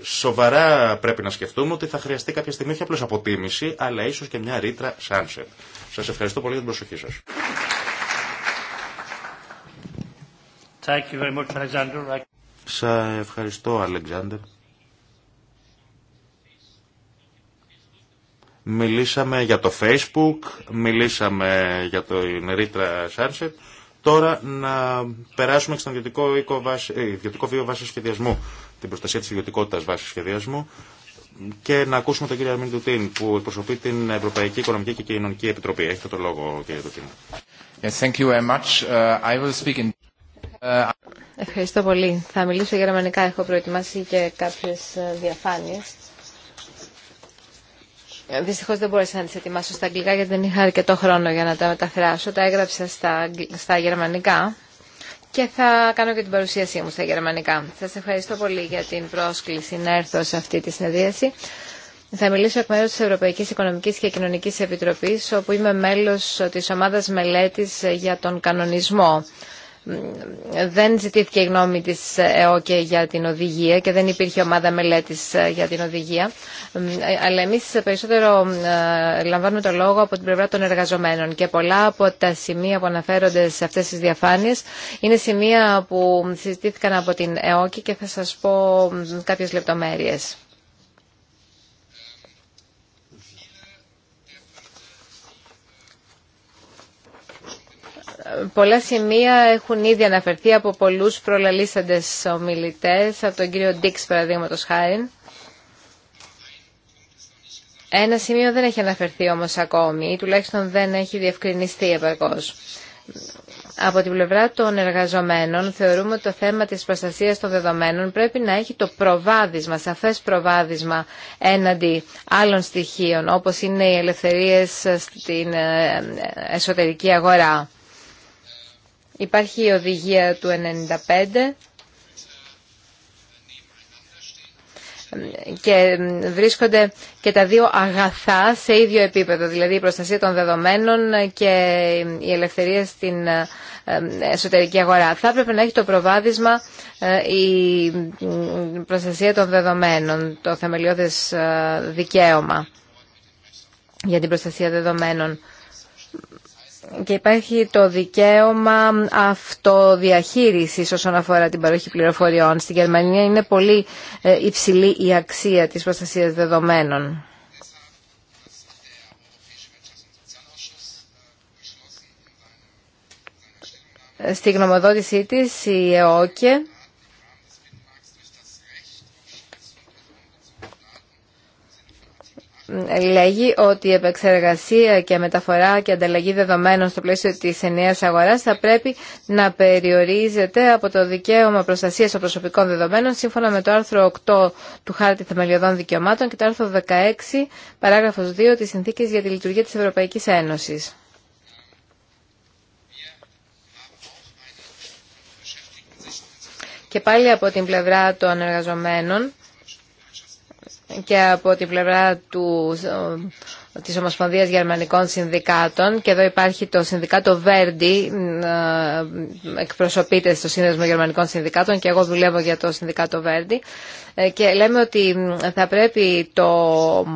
Σοβαρά πρέπει να σκεφτούμε ότι θα χρειαστεί κάποια στιγμή όχι απλώς αποτίμηση, αλλά ίσως και μια ρητρα sunset με βαθμιαια αναθεωρηση δεν μπορει να παραμεινει ο κανονισμος αυτος απαραλλακτος για 20 30 χρονια σοβαρα πρεπει να σκεφτουμε οτι θα χρειαστει καποια στιγμη οχι απλως αποτιμηση αλλα ισως και μια ρητρα sunset. Σας ευχαριστώ πολύ για την προσοχή σας. Σα ευχαριστώ, Αλεξάνδερ. Μιλήσαμε για το Facebook, μιλήσαμε για το ρήτρα Σάρσετ. Τώρα να περάσουμε στον ιδιωτικό, βάση, ε, ιδιωτικό βίο βάση σχεδιασμού, την προστασία της ιδιωτικότητας βάση σχεδιασμού και να ακούσουμε τον κύριο Αρμίν Τουτίν που εκπροσωπεί την Ευρωπαϊκή Οικονομική και Κοινωνική Επιτροπή. Έχετε το λόγο κύριε Τουτίν. thank you very much. Uh, I will speak in... Uh, Ευχαριστώ πολύ. Θα μιλήσω γερμανικά. Έχω προετοιμάσει και κάποιε διαφάνειε. Ε, Δυστυχώ δεν μπόρεσα να τι ετοιμάσω στα αγγλικά γιατί δεν είχα αρκετό χρόνο για να τα μεταφράσω. Τα έγραψα στα, στα γερμανικά και θα κάνω και την παρουσίασή μου στα γερμανικά. Σα ευχαριστώ πολύ για την πρόσκληση να έρθω σε αυτή τη συνεδρίαση. Θα μιλήσω εκ μέρου τη Ευρωπαϊκή Οικονομική και Κοινωνική Επιτροπή, όπου είμαι μέλο τη ομάδα μελέτη για τον κανονισμό δεν ζητήθηκε η γνώμη της ΕΟΚΕ για την οδηγία και δεν υπήρχε ομάδα μελέτης ε, για την οδηγία. Αλλά εμείς περισσότερο ε, λαμβάνουμε το λόγο από την πλευρά των εργαζομένων και πολλά από τα σημεία που αναφέρονται σε αυτές τις διαφάνειες είναι σημεία που συζητήθηκαν από την ΕΟΚΕ και θα σας πω κάποιες λεπτομέρειες. Πολλά σημεία έχουν ήδη αναφερθεί από πολλούς προλαλήσαντες ομιλητές, από τον κύριο Ντίξ παραδείγματος χάρη. Ένα σημείο δεν έχει αναφερθεί όμως ακόμη, ή τουλάχιστον δεν έχει διευκρινιστεί επαρκώς. Από την πλευρά των εργαζομένων θεωρούμε ότι το θέμα της προστασίας των δεδομένων πρέπει να έχει το προβάδισμα, σαφές προβάδισμα έναντι άλλων στοιχείων όπως είναι οι ελευθερίες στην ε, ε, εσωτερική αγορά. Υπάρχει η οδηγία του 95 και βρίσκονται και τα δύο αγαθά σε ίδιο επίπεδο, δηλαδή η προστασία των δεδομένων και η ελευθερία στην εσωτερική αγορά. Θα έπρεπε να έχει το προβάδισμα ε, η προστασία των δεδομένων, το θεμελιώδες ε, δικαίωμα για την προστασία δεδομένων και υπάρχει το δικαίωμα αυτοδιαχείρισης όσον αφορά την παροχή πληροφοριών. Στην Γερμανία είναι πολύ ε, υψηλή η αξία της προστασίας δεδομένων. Στη γνωμοδότησή της η ΕΟΚΕ λέγει ότι η επεξεργασία και μεταφορά και ανταλλαγή δεδομένων στο πλαίσιο της ενιαίας αγορά θα πρέπει να περιορίζεται από το δικαίωμα προστασίας των προσωπικών δεδομένων σύμφωνα με το άρθρο 8 του Χάρτη Θεμελιωδών Δικαιωμάτων και το άρθρο 16 παράγραφος 2 της Συνθήκης για τη Λειτουργία της Ευρωπαϊκή Ένωση. Και πάλι από την πλευρά των εργαζομένων και από την πλευρά του, ε, της Ομοσπονδίας Γερμανικών Συνδικάτων και εδώ υπάρχει το Συνδικάτο Βέρντι ε, εκπροσωπείται στο Σύνδεσμο Γερμανικών Συνδικάτων και εγώ δουλεύω για το Συνδικάτο Βέρντι ε, και λέμε ότι θα πρέπει το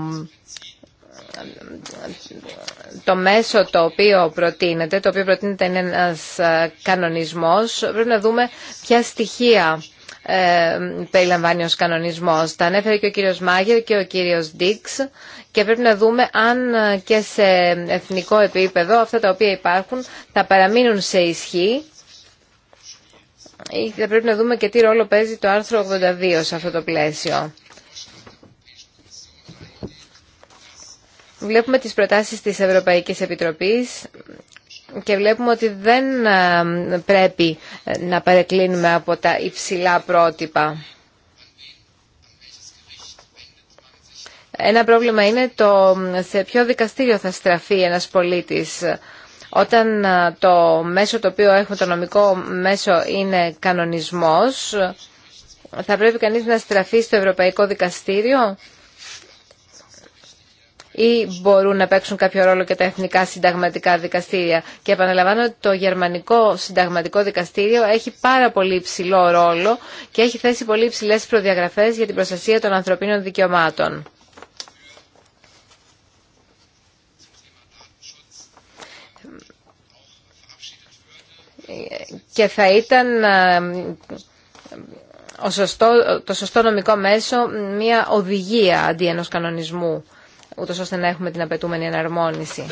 το μέσο το οποίο προτείνεται, το οποίο προτείνεται είναι ένας κανονισμός, πρέπει να δούμε ποια στοιχεία ε, περιλαμβάνει ως κανονισμός. Τα ανέφερε και ο κύριος Μάγερ και ο κύριος Ντίξ και πρέπει να δούμε αν ε, και σε εθνικό επίπεδο αυτά τα οποία υπάρχουν θα παραμείνουν σε ισχύ ή θα πρέπει να δούμε και τι ρόλο παίζει το άρθρο 82 σε αυτό το πλαίσιο. Βλέπουμε τις προτάσεις της Ευρωπαϊκής Επιτροπής και βλέπουμε ότι δεν ε, πρέπει ε, να παρεκκλίνουμε από τα υψηλά πρότυπα. Ένα πρόβλημα είναι το σε ποιο δικαστήριο θα στραφεί ένας πολίτης όταν ε, το μέσο το οποίο έχουμε, το νομικό μέσο είναι κανονισμός, θα πρέπει κανείς να στραφεί στο Ευρωπαϊκό Δικαστήριο ή μπορούν να παίξουν κάποιο ρόλο και τα εθνικά συνταγματικά δικαστήρια. Και επαναλαμβάνω ότι το γερμανικό συνταγματικό δικαστήριο έχει πάρα πολύ υψηλό ρόλο και έχει θέσει πολύ υψηλέ προδιαγραφέ για την προστασία των ανθρωπίνων δικαιωμάτων. Και θα ήταν ε, το σωστό νομικό μέσο μια οδηγία αντί ενός κανονισμού ούτως ώστε να έχουμε την απαιτούμενη εναρμόνιση.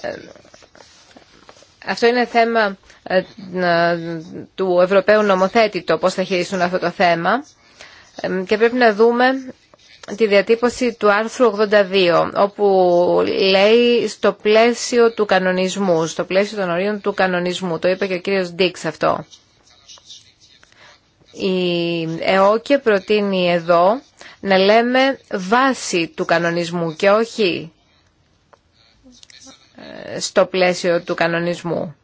Ε, αυτό είναι θέμα ε, του Ευρωπαίου Νομοθέτητο, πώς θα χειριστούν αυτό το θέμα ε, και πρέπει να δούμε τη διατύπωση του άρθρου 82, όπου λέει στο πλαίσιο του κανονισμού, στο πλαίσιο των ορίων του κανονισμού. Το είπε και ο κύριος Ντίξ αυτό. Η ΕΟΚΕ προτείνει εδώ να λέμε βάση του κανονισμού και όχι ε, στο πλαίσιο του κανονισμού.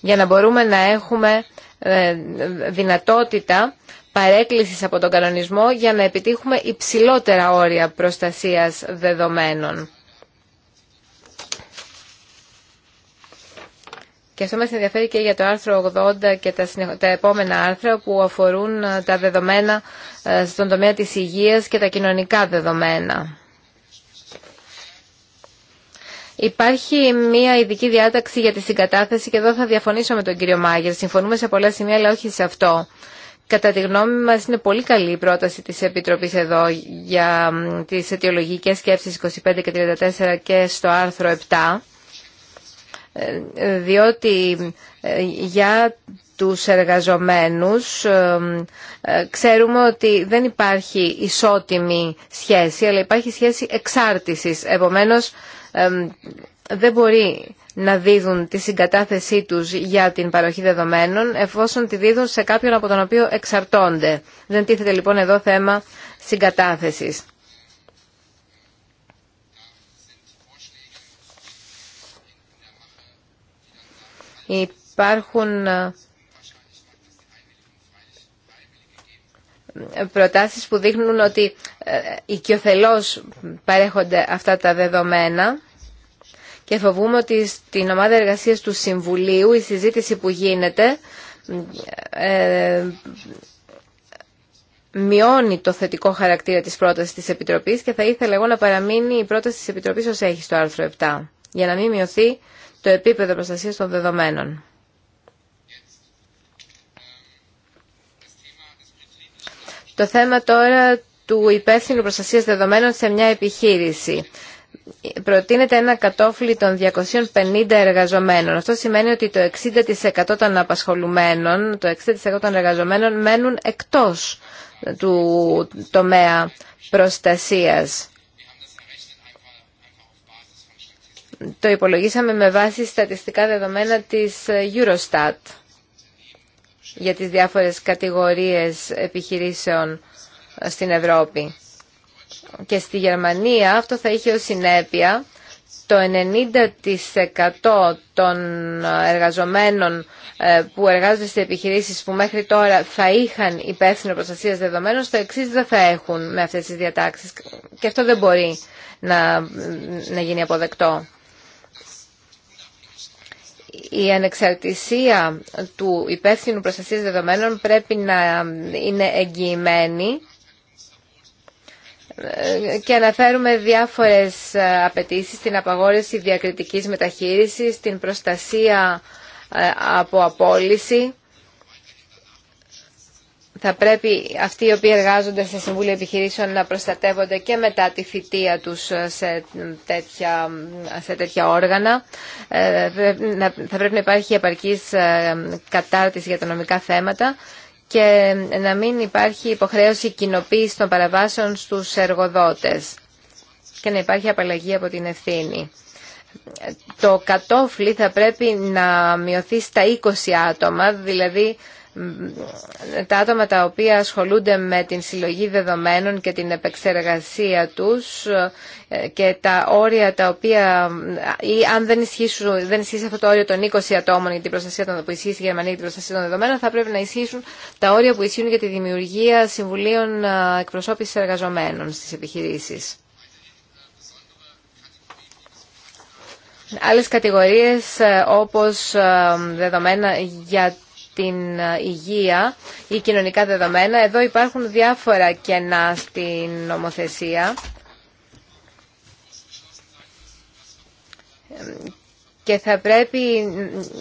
Για να μπορούμε να έχουμε ε, δυνατότητα παρέκκλησης από τον κανονισμό για να επιτύχουμε υψηλότερα όρια προστασίας δεδομένων. Και αυτό μας ενδιαφέρει και για το άρθρο 80 και τα, επόμενα άρθρα που αφορούν ε, τα δεδομένα ε, στον τομέα της υγείας και τα κοινωνικά δεδομένα. Υπάρχει μια ειδική διάταξη για τη συγκατάθεση και εδώ θα διαφωνήσω με τον κύριο Μάγερ. Συμφωνούμε σε πολλά σημεία αλλά όχι σε αυτό. Κατά τη γνώμη μας είναι πολύ καλή η πρόταση της Επιτροπής εδώ για τις αιτιολογικές σκέψεις 25 και 34 και στο άρθρο 7 ε, διότι ε, για τους εργαζομένους ε, ξέρουμε ότι δεν υπάρχει ισότιμη σχέση αλλά υπάρχει σχέση εξάρτησης. Επομένως δεν μπορεί να δίδουν τη συγκατάθεσή τους για την παροχή δεδομένων εφόσον τη δίδουν σε κάποιον από τον οποίο εξαρτώνται. Δεν τίθεται λοιπόν εδώ θέμα συγκατάθεσης. Υπάρχουν ε, προτάσεις που δείχνουν ότι ε, οικειοθελώς παρέχονται αυτά τα δεδομένα και φοβούμαι ότι στην ομάδα εργασίας του Συμβουλίου η συζήτηση που γίνεται ε, μειώνει το θετικό χαρακτήρα της πρότασης της Επιτροπής και θα ήθελα εγώ να παραμείνει η πρόταση της Επιτροπής ως έχει στο άρθρο 7 για να μην μειωθεί το επίπεδο προστασίας των δεδομένων. Το θέμα τώρα του υπεύθυνου προστασίας δεδομένων σε μια επιχείρηση προτείνεται ένα κατόφλι των 250 εργαζομένων. Αυτό σημαίνει ότι το 60% των απασχολουμένων, το 60% των εργαζομένων μένουν εκτός του τομέα προστασίας. Το υπολογίσαμε με βάση στατιστικά δεδομένα της Eurostat για τις διάφορες κατηγορίες επιχειρήσεων στην Ευρώπη και στη Γερμανία αυτό θα είχε ως συνέπεια το 90% των εργαζομένων ε, που εργάζονται σε επιχειρήσεις που μέχρι τώρα θα είχαν υπεύθυνο προστασία δεδομένων, στο εξή δεν θα έχουν με αυτές τις διατάξεις. Και αυτό δεν μπορεί να, γίνει αποδεκτό. Η ανεξαρτησία του υπεύθυνου προστασία δεδομένων πρέπει να είναι εγγυημένη και αναφέρουμε διάφορες ε, απαιτήσεις, την απαγόρευση διακριτικής μεταχείρισης, την προστασία ε, από απόλυση. Θα πρέπει αυτοί οι οποίοι εργάζονται σε Συμβούλια Επιχειρήσεων να προστατεύονται και μετά τη θητεία τους ε, σε τέτοια, σε τέτοια όργανα. Θα πρέπει να υπάρχει επαρκής κατάρτιση για τα νομικά θέματα και να μην υπάρχει υποχρέωση κοινοποίηση των παραβάσεων στους εργοδότες και να υπάρχει απαλλαγή από την ευθύνη. Το κατόφλι θα πρέπει να μειωθεί στα 20 άτομα, δηλαδή τα άτομα τα οποία ασχολούνται με την συλλογή δεδομένων και την επεξεργασία τους ε, και τα όρια τα οποία, ε, ή αν δεν, ισχύσουν, δεν ισχύσει αυτό το όριο των 20 ατόμων για την προστασία των, που ισχύσει η Γερμανία για την προστασία των δεδομένων, θα πρέπει να ισχύσουν τα όρια που ισχύουν για τη δημιουργία συμβουλίων ε, εκπροσώπησης εργαζομένων στις επιχειρήσεις. Άλλες κατηγορίες όπως δεδομένα για την ε, υγεία ή κοινωνικά δεδομένα. Εδώ υπάρχουν διάφορα κενά στην νομοθεσία. και θα πρέπει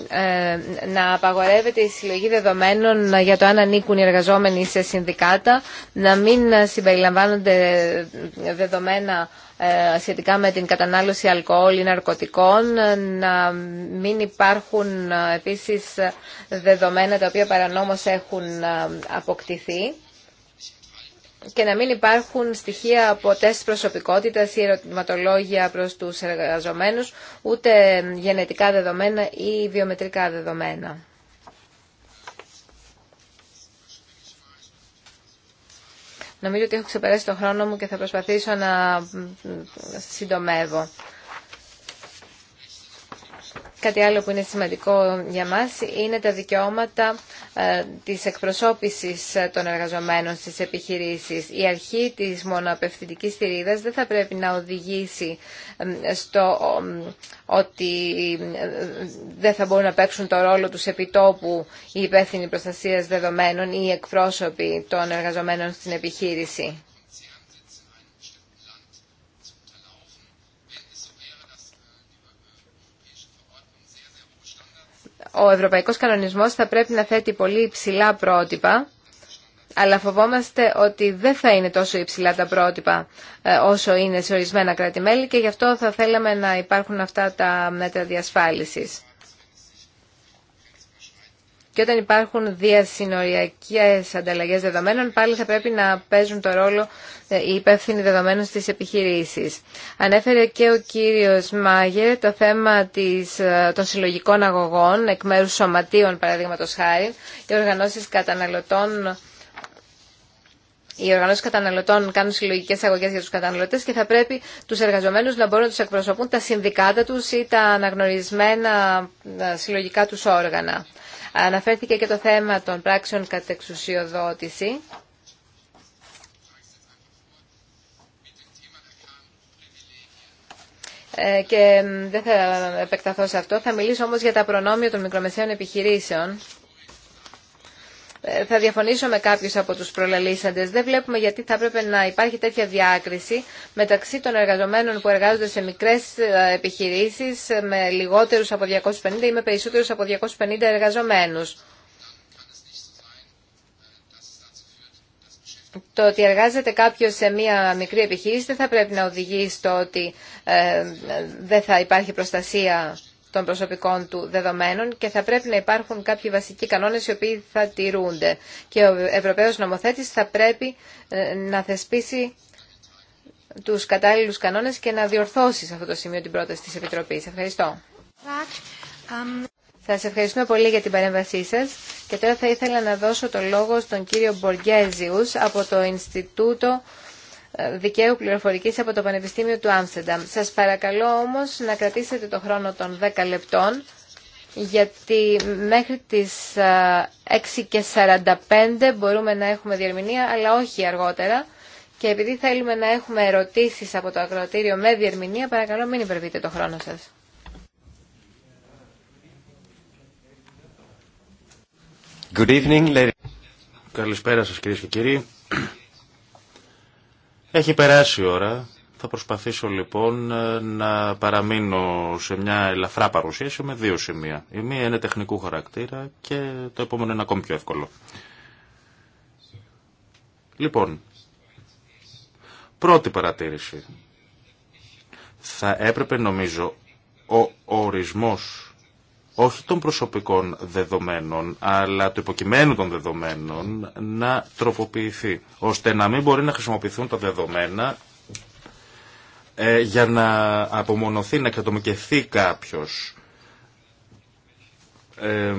ε, να απαγορεύεται η συλλογή δεδομένων για το αν ανήκουν οι εργαζόμενοι σε συνδικάτα, να μην συμπεριλαμβάνονται δεδομένα ε, σχετικά με την κατανάλωση αλκοόλ ή ναρκωτικών, να μην υπάρχουν ε, επίσης δεδομένα τα οποία παρανόμως έχουν ε, αποκτηθεί και να μην υπάρχουν στοιχεία από τεστ προσωπικότητας ή ερωτηματολόγια προς τους εργαζομένους, ούτε γενετικά δεδομένα ή βιομετρικά δεδομένα. Νομίζω ότι έχω ξεπεράσει τον χρόνο μου και θα προσπαθήσω να συντομεύω. Κάτι άλλο που είναι σημαντικό για μας είναι τα δικαιώματα ε, της εκπροσώπησης ε, των εργαζομένων στις επιχειρήσεις. Η αρχή της μονοαπευθυντικής θηρίδας δεν θα πρέπει να οδηγήσει στο ότι δεν θα μπορούν να παίξουν το ρόλο τους επιτόπου οι υπεύθυνοι προστασίας δεδομένων ή οι εκπρόσωποι των εργαζομένων στην επιχείρηση. ο ευρωπαϊκός κανονισμός θα πρέπει να θέτει πολύ υψηλά πρότυπα, αλλά φοβόμαστε ότι δεν θα είναι τόσο υψηλά τα πρότυπα ε, όσο είναι σε ορισμένα κράτη-μέλη και γι' αυτό θα θέλαμε να υπάρχουν αυτά τα μέτρα διασφάλισης. Και όταν υπάρχουν διασυνοριακές ανταλλαγές δεδομένων, πάλι θα πρέπει να παίζουν το ρόλο ε, οι υπεύθυνοι δεδομένων στις επιχειρήσεις. Ανέφερε και ο κύριος Μάγερ το θέμα της, ε, των συλλογικών αγωγών, εκ μέρους σωματείων παραδείγματο χάρη, οι οργανώσεις καταναλωτών οι οργανώσει καταναλωτών κάνουν συλλογικέ αγωγέ για του καταναλωτέ και θα πρέπει του εργαζομένου να μπορούν να του εκπροσωπούν τα συνδικάτα του ή τα αναγνωρισμένα ε, συλλογικά του όργανα. Αναφέρθηκε και το θέμα των πράξεων κατεξουσιοδότηση. Ε, και δεν θα επεκταθώ σε αυτό. Θα μιλήσω όμως για τα προνόμια των μικρομεσαίων επιχειρήσεων ε, θα διαφωνήσω με κάποιους από τους προλαλήσαντες. Δεν βλέπουμε γιατί θα έπρεπε να υπάρχει τέτοια διάκριση μεταξύ των εργαζομένων που εργάζονται σε μικρές ε, επιχειρήσεις ε, με λιγότερους από 250 ή με περισσότερους από 250 εργαζομένους. Το ότι εργάζεται κάποιος σε μία μικρή επιχείρηση δεν θα πρέπει να οδηγεί στο ότι δεν θα υπάρχει προστασία των προσωπικών του δεδομένων και θα πρέπει να υπάρχουν κάποιοι βασικοί κανόνες οι οποίοι θα τηρούνται. Και ο Ευρωπαίος νομοθέτης θα πρέπει ε, να θεσπίσει τους κατάλληλους κανόνες και να διορθώσει σε αυτό το σημείο την πρόταση της Επιτροπής. Ευχαριστώ. Θα σε ευχαριστούμε πολύ για την παρέμβασή σας και τώρα θα ήθελα να δώσω το λόγο στον κύριο Μποργέζιους από το Ινστιτούτο Δικαίου πληροφορική από το Πανεπιστήμιο του Άμστερνταμ. Σα παρακαλώ όμω να κρατήσετε το χρόνο των 10 λεπτών γιατί μέχρι τι 6 ε, και 45 μπορούμε να έχουμε διερμηνία, αλλά όχι αργότερα. Και επειδή θέλουμε να έχουμε ερωτήσει από το ακροατήριο με διερμηνία, παρακαλώ μην υπερβείτε το χρόνο σα. Καλησπέρα σα κύριε και κύριοι. Έχει περάσει η ώρα. Θα προσπαθήσω λοιπόν ε, να παραμείνω σε μια ελαφρά παρουσίαση με δύο σημεία. Η μία είναι τεχνικού χαρακτήρα και το επόμενο είναι ακόμη πιο εύκολο. Λοιπόν, πρώτη παρατήρηση. Θα έπρεπε νομίζω ο ορισμός όχι των προσωπικών δεδομένων, αλλά του υποκειμένου των δεδομένων να τροποποιηθεί, ώστε να μην μπορεί να χρησιμοποιηθούν τα δεδομένα ε, για να απομονωθεί, να κατομικευθεί κάποιος. Ε,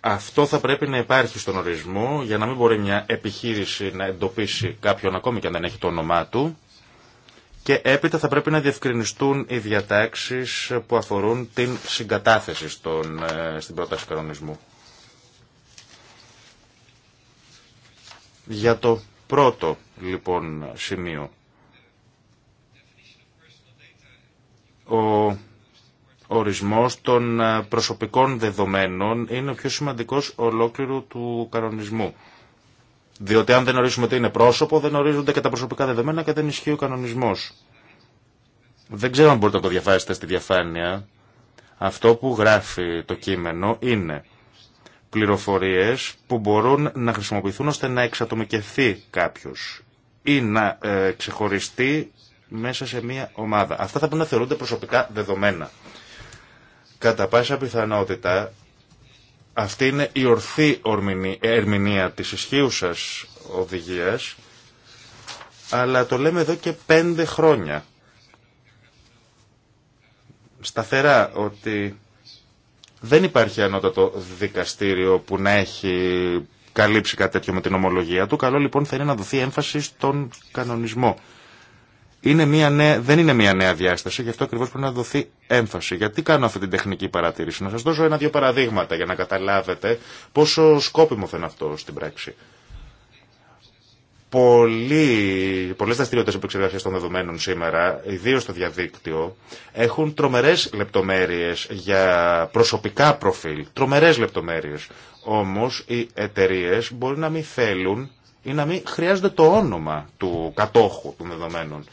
αυτό θα πρέπει να υπάρχει στον ορισμό για να μην μπορεί μια επιχείρηση να εντοπίσει κάποιον ακόμη και αν δεν έχει το όνομά του και έπειτα θα πρέπει να διευκρινιστούν οι διατάξεις που αφορούν την συγκατάθεση στον, ε, στην πρόταση κανονισμού. Για το πρώτο λοιπόν σημείο. Ο ορισμός των ε, προσωπικών δεδομένων είναι ο πιο σημαντικός ολόκληρου του κανονισμού. Διότι αν δεν ορίσουμε τι είναι πρόσωπο, δεν ορίζονται και τα προσωπικά δεδομένα και δεν ισχύει ο κανονισμό. Δεν ξέρω αν μπορείτε να το διαβάσετε στη διαφάνεια. Αυτό που γράφει το κείμενο είναι πληροφορίες που μπορούν να χρησιμοποιηθούν ώστε να εξατομικευθεί κάποιος ή να ε, ξεχωριστεί μέσα σε μια ομάδα. Αυτά θα πρέπει να θεωρούνται προσωπικά δεδομένα. Κατά πάσα πιθανότητα αυτή είναι η ορθή ερμηνεία της ισχύουσας οδηγίας, αλλά το λέμε εδώ και πέντε χρόνια. Σταθερά ότι δεν υπάρχει ανώτατο δικαστήριο που να έχει καλύψει κάτι τέτοιο με την ομολογία του. Καλό λοιπόν θα είναι να δοθεί έμφαση στον κανονισμό είναι μια νέα, δεν είναι μια νέα διάσταση, γι' αυτό ακριβώ πρέπει να δοθεί έμφαση. Γιατί κάνω αυτή την τεχνική παρατήρηση. Να σα δώσω ένα-δύο παραδείγματα για να καταλάβετε πόσο σκόπιμο θα είναι αυτό στην πράξη. Πολλέ δραστηριότητε επεξεργασία των δεδομένων σήμερα, ιδίω στο διαδίκτυο, έχουν τρομέρε λεπτομέρειε για προσωπικά προφίλ, Τρομερέ λεπτομέρειε. Όμω οι εταιρείε μπορεί να μην θέλουν ή να μην χρειάζονται το όνομα του κατόχου των δεδομένων.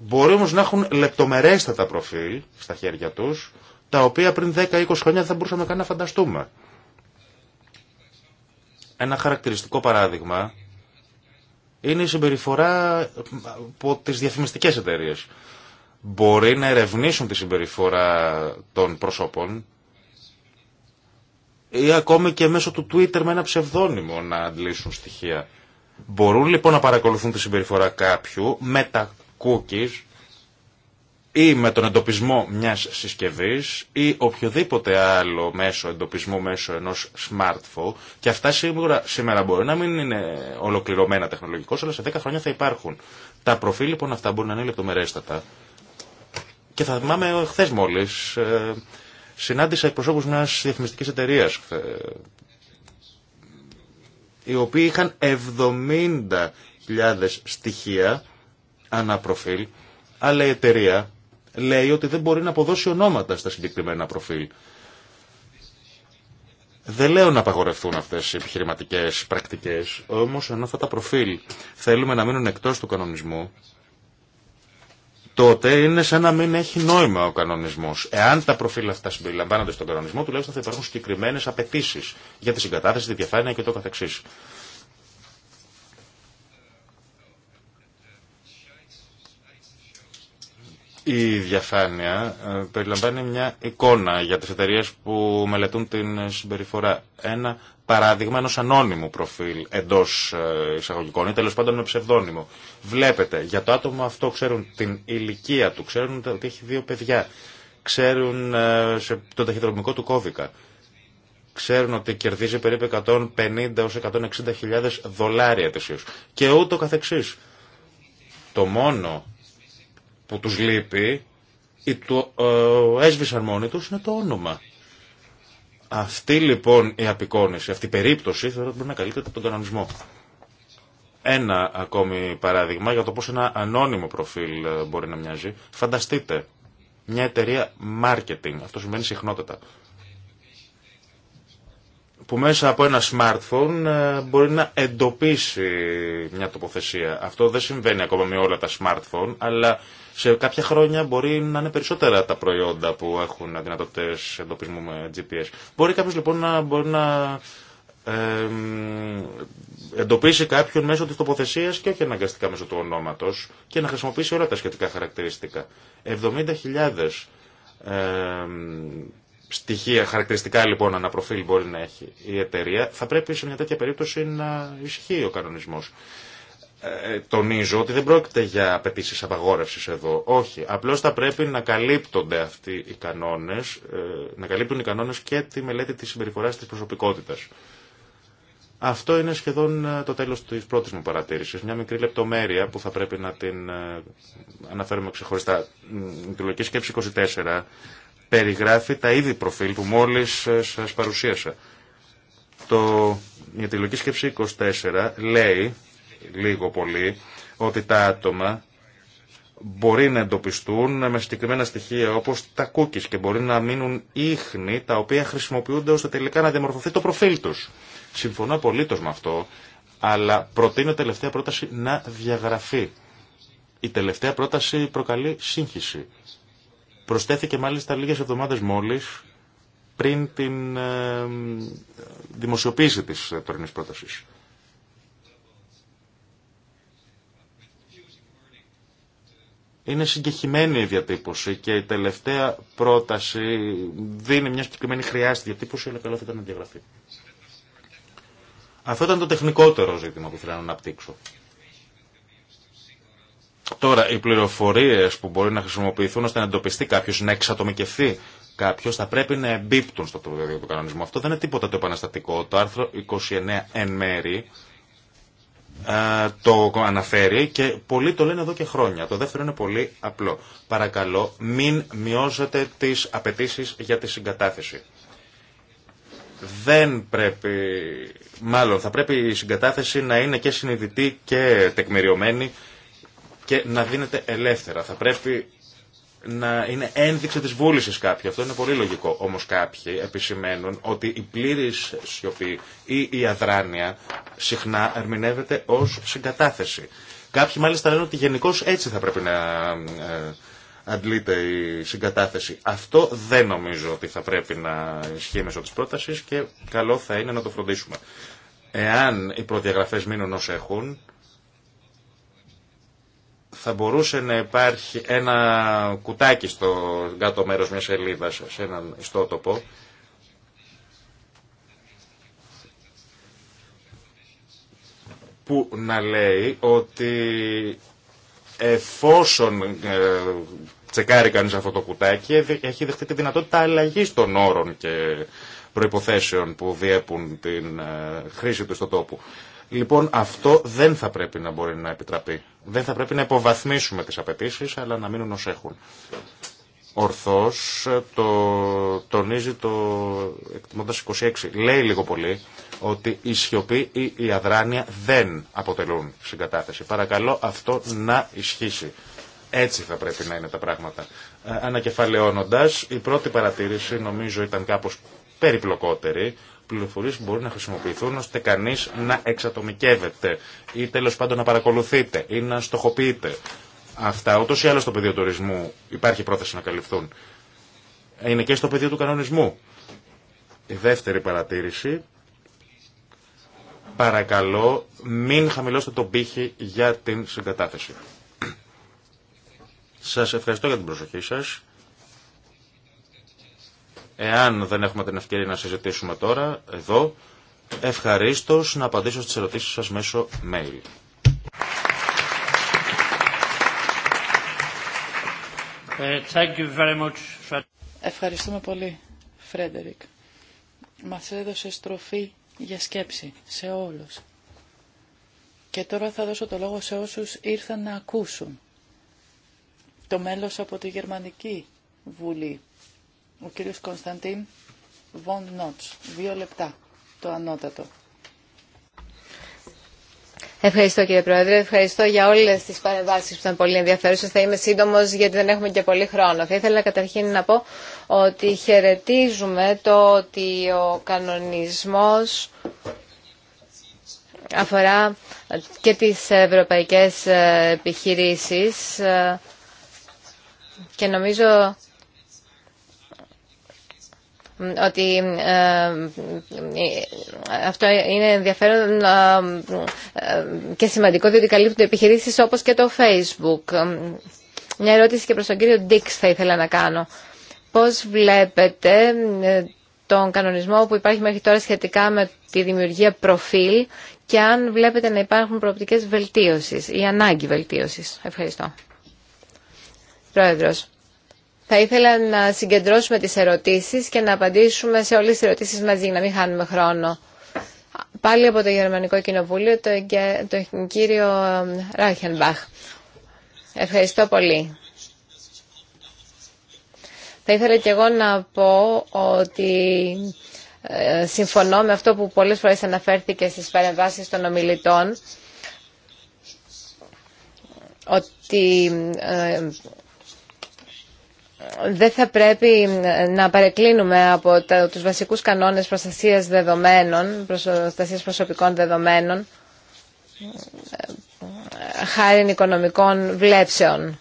Μπορεί όμω να έχουν λεπτομερέστατα προφίλ στα χέρια του, τα οποία πριν 10-20 χρόνια δεν θα μπορούσαμε καν να φανταστούμε. Ένα χαρακτηριστικό παράδειγμα είναι η συμπεριφορά ε, από τι διαφημιστικές εταιρείε. Μπορεί να ερευνήσουν τη συμπεριφορά των προσώπων ή ακόμη και μέσω του Twitter με ένα ψευδόνυμο να αντλήσουν στοιχεία. Μπορούν λοιπόν να παρακολουθούν τη συμπεριφορά κάποιου, τα cookies ή με τον εντοπισμό μιας συσκευής ή οποιοδήποτε άλλο μέσο εντοπισμού μέσω ενός smartphone και αυτά σήμερα μπορεί να μην είναι ολοκληρωμένα τεχνολογικώς αλλά σε 10 χρόνια θα υπάρχουν. Τα προφίλ λοιπόν αυτά μπορούν να είναι λεπτομερέστατα και θα θυμάμαι χθε μόλις ε, συνάντησα εκπροσώπους μιας διαφημιστικής εταιρείας ε, οι οποίοι είχαν 70.000 στοιχεία αναπροφίλ, αλλά η εταιρεία λέει ότι δεν μπορεί να αποδώσει ονόματα στα συγκεκριμένα προφίλ. Δεν λέω να απαγορευτούν αυτέ οι επιχειρηματικέ πρακτικέ, όμω αν αυτά τα προφίλ θέλουμε να μείνουν εκτό του κανονισμού, τότε είναι σαν να μην έχει νόημα ο κανονισμό. Εάν τα προφίλ αυτά συμπεριλαμβάνονται στον κανονισμό, τουλάχιστον θα υπάρχουν συγκεκριμένε απαιτήσει για τη συγκατάθεση, τη διαφάνεια και το καθεξής. Η διαφάνεια ε, περιλαμβάνει μια εικόνα για τις εταιρείε που μελετούν την συμπεριφορά. Ένα παράδειγμα ενός ανώνυμου προφίλ εντός ε, εισαγωγικών ή τέλος πάντων με ψευδόνυμο. Βλέπετε, για το άτομο αυτό ξέρουν την ηλικία του, ξέρουν ότι έχει δύο παιδιά, ξέρουν ε, σε το ταχυδρομικό του κώδικα. Ξέρουν ότι κερδίζει περίπου 150 έως 160 χιλιάδες δολάρια Και ούτω καθεξής. Το μόνο που τους λείπει ή το ε, έσβησαν μόνοι τους είναι το όνομα. Αυτή λοιπόν η απεικόνηση, αυτή η περίπτωση θεωρώ ότι μπορεί να καλύπτεται από τον κανονισμό. Ένα ακόμη παράδειγμα για το πώς ένα ανώνυμο προφίλ ε, μπορεί να μοιάζει. Φανταστείτε, μια εταιρεία marketing, αυτό σημαίνει συχνότητα, που μέσα από ένα smartphone ε, μπορεί να εντοπίσει μια τοποθεσία. Αυτό δεν συμβαίνει ακόμα με όλα τα smartphone, αλλά σε κάποια χρόνια μπορεί να είναι περισσότερα τα προϊόντα που έχουν δυνατότητε εντοπισμού με GPS. Μπορεί κάποιο λοιπόν να μπορεί να ε, εντοπίσει κάποιον μέσω της τοποθεσίας και όχι αναγκαστικά μέσω του ονόματος και να χρησιμοποιήσει όλα τα σχετικά χαρακτηριστικά. 70.000 ε, στοιχεία, χαρακτηριστικά λοιπόν αναπροφίλ μπορεί να έχει η εταιρεία, θα πρέπει σε μια τέτοια περίπτωση να ισχύει ο κανονισμός. Ε, ε, τονίζω ότι δεν πρόκειται για απαιτήσει απαγόρευση εδώ. Όχι. Απλώ θα πρέπει να καλύπτονται αυτοί οι κανόνε, ε, να καλύπτουν οι κανόνε και τη μελέτη τη συμπεριφορά τη προσωπικότητα. Αυτό είναι σχεδόν ε, το τέλος της πρώτης μου παρατήρησης. Μια μικρή λεπτομέρεια που θα πρέπει να την αναφέρουμε ξεχωριστά. Η τηλογική σκέψη 24 περιγράφει τα είδη προφίλ που μόλις σας παρουσίασα. Το, η τηλογική σκέψη 24 λέει λίγο πολύ ότι τα άτομα μπορεί να εντοπιστούν με συγκεκριμένα στοιχεία όπως τα κούκκις και μπορεί να μείνουν ίχνη τα οποία χρησιμοποιούνται ώστε τελικά να διαμορφωθεί το προφίλ τους. Συμφωνώ απολύτως με αυτό, αλλά προτείνω τελευταία πρόταση να διαγραφεί. Η τελευταία πρόταση προκαλεί σύγχυση. Προσθέθηκε μάλιστα λίγες εβδομάδες μόλις πριν την ε, δημοσιοποίηση της τωρινής πρότασης. Είναι συγκεχημένη η διατύπωση και η τελευταία πρόταση δίνει μια συγκεκριμένη χρειάστη διατύπωση, αλλά καλό θα ήταν να διαγραφεί. Αυτό ήταν το τεχνικότερο ζήτημα που ήθελα να αναπτύξω. Τώρα, οι πληροφορίε που μπορεί να χρησιμοποιηθούν ώστε να εντοπιστεί κάποιο, να εξατομικευθεί κάποιο, θα πρέπει να εμπίπτουν στο τοπικό του κανονισμό. Αυτό δεν είναι τίποτα το επαναστατικό. Το άρθρο 29 εν μέρη το αναφέρει και πολλοί το λένε εδώ και χρόνια. Το δεύτερο είναι πολύ απλό. Παρακαλώ μην μειώσετε τις απαιτήσει για τη συγκατάθεση. Δεν πρέπει, μάλλον θα πρέπει η συγκατάθεση να είναι και συνειδητή και τεκμηριωμένη και να δίνεται ελεύθερα. Θα πρέπει να είναι ένδειξη της βούληση κάποιου. Αυτό είναι πολύ λογικό. Όμως κάποιοι επισημαίνουν ότι η πλήρης σιωπή ή η αδράνεια συχνά ερμηνεύεται ως συγκατάθεση. Κάποιοι μάλιστα λένε ότι γενικώ έτσι θα πρέπει να ε, αντλείται η συγκατάθεση. Αυτό δεν νομίζω ότι θα πρέπει να ισχύει μέσω της πρότασης και καλό θα πρεπει να ισχυει μεσω τη προταση και καλο θα ειναι να το φροντίσουμε. Εάν οι προδιαγραφέ μείνουν ω έχουν, θα μπορούσε να υπάρχει ένα κουτάκι στο κάτω μέρος μιας σελίδα σε έναν ιστότοπο που να λέει ότι εφόσον ε, τσεκάρει κανείς αυτό το κουτάκι έχει δεχτεί τη δυνατότητα αλλαγής των όρων και προϋποθέσεων που διέπουν την ε, χρήση του στο Λοιπόν, αυτό δεν θα πρέπει να μπορεί να επιτραπεί. Δεν θα πρέπει να υποβαθμίσουμε τις απαιτήσει, αλλά να μείνουν ως έχουν. Ορθώς το τονίζει το εκτιμώντας 26. Λέει λίγο πολύ ότι η σιωπή ή η αδράνεια δεν αποτελούν συγκατάθεση. Παρακαλώ αυτό να ισχύσει. Έτσι θα πρέπει να είναι τα πράγματα. Ε, ανακεφαλαιώνοντας, η πρώτη παρατήρηση νομίζω ήταν κάπως περιπλοκότερη, πληροφορίες που μπορεί να χρησιμοποιηθούν ώστε κανείς να εξατομικεύεται ή τέλος πάντων να παρακολουθείτε ή να στοχοποιείτε. Αυτά ούτως ή άλλως στο πεδίο ορισμού υπάρχει πρόθεση να καλυφθούν. Είναι και στο πεδίο του κανονισμού. Η δεύτερη παρατήρηση παρακαλώ μην χαμηλώσετε τον πύχη για την συγκατάθεση. Σας ευχαριστώ για την προσοχή σας. Εάν δεν έχουμε την ευκαιρία να συζητήσουμε τώρα, εδώ, ευχαρίστως να απαντήσω στις ερωτήσεις σας μέσω mail. Ε, thank you Ευχαριστούμε πολύ, Φρέντερικ. Μας έδωσε στροφή για σκέψη σε όλους. Και τώρα θα δώσω το λόγο σε όσους ήρθαν να ακούσουν. Το μέλος από τη Γερμανική Βουλή ο κύριος Κωνσταντίν Βον Νότς. Δύο λεπτά. Το ανώτατο. Ευχαριστώ κύριε Πρόεδρε. Ευχαριστώ για όλε τι παρεμβάσει που ήταν πολύ ενδιαφέρουσε. Θα είμαι σύντομο γιατί δεν έχουμε και πολύ χρόνο. Θα ήθελα καταρχήν να πω ότι χαιρετίζουμε το ότι ο κανονισμό αφορά και τις ευρωπαϊκές επιχειρήσεις και νομίζω ότι ε, αυτό είναι ενδιαφέρον ε, ε, και σημαντικό διότι καλύπτουν επιχειρήσεις όπως και το Facebook. Μια ερώτηση και προς τον κύριο Ντίξ θα ήθελα να κάνω. Πώς βλέπετε τον κανονισμό που υπάρχει μέχρι τώρα σχετικά με τη δημιουργία προφίλ και αν βλέπετε να υπάρχουν προοπτικές βελτίωσης ή ανάγκη βελτίωσης. Ευχαριστώ. Πρόεδρος. Θα ήθελα να συγκεντρώσουμε τις ερωτήσεις και να απαντήσουμε σε όλες τις ερωτήσεις μαζί, να μην χάνουμε χρόνο. Πάλι από το Γερμανικό Κοινοβούλιο, το κύριο Ράχενμπαχ. Ευχαριστώ πολύ. Θα ήθελα και εγώ να πω ότι ε, συμφωνώ με αυτό που πολλές φορές αναφέρθηκε στις παρεμβάσει των ομιλητών, ότι ε, δεν θα πρέπει να παρεκκλίνουμε από τους βασικούς κανόνες προστασίας δεδομένων, προστασίας προσωπικών δεδομένων, ε, χάρη οικονομικών βλέψεων.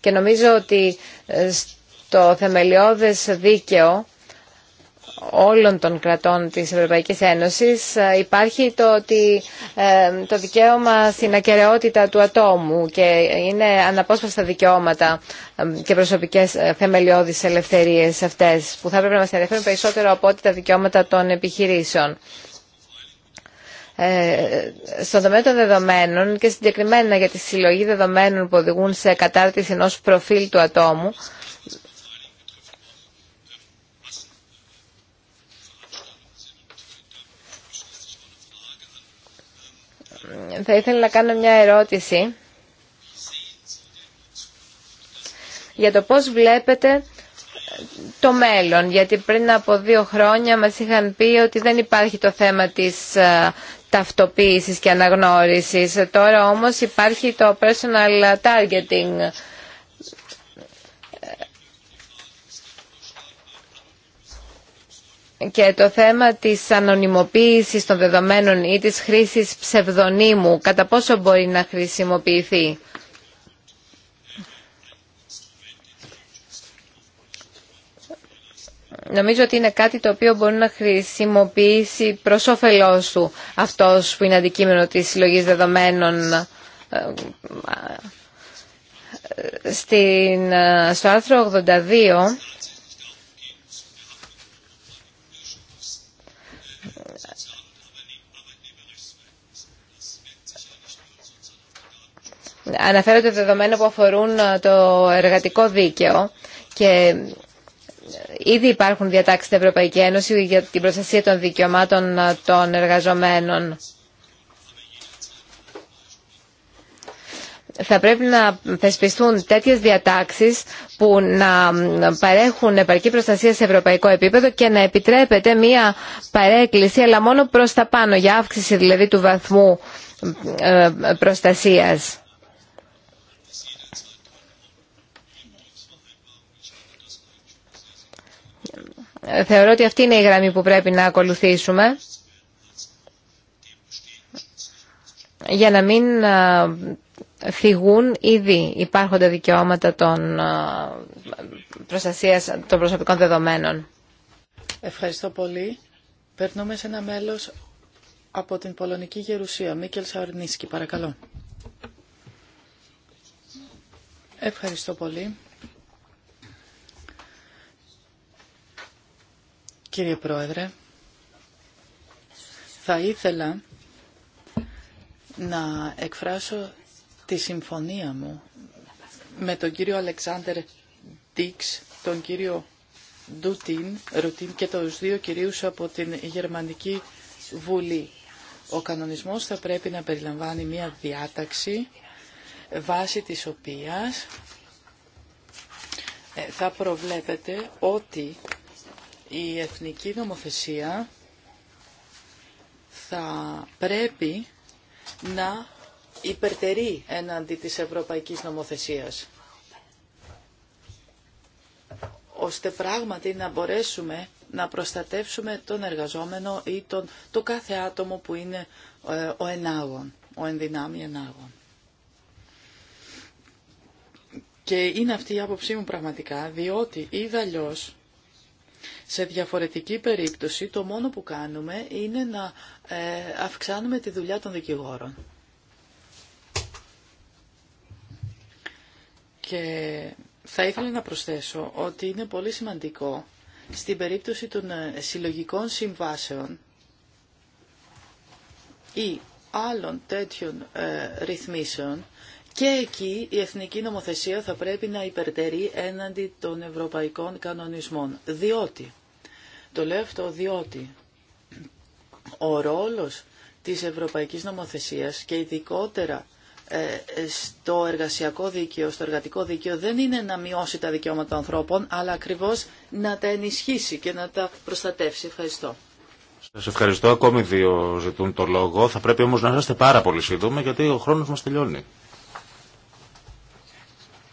Και νομίζω ότι ε, στο θεμελιώδες δίκαιο όλων των κρατών της Ευρωπαϊκής Ένωσης ε, υπάρχει το ότι ε, το δικαίωμα στην ακαιρεότητα του ατόμου και είναι αναπόσπαστα δικαιώματα ε, και προσωπικές θεμελιώδεις ελευθερίες αυτές που θα έπρεπε να μας ενδιαφέρουν περισσότερο από ό,τι τα δικαιώματα των επιχειρήσεων στον τομέα των δεδομένων και συγκεκριμένα για τη συλλογή δεδομένων που οδηγούν σε κατάρτιση ενός προφίλ του ατόμου θα ήθελα να κάνω μια ερώτηση για το πώς βλέπετε το μέλλον, γιατί πριν από δύο χρόνια μας είχαν πει ότι δεν υπάρχει το θέμα της ε, ταυτοποίησης και αναγνώρισης. Τώρα όμως υπάρχει το personal targeting και το θέμα της ανωνυμοποίησης των δεδομένων ή της χρήσης ψευδονύμου, κατά πόσο μπορεί να χρησιμοποιηθεί. Νομίζω ότι είναι κάτι το οποίο μπορεί να χρησιμοποιήσει προς όφελός του αυτός που είναι αντικείμενο της συλλογής δεδομένων στην, στο άρθρο 82 αναφέρονται δεδομένα που αφορούν ε, το εργατικό δίκαιο και ήδη υπάρχουν διατάξεις στην Ευρωπαϊκή Ένωση για την προστασία των δικαιωμάτων ε, των εργαζομένων. θα πρέπει να θεσπιστούν τέτοιες διατάξεις που να παρέχουν επαρκή προστασία σε ευρωπαϊκό επίπεδο και να επιτρέπεται μία παρέκκληση αλλά μόνο προς τα πάνω για αύξηση δηλαδή του βαθμού ε, προστασίας. Θεωρώ ότι αυτή είναι η γραμμή που πρέπει να ακολουθήσουμε για να μην φυγούν ήδη υπάρχοντα δικαιώματα των προστασίας των προσωπικών δεδομένων. Ευχαριστώ πολύ. Περνούμε σε ένα μέλος από την Πολωνική Γερουσία. Μίκελ Σαορνίσκι, παρακαλώ. Ευχαριστώ πολύ. Κύριε Πρόεδρε, θα ήθελα να εκφράσω τη συμφωνία μου με τον κύριο Αλεξάνδερ Ντίξ, τον κύριο Ντούτιν, Ρουτίν και τους δύο κυρίους από την Γερμανική Βουλή. Ο κανονισμός θα πρέπει να περιλαμβάνει μία διάταξη βάσει της οποίας ε, θα προβλέπεται ότι η εθνική νομοθεσία θα πρέπει να υπερτερεί εναντί της ευρωπαϊκής νομοθεσίας ώστε πράγματι να μπορέσουμε να προστατεύσουμε τον εργαζόμενο ή τον, το κάθε άτομο που είναι ε, ο ενάγων, ο ενδυνάμει ενάγων. Και είναι αυτή η άποψή μου πραγματικά, διότι είδα αλλιώς σε διαφορετική περίπτωση το μόνο που κάνουμε είναι να ε, αυξάνουμε τη δουλειά των δικηγόρων. Και θα ήθελα να προσθέσω ότι είναι πολύ σημαντικό στην περίπτωση των ε, συλλογικών συμβάσεων ή άλλων τέτοιων ε, ρυθμίσεων και εκεί η εθνική νομοθεσία θα πρέπει να υπερτερεί έναντι των ευρωπαϊκών κανονισμών. Διότι, το λέω αυτό διότι, ο ρόλος της ευρωπαϊκής νομοθεσίας και ειδικότερα ε, στο εργασιακό δίκαιο, στο εργατικό δίκαιο δεν είναι να μειώσει τα δικαιώματα των ανθρώπων, αλλά ακριβώς να τα ενισχύσει και να τα προστατεύσει. Ευχαριστώ. Σας ευχαριστώ. Ακόμη δύο ζητούν το λόγο. Θα πρέπει όμως να είστε πάρα πολύ σύντομοι γιατί ο χρόνος μας τελειώνει.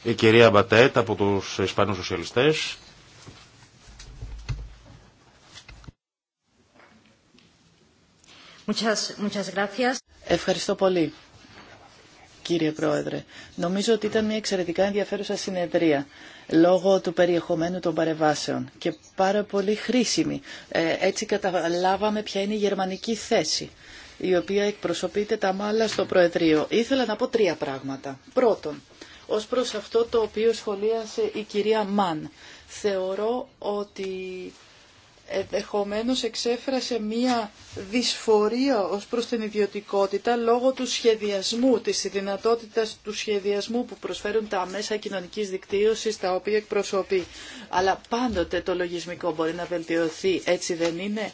Η κυρία Μπατέτ από τους Ισπανούς Σοσιαλιστές. Ευχαριστώ πολύ κύριε Πρόεδρε. Νομίζω ότι ήταν μια εξαιρετικά ενδιαφέρουσα συνεδρία λόγω του περιεχομένου των παρεμβάσεων και πάρα πολύ χρήσιμη. Ε, έτσι καταλάβαμε ποια είναι η γερμανική θέση η οποία εκπροσωπείται τα μάλλα στο Προεδρείο. Ήθελα να πω τρία πράγματα. Πρώτον, ως προς αυτό το οποίο σχολίασε η κυρία Μαν. Θεωρώ ότι ενδεχομένως εξέφρασε μία δυσφορία ως προς την ιδιωτικότητα λόγω του σχεδιασμού, της δυνατότητας του σχεδιασμού που προσφέρουν τα μέσα κοινωνικής δικτύωσης τα οποία εκπροσωπεί. Αλλά πάντοτε το λογισμικό μπορεί να βελτιωθεί, έτσι δεν είναι.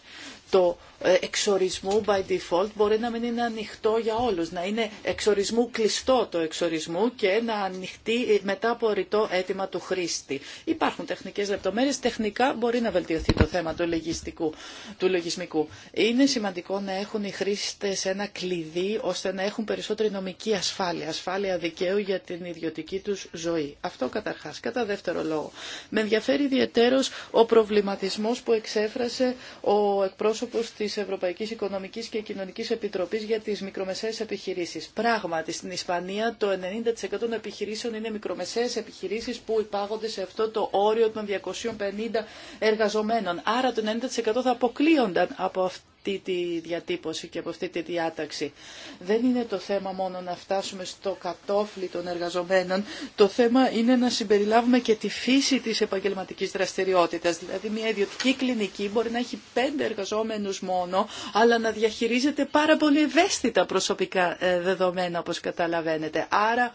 Το εξορισμού by default μπορεί να μην είναι ανοιχτό για όλους, να είναι εξορισμού κλειστό το εξορισμού και να ανοιχτεί μετά από ρητό αίτημα του χρήστη. Υπάρχουν τεχνικές λεπτομέρειες, τεχνικά μπορεί να βελτιωθεί το θέμα του, λογιστικού, του λογισμικού. Είναι σημαντικό να έχουν οι χρήστες ένα κλειδί ώστε να έχουν περισσότερη νομική ασφάλεια, ασφάλεια δικαίου για την ιδιωτική τους ζωή. Αυτό καταρχάς. Κατά δεύτερο λόγο. Με ενδιαφέρει ιδιαίτερος ο προβληματισμός που εξέφρασε ο εκπρόσωπος της της Ευρωπαϊκής Οικονομικής και Κοινωνικής Επιτροπής για τις μικρομεσαίες επιχειρήσεις. Πράγματι, στην Ισπανία το 90% των επιχειρήσεων είναι μικρομεσαίες επιχειρήσεις που υπάγονται σε αυτό το όριο των 250 εργαζομένων. Άρα το 90% θα αποκλείονταν από αυτό αυτή τη διατύπωση και από αυτή τη διάταξη. Δεν είναι το θέμα μόνο να φτάσουμε στο κατόφλι των εργαζομένων. Το θέμα είναι να συμπεριλάβουμε και τη φύση της επαγγελματικής δραστηριότητας. Δηλαδή μια ιδιωτική κλινική μπορεί να έχει πέντε εργαζόμενους μόνο, αλλά να διαχειρίζεται πάρα πολύ ευαίσθητα προσωπικά ε, δεδομένα όπως καταλαβαίνετε. Άρα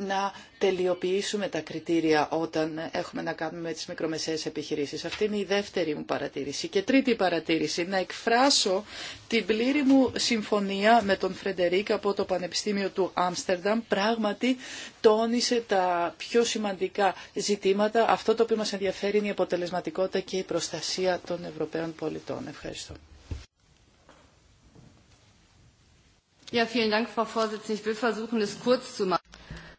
να τελειοποιήσουμε τα κριτήρια όταν έχουμε να κάνουμε με τις μικρομεσαίες επιχειρήσεις. Αυτή είναι η δεύτερη μου παρατήρηση. Και τρίτη παρατήρηση, να εκφράσω την πλήρη μου συμφωνία με τον Φρεντερίκ από το Πανεπιστήμιο του Άμστερνταμ. Πράγματι τόνισε τα πιο σημαντικά ζητήματα. Αυτό το οποίο μας ενδιαφέρει είναι η αποτελεσματικότητα και η προστασία των Ευρωπαίων πολιτών. Ευχαριστώ. Ja, vielen Dank, Frau Vorsitzende. Ich will versuchen, kurz zu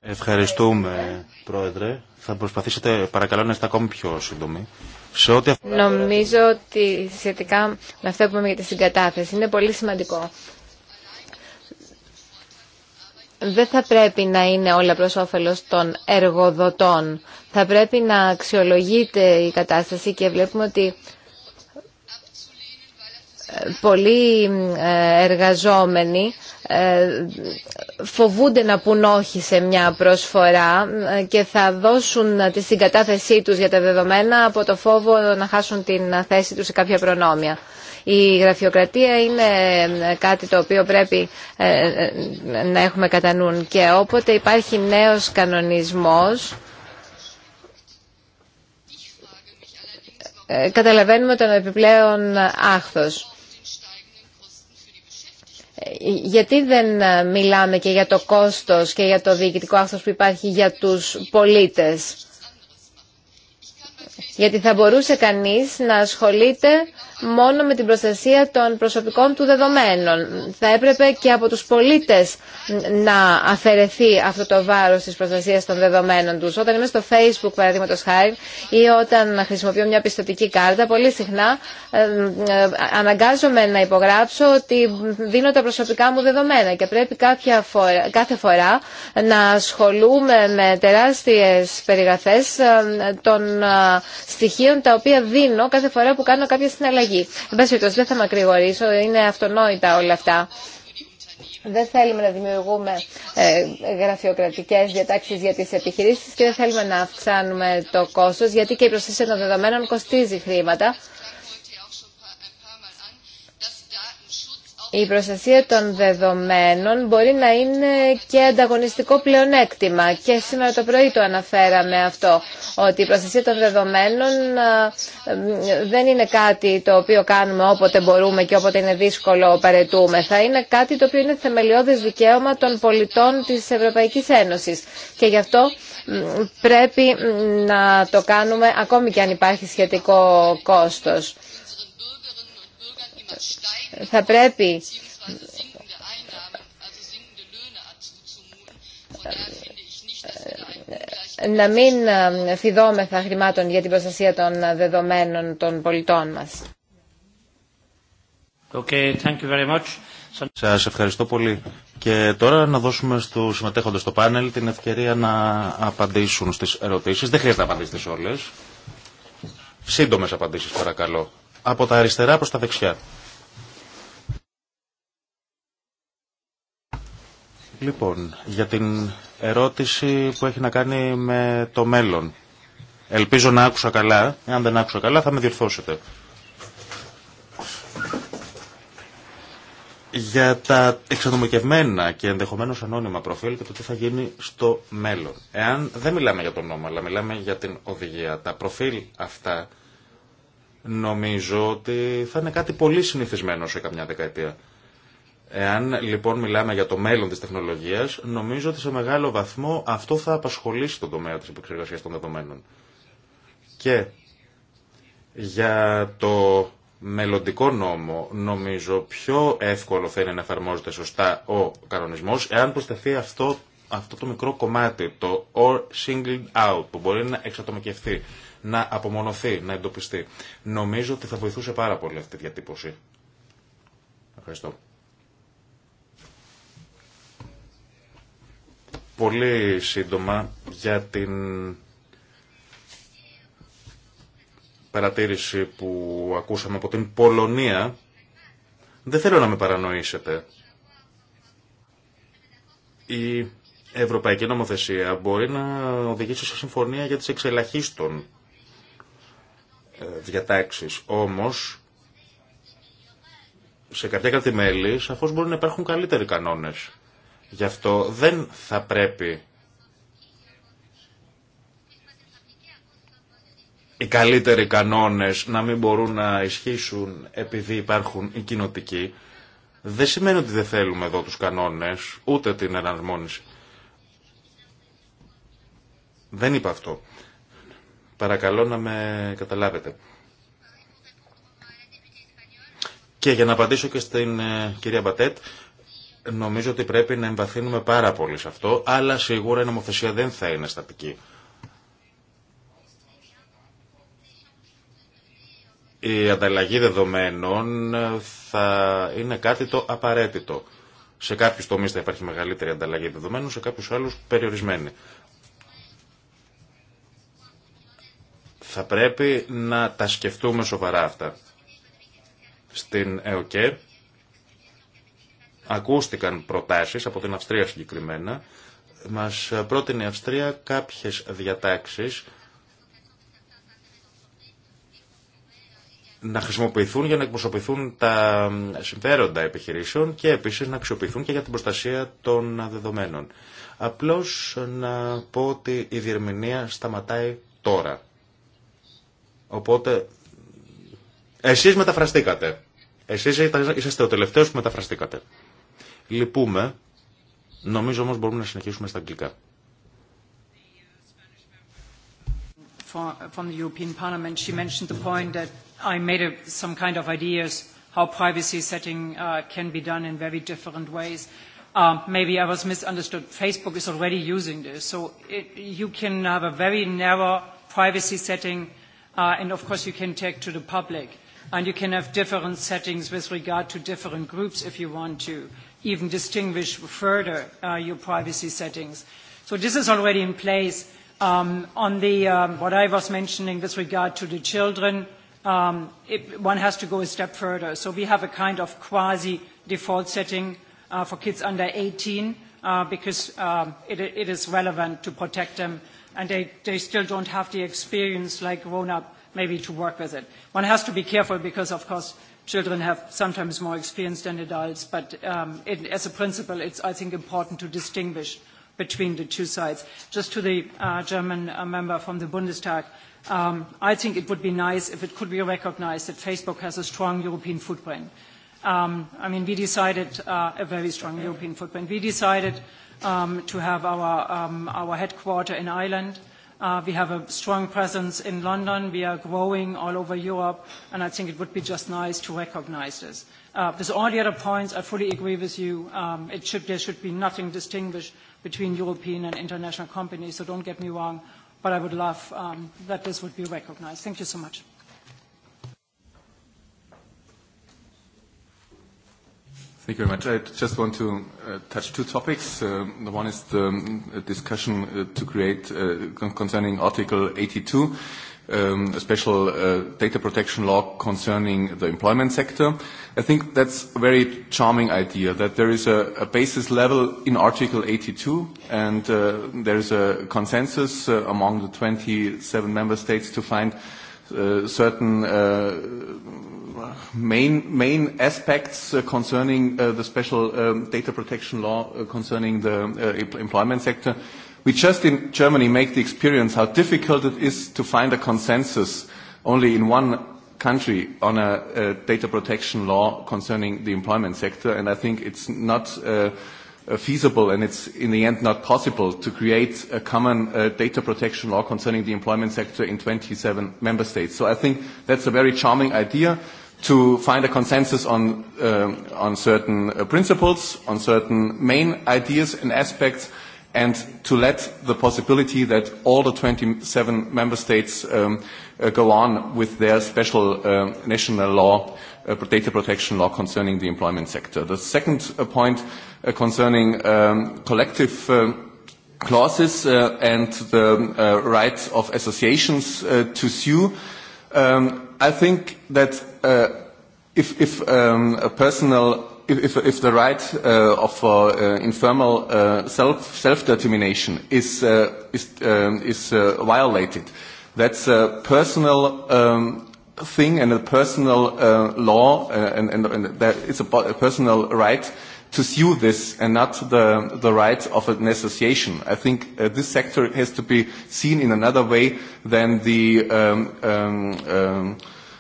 Ευχαριστούμε, Πρόεδρε. Θα προσπαθήσετε, παρακαλώ, να είστε ακόμη πιο σύντομοι. Νομίζω ότι σχετικά με αυτό που είπαμε για τη συγκατάθεση είναι πολύ σημαντικό. Δεν θα πρέπει να είναι όλα προς όφελος των εργοδοτών. Θα πρέπει να αξιολογείται η κατάσταση και βλέπουμε ότι πολλοί ε, εργαζόμενοι ε, φοβούνται να πούν όχι σε μια προσφορά και θα δώσουν τη συγκατάθεσή τους για τα δεδομένα από το φόβο να χάσουν την θέση τους σε κάποια προνόμια. Η γραφειοκρατία είναι κάτι το οποίο πρέπει ε, να έχουμε κατά νου και όποτε υπάρχει νέος κανονισμός καταλαβαίνουμε τον επιπλέον άχθος γιατί δεν ε, μιλάμε και για το κόστος και για το διοικητικό άχθος που υπάρχει για τους πολίτες γιατί θα μπορούσε κανείς να ασχολείται μόνο με την προστασία των προσωπικών του δεδομένων. Θα έπρεπε και από τους πολίτες να αφαιρεθεί αυτό το βάρος της προστασίας των δεδομένων τους. Όταν είμαι στο Facebook, παραδείγματο χάρη, ή όταν χρησιμοποιώ μια πιστοτική κάρτα, πολύ συχνά ε, αναγκάζομαι να υπογράψω ότι δίνω τα προσωπικά μου δεδομένα και πρέπει κάθε φορά να ασχολούμαι με τεράστιες περιγραφές των ε, στοιχείων τα οποία δίνω κάθε φορά που κάνω κάποια συναλλαγή. Εν πάση δεν θα ακρηγορήσω, είναι αυτονόητα όλα αυτά. Δεν θέλουμε να δημιουργούμε ε, γραφειοκρατικές διατάξεις για τις επιχειρήσεις και δεν θέλουμε να αυξάνουμε το κόστος, γιατί και η προσθέση των δεδομένων κοστίζει χρήματα. η προστασία των δεδομένων μπορεί να είναι και ανταγωνιστικό πλεονέκτημα. Και σήμερα το πρωί το αναφέραμε αυτό, ότι η προστασία των δεδομένων δεν είναι κάτι το οποίο κάνουμε όποτε μπορούμε και όποτε είναι δύσκολο παρετούμε. Θα είναι κάτι το οποίο είναι θεμελιώδες δικαίωμα των πολιτών της Ευρωπαϊκής Ένωσης. Και γι' αυτό πρέπει να το κάνουμε ακόμη και αν υπάρχει σχετικό κόστος θα πρέπει ε, να μην ε, φιδόμεθα χρημάτων για την προστασία των δεδομένων των πολιτών μας. Okay, thank you very much. Σας ευχαριστώ πολύ. Και τώρα να δώσουμε στους συμμετέχοντες στο πάνελ την ευκαιρία να απαντήσουν στις ερωτήσεις. Δεν χρειάζεται να απαντήσετε σε όλες. Σύντομες απαντήσεις παρακαλώ. Από τα αριστερά προς τα δεξιά. Λοιπόν, για την ερώτηση που έχει να κάνει με το μέλλον. Ελπίζω να άκουσα καλά. Εάν δεν άκουσα καλά θα με διορθώσετε. για τα εξανομικευμένα και ενδεχομένως ανώνυμα προφίλ και το τι θα γίνει στο μέλλον. Εάν δεν μιλάμε για τον νόμο, αλλά μιλάμε για την οδηγία, τα προφίλ αυτά νομίζω ότι θα είναι κάτι πολύ συνηθισμένο σε καμιά δεκαετία. Εάν λοιπόν μιλάμε για το μέλλον της τεχνολογίας, νομίζω ότι σε μεγάλο βαθμό αυτό θα απασχολήσει τον τομέα της επεξεργασίας των δεδομένων. Και για το μελλοντικό νόμο, νομίζω πιο εύκολο θα είναι να εφαρμόζεται σωστά ο κανονισμός, εάν προσθεθεί αυτό, αυτό το μικρό κομμάτι, το or singled out, που μπορεί να εξατομικευθεί, να απομονωθεί, να εντοπιστεί. Νομίζω ότι θα βοηθούσε πάρα πολύ αυτή τη διατύπωση. Ευχαριστώ. πολύ σύντομα για την παρατήρηση που ακούσαμε από την Πολωνία. Δεν θέλω να με παρανοήσετε. Η ευρωπαϊκή νομοθεσία μπορεί να οδηγήσει σε συμφωνία για τις εξελαχίστων ε, διατάξεις. Όμως, σε κάποια μέλη σαφώς μπορεί να υπάρχουν καλύτεροι κανόνες. Γι' αυτό δεν θα πρέπει οι καλύτεροι κανόνες να μην μπορούν να ισχύσουν επειδή υπάρχουν οι κοινοτικοί. Δεν σημαίνει ότι δεν θέλουμε εδώ τους κανόνες, ούτε την εναρμόνιση. Δεν είπα αυτό. Παρακαλώ να με καταλάβετε. Και για να απαντήσω και στην ε, κυρία Μπατέτ, Νομίζω ότι πρέπει να εμβαθύνουμε πάρα πολύ σε αυτό, αλλά σίγουρα η νομοθεσία δεν θα είναι στατική. Η ανταλλαγή δεδομένων θα είναι κάτι το απαραίτητο. Σε κάποιους τομείς θα υπάρχει μεγαλύτερη ανταλλαγή δεδομένων, σε κάποιους άλλους περιορισμένη. Θα πρέπει να τα σκεφτούμε σοβαρά αυτά. Στην ΕΟΚΕ Ακούστηκαν προτάσεις από την Αυστρία συγκεκριμένα. Μας πρότεινε η Αυστρία κάποιες διατάξεις να χρησιμοποιηθούν για να εκπροσωπηθούν τα συμφέροντα επιχειρήσεων και επίσης να αξιοποιηθούν και για την προστασία των δεδομένων. Απλώς να πω ότι η διερμηνία σταματάει τώρα. Οπότε, εσείς μεταφραστήκατε. Εσείς είσαστε ο τελευταίος που μεταφραστήκατε. Λυπούμε. Νομίζω όμως μπορούμε να συνεχίσουμε στα αγγλικά. From the European Parliament, she mentioned the point that I made some kind of ideas how privacy setting can be done in very different ways. Maybe I was misunderstood. Facebook is already using this, so you can have a very narrow privacy setting, and of course you can take to the public, and you can have different settings with regard to different groups if you want to even distinguish further your privacy settings. So this is already in place. On the what I was mentioning with regard to the children, one has to go a step further. So we have a kind of quasi-default setting for kids under 18 because it is relevant to protect them and they still don't have the experience like grown-up maybe to work with it. One has to be careful because, of course, children have sometimes more experience than adults, but as a principle, it's, I think, important to distinguish between the two sides. Just to the German member from the Bundestag, I think it would be nice if it could be recognized that Facebook has a strong European footprint. I mean, we decided a very strong European footprint. We decided to have our headquarter in Ireland We have a strong presence in London. We are growing all over Europe, and I think it would be just nice to recognize this. With all the other points, I fully agree with you. There should be nothing distinguished between European and international companies, so don't get me wrong, but I would love that this would be recognized. Thank you so much. Thank you very much. I just want to touch two topics. The one is the discussion to create concerning Article 82, a special data protection law concerning the employment sector. I think that's a very charming idea, that there is a basis level in Article 82, and there is a consensus among the 27 member states to find certain main aspects concerning the special data protection law concerning the employment sector. We just in Germany make the experience how difficult it is to find a consensus only in one country on a data protection law concerning the employment sector, and I think it's not feasible and it's in the end not possible to create a common data protection law concerning the employment sector in 27 member states. So I think that's a very charming idea to find a consensus on on certain principles, on certain main ideas and aspects, and to let the possibility that all the 27 member states go on with their special national law, data protection law concerning the employment sector. The second point concerning collective clauses and the rights of associations to sue. I think that if a personal if the right of informal self-determination is violated, that's a personal thing and a personal law, and it's a personal right to sue this and not the, the rights of an association. I think this sector has to be seen in another way than the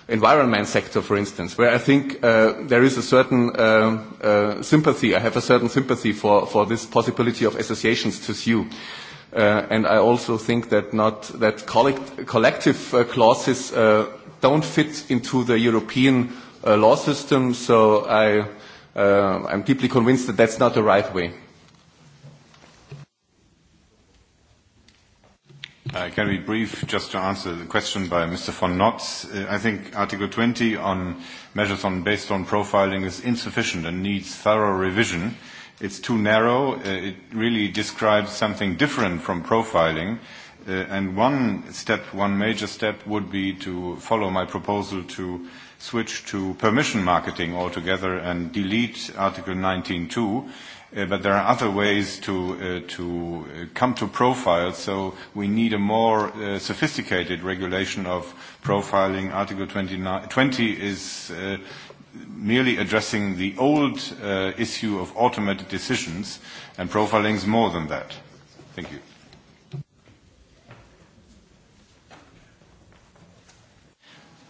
environment sector, for instance, where I think there is a certain sympathy, I have a certain sympathy for, for this possibility of associations to sue. and I also think that, not, that collective clauses don't fit into the European law system, so I I'm deeply convinced that that's not the right way. I can be brief just to answer the question by Mr. von Notz. I think Article 20 on measures on based on profiling is insufficient and needs thorough revision. It's too narrow. It really describes something different from profiling. And one step, one major step would be to follow my proposal to switch to permission marketing altogether and delete Article 19.2. But there are other ways to come to profiles, so we need a more sophisticated regulation of profiling. Article 20 is merely addressing the old issue of automated decisions, and profiling is more than that. Thank you.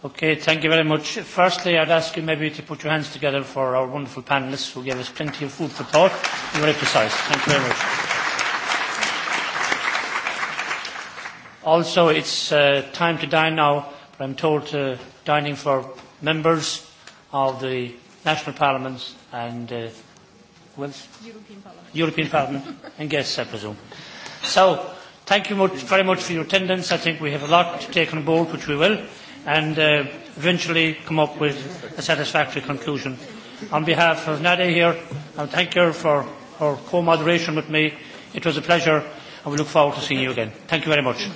Okay, thank you very much. Firstly, I'd ask you maybe to put your hands together for our wonderful panelists who gave us plenty of food for thought. You very precise. Thank you very much. Also, it's time to dine now, but I'm told dining for members of the national parliaments and European Parliament. European Parliament and guests, I presume. So, thank you very much for your attendance. I think we have a lot to take on board, which we will and eventually come up with a satisfactory conclusion. On behalf of Nadia here, I thank you for her co-moderation with me. It was a pleasure and we look forward to seeing you again. Thank you very much.